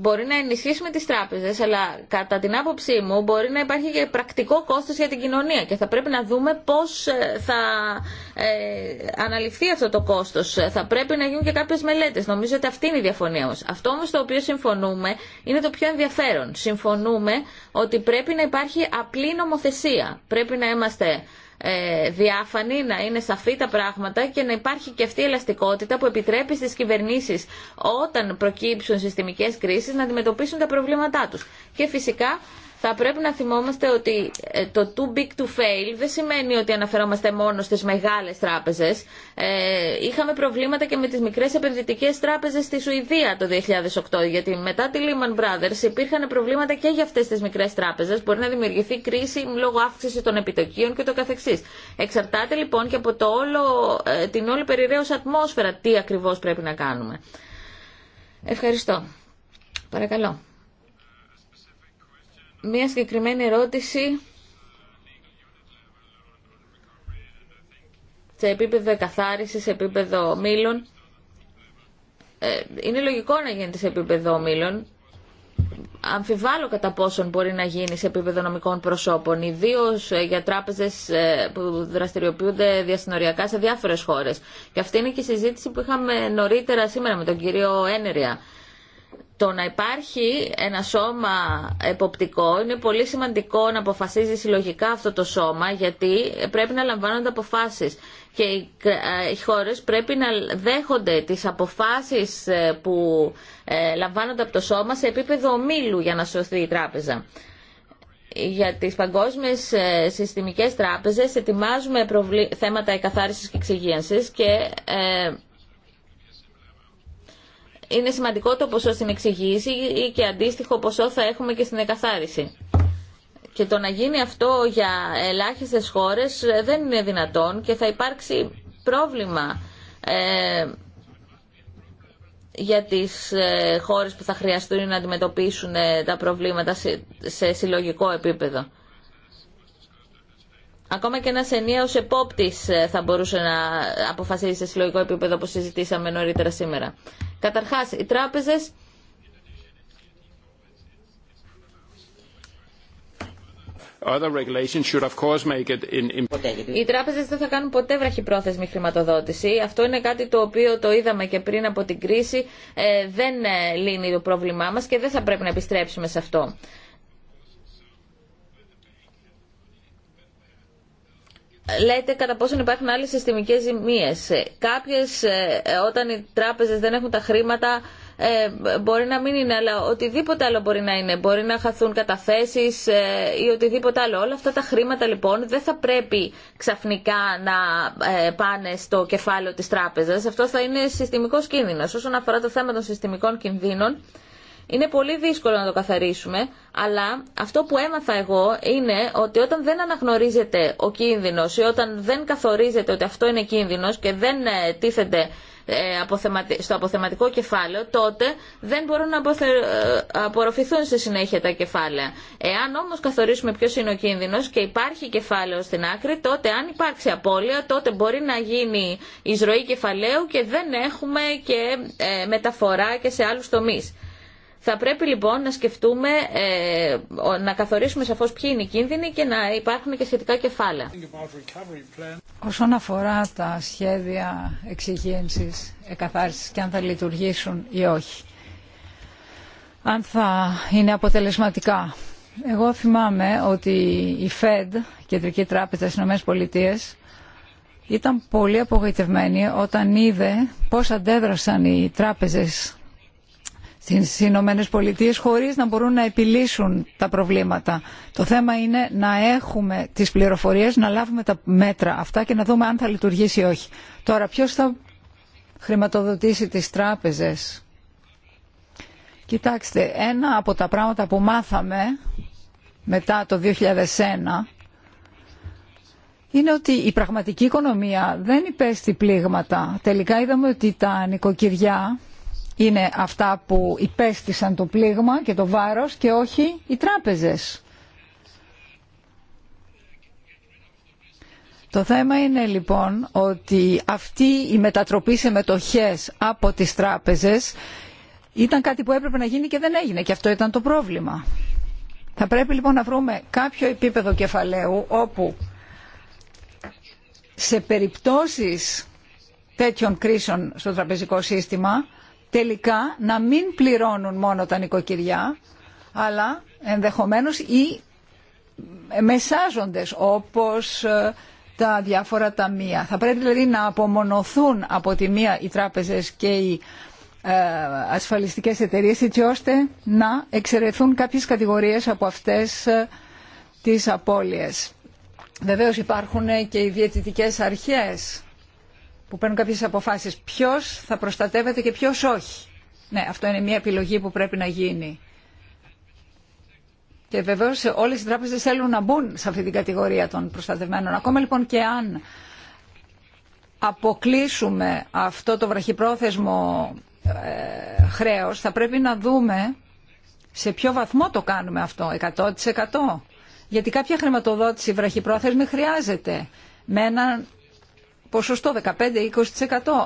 μπορεί να ενισχύσουμε τις τράπεζες, αλλά κατά την άποψή μου μπορεί να υπάρχει και πρακτικό κόστος για την κοινωνία και θα πρέπει να δούμε πώς ε, θα ε, αναλυφθεί αυτό το κόστος. Θα πρέπει να γίνουν και κάποιες μελέτες. Νομίζω ότι αυτή είναι η διαφωνία μας. Αυτό όμως το οποίο συμφωνούμε είναι το πιο ενδιαφέρον. Συμφωνούμε ότι πρέπει να υπάρχει απλή νομοθεσία. Πρέπει να είμαστε ε, διάφανη, να είναι σαφή τα πράγματα και να υπάρχει και αυτή η ελαστικότητα που επιτρέπει στις κυβερνήσεις όταν προκύψουν συστημικές κρίσεις να αντιμετωπίσουν τα προβλήματά τους. Και φυσικά θα πρέπει να θυμόμαστε ότι ε, το too big to fail δεν σημαίνει ότι αναφερόμαστε μόνο στις μεγάλες τράπεζες. Ε, είχαμε προβλήματα και με τις μικρές επενδυτικές τράπεζες στη Σουηδία το 2008, γιατί μετά τη Lehman Brothers υπήρχαν προβλήματα και για αυτές τις μικρές τράπεζες. Μπορεί να δημιουργηθεί κρίση λόγω αύξηση των επιτοκίων και το καθεξής. Εξαρτάται λοιπόν και από το όλο, ε, την όλη περιραίωση ατμόσφαιρα τι ακριβώς πρέπει να κάνουμε. Ευχαριστώ. Παρακαλώ μία συγκεκριμένη ερώτηση σε επίπεδο καθάρισης, σε επίπεδο μήλων. Ε, είναι λογικό να γίνεται σε επίπεδο μήλων. Αμφιβάλλω κατά πόσον μπορεί να γίνει σε επίπεδο νομικών προσώπων, ιδίω ε, για τράπεζε ε, που δραστηριοποιούνται διασυνοριακά σε διάφορε χώρε. Και αυτή είναι και η συζήτηση που είχαμε νωρίτερα σήμερα με τον κύριο Ένερια. Το να υπάρχει ένα σώμα εποπτικό είναι πολύ σημαντικό να αποφασίζει συλλογικά αυτό το σώμα γιατί πρέπει να λαμβάνονται αποφάσεις και οι χώρες πρέπει να δέχονται τις αποφάσεις ε, που ε, λαμβάνονται από το σώμα σε επίπεδο ομίλου για να σωθεί η τράπεζα. Για τις παγκόσμιες ε, συστημικές τράπεζες ετοιμάζουμε θέματα εκαθάρισης και εξυγίανσης και είναι σημαντικό το ποσό στην εξηγήση και αντίστοιχο ποσό θα έχουμε και στην εκαθάριση. Και το να γίνει αυτό για ελάχιστες χώρες ε, δεν είναι δυνατόν και θα υπάρξει πρόβλημα ε, για τις ε, χώρες που θα χρειαστούν να αντιμετωπίσουν ε, τα προβλήματα σε, σε συλλογικό επίπεδο. Ακόμα και ένα ενιαίο επόπτη ε, θα μπορούσε να αποφασίσει σε συλλογικό επίπεδο, που συζητήσαμε νωρίτερα σήμερα. Καταρχάς, οι τράπεζες Οι τράπεζες δεν θα κάνουν ποτέ βραχυπρόθεσμη χρηματοδότηση. Αυτό είναι κάτι το οποίο το είδαμε και πριν από την κρίση. Ε, δεν ε, λύνει το πρόβλημά μας και δεν θα πρέπει να επιστρέψουμε σε αυτό. λέτε κατά πόσον υπάρχουν άλλες συστημικές ζημίες. Κάποιες ε, ε, όταν οι τράπεζες δεν έχουν τα χρήματα ε, μπορεί να μην είναι, αλλά οτιδήποτε άλλο μπορεί να είναι. Μπορεί να χαθούν καταθέσεις ή οτιδήποτε άλλο. Όλα αυτά τα χρήματα λοιπόν δεν θα πρέπει ξαφνικά να πάνε στο κεφάλαιο της τράπεζας. Αυτό θα είναι συστημικός κίνδυνος. Όσον αφορά το θέμα των συστημικών κινδύνων, είναι πολύ δύσκολο να το καθαρίσουμε, αλλά αυτό που έμαθα εγώ είναι ότι όταν δεν αναγνωρίζεται ο κίνδυνος ή όταν δεν καθορίζεται ότι αυτό είναι κίνδυνος και δεν ε, τίθεται ε, στο αποθεματικό κεφάλαιο, τότε δεν μπορούν να ε, απορροφηθούν σε συνέχεια τα κεφάλαια. Εάν όμω καθορίσουμε ποιο είναι ο κίνδυνο και υπάρχει κεφάλαιο στην άκρη, τότε αν υπάρξει απώλεια, τότε μπορεί να γίνει εισρωή κεφαλαίου και δεν έχουμε και μεταφορά και σε άλλου τομεί. Θα πρέπει λοιπόν να σκεφτούμε, ε, να καθορίσουμε σαφώς ποιοι είναι οι κίνδυνοι και να υπάρχουν και σχετικά κεφάλαια. Όσον αφορά τα σχέδια εξυγένσης, εκαθάρισης και αν θα λειτουργήσουν ή όχι, αν θα είναι αποτελεσματικά. Εγώ θυμάμαι ότι η Fed, η Κεντρική Τράπεζα στις ΗΠΑ, ήταν πολύ απογοητευμένη όταν είδε πώς αντέδρασαν οι τράπεζες στις Ηνωμένε Πολιτείε χωρίς να μπορούν να επιλύσουν τα προβλήματα. Το θέμα είναι να έχουμε τις πληροφορίες, να λάβουμε τα μέτρα αυτά και να δούμε αν θα λειτουργήσει ή όχι. Τώρα ποιος θα χρηματοδοτήσει τις τράπεζες. Κοιτάξτε, ένα από τα πράγματα που μάθαμε μετά το 2001 είναι ότι η πραγματική οικονομία δεν υπέστη πλήγματα. Τελικά είδαμε ότι τα νοικοκυριά είναι αυτά που υπέστησαν το πλήγμα και το βάρος και όχι οι τράπεζες. Το θέμα είναι λοιπόν ότι αυτή η μετατροπή σε μετοχές από τις τράπεζες ήταν κάτι που έπρεπε να γίνει και δεν έγινε και αυτό ήταν το πρόβλημα. Θα πρέπει λοιπόν να βρούμε κάποιο επίπεδο κεφαλαίου όπου σε περιπτώσεις τέτοιων κρίσεων στο τραπεζικό σύστημα τελικά να μην πληρώνουν μόνο τα νοικοκυριά, αλλά ενδεχομένως ή μεσάζοντες όπως ε, τα διάφορα ταμεία. Θα πρέπει δηλαδή να απομονωθούν από τη μία οι τράπεζες και οι ε, ασφαλιστικές εταιρείες έτσι ώστε να εξαιρεθούν κάποιες κατηγορίες από αυτές ε, τις απώλειες. Βεβαίως υπάρχουν και οι διαιτητικές αρχές που παίρνουν κάποιες αποφάσεις ποιος θα προστατεύεται και ποιος όχι. Ναι, αυτό είναι μια επιλογή που πρέπει να γίνει. Και βεβαίω όλε οι τράπεζε θέλουν να μπουν σε αυτή την κατηγορία των προστατευμένων. Ακόμα λοιπόν και αν αποκλείσουμε αυτό το βραχυπρόθεσμο ε, χρέος, θα πρέπει να δούμε σε ποιο βαθμό το κάνουμε αυτό, 100%. Γιατί κάποια χρηματοδότηση βραχυπρόθεσμη χρειάζεται με έναν ποσοστό 15-20%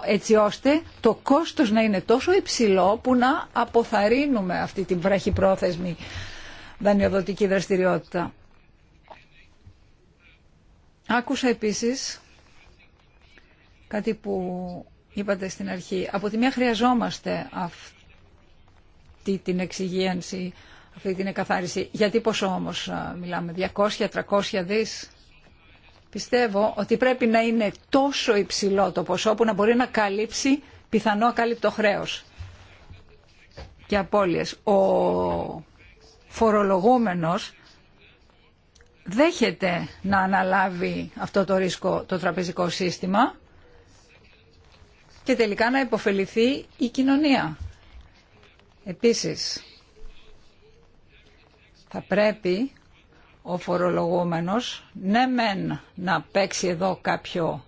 έτσι ώστε το κόστος να είναι τόσο υψηλό που να αποθαρρύνουμε αυτή την βραχυπρόθεσμη δανειοδοτική δραστηριότητα. Άκουσα επίσης κάτι που είπατε στην αρχή. Από τη μια χρειαζόμαστε αυτή την εξυγίανση, αυτή την εκαθάριση. Γιατί πόσο όμως μιλάμε, 200-300 δις Πιστεύω ότι πρέπει να είναι τόσο υψηλό το ποσό που να μπορεί να καλύψει πιθανό ακάλυπτο χρέος και απώλειες. Ο φορολογούμενος δέχεται να αναλάβει αυτό το ρίσκο το τραπεζικό σύστημα και τελικά να υποφεληθεί η κοινωνία. Επίσης, θα πρέπει ο φορολογούμενος ναι μεν να παίξει εδώ κάποιο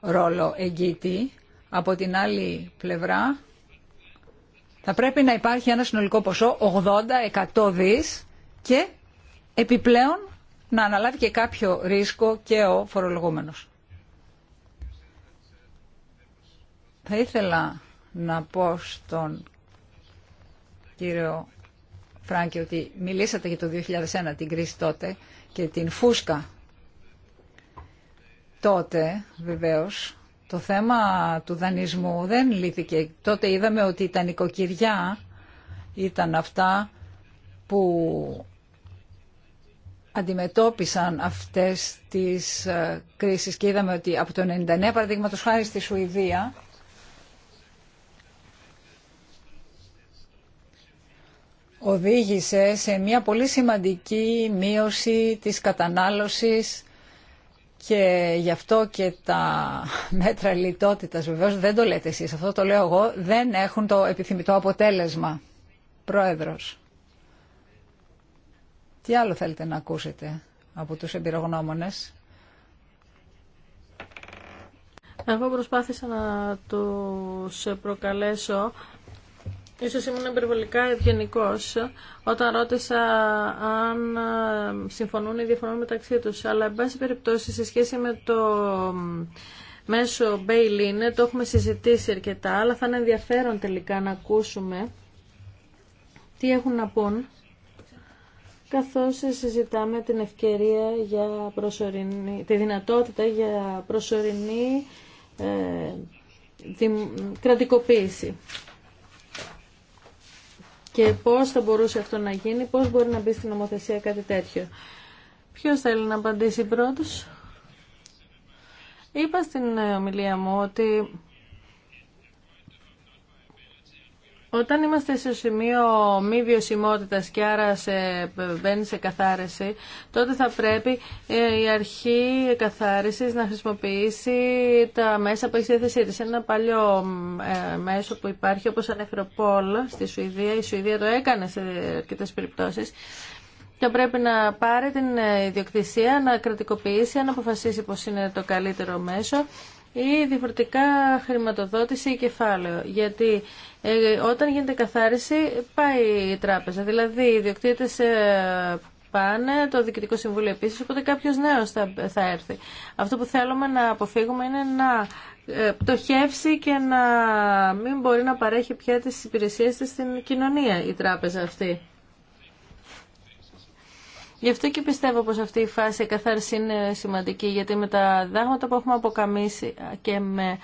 ρόλο εγγύτη, από την άλλη πλευρά θα πρέπει να υπάρχει ένα συνολικό ποσό 80-100 δις και επιπλέον να αναλάβει και κάποιο ρίσκο και ο φορολογούμενος. Θα ήθελα να πω στον κύριο Φράγκη, ότι μιλήσατε για το 2001 την κρίση τότε και την φούσκα. Τότε, βεβαίως, το θέμα του δανεισμού δεν λύθηκε. Τότε είδαμε ότι τα νοικοκυριά ήταν αυτά που αντιμετώπισαν αυτές τις ε, κρίσεις και είδαμε ότι από το 99 παραδείγματος χάρη στη Σουηδία οδήγησε σε μια πολύ σημαντική μείωση της κατανάλωσης και γι' αυτό και τα μέτρα λιτότητας βεβαίως δεν το λέτε εσείς, αυτό το λέω εγώ, δεν έχουν το επιθυμητό αποτέλεσμα. Πρόεδρος, τι άλλο θέλετε να ακούσετε από τους εμπειρογνώμονες. Εγώ προσπάθησα να τους προκαλέσω Ίσως ήμουν υπερβολικά ευγενικό όταν ρώτησα αν ε, συμφωνούν ή διαφωνούν μεταξύ τους. Αλλά, εν πάση περιπτώσει, σε σχέση με το μέσο το έχουμε συζητήσει αρκετά, αλλά θα είναι ενδιαφέρον τελικά να ακούσουμε τι έχουν να πούν, καθώς συζητάμε την ευκαιρία για προσωρινή, τη δυνατότητα για προσωρινή ε, κρατικοποίηση και πώς θα μπορούσε αυτό να γίνει, πώς μπορεί να μπει στην νομοθεσία κάτι τέτοιο. Ποιος θέλει να απαντήσει πρώτος. Είπα στην ομιλία μου ότι Όταν είμαστε σε σημείο μη βιωσιμότητα και άρα σε, μπαίνει σε καθάρεση, τότε θα πρέπει ε, η αρχή καθάρισης να χρησιμοποιήσει τα μέσα που έχει στη θέση Ένα παλιό ε, μέσο που υπάρχει, όπω ανέφερε ο Πολ στη Σουηδία, η Σουηδία το έκανε σε αρκετέ περιπτώσει. και πρέπει να πάρει την ε, ιδιοκτησία, να κρατικοποιήσει, να αποφασίσει πως είναι το καλύτερο μέσο ή διαφορετικά χρηματοδότηση ή κεφάλαιο. Γιατί ε, όταν γίνεται καθάριση πάει η τράπεζα. Δηλαδή οι ιδιοκτήτες ε, πάνε, το Διοικητικό Συμβούλιο επίσης, οπότε κάποιος νέος θα, θα έρθει. Αυτό που θέλουμε να αποφύγουμε είναι να ε, πτωχεύσει και να μην μπορεί να παρέχει πια τις υπηρεσίες της στην κοινωνία η τράπεζα αυτή. Γι' αυτό και πιστεύω πως αυτή η φάση η καθάριση είναι σημαντική, γιατί με τα δάγματα που έχουμε αποκαμίσει και με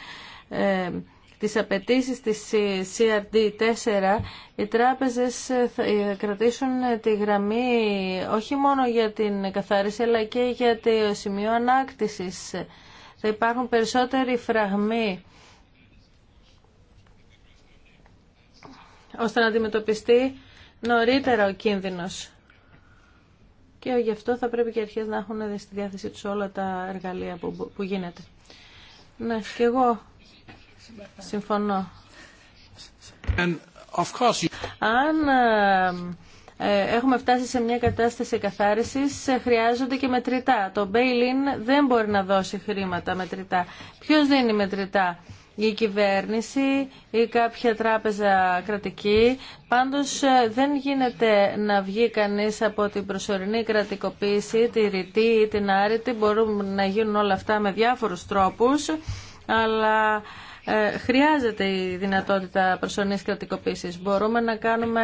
τις απαιτήσεις της CRD4 οι τράπεζες θα ε, κρατήσουν τη γραμμή όχι μόνο για την καθάριση αλλά και για το σημείο ανάκτησης. Θα υπάρχουν περισσότεροι φραγμοί ώστε να αντιμετωπιστεί νωρίτερα ο κίνδυνος. Και γι' αυτό θα πρέπει και οι αρχές να έχουν στη διάθεσή τους όλα τα εργαλεία που, που γίνεται. Ναι, και εγώ Συμφωνώ. And Αν ε, ε, έχουμε φτάσει σε μια κατάσταση καθάρισης, ε, χρειάζονται και μετρητά. Το bail δεν μπορεί να δώσει χρήματα μετρητά. Ποιος δίνει μετρητά, η κυβέρνηση ή κάποια τράπεζα κρατική. Πάντως δεν γίνεται να βγει κανείς από την προσωρινή κρατικοποίηση, τη ρητή ή την άρρητη. Μπορούν να γίνουν όλα αυτά με διάφορους τρόπους, αλλά... Ε, χρειάζεται η δυνατότητα προσωρινής κρατικοποίησης. Μπορούμε να κάνουμε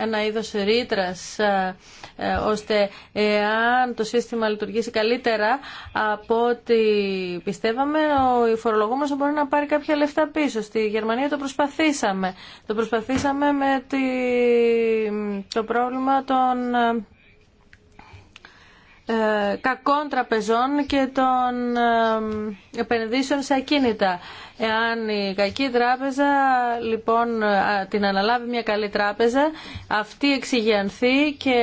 ένα είδος ρήτρα ε, ε, ώστε εάν το σύστημα λειτουργήσει καλύτερα από ό,τι πιστεύαμε, ο φορολογούμενος μπορεί να πάρει κάποια λεφτά πίσω. Στη Γερμανία το προσπαθήσαμε. Το προσπαθήσαμε με το πρόβλημα των ε, κακών τραπεζών και των ε, επενδύσεων σε ακίνητα. Εάν η κακή τράπεζα λοιπόν την αναλάβει μια καλή τράπεζα, αυτή εξηγιανθεί και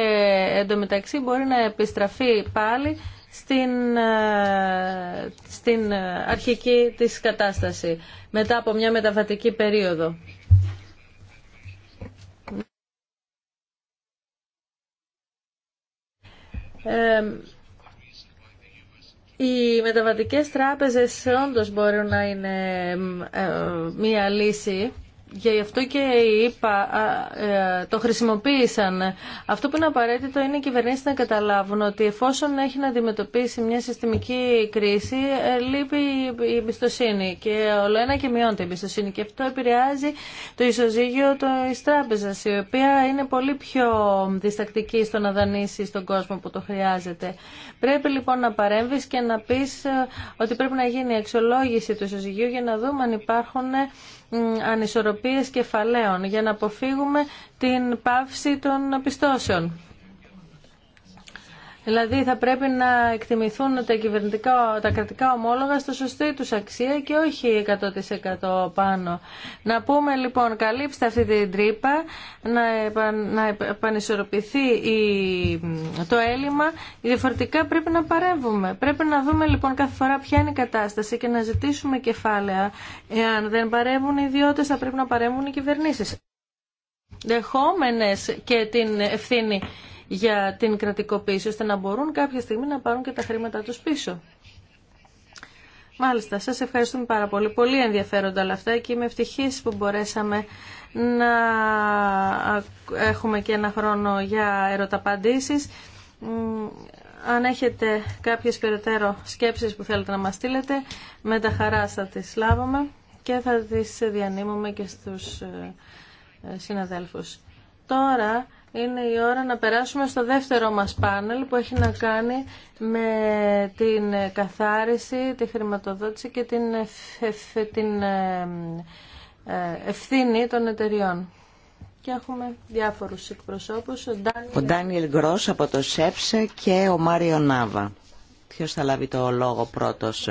εντωμεταξύ μπορεί να επιστραφεί πάλι στην, ε, στην αρχική της κατάσταση μετά από μια μεταβατική περίοδο. οι μεταβατικές τράπεζες όντως μπορούν να είναι ε, μία λύση γι' αυτό και είπα, ε, το χρησιμοποίησαν. Αυτό που είναι απαραίτητο είναι οι κυβερνήσει να καταλάβουν ότι εφόσον έχει να αντιμετωπίσει μια συστημική κρίση, ε, λείπει η εμπιστοσύνη και όλο ένα και μειώνεται η εμπιστοσύνη. Και αυτό επηρεάζει το ισοζύγιο τη τράπεζα, η οποία είναι πολύ πιο διστακτική στο να δανείσει στον κόσμο που το χρειάζεται. Πρέπει λοιπόν να παρέμβει και να πει ε, ότι πρέπει να γίνει η αξιολόγηση του ισοζυγίου για να δούμε αν υπάρχουν ανισορροπίες κεφαλαίων για να αποφύγουμε την πάυση των πιστώσεων. Δηλαδή θα πρέπει να εκτιμηθούν τα, κυβερνητικά, τα κρατικά ομόλογα στο σωστή τους αξία και όχι 100% πάνω. Να πούμε λοιπόν, καλύψτε αυτή την τρύπα, να, να επανισορροπηθεί η, το έλλειμμα. Διαφορετικά πρέπει να παρέμβουμε. Πρέπει να δούμε λοιπόν κάθε φορά ποια είναι η κατάσταση και να ζητήσουμε κεφάλαια. Εάν δεν παρέμβουν οι ιδιώτες θα πρέπει να παρέμβουν οι κυβερνήσεις δεχόμενες και την ευθύνη για την κρατικοποίηση, ώστε να μπορούν κάποια στιγμή να πάρουν και τα χρήματά τους πίσω. Μάλιστα, σας ευχαριστούμε πάρα πολύ. Πολύ ενδιαφέροντα όλα αυτά και είμαι ευτυχής που μπορέσαμε να έχουμε και ένα χρόνο για ερωταπαντήσεις. Αν έχετε κάποιες περαιτέρω σκέψεις που θέλετε να μας στείλετε, με τα χαρά θα τις λάβουμε και θα τις διανύμουμε και στους ε, ε, συναδέλφους. Τώρα είναι η ώρα να περάσουμε στο δεύτερο μας πάνελ που έχει να κάνει με την καθάριση, τη χρηματοδότηση και την, την ε, ε, ευθύνη των εταιριών. Και έχουμε διάφορους εκπροσώπους. Ο Ντάνιελ Γκρός από το ΣΕΠΣΕ και ο Μάριο Νάβα. Ποιος θα λάβει το λόγο πρώτος.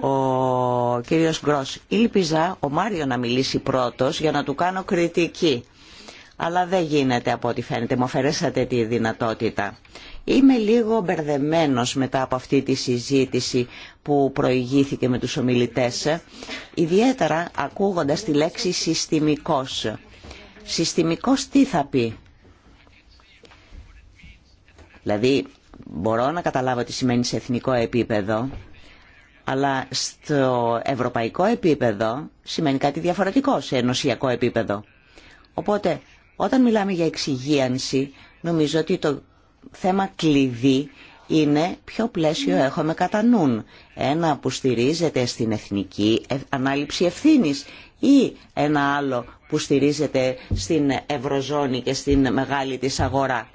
Ο κύριος Γκρός. Ήλπιζα ο Μάριο να μιλήσει πρώτος για να του κάνω κριτική αλλά δεν γίνεται από ό,τι φαίνεται. Μου αφαιρέσατε τη δυνατότητα. Είμαι λίγο μπερδεμένο μετά από αυτή τη συζήτηση που προηγήθηκε με τους ομιλητές, ιδιαίτερα ακούγοντας τη λέξη συστημικός. Συστημικός τι θα πει. Δηλαδή, μπορώ να καταλάβω τι σημαίνει σε εθνικό επίπεδο, αλλά στο ευρωπαϊκό επίπεδο σημαίνει κάτι διαφορετικό σε ενωσιακό επίπεδο. Οπότε όταν μιλάμε για εξυγίανση, νομίζω ότι το θέμα κλειδί είναι ποιο πλαίσιο έχουμε κατά νουν. Ένα που στηρίζεται στην εθνική ανάληψη ευθύνης ή ένα άλλο που στηρίζεται στην Ευρωζώνη και στην μεγάλη της αγορά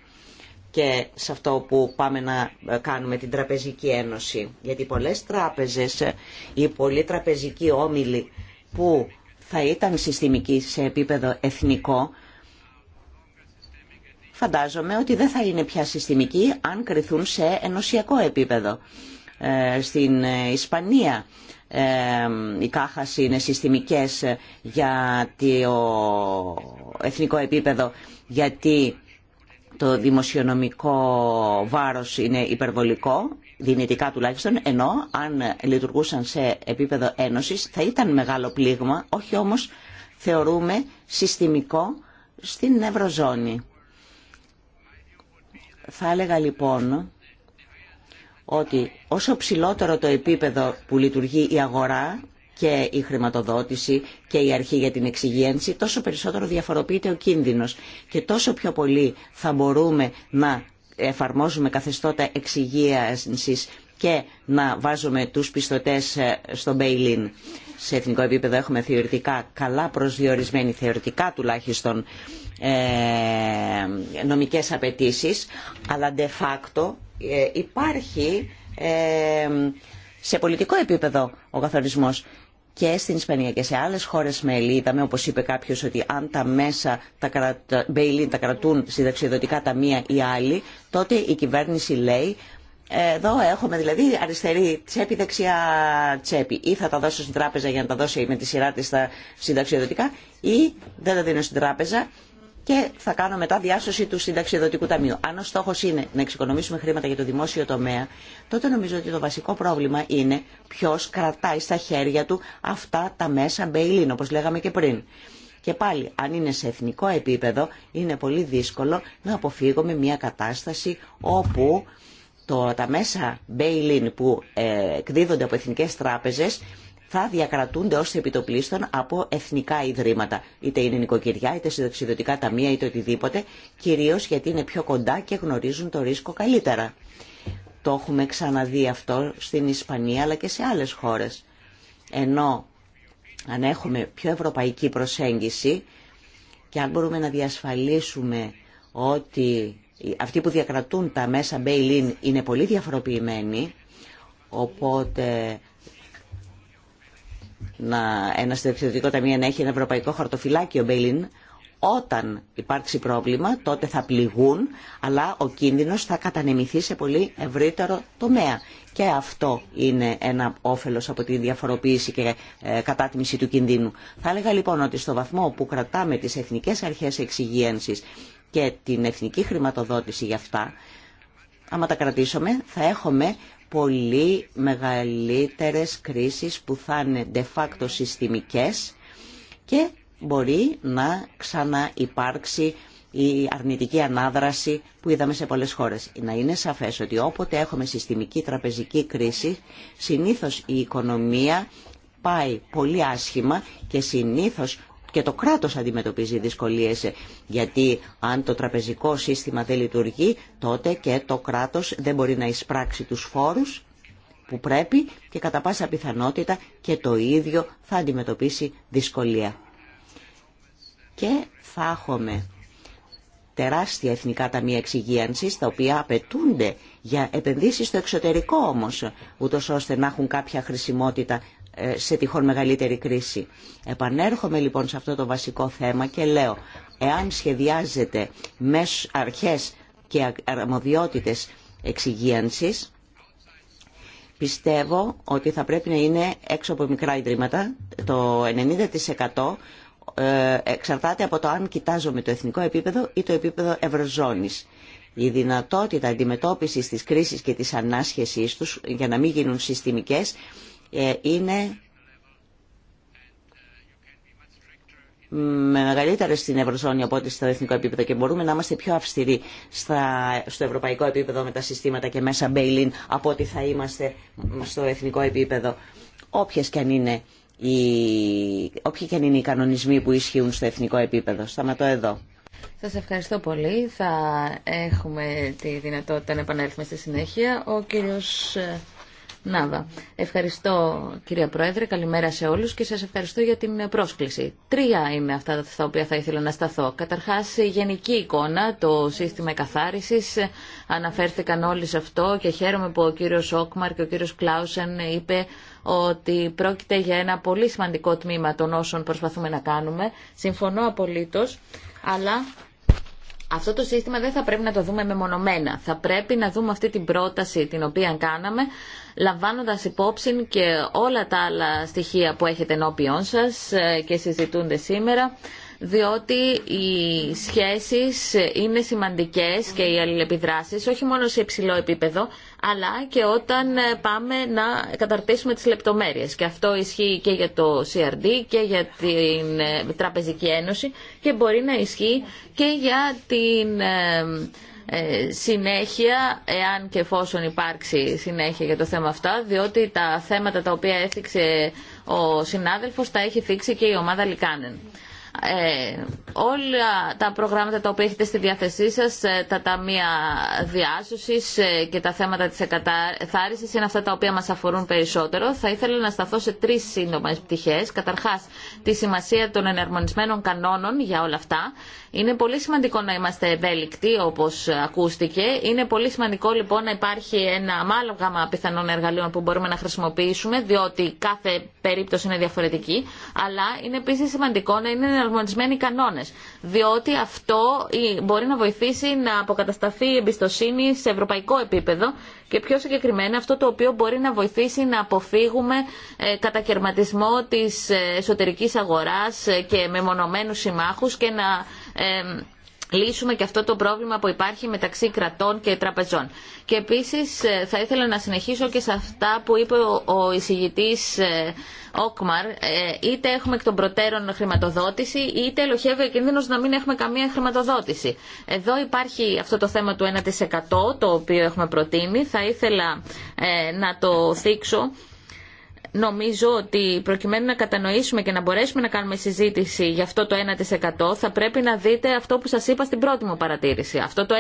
και σε αυτό που πάμε να ε, κάνουμε την Τραπεζική Ένωση. Γιατί πολλές τράπεζες ή ε, πολλοί τραπεζικοί όμιλοι που θα ήταν συστημικοί σε επίπεδο εθνικό φαντάζομαι ότι δεν θα είναι πια συστημική αν κρυθούν σε ενωσιακό επίπεδο. Ε, στην Ισπανία ε, οι κάχαση είναι συστημικές για το εθνικό επίπεδο γιατί το δημοσιονομικό βάρος είναι υπερβολικό, δυνητικά τουλάχιστον, ενώ αν λειτουργούσαν σε επίπεδο ένωσης θα ήταν μεγάλο πλήγμα, όχι όμως θεωρούμε συστημικό στην Ευρωζώνη. Θα έλεγα λοιπόν ότι όσο ψηλότερο το επίπεδο που λειτουργεί η αγορά και η χρηματοδότηση και η αρχή για την εξυγίανση, τόσο περισσότερο διαφοροποιείται ο κίνδυνος και τόσο πιο πολύ θα μπορούμε να εφαρμόζουμε καθεστώτα εξυγίανσης και να βάζουμε τους πιστωτές ε, στο Μπέιλιν Σε εθνικό επίπεδο έχουμε θεωρητικά καλά προσδιορισμένοι, θεωρητικά τουλάχιστον, ε, νομικές απαιτήσεις, αλλά de facto ε, υπάρχει σε πολιτικό επίπεδο ο καθορισμός και στην Ισπανία και σε άλλες χώρες μέλη είδαμε όπως είπε κάποιος ότι αν τα μέσα τα, κρατα... τα κρατούν συνταξιδοτικά ταμεία ή άλλοι τότε η κυβέρνηση λέει εδώ έχουμε δηλαδή αριστερή τσέπη, δεξιά τσέπη. Ή θα τα δώσω στην τράπεζα για να τα δώσει με τη σειρά τη στα συνταξιοδοτικά, ή δεν τα δίνω στην τράπεζα και θα κάνω μετά διάσωση του συνταξιοδοτικού ταμείου. Αν ο στόχο είναι να εξοικονομήσουμε χρήματα για το δημόσιο τομέα, τότε νομίζω ότι το βασικό πρόβλημα είναι ποιο κρατάει στα χέρια του αυτά τα μεσα μπέιλιν, όπω λέγαμε και πριν. Και πάλι, αν είναι σε εθνικό επίπεδο, είναι πολύ δύσκολο να αποφύγουμε μια κατάσταση όπου το, τα μέσα bail-in που ε, εκδίδονται από εθνικές τράπεζες θα διακρατούνται ως επιτοπλίστων από εθνικά ιδρύματα, είτε είναι νοικοκυριά, είτε συνδεξιδωτικά ταμεία, είτε οτιδήποτε, κυρίως γιατί είναι πιο κοντά και γνωρίζουν το ρίσκο καλύτερα. Το έχουμε ξαναδεί αυτό στην Ισπανία αλλά και σε άλλες χώρες. Ενώ αν έχουμε πιο ευρωπαϊκή προσέγγιση και αν μπορούμε να διασφαλίσουμε ότι αυτοί που διακρατούν τα μέσα είναι πολύ διαφοροποιημένοι, οπότε να, ένα συνταξιδοτικό ταμείο να έχει ένα ευρωπαϊκό χαρτοφυλάκιο όταν υπάρξει πρόβλημα τότε θα πληγούν, αλλά ο κίνδυνος θα κατανεμηθεί σε πολύ ευρύτερο τομέα. Και αυτό είναι ένα όφελος από τη διαφοροποίηση και ε, κατάτιμηση του κινδύνου. Θα έλεγα λοιπόν ότι στο βαθμό που κρατάμε τις εθνικές αρχές εξυγίανσης και την εθνική χρηματοδότηση για αυτά, άμα τα κρατήσουμε, θα έχουμε πολύ μεγαλύτερες κρίσεις που θα είναι de facto συστημικές και μπορεί να ξαναυπάρξει η αρνητική ανάδραση που είδαμε σε πολλές χώρες. Να είναι σαφές ότι όποτε έχουμε συστημική τραπεζική κρίση, συνήθως η οικονομία πάει πολύ άσχημα και συνήθως και το κράτος αντιμετωπίζει δυσκολίες γιατί αν το τραπεζικό σύστημα δεν λειτουργεί τότε και το κράτος δεν μπορεί να εισπράξει τους φόρους που πρέπει και κατά πάσα πιθανότητα και το ίδιο θα αντιμετωπίσει δυσκολία. Και θα έχουμε τεράστια εθνικά ταμεία εξυγίανσης τα οποία απαιτούνται για επενδύσεις στο εξωτερικό όμως ούτως ώστε να έχουν κάποια χρησιμότητα ε, σε τυχόν μεγαλύτερη κρίση. Επανέρχομαι λοιπόν σε αυτό το βασικό θέμα και λέω, εάν σχεδιάζεται με αρχές και αρμοδιότητες εξυγίανσης, πιστεύω ότι θα πρέπει να είναι έξω από μικρά ιδρύματα. Το 90% ε, εξαρτάται από το αν κοιτάζομαι το εθνικό επίπεδο ή το επίπεδο ευρωζώνης. Η δυνατότητα αντιμετώπισης της κρίσης και της ανάσχεσής τους για να μην γίνουν συστημικές ε, είναι μεγαλύτερε στην Ευρωζώνη από ό,τι στο εθνικό επίπεδο και μπορούμε να είμαστε πιο αυστηροί στα, στο ευρωπαϊκό επίπεδο με τα συστήματα και μέσα bail-in από ό,τι θα είμαστε στο εθνικό επίπεδο. Όποιες και αν είναι οι, όποιοι και αν είναι οι κανονισμοί που ισχύουν στο εθνικό επίπεδο. Σταματώ εδώ. Σας ευχαριστώ πολύ. Θα έχουμε τη δυνατότητα να επανέλθουμε στη συνέχεια. Ο κύριος ε, Νάβα. Ευχαριστώ κυρία Πρόεδρε, καλημέρα σε όλου, και σα ευχαριστώ για την πρόσκληση. Τρία είναι αυτά τα οποία θα ήθελα να σταθώ. Καταρχά, η γενική εικόνα, το σύστημα εκαθάριση αναφέρθηκαν όλοι σε αυτό και χαίρομαι που ο κύριο Όκμαρ και ο κύριο Κλάουσεν είπε ότι πρόκειται για ένα πολύ σημαντικό τμήμα των όσων προσπαθούμε να κάνουμε. Συμφωνώ απολύτω. αλλά αυτό το σύστημα δεν θα πρέπει να το δούμε μεμονωμένα. Θα πρέπει να δούμε αυτή την πρόταση την οποία κάναμε λαμβάνοντας υπόψη και όλα τα άλλα στοιχεία που έχετε ενώπιόν σας ε, και συζητούνται σήμερα, διότι οι σχέσεις είναι σημαντικές και οι αλληλεπιδράσεις, όχι μόνο σε υψηλό επίπεδο, αλλά και όταν ε, πάμε να καταρτήσουμε τις λεπτομέρειες. Και αυτό ισχύει και για το CRD και για την ε, Τραπεζική Ένωση και μπορεί να ισχύει και για την ε, συνέχεια, εάν και εφόσον υπάρξει συνέχεια για το θέμα αυτά, διότι τα θέματα τα οποία έθιξε ο συνάδελφος τα έχει θίξει και η ομάδα Λικάνεν. Ε, όλα τα προγράμματα τα οποία έχετε στη διάθεσή σας, ε, τα ταμεία διάσωσης ε, και τα θέματα της εκαθάρισης είναι αυτά τα οποία μας αφορούν περισσότερο. Θα ήθελα να σταθώ σε τρεις σύντομες πτυχές. Καταρχάς, τη σημασία των εναρμονισμένων κανόνων για όλα αυτά. Είναι πολύ σημαντικό να είμαστε ευέλικτοι, όπως ακούστηκε. Είναι πολύ σημαντικό λοιπόν να υπάρχει ένα αμάλογαμα πιθανών εργαλείων που μπορούμε να χρησιμοποιήσουμε, διότι κάθε περίπτωση είναι διαφορετική. Αλλά είναι επίσης σημαντικό να είναι εναρμονισμένοι οι κανόνες, διότι αυτό μπορεί να βοηθήσει να αποκατασταθεί η εμπιστοσύνη σε ευρωπαϊκό επίπεδο και πιο συγκεκριμένα αυτό το οποίο μπορεί να βοηθήσει να αποφύγουμε ε, κατακαιρματισμό της ε, εσωτερικής αγοράς ε, και μεμονωμένους συμμάχους και να λύσουμε και αυτό το πρόβλημα που υπάρχει μεταξύ κρατών και τραπεζών. Και επίσης ε, θα ήθελα να συνεχίσω και σε αυτά που είπε ο εισηγητής ε, Όκμαρ. Ε, είτε έχουμε εκ των προτέρων χρηματοδότηση, είτε ελοχεύει ο κίνδυνο να μην έχουμε καμία χρηματοδότηση. Εδώ υπάρχει αυτό το θέμα του 1% το οποίο έχουμε προτείνει. Θα ήθελα να το θίξω νομίζω ότι προκειμένου να κατανοήσουμε και να μπορέσουμε να κάνουμε συζήτηση για αυτό το 1% θα πρέπει να δείτε αυτό που σας είπα στην πρώτη μου παρατήρηση. Αυτό το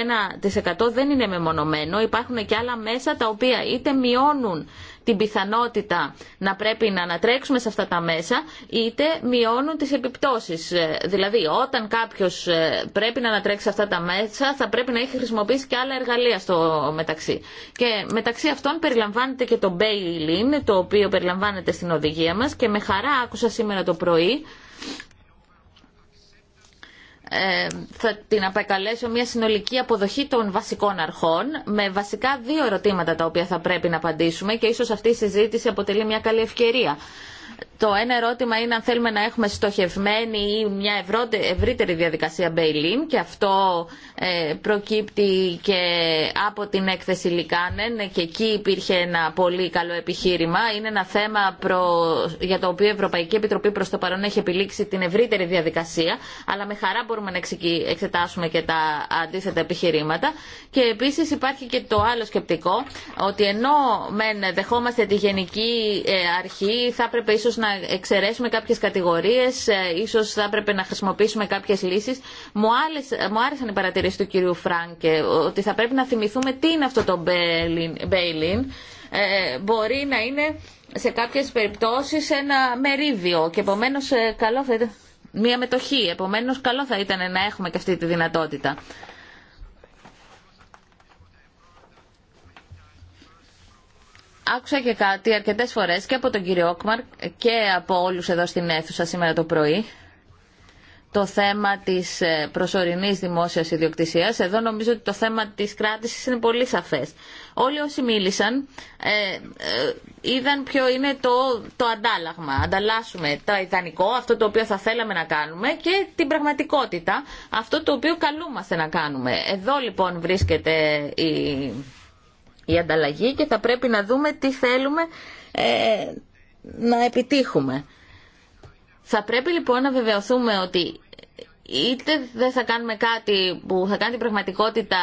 1% δεν είναι μεμονωμένο, υπάρχουν και άλλα μέσα τα οποία είτε μειώνουν την πιθανότητα να πρέπει να ανατρέξουμε σε αυτά τα μέσα, είτε μειώνουν τις επιπτώσεις. Ε, δηλαδή, όταν κάποιος ε, πρέπει να ανατρέξει σε αυτά τα μέσα, θα πρέπει να έχει χρησιμοποιήσει και άλλα εργαλεία στο μεταξύ. Και μεταξύ αυτών περιλαμβάνεται και το bail-in, το οποίο περιλαμβάνεται στην οδηγία μας και με χαρά άκουσα σήμερα το πρωί θα την απεκαλέσω μια συνολική αποδοχή των βασικών αρχών με βασικά δύο ερωτήματα τα οποία θα πρέπει να απαντήσουμε και ίσως αυτή η συζήτηση αποτελεί μια καλή ευκαιρία. Το ένα ερώτημα είναι αν θέλουμε να έχουμε στοχευμένη ή μια ευρύτερη διαδικασία bail-in και αυτό ε, προκύπτει και από την έκθεση Λικάνεν και εκεί υπήρχε ένα πολύ καλό επιχείρημα. Είναι ένα θέμα προ... για το οποίο η Ευρωπαϊκή Επιτροπή προς το παρόν έχει επιλήξει την ευρύτερη διαδικασία αλλά με χαρά μπορούμε να εξετάσουμε και τα αντίθετα επιχειρήματα και επίσης υπάρχει και το άλλο σκεπτικό ότι ενώ μεν δεχόμαστε τη γενική ε, αρχή θα έπρεπε ίσως να εξαιρέσουμε κάποιες κατηγορίες, ε, ίσως θα έπρεπε να χρησιμοποιήσουμε κάποιες λύσεις. Μου, άρεσαν οι παρατηρήσεις του κυρίου Φράνκε, ότι θα πρέπει να θυμηθούμε τι είναι αυτό το bail-in. Ε, μπορεί να είναι σε κάποιες περιπτώσεις ένα μερίδιο και επομένως ε, καλό θα ήταν μια μετοχή. Επομένως καλό θα ήταν να έχουμε και αυτή τη δυνατότητα. άκουσα και κάτι αρκετές φορές και από τον κύριο Όκμαρ και από όλους εδώ στην αίθουσα σήμερα το πρωί το θέμα της ε, προσωρινής δημόσιας ιδιοκτησίας. Εδώ νομίζω ότι το θέμα της κράτησης είναι πολύ σαφές. Όλοι όσοι μίλησαν ε, ε, είδαν ποιο είναι το, το αντάλλαγμα. Ανταλλάσσουμε το ιδανικό, αυτό το οποίο θα θέλαμε να κάνουμε και την πραγματικότητα, αυτό το οποίο καλούμαστε να κάνουμε. Εδώ λοιπόν βρίσκεται η η ανταλλαγή και θα πρέπει να δούμε τι θέλουμε ε, να επιτύχουμε. Θα πρέπει λοιπόν να βεβαιωθούμε ότι είτε δεν θα κάνουμε κάτι που θα κάνει την πραγματικότητα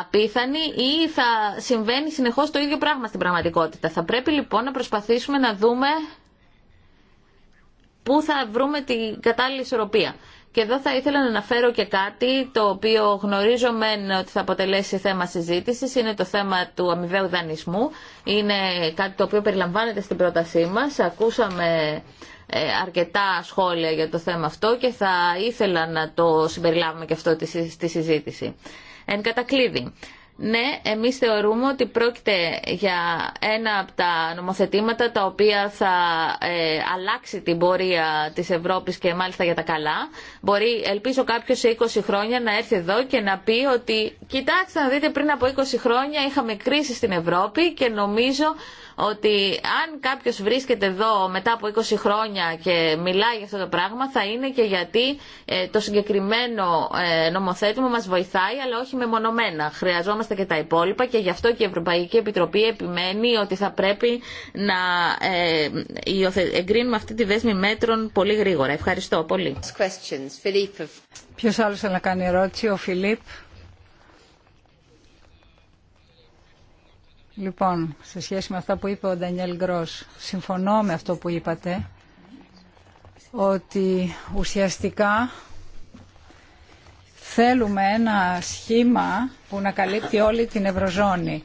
απίθανη ή θα συμβαίνει συνεχώς το ίδιο πράγμα στην πραγματικότητα. Θα πρέπει λοιπόν να προσπαθήσουμε να δούμε πού θα βρούμε την κατάλληλη ισορροπία. Και εδώ θα ήθελα να αναφέρω και κάτι το οποίο γνωρίζομαι ότι θα αποτελέσει θέμα συζήτηση, Είναι το θέμα του αμοιβαίου δανεισμού. Είναι κάτι το οποίο περιλαμβάνεται στην πρότασή μας. Ακούσαμε ε, αρκετά σχόλια για το θέμα αυτό και θα ήθελα να το συμπεριλάβουμε και αυτό στη συζήτηση. Εν κατακλείδη, ναι, εμείς θεωρούμε ότι πρόκειται για ένα από τα νομοθετήματα τα οποία θα ε, αλλάξει την πορεία της Ευρώπης και μάλιστα για τα καλά. Μπορεί, ελπίζω κάποιος σε 20 χρόνια να έρθει εδώ και να πει ότι κοιτάξτε να δείτε πριν από 20 χρόνια είχαμε κρίση στην Ευρώπη και νομίζω ότι αν κάποιος βρίσκεται εδώ μετά από 20 χρόνια και μιλάει για αυτό το πράγμα θα είναι και γιατί ε, το συγκεκριμένο ε, νομοθέτημα μας βοηθάει αλλά όχι μεμονωμένα. Χρειαζόμαστε και τα υπόλοιπα και γι' αυτό και η Ευρωπαϊκή Επιτροπή επιμένει ότι θα πρέπει να ε, εγκρίνουμε αυτή τη δέσμη μέτρων πολύ γρήγορα. Ευχαριστώ πολύ. Ποιος άλλος θέλει να κάνει ερώτηση, ο Φιλίπ. Λοιπόν, σε σχέση με αυτά που είπε ο Ντανιέλ Γκρός, συμφωνώ με αυτό που είπατε, ότι ουσιαστικά θέλουμε ένα σχήμα που να καλύπτει όλη την Ευρωζώνη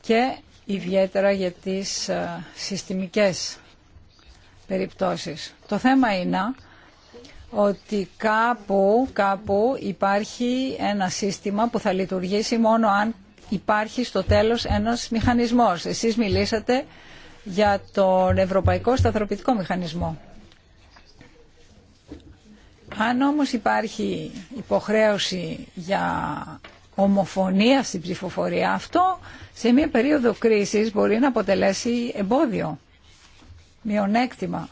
και ιδιαίτερα για τις ε, συστημικές περιπτώσεις. Το θέμα είναι ότι κάπου, κάπου υπάρχει ένα σύστημα που θα λειτουργήσει μόνο αν υπάρχει στο τέλος ένας μηχανισμός. Εσείς μιλήσατε για τον Ευρωπαϊκό Σταθροποιητικό Μηχανισμό. Αν όμως υπάρχει υποχρέωση για ομοφωνία στην ψηφοφορία, αυτό σε μια περίοδο κρίσης μπορεί να αποτελέσει εμπόδιο, μειονέκτημα.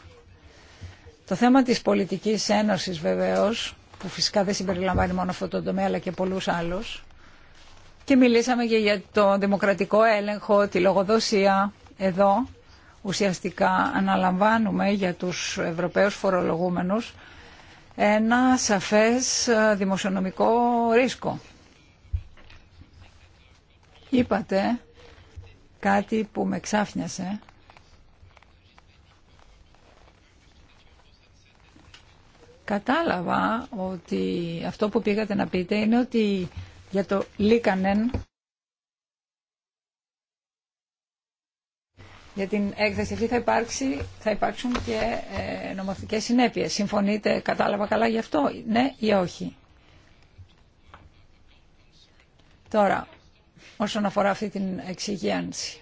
Το θέμα της πολιτικής ένωσης βεβαίως, που φυσικά δεν συμπεριλαμβάνει μόνο αυτό το τομέα αλλά και πολλούς άλλους, και μιλήσαμε και για το δημοκρατικό έλεγχο, τη λογοδοσία. Εδώ ουσιαστικά αναλαμβάνουμε για τους Ευρωπαίους φορολογούμενους ένα σαφές ε, δημοσιονομικό ρίσκο. Είπατε κάτι που με ξάφνιασε. Κατάλαβα ότι αυτό που πήγατε να πείτε είναι ότι για το Λίκανεν για την έκθεση αυτή θα, υπάρξει, θα υπάρξουν και ε, νομοθετικές συνέπειες. Συμφωνείτε, κατάλαβα καλά γι' αυτό, ναι ή όχι. Τώρα, όσον αφορά αυτή την εξυγίανση,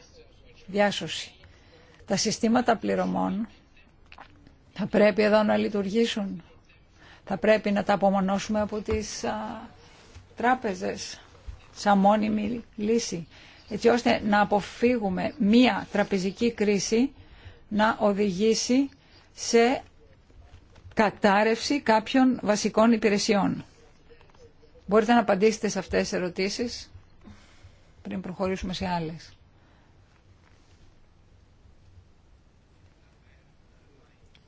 διάσωση, τα συστήματα πληρωμών θα πρέπει εδώ να λειτουργήσουν. Θα πρέπει να τα απομονώσουμε από τις τράπεζες σαν μόνιμη λύση, έτσι ώστε να αποφύγουμε μία τραπεζική κρίση να οδηγήσει σε κατάρρευση κάποιων βασικών υπηρεσιών. Μπορείτε να απαντήσετε σε αυτές τις ερωτήσεις πριν προχωρήσουμε σε άλλες.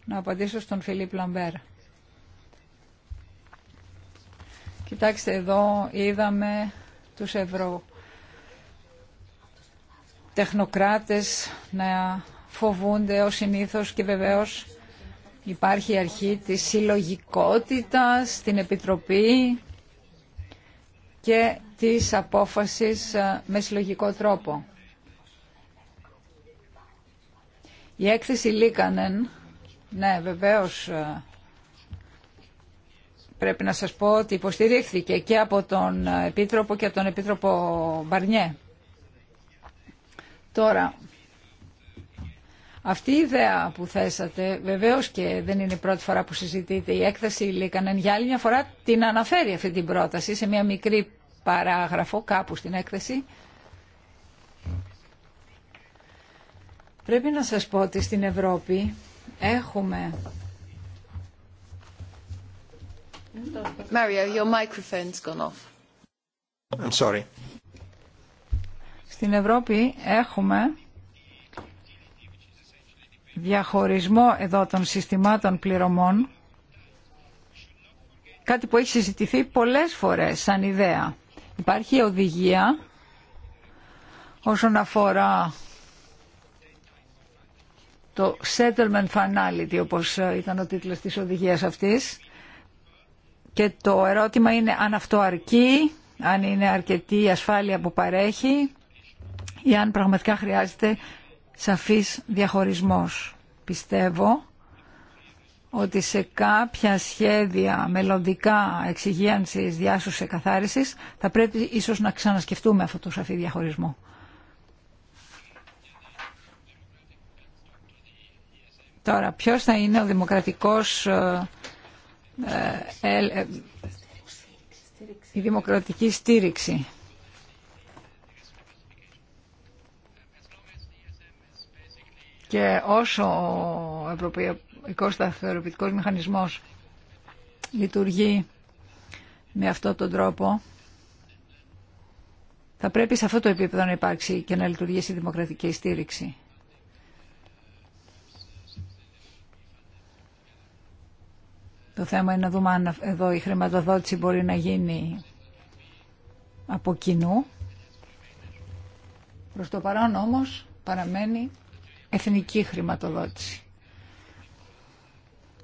Να απαντήσω στον Φιλίπ Λαμπέρα. Κοιτάξτε εδώ είδαμε τους ευρωτεχνοκράτες να φοβούνται ως συνήθως και βεβαίως υπάρχει η αρχή της συλλογικότητας στην Επιτροπή και της απόφασης ε, με συλλογικό τρόπο. Η έκθεση Λίκανεν, ναι βεβαίως ε, πρέπει να σας πω ότι υποστηρίχθηκε και από τον Επίτροπο και από τον Επίτροπο Μπαρνιέ. Τώρα, αυτή η ιδέα που θέσατε, βεβαίως και δεν είναι η πρώτη φορά που συζητείτε, η έκθεση Λίκανεν για άλλη μια φορά την αναφέρει αυτή την πρόταση σε μια μικρή παράγραφο κάπου στην έκθεση. Πρέπει να σας πω ότι στην Ευρώπη έχουμε στην Ευρώπη έχουμε διαχωρισμό εδώ των συστημάτων πληρωμών, κάτι που έχει συζητηθεί πολλές φορές σαν ιδέα. Υπάρχει οδηγία όσον αφορά το settlement finality, όπως ήταν ο τίτλος της οδηγίας αυτής, και το ερώτημα είναι αν αυτό αρκεί, αν είναι αρκετή η ασφάλεια που παρέχει ή αν πραγματικά χρειάζεται σαφής διαχωρισμός. Πιστεύω ότι σε κάποια σχέδια μελλοντικά εξυγίανσης, διάσωσης, εκαθάρισης θα πρέπει ίσως να ξανασκεφτούμε αυτό το σαφή διαχωρισμό. Τώρα, ποιος θα είναι ο δημοκρατικός ε, ε, ε, ε, η δημοκρατική στήριξη. Και όσο ο Ευρωπαϊκός Σταθεροποιητικός Μηχανισμός λειτουργεί με αυτόν τον τρόπο, θα πρέπει σε αυτό το επίπεδο να υπάρξει και να λειτουργήσει η δημοκρατική στήριξη. Το θέμα είναι να δούμε αν εδώ η χρηματοδότηση μπορεί να γίνει από κοινού. Προς το παρόν όμως παραμένει εθνική χρηματοδότηση.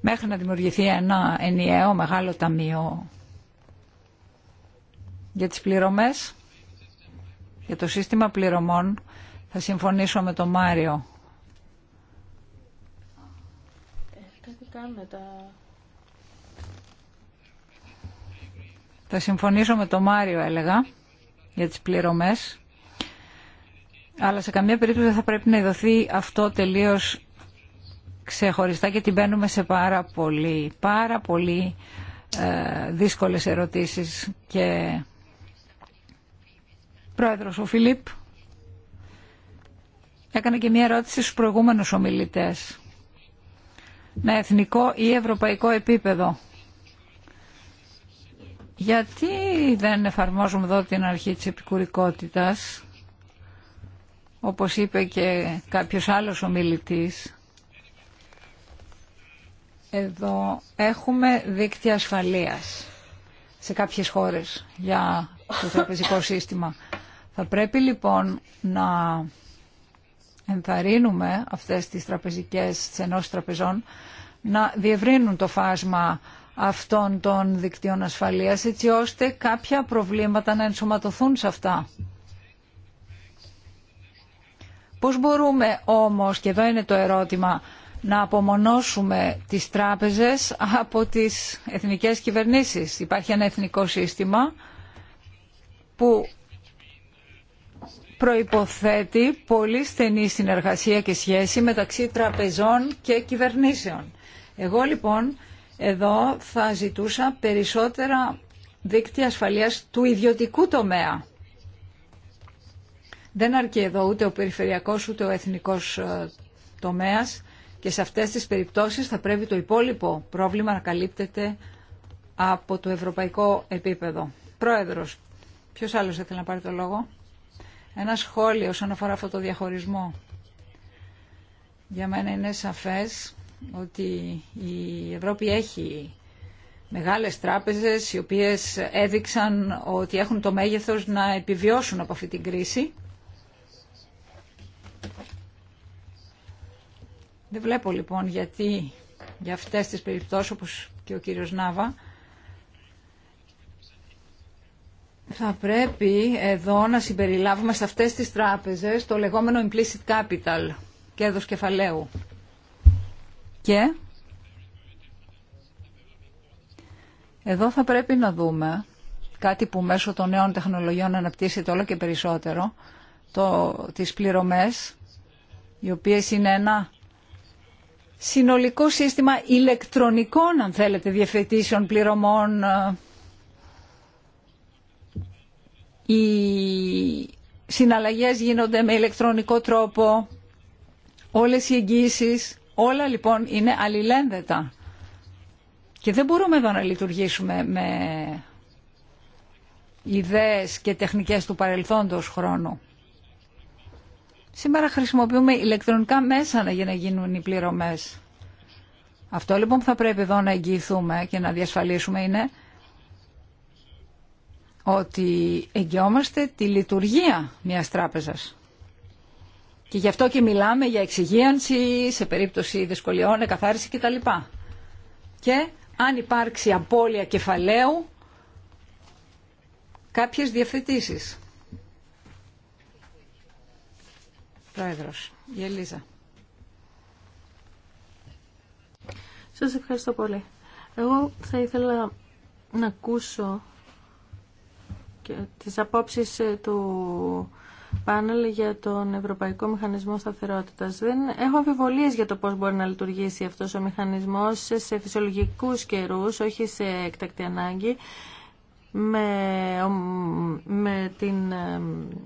Μέχρι να δημιουργηθεί ένα ενιαίο μεγάλο ταμείο για τις πληρωμές, για το σύστημα πληρωμών, θα συμφωνήσω με τον Μάριο. Ε, Θα συμφωνήσω με τον Μάριο έλεγα για τις πληρωμές αλλά σε καμία περίπτωση δεν θα πρέπει να ειδωθεί αυτό τελείως ξεχωριστά και την μπαίνουμε σε πάρα πολύ, πάρα πολύ ε, δύσκολες ερωτήσεις και πρόεδρος ο Φιλίπ έκανε και μια ερώτηση στους προηγούμενους ομιλητές με εθνικό ή ευρωπαϊκό επίπεδο γιατί δεν εφαρμόζουμε εδώ την αρχή της επικουρικότητας, όπως είπε και κάποιος άλλος ομιλητής. Εδώ έχουμε δίκτυα ασφαλείας σε κάποιες χώρες για το τραπεζικό σύστημα. Θα πρέπει λοιπόν να ενθαρρύνουμε αυτές τις τραπεζικές τις ενός τραπεζών να διευρύνουν το φάσμα αυτών των δικτύων ασφαλείας έτσι ώστε κάποια προβλήματα να ενσωματωθούν σε αυτά. Πώς μπορούμε όμως, και εδώ είναι το ερώτημα, να απομονώσουμε τις τράπεζες από τις εθνικές κυβερνήσεις. Υπάρχει ένα εθνικό σύστημα που προϋποθέτει πολύ στενή συνεργασία και σχέση μεταξύ τραπεζών και κυβερνήσεων. Εγώ λοιπόν εδώ θα ζητούσα περισσότερα δίκτυα ασφαλείας του ιδιωτικού τομέα. Δεν αρκεί εδώ ούτε ο περιφερειακός ούτε ο εθνικός ε, τομέας και σε αυτές τις περιπτώσεις θα πρέπει το υπόλοιπο πρόβλημα να καλύπτεται από το ευρωπαϊκό επίπεδο. Πρόεδρος, ποιος άλλος ήθελε να πάρει το λόγο. Ένα σχόλιο όσον αφορά αυτό το διαχωρισμό. Για μένα είναι σαφές ότι η Ευρώπη έχει μεγάλες τράπεζες οι οποίες έδειξαν ότι έχουν το μέγεθος να επιβιώσουν από αυτή την κρίση. Δεν βλέπω λοιπόν γιατί για αυτές τις περιπτώσεις όπως και ο κύριος Νάβα θα πρέπει εδώ να συμπεριλάβουμε σε αυτές τις τράπεζες το λεγόμενο implicit capital, κέρδος κεφαλαίου. Και εδώ θα πρέπει να δούμε κάτι που μέσω των νέων τεχνολογιών αναπτύσσεται όλο και περισσότερο, το, τις πληρωμές, οι οποίες είναι ένα συνολικό σύστημα ηλεκτρονικών, αν θέλετε, διευθετήσεων πληρωμών. Οι συναλλαγές γίνονται με ηλεκτρονικό τρόπο, όλες οι εγγύσεις. Όλα λοιπόν είναι αλληλένδετα. Και δεν μπορούμε εδώ να λειτουργήσουμε με ιδέες και τεχνικές του παρελθόντος χρόνου. Σήμερα χρησιμοποιούμε ηλεκτρονικά μέσα για να γίνουν οι πληρωμές. Αυτό λοιπόν που θα πρέπει εδώ να εγγυηθούμε και να διασφαλίσουμε είναι ότι εγγυόμαστε τη λειτουργία μιας τράπεζας. Και γι' αυτό και μιλάμε για εξυγίανση σε περίπτωση δυσκολιών, εκαθάριση κτλ. Και αν υπάρξει απώλεια κεφαλαίου, κάποιες διευθετήσεις. Πρόεδρος, η Ελίζα. Σας ευχαριστώ πολύ. Εγώ θα ήθελα να ακούσω και τις απόψεις ε, του πάνελ για τον Ευρωπαϊκό Μηχανισμό Σταθερότητα. Δεν έχω αμφιβολίε για το πώ μπορεί να λειτουργήσει αυτό ο μηχανισμό σε φυσιολογικού καιρού, όχι σε εκτακτή ανάγκη. Με, με την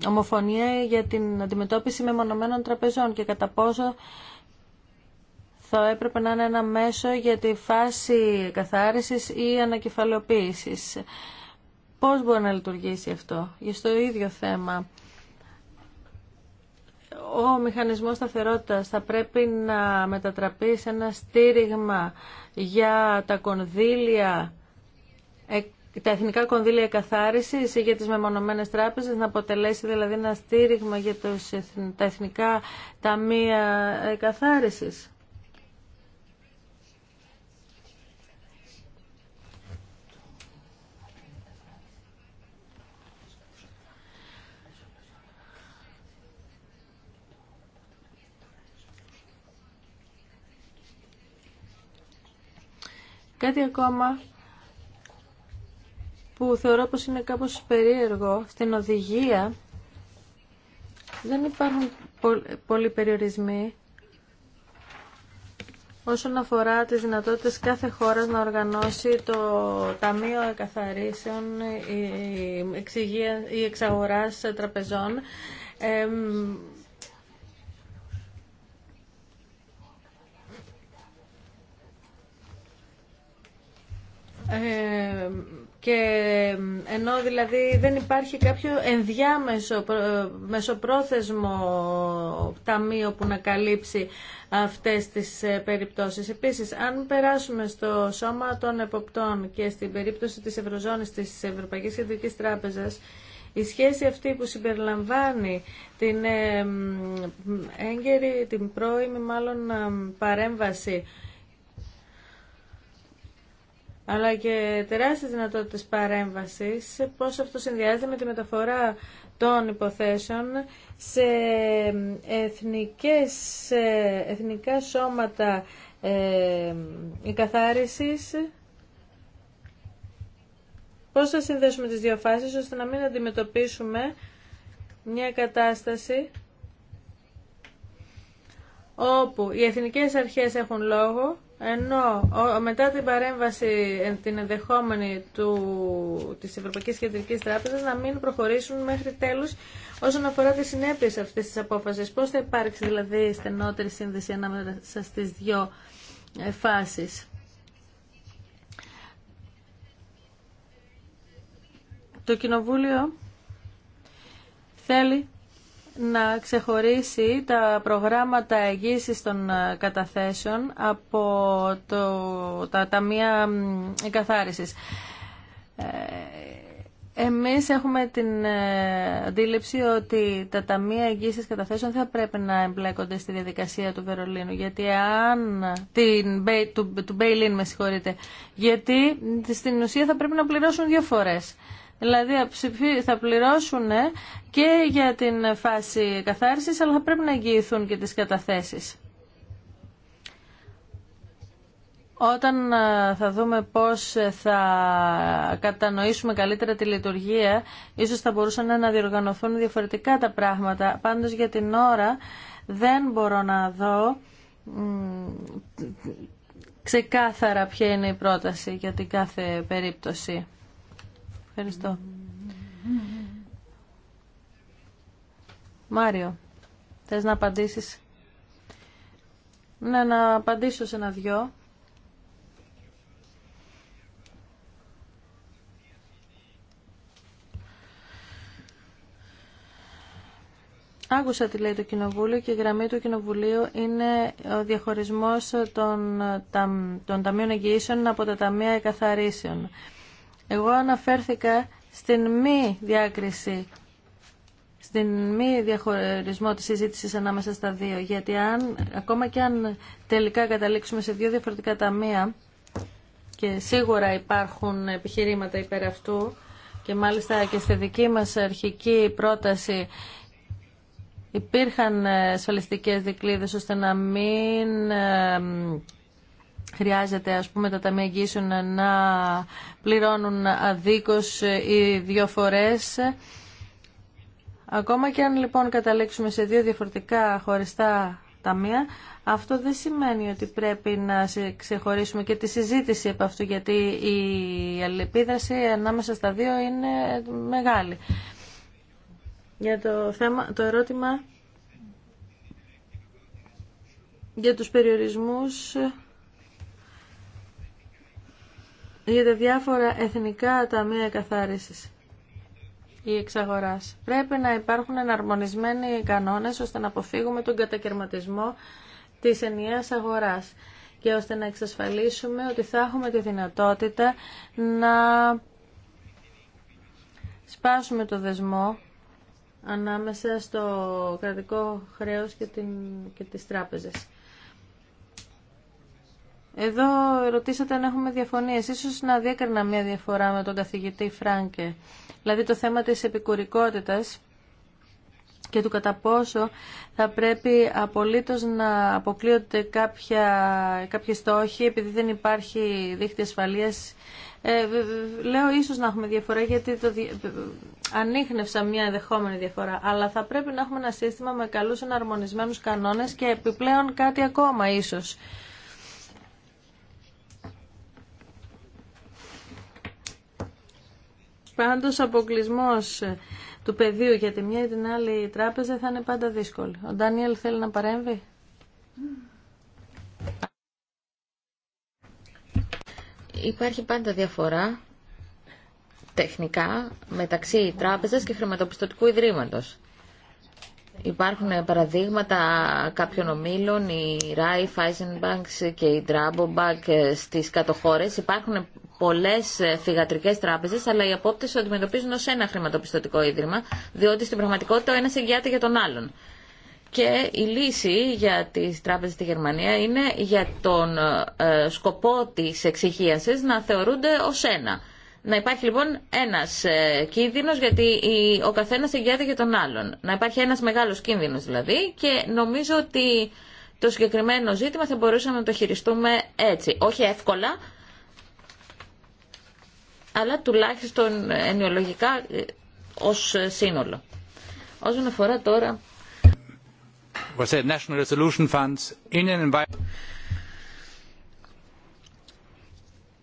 ομοφωνία για την αντιμετώπιση μεμονωμένων τραπεζών και κατά πόσο θα έπρεπε να είναι ένα μέσο για τη φάση καθάρισης ή ανακεφαλαιοποίησης. Πώς μπορεί να λειτουργήσει αυτό. Για στο ίδιο θέμα ο μηχανισμός σταθερότητας θα πρέπει να μετατραπεί σε ένα στήριγμα για τα κονδύλια ε, τα εθνικά κονδύλια καθάρισης για τις μεμονωμένες τράπεζες να αποτελέσει δηλαδή ένα στήριγμα για τα εθνικά ταμεία καθάρισης. Κάτι ακόμα που θεωρώ πως είναι κάπως περίεργο στην οδηγία δεν υπάρχουν πολλοί περιορισμοί όσον αφορά τις δυνατότητες κάθε χώρας να οργανώσει το Ταμείο Εκαθαρίσεων ή εξαγοράς τραπεζών Ε, και ενώ δηλαδή δεν υπάρχει κάποιο ενδιάμεσο ε, μεσοπρόθεσμο ταμείο που να καλύψει αυτές τις ε, περιπτώσεις. Επίσης, αν περάσουμε στο σώμα των εποπτών και στην περίπτωση της Ευρωζώνης της Ευρωπαϊκής Κεντρικής Τράπεζας, η σχέση αυτή που συμπεριλαμβάνει την έγκαιρη, την πρώιμη μάλλον παρέμβαση αλλά και τεράστιες δυνατότητες παρέμβασης, πώς αυτό συνδυάζεται με τη μεταφορά των υποθέσεων σε εθνικές, εθνικά σώματα ε, καθάρισης πώς θα συνδέσουμε τις δύο φάσεις ώστε να μην αντιμετωπίσουμε μια κατάσταση όπου οι εθνικές αρχές έχουν λόγο ενώ μετά την παρέμβαση ε, την ενδεχόμενη του, της Ευρωπαϊκής Κεντρικής Τράπεζας να μην προχωρήσουν μέχρι τέλους όσον αφορά τις συνέπειες αυτής της απόφασης. Πώς θα υπάρξει δηλαδή στενότερη σύνδεση ανάμεσα στις δύο ε, φάσεις. Το Κοινοβούλιο θέλει να ξεχωρίσει τα προγράμματα εγγύησης των ε, καταθέσεων από το, τα ταμεία εκαθάρισης. Ε, εμείς έχουμε την ε, αντίληψη ότι τα ταμεία εγγύησης καταθέσεων θα πρέπει να εμπλέκονται στη διαδικασία του Βερολίνου, γιατί αν, την, του, του με συγχωρείτε, γιατί στην ουσία θα πρέπει να πληρώσουν δύο φορές. Δηλαδή θα πληρώσουν και για την φάση καθάρισης, αλλά θα πρέπει να εγγυηθούν και τις καταθέσεις. Όταν θα δούμε πώς θα κατανοήσουμε καλύτερα τη λειτουργία, ίσως θα μπορούσαν να διοργανωθούν διαφορετικά τα πράγματα. Πάντως για την ώρα δεν μπορώ να δω ξεκάθαρα ποια είναι η πρόταση για την κάθε περίπτωση. Ευχαριστώ. Μάριο, θες να απαντήσεις. Ναι, να απαντήσω σε ένα δυο. Άκουσα τι λέει το Κοινοβούλιο και η γραμμή του Κοινοβουλίου είναι ο διαχωρισμός των, των Ταμείων Εγγυήσεων από τα Ταμεία Εκαθαρίσεων. Εγώ αναφέρθηκα στην μη διάκριση στην μη διαχωρισμό της συζήτηση ανάμεσα στα δύο, γιατί αν, ακόμα και αν τελικά καταλήξουμε σε δύο διαφορετικά ταμεία και σίγουρα υπάρχουν επιχειρήματα υπέρ αυτού και μάλιστα και στη δική μας αρχική πρόταση υπήρχαν ασφαλιστικές δικλείδες ώστε να μην ε, χρειάζεται ας πούμε τα ταμεία να πληρώνουν αδίκως ή δύο φορές. Ακόμα και αν λοιπόν καταλήξουμε σε δύο διαφορετικά χωριστά ταμεία, αυτό δεν σημαίνει ότι πρέπει να ξεχωρίσουμε και τη συζήτηση από αυτού, γιατί η αλληλεπίδραση ανάμεσα στα δύο είναι μεγάλη. Για το, θέμα, το ερώτημα για τους περιορισμούς για τα διάφορα εθνικά ταμεία καθάρισης ή εξαγοράς. Πρέπει να υπάρχουν εναρμονισμένοι κανόνες ώστε να αποφύγουμε τον κατακαιρματισμό της ενιαίας αγοράς και ώστε να εξασφαλίσουμε ότι θα έχουμε τη δυνατότητα να σπάσουμε το δεσμό ανάμεσα στο κρατικό χρέος και, την, και τις τράπεζες. Εδώ ρωτήσατε αν έχουμε διαφωνίες. Ίσως να διέκρινα μια διαφορά με τον καθηγητή Φράνκε. Δηλαδή το θέμα της επικουρικότητας και του κατά πόσο θα πρέπει απολύτως να αποκλείονται κάποια, κάποιοι στόχοι επειδή δεν υπάρχει δίχτυ ασφαλείας. Ε, λέω ίσως να έχουμε διαφορά γιατί το, ανείχνευσα μια ενδεχόμενη διαφορά, αλλά θα πρέπει να έχουμε ένα σύστημα με καλούς εναρμονισμένους κανόνες και επιπλέον κάτι ακόμα ίσως. πάντως ο αποκλεισμός ε, του πεδίου για τη μια ή την άλλη τράπεζα θα είναι πάντα δύσκολη. Ο Ντάνιελ θέλει να παρέμβει. Υπάρχει πάντα διαφορά τεχνικά μεταξύ τράπεζας και χρηματοπιστωτικού ιδρύματος. Υπάρχουν παραδείγματα κάποιων ομίλων, η Rai, η και η Drabobank στις κατοχώρες. Υπάρχουν πολλές θυγατρικές τράπεζες, αλλά οι απόπτες αντιμετωπίζουν ως ένα χρηματοπιστωτικό ίδρυμα, διότι στην πραγματικότητα ο ένας εγγυάται για τον άλλον. Και η λύση για τις τράπεζες στη Γερμανία είναι για τον ε, σκοπό της εξυγίασης να θεωρούνται ως ένα. Να υπάρχει λοιπόν ένας ε, κίνδυνο, γιατί ο καθένας εγγυάται για τον άλλον. Να υπάρχει ένας μεγάλος κίνδυνο δηλαδή και νομίζω ότι το συγκεκριμένο ζήτημα θα μπορούσαμε να το χειριστούμε έτσι. Όχι εύκολα, αλλά τουλάχιστον ενοιολογικά ε, ως σύνολο. Όσον αφορά τώρα...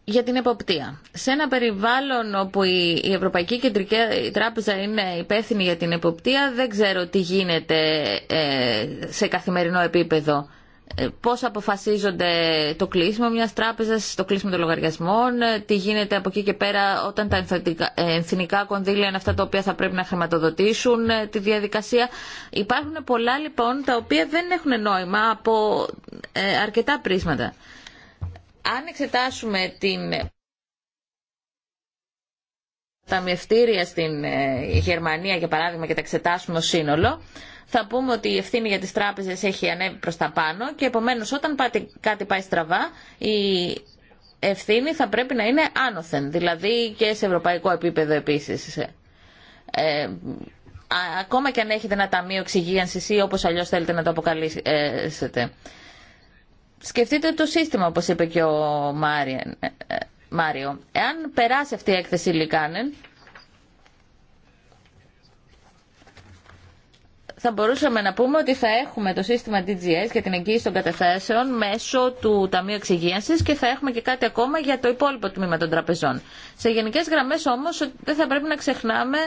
για την εποπτεία. Σε ένα περιβάλλον όπου η Ευρωπαϊκή Κεντρική Τράπεζα είναι υπεύθυνη για την εποπτεία, δεν ξέρω τι γίνεται ε, σε καθημερινό επίπεδο. Ε, πώς αποφασίζονται το κλείσιμο μιας τράπεζας, το κλείσιμο των λογαριασμών, ε, τι γίνεται από εκεί και πέρα όταν τα εθνικά κονδύλια είναι αυτά τα οποία θα πρέπει να χρηματοδοτήσουν τη διαδικασία. Υπάρχουν πολλά λοιπόν τα οποία δεν έχουν νόημα από αρκετά πρίσματα αν εξετάσουμε την ταμιευτήρια στην ε, Γερμανία για παράδειγμα και τα εξετάσουμε ως σύνολο θα πούμε ότι η ευθύνη για τις τράπεζες έχει ανέβει προς τα πάνω και επομένως όταν κάτι πάει στραβά η ευθύνη θα πρέπει να είναι άνωθεν δηλαδή και σε ευρωπαϊκό επίπεδο επίσης. Ε, ε ακόμα και αν έχετε ένα ταμείο εξυγίανσης ή όπως αλλιώς θέλετε να το αποκαλύψετε. Ε, σκεφτείτε το σύστημα, όπως είπε και ο ε, ε, Μάριο. Εάν περάσει αυτή η έκθεση Λικάνεν, θα μπορούσαμε να πούμε ότι θα έχουμε το σύστημα DGS για την εγγύηση των καταθέσεων μέσω του Ταμείου Εξυγίανση και θα έχουμε και κάτι ακόμα για το υπόλοιπο τμήμα των τραπεζών. Σε γενικέ γραμμέ όμω δεν θα πρέπει να ξεχνάμε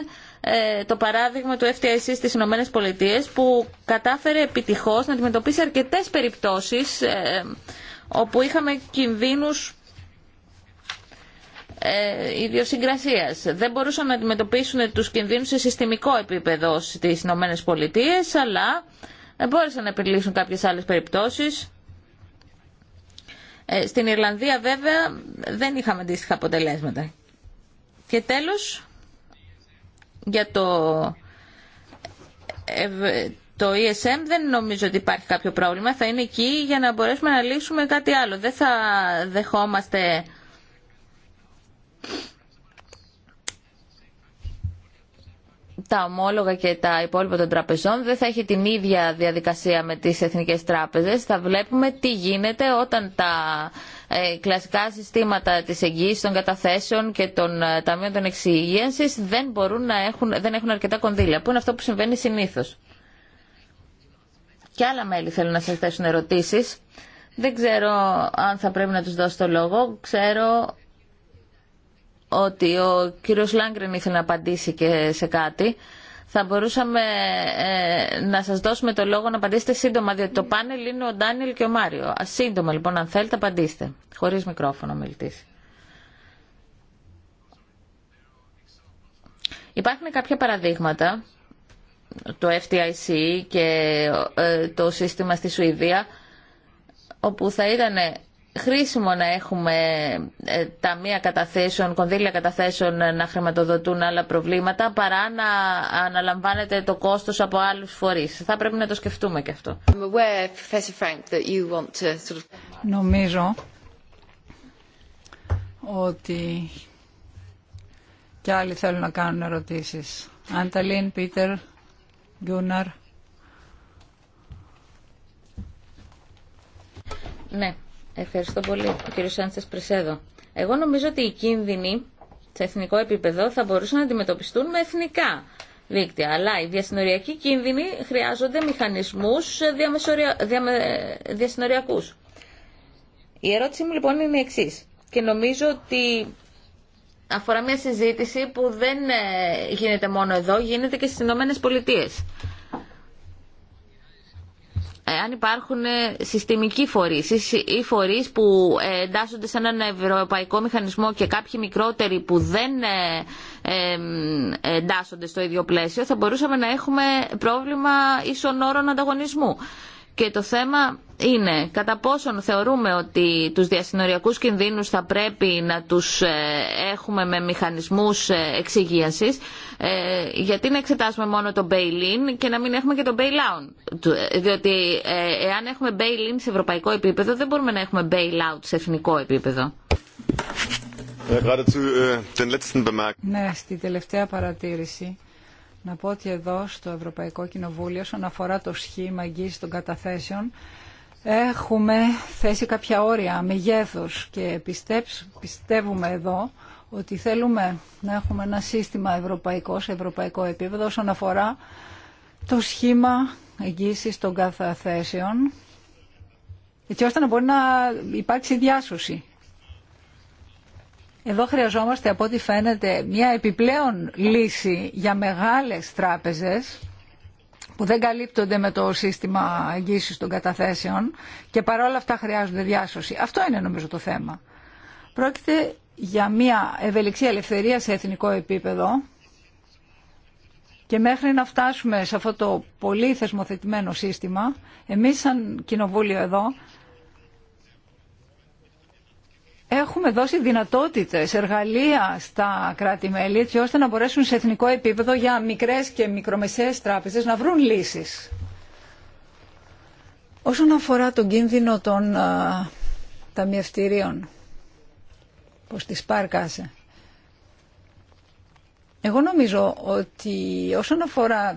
ε, το παράδειγμα του FTIC στι Ηνωμένε Πολιτείε που κατάφερε επιτυχώ να αντιμετωπίσει αρκετέ περιπτώσει ε, όπου είχαμε κινδύνους ε, ιδιοσυγκρασία. Δεν μπορούσαν να αντιμετωπίσουν του κινδύνους σε συστημικό επίπεδο στις Ηνωμένε Πολιτείε, αλλά μπόρεσαν να επιλύσουν κάποιες άλλες περιπτώσεις. Ε, στην Ιρλανδία βέβαια δεν είχαμε αντίστοιχα αποτελέσματα. Και τέλος, για το, ε, το ESM δεν νομίζω ότι υπάρχει κάποιο πρόβλημα. Θα είναι εκεί για να μπορέσουμε να λύσουμε κάτι άλλο. Δεν θα δεχόμαστε τα ομόλογα και τα υπόλοιπα των τραπεζών δεν θα έχει την ίδια διαδικασία με τις εθνικές τράπεζες. Θα βλέπουμε τι γίνεται όταν τα ε, κλασικά συστήματα της εγγύησης των καταθέσεων και των ε, ταμείων των εξυγίανσης δεν, μπορούν να έχουν, δεν έχουν αρκετά κονδύλια, που είναι αυτό που συμβαίνει συνήθως. Και άλλα μέλη θέλουν να σας θέσουν ερωτήσεις. Δεν ξέρω αν θα πρέπει να τους δώσω το λόγο. Ξέρω ότι ο κύριος Λάγκρεν ήθελε να απαντήσει και σε κάτι. Θα μπορούσαμε ε, να σας δώσουμε το λόγο να απαντήσετε σύντομα, διότι το πάνελ είναι ο Ντάνιελ και ο Μάριο. Σύντομα λοιπόν, αν θέλετε, απαντήστε. Χωρίς μικρόφωνο μιλητής. Υπάρχουν κάποια παραδείγματα, το FTIC και ε, το σύστημα στη Σουηδία, όπου θα ήταν χρήσιμο να έχουμε ε, ταμεία καταθέσεων, κονδύλια καταθέσεων ε, να χρηματοδοτούν άλλα προβλήματα παρά να αναλαμβάνεται το κόστος από άλλους φορείς. Θα πρέπει να το σκεφτούμε και αυτό. Νομίζω ότι και άλλοι θέλουν να κάνουν ερωτήσεις. Ανταλίν, Πίτερ, Γκούναρ. Ναι. Ευχαριστώ πολύ, Κύριο Σάντσες Πρεσέδο. Εγώ νομίζω ότι οι κίνδυνοι σε εθνικό επίπεδο θα μπορούσαν να αντιμετωπιστούν με εθνικά δίκτυα. Αλλά οι διασυνοριακοί κίνδυνοι χρειάζονται μηχανισμούς διασυνοριακούς. Η ερώτησή μου λοιπόν είναι η εξή. και νομίζω ότι αφορά μια συζήτηση που δεν ε, γίνεται μόνο εδώ, γίνεται και στις Ηνωμένε Πολιτείες αν υπάρχουν ε, συστημικοί φορείς ή φορείς που ε, εντάσσονται σε έναν ευρωπαϊκό μηχανισμό και κάποιοι μικρότεροι που δεν ε, εντάσσονται στο ίδιο πλαίσιο, θα μπορούσαμε να έχουμε πρόβλημα ίσων όρων ανταγωνισμού. Και το θέμα είναι κατά πόσον θεωρούμε ότι τους διασυνοριακούς κινδύνους θα πρέπει να τους ε, έχουμε με μηχανισμούς ε, εξυγίασης, ε, γιατί να εξετάσουμε μόνο το bail-in και να μην έχουμε και το bail-out. Διότι εάν έχουμε bail-in σε ευρωπαϊκό επίπεδο δεν μπορούμε να έχουμε bail-out σε εθνικό επίπεδο. Äh, ναι, στη τελευταία παρατήρηση να πω ότι εδώ στο Ευρωπαϊκό Κοινοβούλιο, όσον αφορά το σχήμα εγγύηση των καταθέσεων, έχουμε θέσει κάποια όρια μεγέθους και πιστεύουμε εδώ ότι θέλουμε να έχουμε ένα σύστημα ευρωπαϊκό σε ευρωπαϊκό επίπεδο όσον αφορά το σχήμα εγγύησης των καταθέσεων έτσι ώστε να μπορεί να υπάρξει διάσωση εδώ χρειαζόμαστε από ό,τι φαίνεται μια επιπλέον λύση για μεγάλες τράπεζες που δεν καλύπτονται με το σύστημα εγγύησης των καταθέσεων και παρόλα αυτά χρειάζονται διάσωση. Αυτό είναι νομίζω το θέμα. Πρόκειται για μια ευελιξία ελευθερία σε εθνικό επίπεδο και μέχρι να φτάσουμε σε αυτό το πολύ θεσμοθετημένο σύστημα, εμείς σαν κοινοβούλιο εδώ Έχουμε δώσει δυνατότητες, εργαλεία στα κράτη-μέλη έτσι ώστε να μπορέσουν σε εθνικό επίπεδο για μικρές και μικρομεσαίες τράπεζες να βρουν λύσεις. Όσον αφορά τον κίνδυνο των α, ταμιευτηρίων, πως τη πάρκασε; εγώ νομίζω ότι όσον αφορά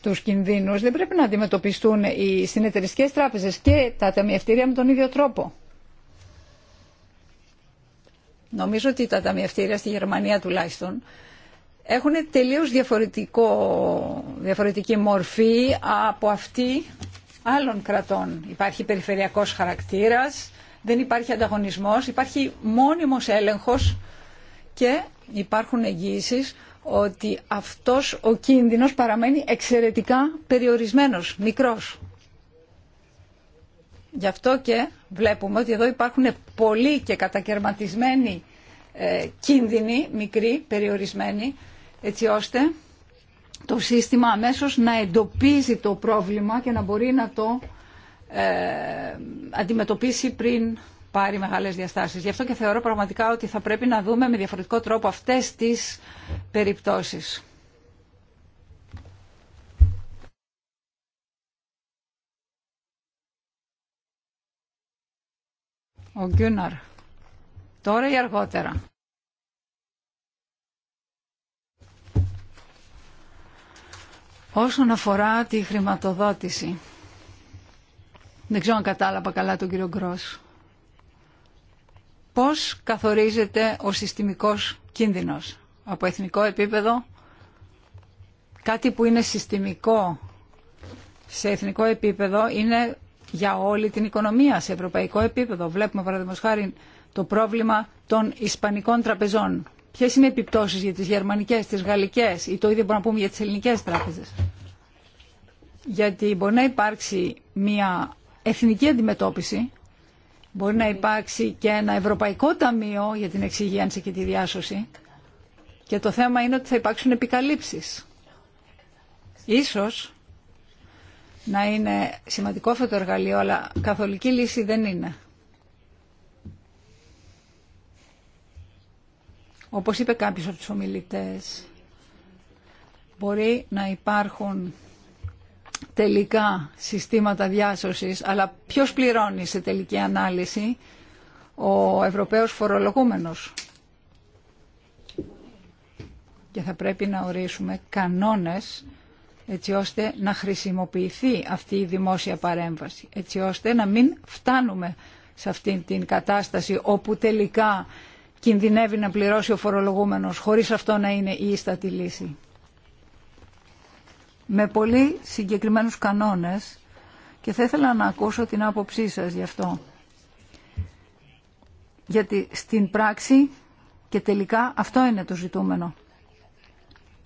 τους κινδύνους δεν πρέπει να αντιμετωπιστούν οι συνεταιριστικές τράπεζες και τα ταμιευτήρια με τον ίδιο τρόπο. Νομίζω ότι τα ταμιευτήρια στη Γερμανία τουλάχιστον έχουν τελείως διαφορετική μορφή από αυτή άλλων κρατών. Υπάρχει περιφερειακός χαρακτήρας, δεν υπάρχει ανταγωνισμός, υπάρχει μόνιμος έλεγχος και υπάρχουν εγγύησει ότι αυτός ο κίνδυνος παραμένει εξαιρετικά περιορισμένος, μικρός. Γι' αυτό και βλέπουμε ότι εδώ υπάρχουν πολλοί και κατακαιρματισμένοι ε, κίνδυνοι, μικροί, περιορισμένοι, έτσι ώστε το σύστημα αμέσως να εντοπίζει το πρόβλημα και να μπορεί να το ε, αντιμετωπίσει πριν πάρει μεγάλες διαστάσεις. Γι' αυτό και θεωρώ πραγματικά ότι θα πρέπει να δούμε με διαφορετικό τρόπο αυτές τις περιπτώσεις. Ο Γκούναρ. Τώρα ή αργότερα. Όσον αφορά τη χρηματοδότηση, δεν ξέρω αν κατάλαβα καλά τον κύριο Γκρός. Πώς καθορίζεται ο συστημικός κίνδυνος από εθνικό επίπεδο, κάτι που είναι συστημικό σε εθνικό επίπεδο είναι για όλη την οικονομία σε ευρωπαϊκό επίπεδο. Βλέπουμε παραδείγματος χάρη το πρόβλημα των ισπανικών τραπεζών. Ποιε είναι οι επιπτώσει για τι γερμανικέ, τι γαλλικέ ή το ίδιο μπορούμε να πούμε για τι ελληνικέ τράπεζε. Γιατί μπορεί να υπάρξει μια εθνική αντιμετώπιση, μπορεί να υπάρξει και ένα ευρωπαϊκό ταμείο για την εξυγίανση και τη διάσωση και το θέμα είναι ότι θα υπάρξουν επικαλύψεις. Ίσως να είναι σημαντικό αυτό το εργαλείο, αλλά καθολική λύση δεν είναι. Όπως είπε κάποιος από τους ομιλητές, μπορεί να υπάρχουν τελικά συστήματα διάσωσης, αλλά ποιος πληρώνει σε τελική ανάλυση ο Ευρωπαίος φορολογούμενος. Και θα πρέπει να ορίσουμε κανόνες έτσι ώστε να χρησιμοποιηθεί αυτή η δημόσια παρέμβαση, έτσι ώστε να μην φτάνουμε σε αυτή την κατάσταση όπου τελικά κινδυνεύει να πληρώσει ο φορολογούμενος χωρίς αυτό να είναι η ίστατη λύση. Με πολύ συγκεκριμένους κανόνες και θα ήθελα να ακούσω την άποψή σας γι' αυτό. Γιατί στην πράξη και τελικά αυτό είναι το ζητούμενο.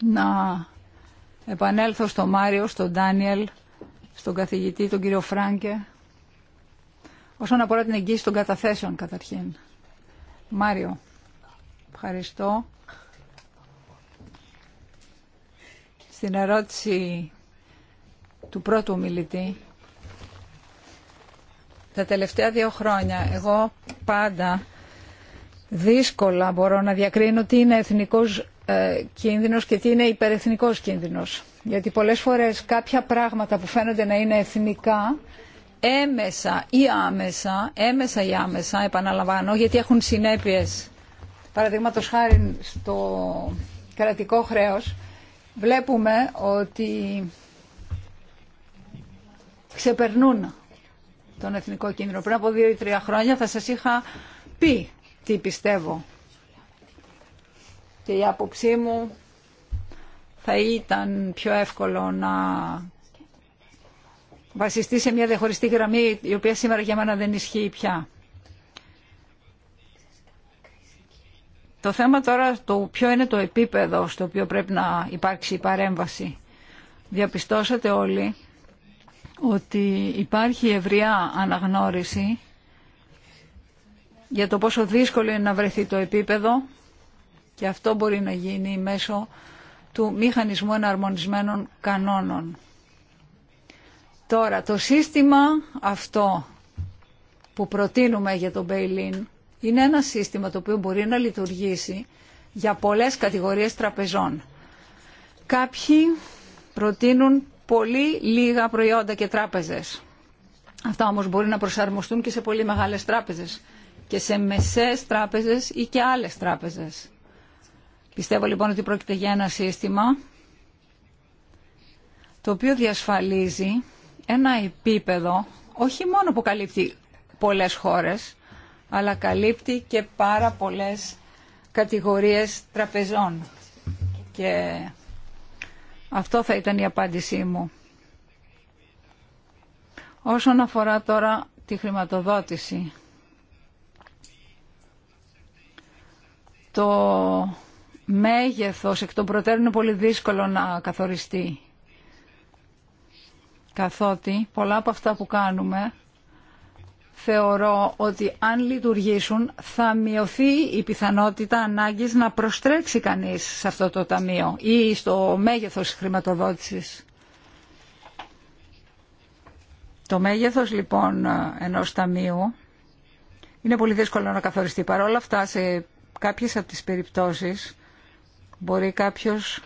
Να επανέλθω στο Μάριο, στον Ντάνιελ, στον καθηγητή, τον κύριο Φράγκε. Όσον αφορά την εγγύηση των καταθέσεων καταρχήν. Μάριο, ευχαριστώ. Στην ερώτηση του πρώτου μιλητή, τα τελευταία δύο χρόνια εγώ πάντα δύσκολα μπορώ να διακρίνω τι είναι εθνικός ε, κίνδυνος και τι είναι υπερεθνικός κίνδυνος. Γιατί πολλές φορές κάποια πράγματα που φαίνονται να είναι εθνικά, έμεσα ή άμεσα, έμεσα ή άμεσα, επαναλαμβάνω, γιατί έχουν συνέπειες. Παραδείγματο χάρη στο κρατικό χρέος, βλέπουμε ότι ξεπερνούν τον εθνικό κίνδυνο. Πριν από δύο ή τρία χρόνια θα σας είχα πει τι πιστεύω και η άποψή μου θα ήταν πιο εύκολο να βασιστεί σε μια διαχωριστή γραμμή η οποία σήμερα για μένα δεν ισχύει πια. Το θέμα τώρα το ποιο είναι το επίπεδο στο οποίο πρέπει να υπάρξει η παρέμβαση. Διαπιστώσατε όλοι ότι υπάρχει ευρεία αναγνώριση για το πόσο δύσκολο είναι να βρεθεί το επίπεδο και αυτό μπορεί να γίνει μέσω του μηχανισμού εναρμονισμένων κανόνων. Τώρα, το σύστημα αυτό που προτείνουμε για τον Μπέιλιν είναι ένα σύστημα το οποίο μπορεί να λειτουργήσει για πολλές κατηγορίες τραπεζών. Κάποιοι προτείνουν πολύ λίγα προϊόντα και τράπεζες. Αυτά όμως μπορεί να προσαρμοστούν και σε πολύ μεγάλες τράπεζες και σε μεσές τράπεζες ή και άλλες τράπεζες. Πιστεύω λοιπόν ότι πρόκειται για ένα σύστημα το οποίο διασφαλίζει ένα επίπεδο όχι μόνο που καλύπτει πολλές χώρες, αλλά καλύπτει και πάρα πολλές κατηγορίες τραπεζών. Και αυτό θα ήταν η απάντησή μου. Όσον αφορά τώρα τη χρηματοδότηση, το μέγεθος εκ των προτέρων είναι πολύ δύσκολο να καθοριστεί. Καθότι πολλά από αυτά που κάνουμε θεωρώ ότι αν λειτουργήσουν θα μειωθεί η πιθανότητα ανάγκης να προστρέξει κανείς σε αυτό το ταμείο ή στο μέγεθος χρηματοδότησης. Το μέγεθος λοιπόν ενός ταμείου είναι πολύ δύσκολο να καθοριστεί. Παρ' όλα αυτά σε κάποιες από τις περιπτώσεις μπορεί κάποιος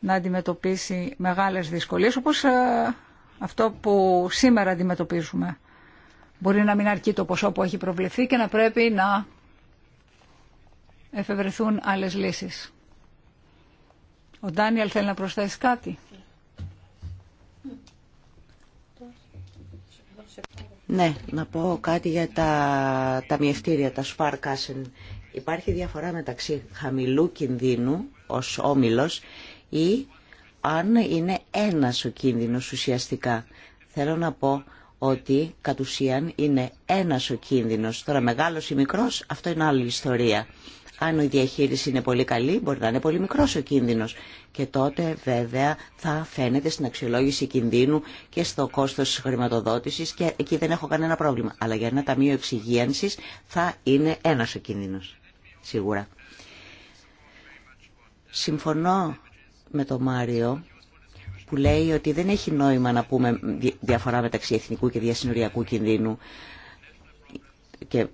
να αντιμετωπίσει μεγάλες δυσκολίες όπως ε, αυτό που σήμερα αντιμετωπίζουμε. Μπορεί να μην αρκεί το ποσό που έχει προβλεφθεί και να πρέπει να εφευρεθούν άλλες λύσεις. Ο Ντάνιελ θέλει να προσθέσει κάτι. Ναι, να πω κάτι για τα ταμιευτήρια, τα Sparkassen. Υπάρχει διαφορά μεταξύ χαμηλού κινδύνου ως όμιλος ή αν είναι ένας ο κίνδυνος ουσιαστικά. Θέλω να πω ότι κατ' ουσίαν είναι ένας ο κίνδυνος. Τώρα μεγάλος ή μικρός, αυτό είναι άλλη ιστορία. Αν η διαχείριση είναι πολύ καλή, μπορεί να είναι πολύ μικρός ο κίνδυνος. Και τότε βέβαια θα φαίνεται στην αξιολόγηση κινδύνου και στο κόστος χρηματοδότησης και εκεί δεν έχω κανένα πρόβλημα. Αλλά για ένα ταμείο εξυγίανσης θα είναι ένας ο κίνδυνος σίγουρα. Συμφωνώ με τον Μάριο που λέει ότι δεν έχει νόημα να πούμε διαφορά μεταξύ εθνικού και διασυνοριακού κινδύνου. Και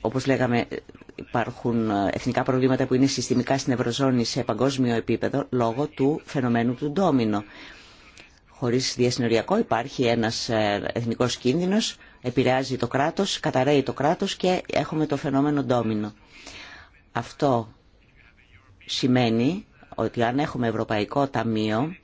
όπως λέγαμε υπάρχουν εθνικά προβλήματα που είναι συστημικά στην Ευρωζώνη σε παγκόσμιο επίπεδο λόγω του φαινομένου του ντόμινο. Χωρίς διασυνοριακό υπάρχει ένας ε, εθνικός κίνδυνος, επηρεάζει το κράτος, καταραίει το κράτος και έχουμε το φαινόμενο ντόμινο. Αυτό σημαίνει ότι αν έχουμε Ευρωπαϊκό Ταμείο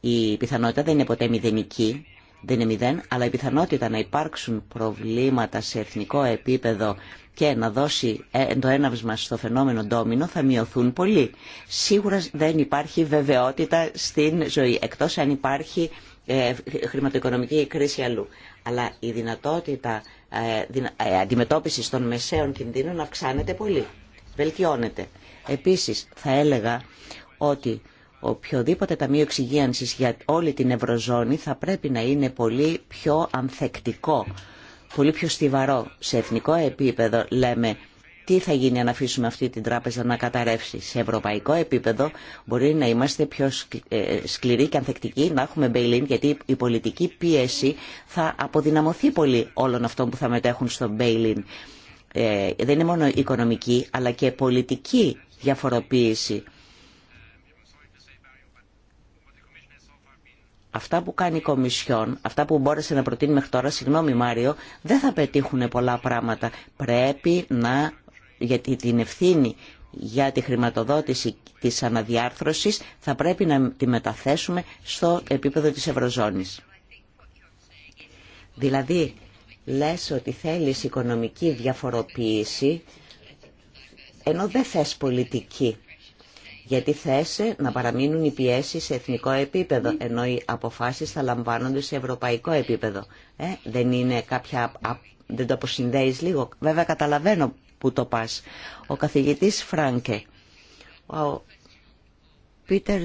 η πιθανότητα δεν είναι ποτέ μηδενική δεν είναι μηδέν, αλλά η πιθανότητα να υπάρξουν προβλήματα σε εθνικό επίπεδο και να δώσει ε, το έναυσμα στο φαινόμενο ντόμινο θα μειωθούν πολύ. Σίγουρα δεν υπάρχει βεβαιότητα στην ζωή, εκτός αν υπάρχει ε, χρηματοοικονομική κρίση αλλού. Αλλά η δυνατότητα ε, αντιμετώπισης των μεσαίων κινδύνων αυξάνεται πολύ, βελτιώνεται. Επίσης θα έλεγα ότι οποιοδήποτε ταμείο εξυγίανσης για όλη την Ευρωζώνη θα πρέπει να είναι πολύ πιο ανθεκτικό, πολύ πιο στιβαρό. Σε εθνικό επίπεδο λέμε τι θα γίνει αν αφήσουμε αυτή την τράπεζα να καταρρεύσει. Σε ευρωπαϊκό επίπεδο μπορεί να είμαστε πιο ε, σκληροί και ανθεκτικοί, να έχουμε γιατί η πολιτική πίεση θα αποδυναμωθεί πολύ όλων αυτών που θα μετέχουν στο bail-in. Ε, δεν είναι μόνο οικονομική, αλλά και πολιτική διαφοροποίηση. αυτά που κάνει η Κομισιόν, αυτά που μπόρεσε να προτείνει μέχρι τώρα, συγγνώμη Μάριο, δεν θα πετύχουν πολλά πράγματα. Πρέπει να, γιατί την ευθύνη για τη χρηματοδότηση της αναδιάρθρωσης θα πρέπει να τη μεταθέσουμε στο επίπεδο της Ευρωζώνης. Δηλαδή, λες ότι θέλεις οικονομική διαφοροποίηση, ενώ δεν θες πολιτική γιατί θέσε να παραμείνουν οι πιέσει σε εθνικό επίπεδο, ενώ οι αποφάσεις θα λαμβάνονται σε ευρωπαϊκό επίπεδο. Ε, δεν είναι κάποια... Δεν το αποσυνδέεις λίγο. Βέβαια καταλαβαίνω που το πας. Ο καθηγητής Φράνκε, ο Πίτερ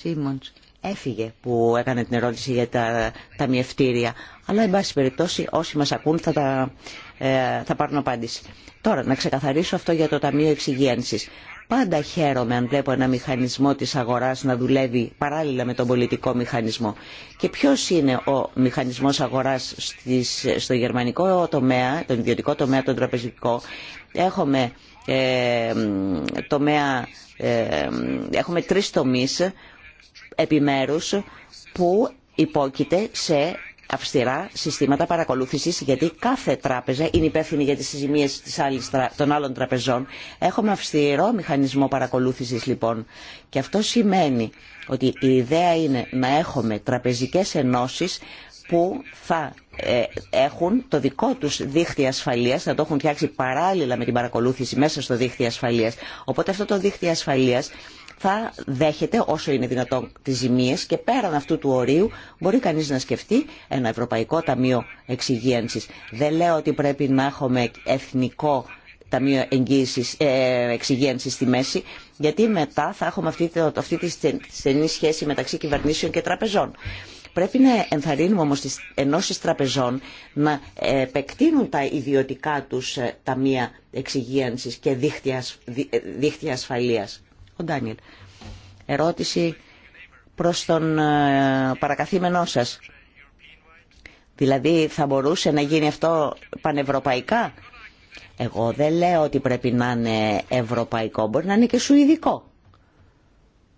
Σίμονς, έφυγε που έκανε την ερώτηση για τα ταμιευτήρια. Αλλά, εν πάση περιπτώσει, όσοι μας ακούν θα, τα, ε, πάρουν απάντηση. Τώρα, να ξεκαθαρίσω αυτό για το Ταμείο Εξυγίανσης. Πάντα χαίρομαι αν βλέπω ένα μηχανισμό της αγοράς να δουλεύει παράλληλα με τον πολιτικό μηχανισμό. Και ποιος είναι ο μηχανισμός αγοράς στις, στο γερμανικό τομέα, τον ιδιωτικό τομέα, τον τραπεζικό. Έχουμε, ε, τομέα, ε, έχουμε τρεις τομείς επιμέρους που υπόκειται σε αυστηρά συστήματα παρακολούθησης γιατί κάθε τράπεζα είναι υπεύθυνη για τι συζημίε των άλλων τραπεζών. Έχουμε αυστηρό μηχανισμό παρακολούθησης λοιπόν και αυτό σημαίνει ότι η ιδέα είναι να έχουμε τραπεζικές ενώσει που θα ε, έχουν το δικό τους δίχτυ ασφαλείας, θα το έχουν φτιάξει παράλληλα με την παρακολούθηση μέσα στο δίχτυ ασφαλείας. Οπότε αυτό το δίχτυ ασφαλείας θα δέχεται όσο είναι δυνατόν τις ζημίες και πέραν αυτού του ορίου μπορεί κανείς να σκεφτεί ένα Ευρωπαϊκό Ταμείο Εξυγίανσης. Δεν λέω ότι πρέπει να έχουμε εθνικό Ταμείο εγγύησης, ε, στη μέση, γιατί μετά θα έχουμε αυτή, αυτή τη στενή σχέση μεταξύ κυβερνήσεων και τραπεζών. Πρέπει να ενθαρρύνουμε όμως τις ενώσεις τραπεζών να επεκτείνουν τα ιδιωτικά τους ε, ταμεία εξυγίανσης και ε, δίχτυα ασφαλείας ο Ντάνιελ. Ερώτηση προς τον ε, παρακαθήμενό σας. Δηλαδή θα μπορούσε να γίνει αυτό πανευρωπαϊκά. Εγώ δεν λέω ότι πρέπει να είναι ευρωπαϊκό, μπορεί να είναι και σουηδικό.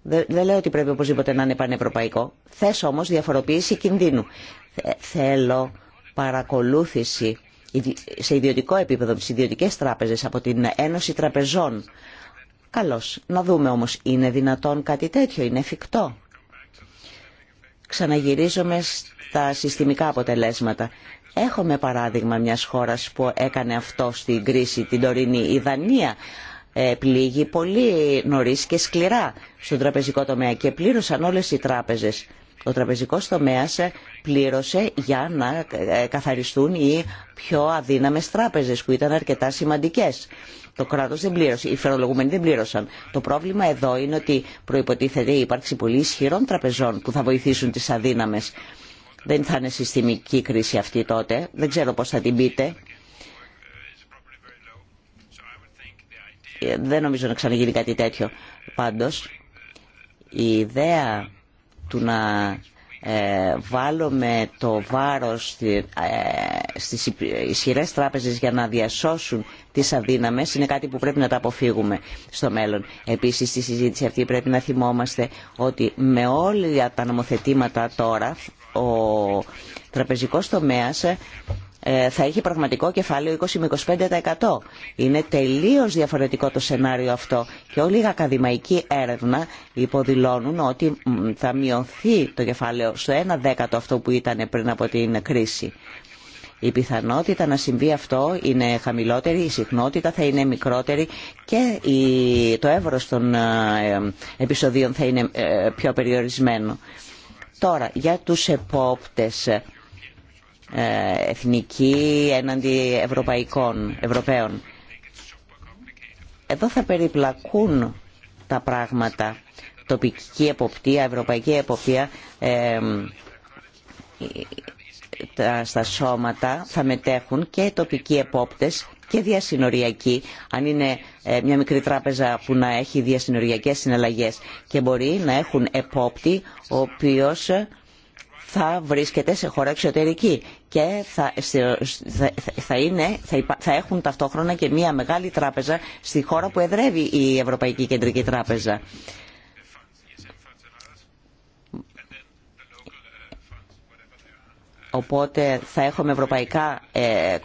Δεν, δεν λέω ότι πρέπει οπωσδήποτε να είναι πανευρωπαϊκό. Θες όμως διαφοροποίηση κινδύνου. Θέλω παρακολούθηση σε ιδιωτικό επίπεδο, τι ιδιωτικές τράπεζες, από την Ένωση Τραπεζών, Καλώς. Να δούμε όμως, είναι δυνατόν κάτι τέτοιο, είναι εφικτό. Ξαναγυρίζομαι στα συστημικά αποτελέσματα. Έχουμε παράδειγμα μιας χώρας που έκανε αυτό στην κρίση την τωρινή. Η Δανία ε, πλήγει πολύ νωρίς και σκληρά στον τραπεζικό τομέα και πλήρωσαν όλες οι τράπεζες. Ο τραπεζικός τομέας ε, πλήρωσε για να ε, καθαριστούν οι πιο αδύναμες τράπεζες που ήταν αρκετά σημαντικές. Το κράτο δεν πλήρωσε, οι φερολογουμένοι δεν πλήρωσαν. Το πρόβλημα εδώ είναι ότι προποτίθεται η ύπαρξη πολύ ισχυρών τραπεζών που θα βοηθήσουν τι αδύναμε. Δεν θα είναι συστημική κρίση αυτή τότε. Δεν ξέρω πώ θα την πείτε. Δεν νομίζω να ξαναγίνει κάτι τέτοιο. Πάντως, η ιδέα του να ε, βάλουμε το βάρος ε, στις ισχυρές τράπεζες για να διασώσουν τις αδύναμες είναι κάτι που πρέπει να τα αποφύγουμε στο μέλλον. Επίσης στη συζήτηση αυτή πρέπει να θυμόμαστε ότι με όλα τα νομοθετήματα τώρα ο τραπεζικός τομέας ε, θα έχει πραγματικό κεφάλαιο 20 με 25%. Είναι τελείως διαφορετικό το σενάριο αυτό και όλη η ακαδημαϊκή έρευνα υποδηλώνουν ότι θα μειωθεί το κεφάλαιο στο 1 δέκατο αυτό που ήταν πριν από την κρίση. Η πιθανότητα να συμβεί αυτό είναι χαμηλότερη, η συχνότητα θα είναι μικρότερη και το εύρος των ε, επεισοδίων θα είναι ε, πιο περιορισμένο. Τώρα, για τους επόπτες ε, εθνική έναντι ευρωπαϊκών, ευρωπαίων. Εδώ θα περιπλακούν τα πράγματα. Τοπική εποπτεία, ευρωπαϊκή εποπτεία ε, τα, στα σώματα θα μετέχουν και τοπικοί επόπτες και διασυνοριακοί, αν είναι ε, μια μικρή τράπεζα που να έχει διασυνοριακές συναλλαγές και μπορεί να έχουν επόπτη ο οποίος θα βρίσκεται σε χώρα εξωτερική και θα, θα, έχουν ταυτόχρονα και μια μεγάλη τράπεζα στη χώρα που εδρεύει η Ευρωπαϊκή Κεντρική Τράπεζα. Οπότε θα έχουμε ευρωπαϊκά ε,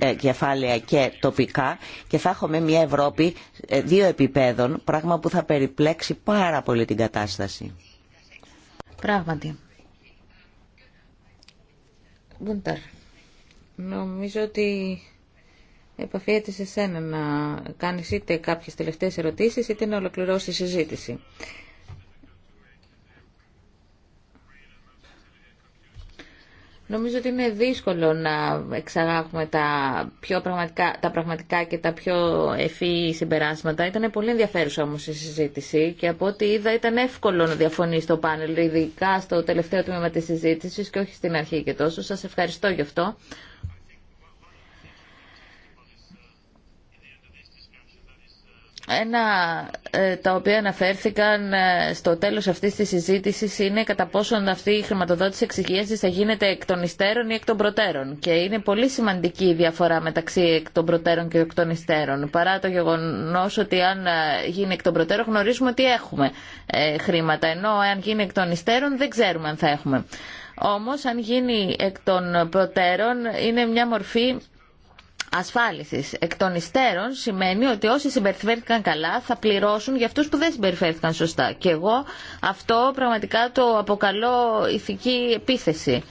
ε, κεφάλαια και τοπικά και θα έχουμε μια Ευρώπη ε, δύο επιπέδων, πράγμα που θα περιπλέξει πάρα πολύ την κατάσταση. Πράγματι. Γκούνταρ, νομίζω ότι επαφίεται σε σένα να κάνεις είτε κάποιες τελευταίες ερωτήσεις είτε να ολοκληρώσεις τη συζήτηση. Νομίζω ότι είναι δύσκολο να εξαγάγουμε τα, πιο πραγματικά, τα πραγματικά και τα πιο ευφύ συμπεράσματα. Ήταν πολύ ενδιαφέρουσα όμως η συζήτηση και από ό,τι είδα ήταν εύκολο να διαφωνεί στο πάνελ, ειδικά στο τελευταίο τμήμα της συζήτηση και όχι στην αρχή και τόσο. Σας ευχαριστώ γι' αυτό. ένα ε, τα οποία αναφέρθηκαν ε, στο τέλος αυτής της συζήτησης είναι κατά πόσον αυτή η χρηματοδότηση εξυγίασης θα γίνεται εκ των υστέρων ή εκ των προτέρων. Και είναι πολύ σημαντική η διαφορά μεταξύ εκ των προτέρων και εκ των υστέρων. Παρά το γεγονός ότι αν ε, γίνει εκ των προτέρων γνωρίζουμε ότι έχουμε χρήματα. Ενώ αν γίνει εκ των υστέρων δεν ξέρουμε αν θα έχουμε. Όμως αν γίνει εκ των προτέρων είναι μια μορφή ασφάλιση εκ των υστέρων σημαίνει ότι όσοι συμπεριφέρθηκαν καλά θα πληρώσουν για αυτού που δεν συμπεριφέρθηκαν σωστά. Και εγώ αυτό πραγματικά το αποκαλώ ηθική επίθεση.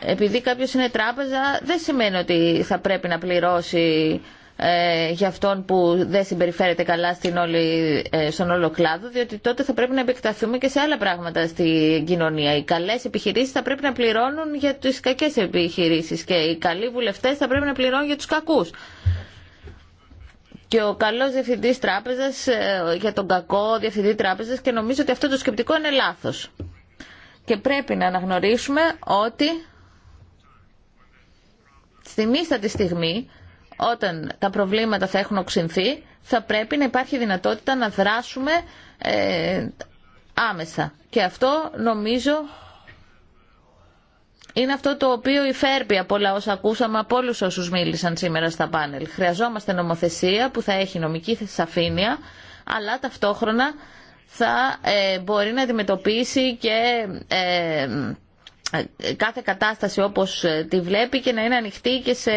Επειδή κάποιο είναι τράπεζα δεν σημαίνει ότι θα πρέπει να πληρώσει ε, για αυτόν που δεν συμπεριφέρεται καλά στην όλη, ε, στον όλο κλάδο, διότι τότε θα πρέπει να επεκταθούμε και σε άλλα πράγματα στην κοινωνία. Οι καλέ επιχειρήσει θα πρέπει να πληρώνουν για τι κακέ επιχειρήσει και οι καλοί βουλευτέ θα πρέπει να πληρώνουν για του κακού. Και ο καλό διευθυντή τράπεζα ε, για τον κακό διευθυντή τράπεζα και νομίζω ότι αυτό το σκεπτικό είναι λάθο. Και πρέπει να αναγνωρίσουμε ότι στην τη στιγμή όταν τα προβλήματα θα έχουν οξυνθεί, θα πρέπει να υπάρχει δυνατότητα να δράσουμε ε, άμεσα. Και αυτό νομίζω είναι αυτό το οποίο υφέρπει από όλα όσα ακούσαμε από όλους όσους μίλησαν σήμερα στα πάνελ. Χρειαζόμαστε νομοθεσία που θα έχει νομική σαφήνεια, αλλά ταυτόχρονα θα ε, μπορεί να αντιμετωπίσει και... Ε, ε κάθε κατάσταση όπως ε, τη βλέπει και να είναι ανοιχτή και σε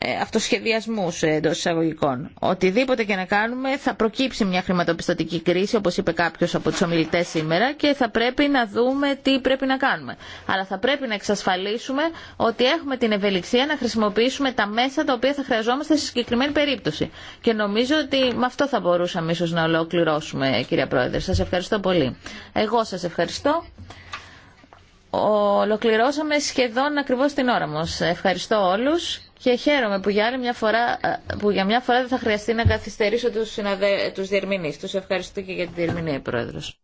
ε, αυτοσχεδιασμούς ε, εντό εισαγωγικών. Οτιδήποτε και να κάνουμε θα προκύψει μια χρηματοπιστωτική κρίση όπως είπε κάποιος από τους ομιλητές σήμερα και θα πρέπει να δούμε τι πρέπει να κάνουμε. Αλλά θα πρέπει να εξασφαλίσουμε ότι έχουμε την ευελιξία να χρησιμοποιήσουμε τα μέσα τα οποία θα χρειαζόμαστε σε συγκεκριμένη περίπτωση. Και νομίζω ότι με αυτό θα μπορούσαμε ίσως να ολοκληρώσουμε ε, κυρία Πρόεδρε. Σας ευχαριστώ πολύ. Εγώ σας ευχαριστώ. Ολοκληρώσαμε σχεδόν ακριβώς την ώρα μας. Ευχαριστώ όλους και χαίρομαι που για, μια φορά, ε, που για μια φορά δεν θα χρειαστεί να καθυστερήσω τους, συναδε... τους διερμηνείς. Τους ευχαριστώ και για την διερμηνία, Πρόεδρος.